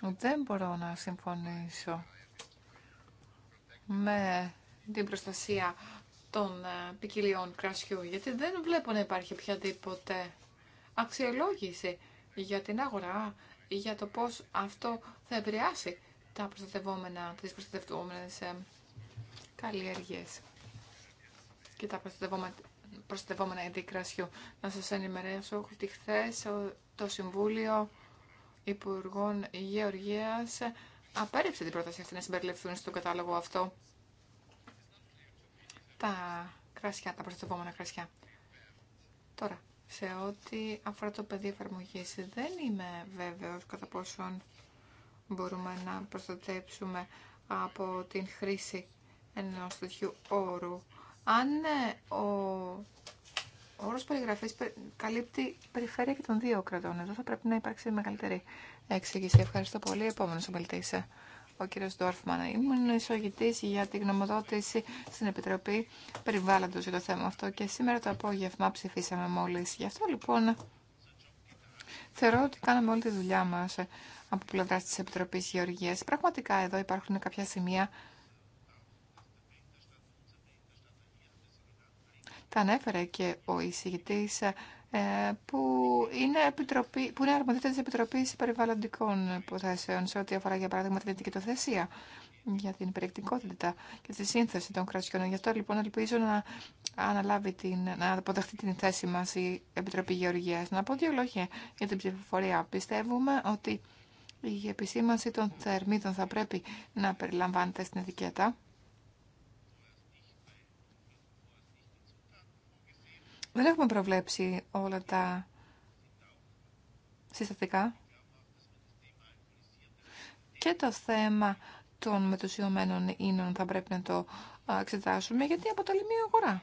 S3: Δεν μπορώ να συμφωνήσω με την προστασία των ε, ποικιλιών κρασιού, γιατί δεν βλέπω να υπάρχει οποιαδήποτε αξιολόγηση για την αγορά, ή για το πώς αυτό θα επηρεάσει τα προστατευόμενα, τις προστατευόμενες ε, καλλιέργειες και τα προστατευόμενα προστατευόμενα είδη κρασιού. Να σας ενημερώσω ότι χθε το Συμβούλιο Υπουργών Γεωργίας απέριψε την πρόταση αυτή να συμπεριληφθούν στον κατάλογο αυτό τα κρασιά, τα προστατευόμενα κρασιά. Τώρα, σε ό,τι αφορά το πεδίο εφαρμογή, δεν είμαι βέβαιος κατά πόσον μπορούμε να προστατέψουμε από την χρήση ενός τέτοιου όρου αν ε, ο όρος περιγραφής καλύπτει περιφέρεια και των δύο κρατών. Εδώ θα πρέπει να υπάρξει μεγαλύτερη εξήγηση. Ευχαριστώ πολύ. Επόμενος ομιλητής, ε, ο κύριος Ντόρφμαν. Ήμουν εισογητής για την γνωμοδότηση στην Επιτροπή Περιβάλλοντος για το θέμα αυτό και σήμερα το απόγευμα ψηφίσαμε μόλις. Γι' αυτό λοιπόν θεωρώ ότι κάναμε όλη τη δουλειά μας ε, από πλευρά τη Επιτροπή Γεωργία. Πραγματικά εδώ υπάρχουν κάποια σημεία τα ανέφερε και ο εισηγητής ε, που είναι, επιτροπή, που είναι αρμοδίτητα της Επιτροπής Περιβαλλοντικών Υποθέσεων σε ό,τι αφορά για παράδειγμα την ετικετοθεσία για την περιεκτικότητα και τη σύνθεση των κρασιών. Γι' αυτό λοιπόν ελπίζω να αναλάβει την, να αποδεχτεί την θέση μας η Επιτροπή Γεωργίας. Να πω δύο λόγια για την ψηφοφορία. Πιστεύουμε ότι η επισήμανση των θερμίδων θα πρέπει να περιλαμβάνεται στην ετικέτα Δεν έχουμε προβλέψει όλα τα συστατικά. Και το θέμα των μετουσιωμένων ίνων θα πρέπει να το εξετάσουμε γιατί αποτελεί μια αγορά.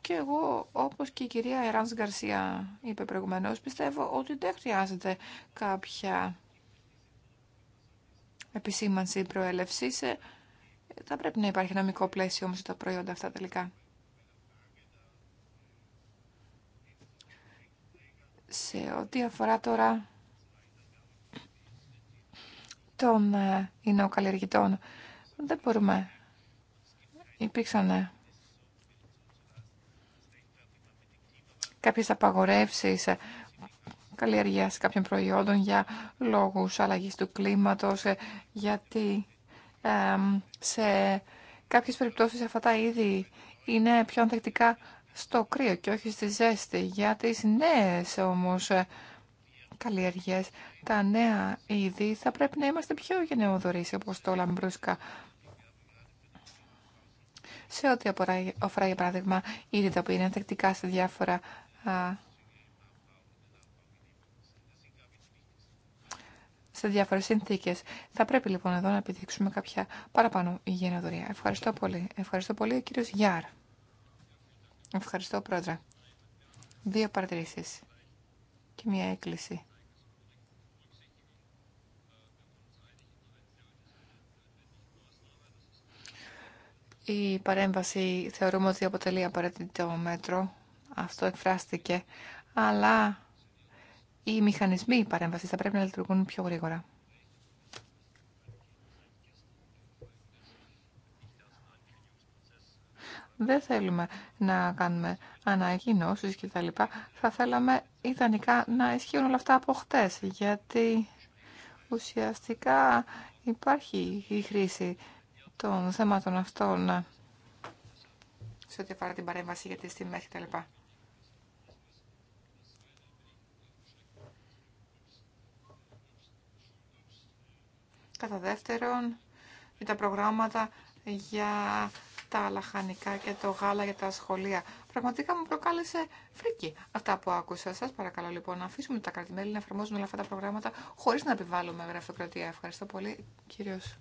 S3: Και εγώ, όπως και η κυρία Εράνς Γκαρσία είπε προηγουμένως, πιστεύω ότι δεν χρειάζεται κάποια επισήμανση προέλευσης. Θα πρέπει να υπάρχει νομικό πλαίσιο όμως τα προϊόντα αυτά τελικά. σε ό,τι αφορά τώρα των ε, ινοκαλλιεργητών, δεν μπορούμε. Υπήρξαν κάποιες απαγορεύσεις ε, καλλιεργίας κάποιων προϊόντων για λόγους αλλαγής του κλίματος, ε, γιατί σε κάποιες περιπτώσεις αυτά τα είδη είναι πιο ανθεκτικά στο κρύο και όχι στη ζέστη. Για τις νέες όμως ε, καλλιεργίες, τα νέα είδη θα πρέπει να είμαστε πιο γενναιοδορείς όπως το λαμπρούσκα. Σε ό,τι αφορά για παράδειγμα είδη τα οποία είναι ανθεκτικά σε διάφορα σε διάφορες συνθήκες. Θα πρέπει λοιπόν εδώ να επιδείξουμε κάποια παραπάνω υγιεινοδορία. Ευχαριστώ πολύ. Ευχαριστώ πολύ ο κύριος Γιάρ. Ευχαριστώ, Πρόεδρε. Δύο παρατηρήσεις και μία έκκληση. Η παρέμβαση θεωρούμε ότι αποτελεί απαραίτητο μέτρο. Αυτό εκφράστηκε. Αλλά οι μηχανισμοί παρέμβασης θα πρέπει να λειτουργούν πιο γρήγορα. Δεν θέλουμε να κάνουμε ανακοινώσει κτλ. Θα θέλαμε ιδανικά να ισχύουν όλα αυτά από χτε, γιατί ουσιαστικά υπάρχει η χρήση των θέματων αυτών σε ό,τι αφορά την παρέμβαση για τις τιμές κτλ. Κατά δεύτερον, τα προγράμματα για τα λαχανικά και το γάλα για τα σχολεία. Πραγματικά μου προκάλεσε φρίκη αυτά που άκουσα. Σα παρακαλώ λοιπόν να αφήσουμε τα κρατημέλη να εφαρμόζουν όλα αυτά τα προγράμματα χωρί να επιβάλλουμε γραφειοκρατία. Ευχαριστώ πολύ, κύριος...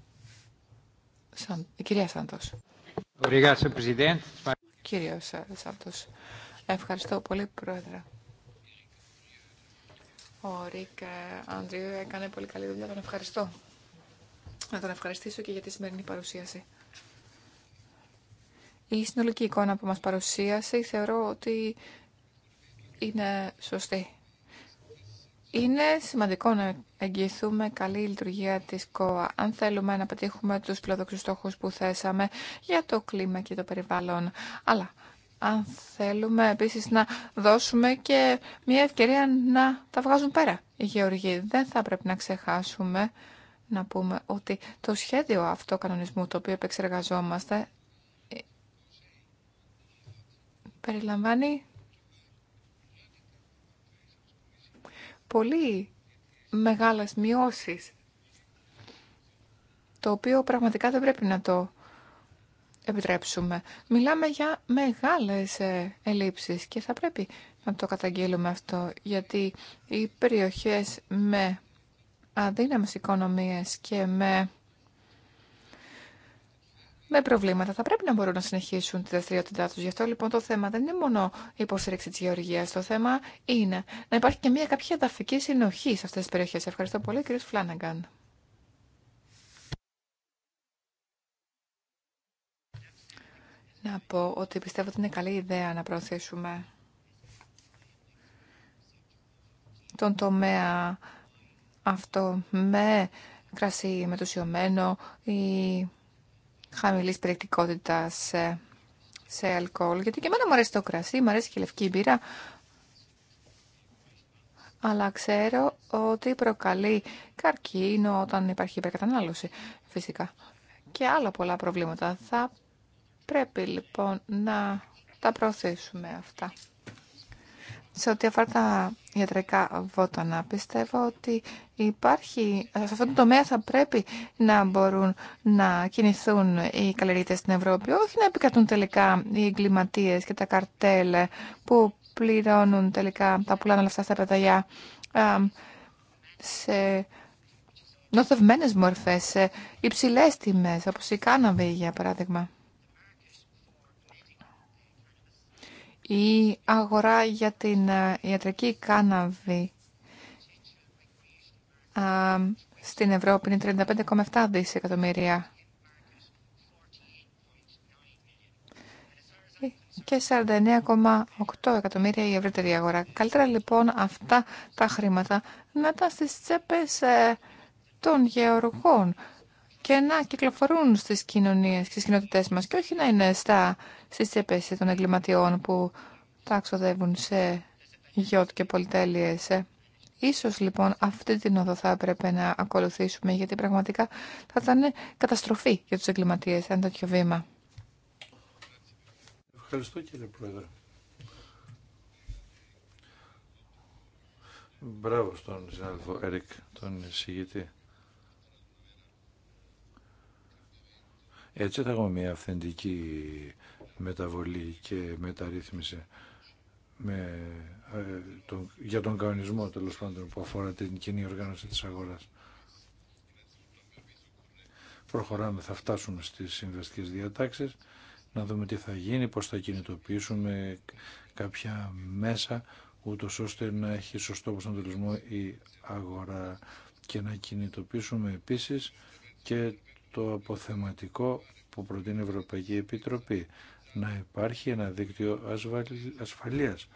S3: Σαν... κυρία Σάντο. Κύριο Σάντο. Ευχαριστώ πολύ, Πρόεδρε. Ο Ρίκ ε, Αντρίου έκανε πολύ καλή δουλειά. Τον ευχαριστώ. Να τον ευχαριστήσω και για τη σημερινή παρουσίαση. Η συνολική εικόνα που μας παρουσίασε θεωρώ ότι είναι σωστή. Είναι σημαντικό να εγγυηθούμε καλή λειτουργία της ΚΟΑ αν θέλουμε να πετύχουμε τους φιλοδοξούς στόχους που θέσαμε για το κλίμα και το περιβάλλον. Αλλά αν θέλουμε επίσης να δώσουμε και μια ευκαιρία να τα βγάζουν πέρα οι γεωργοί. Δεν θα πρέπει να ξεχάσουμε να πούμε ότι το σχέδιο κανονισμού το οποίο επεξεργαζόμαστε περιλαμβάνει πολύ μεγάλες μειώσεις το οποίο πραγματικά δεν πρέπει να το επιτρέψουμε. Μιλάμε για μεγάλες ε, ελλείψεις και θα πρέπει να το καταγγείλουμε αυτό, γιατί οι περιοχές με αδύναμες οικονομίες και με με προβλήματα θα πρέπει να μπορούν να συνεχίσουν τη δραστηριότητά του. Γι' αυτό λοιπόν το θέμα δεν είναι μόνο η υποστήριξη τη γεωργία. Το θέμα είναι να υπάρχει και μια κάποια εδαφική συνοχή σε αυτέ τι περιοχέ. Ευχαριστώ πολύ, κύριε Φλάνναγκαν. Να πω ότι πιστεύω ότι είναι καλή ιδέα να προωθήσουμε τον τομέα αυτό με κρασί μετουσιωμένο ή χαμηλής περιεκτικότητας σε, σε αλκοόλ, γιατί και εμένα μου αρέσει το κρασί, μου αρέσει και η λευκή μπύρα, αλλά ξέρω ότι προκαλεί καρκίνο όταν υπάρχει υπερκατανάλωση φυσικά και άλλα πολλά προβλήματα. Θα πρέπει λοιπόν να τα προωθήσουμε αυτά. Σε ό,τι αφορά τα ιατρικά βότανα, πιστεύω ότι υπάρχει, σε αυτόν τον τομέα θα πρέπει να μπορούν να κινηθούν οι καλλιεργητέ στην Ευρώπη, όχι να επικρατούν τελικά οι εγκληματίε και τα καρτέλ που πληρώνουν τελικά, τα πουλάνε όλα αυτά στα παιδιά σε νοθευμένες μορφές, σε υψηλές τιμές, όπως η κάναβη για παράδειγμα. η αγορά για την ε, ιατρική κάναβη στην Ευρώπη είναι 35,7 δισεκατομμύρια και 49,8 εκατομμύρια η ευρύτερη αγορά. Καλύτερα λοιπόν αυτά τα χρήματα να τα στις τσέπες ε, των γεωργών και να κυκλοφορούν στις κοινωνίες, στις κοινότητές μας και όχι να είναι στα, στις των εγκληματιών που τα ξοδεύουν σε γιότ και πολυτέλειες. Ε, ίσως λοιπόν αυτή την οδό θα έπρεπε να ακολουθήσουμε γιατί πραγματικά θα ήταν καταστροφή για τους εγκληματίες ένα τέτοιο βήμα.
S4: Ευχαριστώ κύριε Πρόεδρε. Μπράβο στον συνάδελφο Έρικ, τον συγητή. Έτσι θα έχουμε μια αυθεντική μεταβολή και μεταρρύθμιση με, ε, τον, για τον κανονισμό τέλο πάντων που αφορά την κοινή οργάνωση της αγοράς. Προχωράμε, θα φτάσουμε στις συμβαστικές διατάξεις, να δούμε τι θα γίνει, πώς θα κινητοποιήσουμε κάποια μέσα, ούτω ώστε να έχει σωστό προσανατολισμό η αγορά και να κινητοποιήσουμε επίσης και το αποθεματικό που προτείνει η Ευρωπαϊκή Επιτροπή. Να υπάρχει ένα δίκτυο ασφαλείας.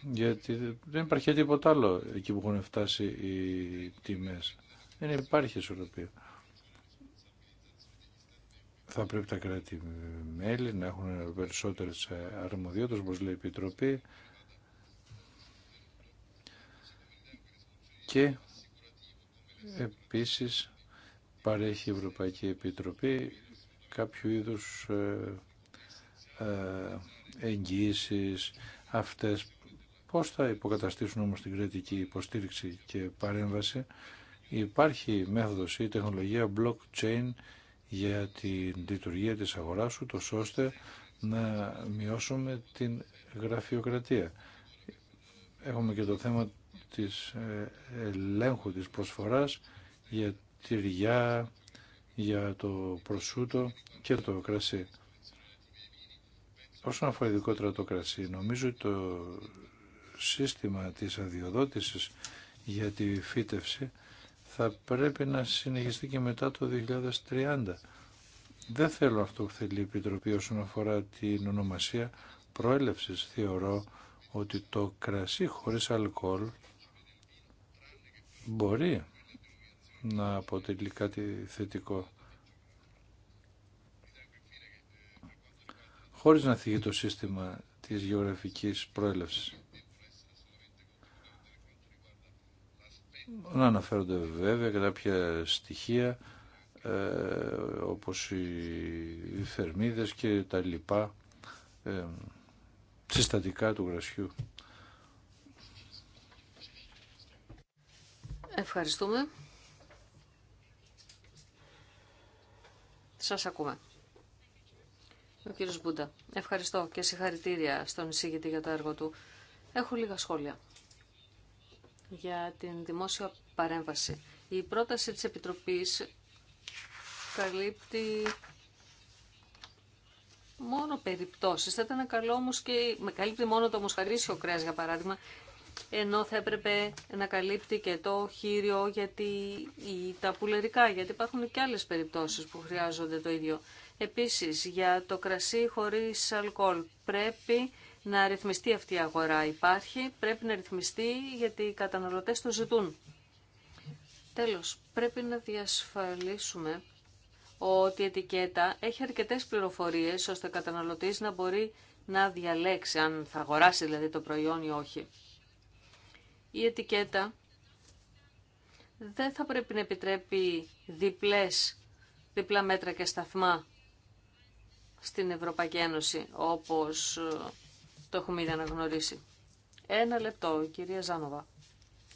S4: Γιατί δεν υπάρχει τίποτα άλλο εκεί που έχουν φτάσει οι τιμές. Δεν υπάρχει ισορροπία. Θα πρέπει τα κράτη-μέλη να έχουν περισσότερες αρμοδιότητες, όπως λέει η Επιτροπή, και επίσης παρέχει η Ευρωπαϊκή Επιτροπή κάποιο είδους ε, ε, εγγύησεις αυτές πώς θα υποκαταστήσουν όμως την κρατική υποστήριξη και παρέμβαση υπάρχει μέθοδος ή τεχνολογία blockchain για την λειτουργία της αγοράς το ώστε να μειώσουμε την γραφειοκρατία. Έχουμε και το θέμα της ε, ελέγχου της προσφοράς για τυριά, για το προσούτο και το κρασί. Όσον αφορά ειδικότερα το κρασί, νομίζω ότι το σύστημα της αδειοδότησης για τη φύτευση θα πρέπει να συνεχιστεί και μετά το 2030. Δεν θέλω αυτό που θέλει η Επιτροπή όσον αφορά την ονομασία προέλευσης. Θεωρώ ότι το κρασί χωρίς αλκοόλ μπορεί να αποτελεί κάτι θετικό. Χωρίς να θίγει το σύστημα της γεωγραφικής προέλευσης. Να αναφέρονται βέβαια και κάποια στοιχεία ε, όπως οι θερμίδες και τα λοιπά ε, συστατικά του γρασιού.
S2: Ευχαριστούμε. Σας ακούμε. Ο κύριος Μπούντα. Ευχαριστώ και συγχαρητήρια στον εισήγητη για το έργο του. Έχω λίγα σχόλια για την δημόσια παρέμβαση. Η πρόταση της Επιτροπής καλύπτει μόνο περιπτώσεις. Θα ήταν καλό όμως και με καλύπτει μόνο το μοσχαρίσιο κρέας για παράδειγμα ενώ θα έπρεπε να καλύπτει και το χείριο γιατί ή τα πουλερικά, γιατί υπάρχουν και άλλες περιπτώσεις που χρειάζονται το ίδιο. Επίσης, για το κρασί χωρίς αλκοόλ πρέπει να ρυθμιστεί αυτή η αγορά. Υπάρχει, πρέπει να ρυθμιστεί γιατί οι καταναλωτές το ζητούν. Τέλος, πρέπει να διασφαλίσουμε ότι η ετικέτα έχει αρκετές πληροφορίες ώστε ο καταναλωτής να μπορεί να διαλέξει αν θα αγοράσει δηλαδή το προϊόν ή όχι η ετικέτα δεν θα πρέπει να επιτρέπει διπλές, διπλά μέτρα και σταθμά στην Ευρωπαϊκή Ένωση, όπως ε, το έχουμε ήδη αναγνωρίσει. Ένα λεπτό, κυρία Ζάνοβα.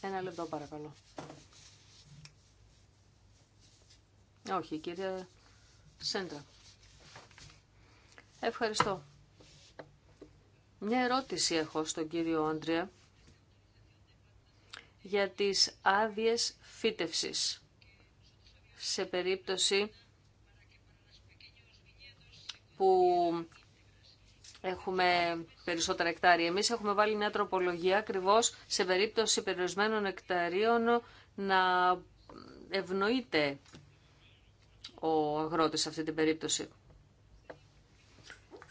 S2: Ένα λεπτό, παρακαλώ. Όχι, κυρία Σέντρα. Ευχαριστώ. Μια ερώτηση έχω στον κύριο Άντρια για τις άδειες φύτευσης σε περίπτωση που έχουμε περισσότερα εκτάρια. Εμείς έχουμε βάλει μια τροπολογία ακριβώ σε περίπτωση περιορισμένων εκταρίων να ευνοείται ο αγρότης σε αυτή την περίπτωση.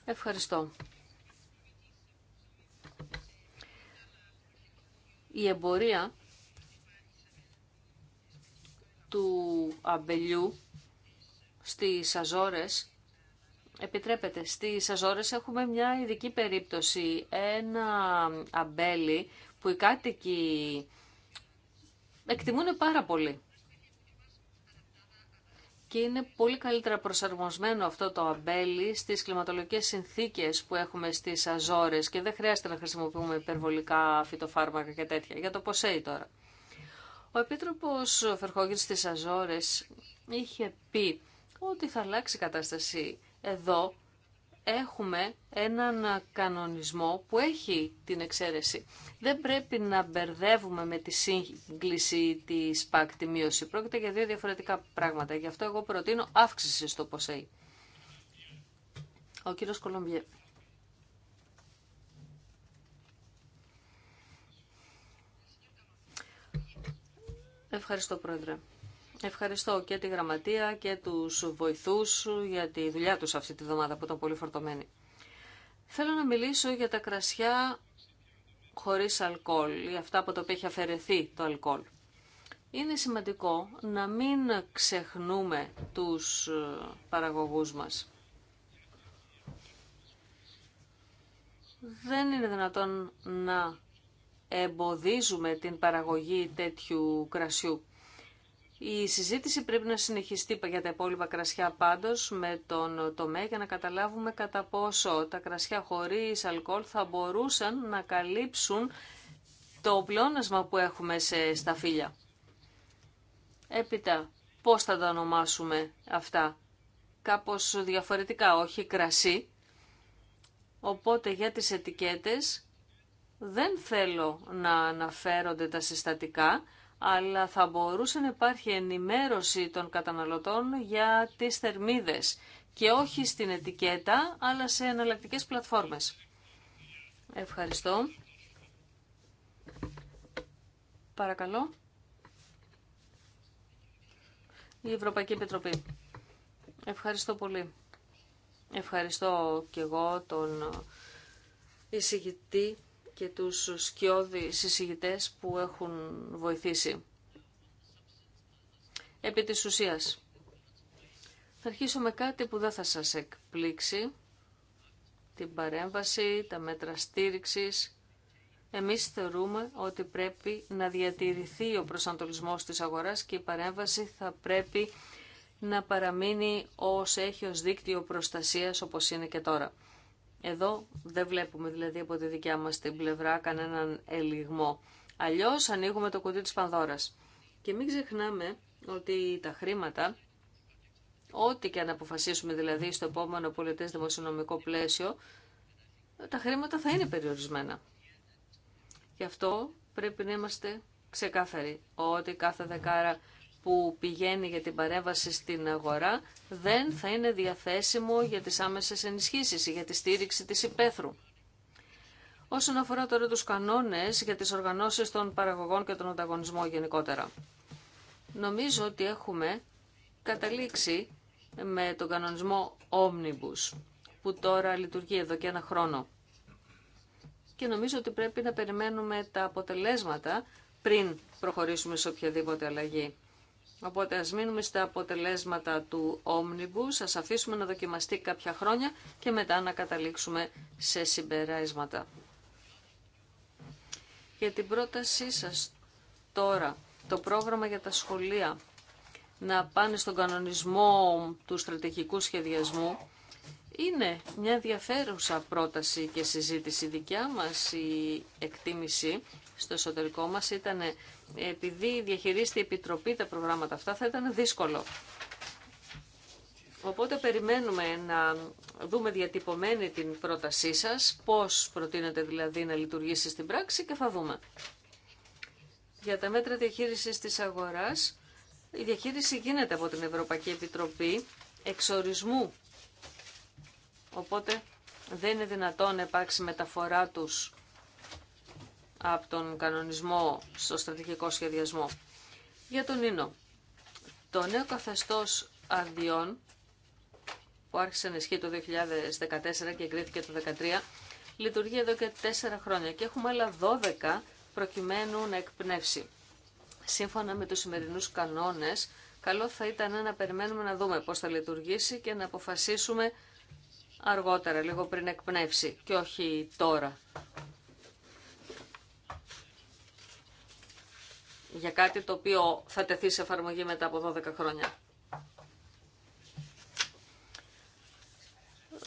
S2: Ευχαριστώ. Η εμπορία του αμπελιού στις Αζόρες επιτρέπεται. Στις Αζόρες έχουμε μια ειδική περίπτωση. Ένα αμπέλι που οι κάτοικοι εκτιμούν πάρα πολύ. Και είναι πολύ καλύτερα προσαρμοσμένο αυτό το αμπέλι στις κλιματολογικές συνθήκες που έχουμε στις Αζόρες και δεν χρειάζεται να χρησιμοποιούμε υπερβολικά φυτοφάρμακα και τέτοια. Για το ποσέι τώρα. Ο Επίτροπος Φερχόγγιν της Αζόρες είχε πει ότι θα αλλάξει η κατάσταση εδώ. Έχουμε έναν κανονισμό που έχει την εξαίρεση. Δεν πρέπει να μπερδεύουμε με τη σύγκληση της ΠΑΚ τη μείωση. Πρόκειται για δύο διαφορετικά πράγματα. Γι' αυτό εγώ προτείνω αύξηση στο ΠΟΣΕΙ. Ο κύριος Ευχαριστώ, Πρόεδρε. Ευχαριστώ και τη Γραμματεία και τους βοηθούς για τη δουλειά τους αυτή τη βδομάδα που ήταν πολύ φορτωμένη. Θέλω να μιλήσω για τα κρασιά χωρίς αλκοόλ ή αυτά από τα οποία έχει αφαιρεθεί το αλκοόλ. Είναι σημαντικό να μην ξεχνούμε τους ε, παραγωγούς μας. Δεν είναι δυνατόν να εμποδίζουμε την παραγωγή τέτοιου κρασιού. Η συζήτηση πρέπει να συνεχιστεί για τα υπόλοιπα κρασιά πάντως με τον τομέα για να καταλάβουμε κατά πόσο τα κρασιά χωρίς αλκοόλ θα μπορούσαν να καλύψουν το πλώνασμα που έχουμε σε σταφύλια. Έπειτα, πώς θα τα ονομάσουμε αυτά. Κάπως διαφορετικά, όχι κρασί. Οπότε για τις ετικέτες δεν θέλω να αναφέρονται τα συστατικά, αλλά θα μπορούσε να υπάρχει ενημέρωση των καταναλωτών για τις θερμίδες και όχι στην ετικέτα, αλλά σε εναλλακτικέ πλατφόρμες. Ευχαριστώ. Παρακαλώ. Η Ευρωπαϊκή Επιτροπή. Ευχαριστώ πολύ. Ευχαριστώ και εγώ τον εισηγητή και τους σκιώδη συσυγητές που έχουν βοηθήσει. Επί της ουσίας, θα αρχίσω με κάτι που δεν θα σας εκπλήξει, την παρέμβαση, τα μέτρα στήριξης. Εμείς θεωρούμε ότι πρέπει να διατηρηθεί ο προσανατολισμός της αγοράς και η παρέμβαση θα πρέπει να παραμείνει ως έχει ως δίκτυο προστασίας όπως είναι και τώρα. Εδώ δεν βλέπουμε δηλαδή από τη δικιά μας την πλευρά κανέναν ελιγμό. Αλλιώς ανοίγουμε το κουτί της Πανδώρας. Και μην ξεχνάμε ότι τα χρήματα, ό,τι και αν αποφασίσουμε δηλαδή στο επόμενο πολιτές δημοσιονομικό πλαίσιο, τα χρήματα θα είναι περιορισμένα. Γι' αυτό πρέπει να είμαστε ξεκάθαροι ότι κάθε δεκάρα που πηγαίνει για την παρέμβαση στην αγορά δεν θα είναι διαθέσιμο για τις άμεσες ενισχύσεις ή για τη στήριξη της υπαίθρου. Όσον αφορά τώρα τους κανόνες για τις οργανώσεις των παραγωγών και τον ανταγωνισμό γενικότερα. Νομίζω ότι έχουμε καταλήξει με τον κανονισμό Omnibus που τώρα λειτουργεί εδώ και ένα χρόνο. Και νομίζω ότι πρέπει να περιμένουμε τα αποτελέσματα πριν προχωρήσουμε σε οποιαδήποτε αλλαγή. Οπότε ας μείνουμε στα αποτελέσματα του Omnibus, ας αφήσουμε να δοκιμαστεί κάποια χρόνια και μετά να καταλήξουμε σε συμπεράσματα. Για την πρότασή σας τώρα, το πρόγραμμα για τα σχολεία να πάνε στον κανονισμό του στρατηγικού σχεδιασμού, είναι μια ενδιαφέρουσα πρόταση και συζήτηση δικιά μας η εκτίμηση στο εσωτερικό μας ήταν επειδή διαχειρίζεται η Επιτροπή τα προγράμματα αυτά, θα ήταν δύσκολο. Οπότε περιμένουμε να δούμε διατυπωμένη την πρότασή σας, πώς προτείνετε δηλαδή να λειτουργήσει στην πράξη και θα δούμε. Για τα μέτρα διαχείρισης της αγοράς, η διαχείριση γίνεται από την Ευρωπαϊκή Επιτροπή εξορισμού. Οπότε δεν είναι δυνατόν να υπάρξει μεταφορά τους από τον κανονισμό στο στρατηγικό σχεδιασμό. Για τον Ίνο. Το νέο καθεστώς αδειών που άρχισε να ισχύει το 2014 και εγκρίθηκε το 2013 λειτουργεί εδώ και 4 χρόνια και έχουμε άλλα 12 προκειμένου να εκπνεύσει. Σύμφωνα με τους σημερινούς κανόνες, καλό θα ήταν να περιμένουμε να δούμε πώς θα λειτουργήσει και να αποφασίσουμε αργότερα, λίγο πριν εκπνεύσει και όχι τώρα. για κάτι το οποίο θα τεθεί σε εφαρμογή μετά από 12 χρόνια.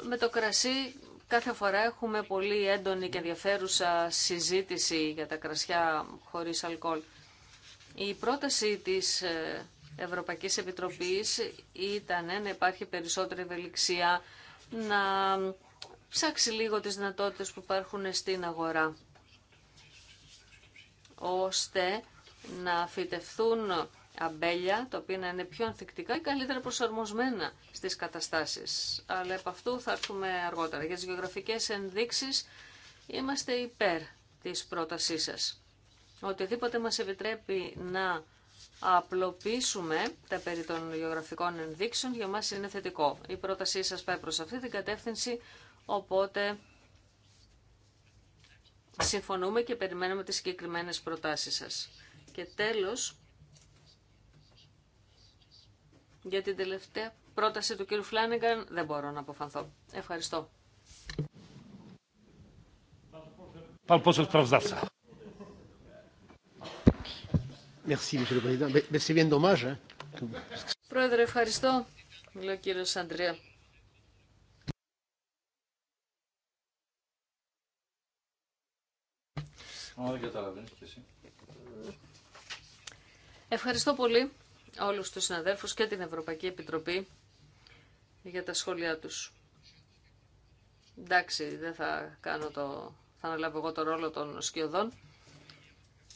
S2: Με το κρασί κάθε φορά έχουμε πολύ έντονη και ενδιαφέρουσα συζήτηση για τα κρασιά χωρίς αλκοόλ. Η πρόταση της ε, Ευρωπαϊκής Επιτροπής ήταν ε, να υπάρχει περισσότερη ευελιξία, να ψάξει λίγο τις δυνατότητες που υπάρχουν στην αγορά, ώστε να φυτευθούν αμπέλια, τα οποία να είναι πιο ανθεκτικά ή καλύτερα προσαρμοσμένα στις καταστάσεις. Αλλά από αυτού θα έρθουμε αργότερα. Για τις γεωγραφικές ενδείξεις είμαστε υπέρ της πρότασής σας. Οτιδήποτε μας επιτρέπει να απλοποιήσουμε τα περί των γεωγραφικών ενδείξεων για μας είναι θετικό. Η πρότασή σας πάει προς αυτή την κατεύθυνση, οπότε συμφωνούμε και περιμένουμε τις συγκεκριμένες προτάσεις σας. Και τέλος, για την τελευταία πρόταση του κύριου Φλάνεγκαν δεν μπορώ να αποφανθώ. Ευχαριστώ. Πρόεδρε, ευχαριστώ. Μιλώ κύριο Αντρέα.
S4: δεν καταλαβαίνεις και εσύ.
S2: Ευχαριστώ πολύ όλους τους συναδέλφους και την Ευρωπαϊκή Επιτροπή για τα σχόλιά τους. Εντάξει, δεν θα κάνω το... θα αναλάβω εγώ το ρόλο των σκιωδών.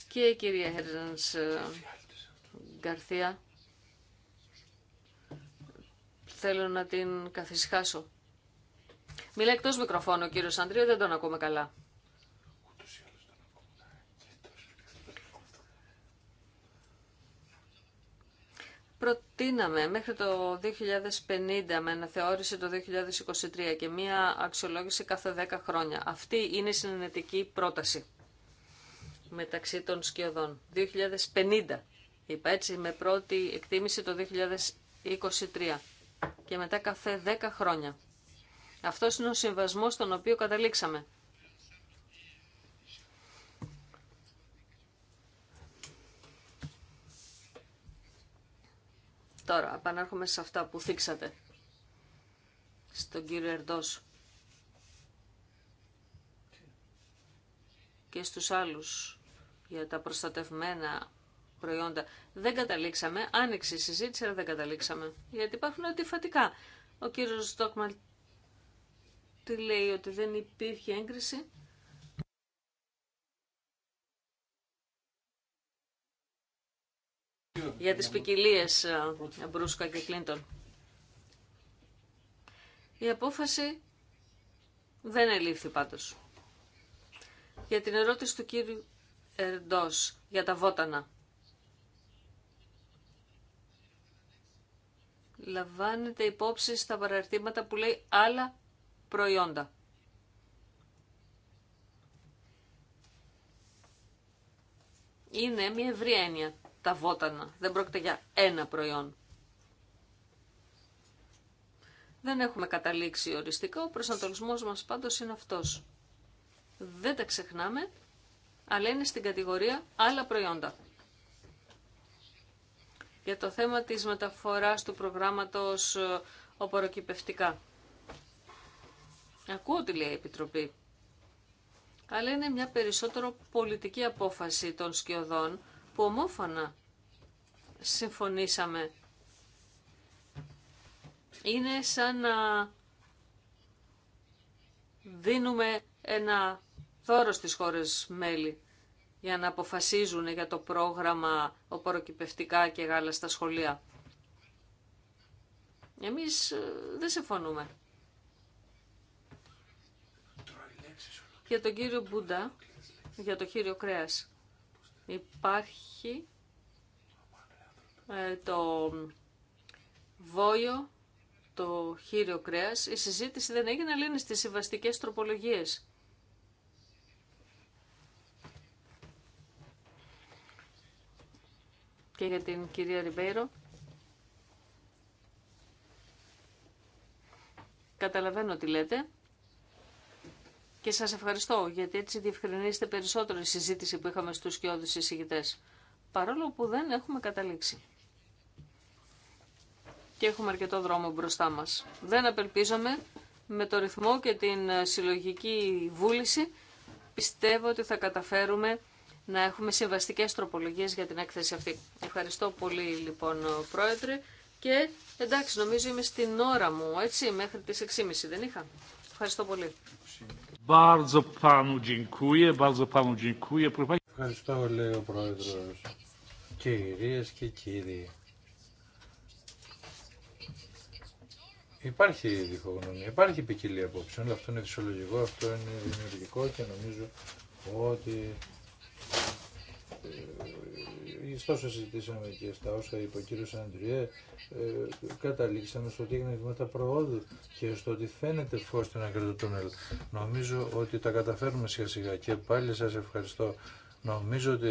S2: Και η κυρία Χέρζανς ε, Γκαρθία, θέλω να την καθισχάσω. Μιλάει εκτός μικροφώνου ο κύριος Αντρίου, δεν τον ακούμε καλά. προτείναμε μέχρι το 2050 με αναθεώρηση το 2023 και μία αξιολόγηση κάθε 10 χρόνια. Αυτή είναι η συνενετική πρόταση μεταξύ των σκιωδών. 2050 είπα έτσι με πρώτη εκτίμηση το 2023 και μετά κάθε 10 χρόνια. Αυτός είναι ο συμβασμός στον οποίο καταλήξαμε. Τώρα, επανέρχομαι σε αυτά που θίξατε. Στον κύριο Ερντός. Και στους άλλους για τα προστατευμένα προϊόντα. Δεν καταλήξαμε. Άνοιξε η συζήτηση, αλλά δεν καταλήξαμε. Γιατί υπάρχουν αντιφατικά. Ο κύριος Στόκμαλ τι λέει, ότι δεν υπήρχε έγκριση για τις ποικιλίε ε, Μπρούσκα και Κλίντον. Η απόφαση δεν ελήφθη πάντως. Για την ερώτηση του κύριου Ερντός για τα βότανα. Λαμβάνεται υπόψη στα παραρτήματα που λέει άλλα προϊόντα. Είναι μια ευρία έννοια τα βότανα. Δεν πρόκειται για ένα προϊόν. Δεν έχουμε καταλήξει οριστικά, ο προσανατολισμός μας πάντως είναι αυτός. Δεν τα ξεχνάμε, αλλά είναι στην κατηγορία άλλα προϊόντα. Για το θέμα της μεταφοράς του προγράμματος ε, οποροκυπευτικά. Ακούω τι λέει η Επιτροπή. Αλλά είναι μια περισσότερο πολιτική απόφαση των σκιωδών που ομόφωνα συμφωνήσαμε. Είναι σαν να δίνουμε ένα δώρο στις χώρες μέλη για να αποφασίζουν για το πρόγραμμα οποροκυπευτικά και γάλα στα σχολεία. Εμείς ε, δεν συμφωνούμε. Για τον κύριο Μπούντα, για το κύριο κρέας, υπάρχει ε, το βόλιο, το χείριο κρέας, η συζήτηση δεν έγινε, αλλά είναι στις συμβαστικές τροπολογίες. Και για την κυρία Ριμπέιρο. Καταλαβαίνω τι λέτε. Και σας ευχαριστώ, γιατί έτσι διευκρινίστε περισσότερο η συζήτηση που είχαμε στους κοιόδους εισηγητές. Παρόλο που δεν έχουμε καταλήξει και έχουμε αρκετό δρόμο μπροστά μας. Δεν απελπίζομαι με το ρυθμό και την ε, συλλογική βούληση. Πιστεύω ότι θα καταφέρουμε να έχουμε συμβαστικές τροπολογίες για την έκθεση αυτή. Ευχαριστώ πολύ λοιπόν Πρόεδρε και εντάξει νομίζω είμαι στην ώρα μου έτσι μέχρι τις 6.30 δεν είχα. Ευχαριστώ πολύ.
S1: Ευχαριστώ λέει
S4: ο Πρόεδρο, Κυρίες και κύριοι. Υπάρχει διχογνωμία, υπάρχει ποικιλία απόψεων, αλλά αυτό είναι φυσιολογικό, αυτό είναι δημιουργικό και νομίζω ότι ε, όσο συζητήσαμε και στα όσα είπε ο κύριος Αντριέ, ε, καταλήξαμε στο ότι έγινε βήματα προόδου και στο ότι φαίνεται φως στην άκρη τούνελ. Νομίζω ότι τα καταφέρουμε σιγά σιγά και πάλι σας ευχαριστώ. Νομίζω ότι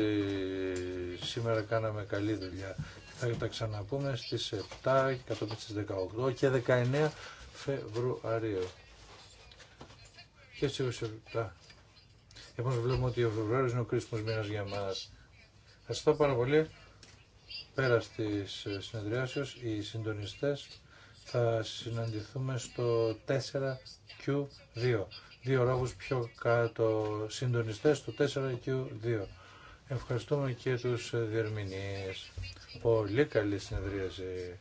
S4: σήμερα κάναμε καλή δουλειά θα τα ξαναπούμε στις 7, κατόπιν στις 18 και 19 Φεβρουαρίου. Και στις 27. Επομένως βλέπουμε ότι ο Φεβρουάριος είναι ο κρίσιμο μήνας για μας. Ευχαριστώ πάρα πολύ. Πέρα στις συνεδριάσεις, οι συντονιστές θα συναντηθούμε στο 4Q2. Δύο ρόγους πιο κάτω συντονιστές στο 4Q2. Ευχαριστούμε και τους διερμηνείς. Πολύ καλή συνεδρίαση.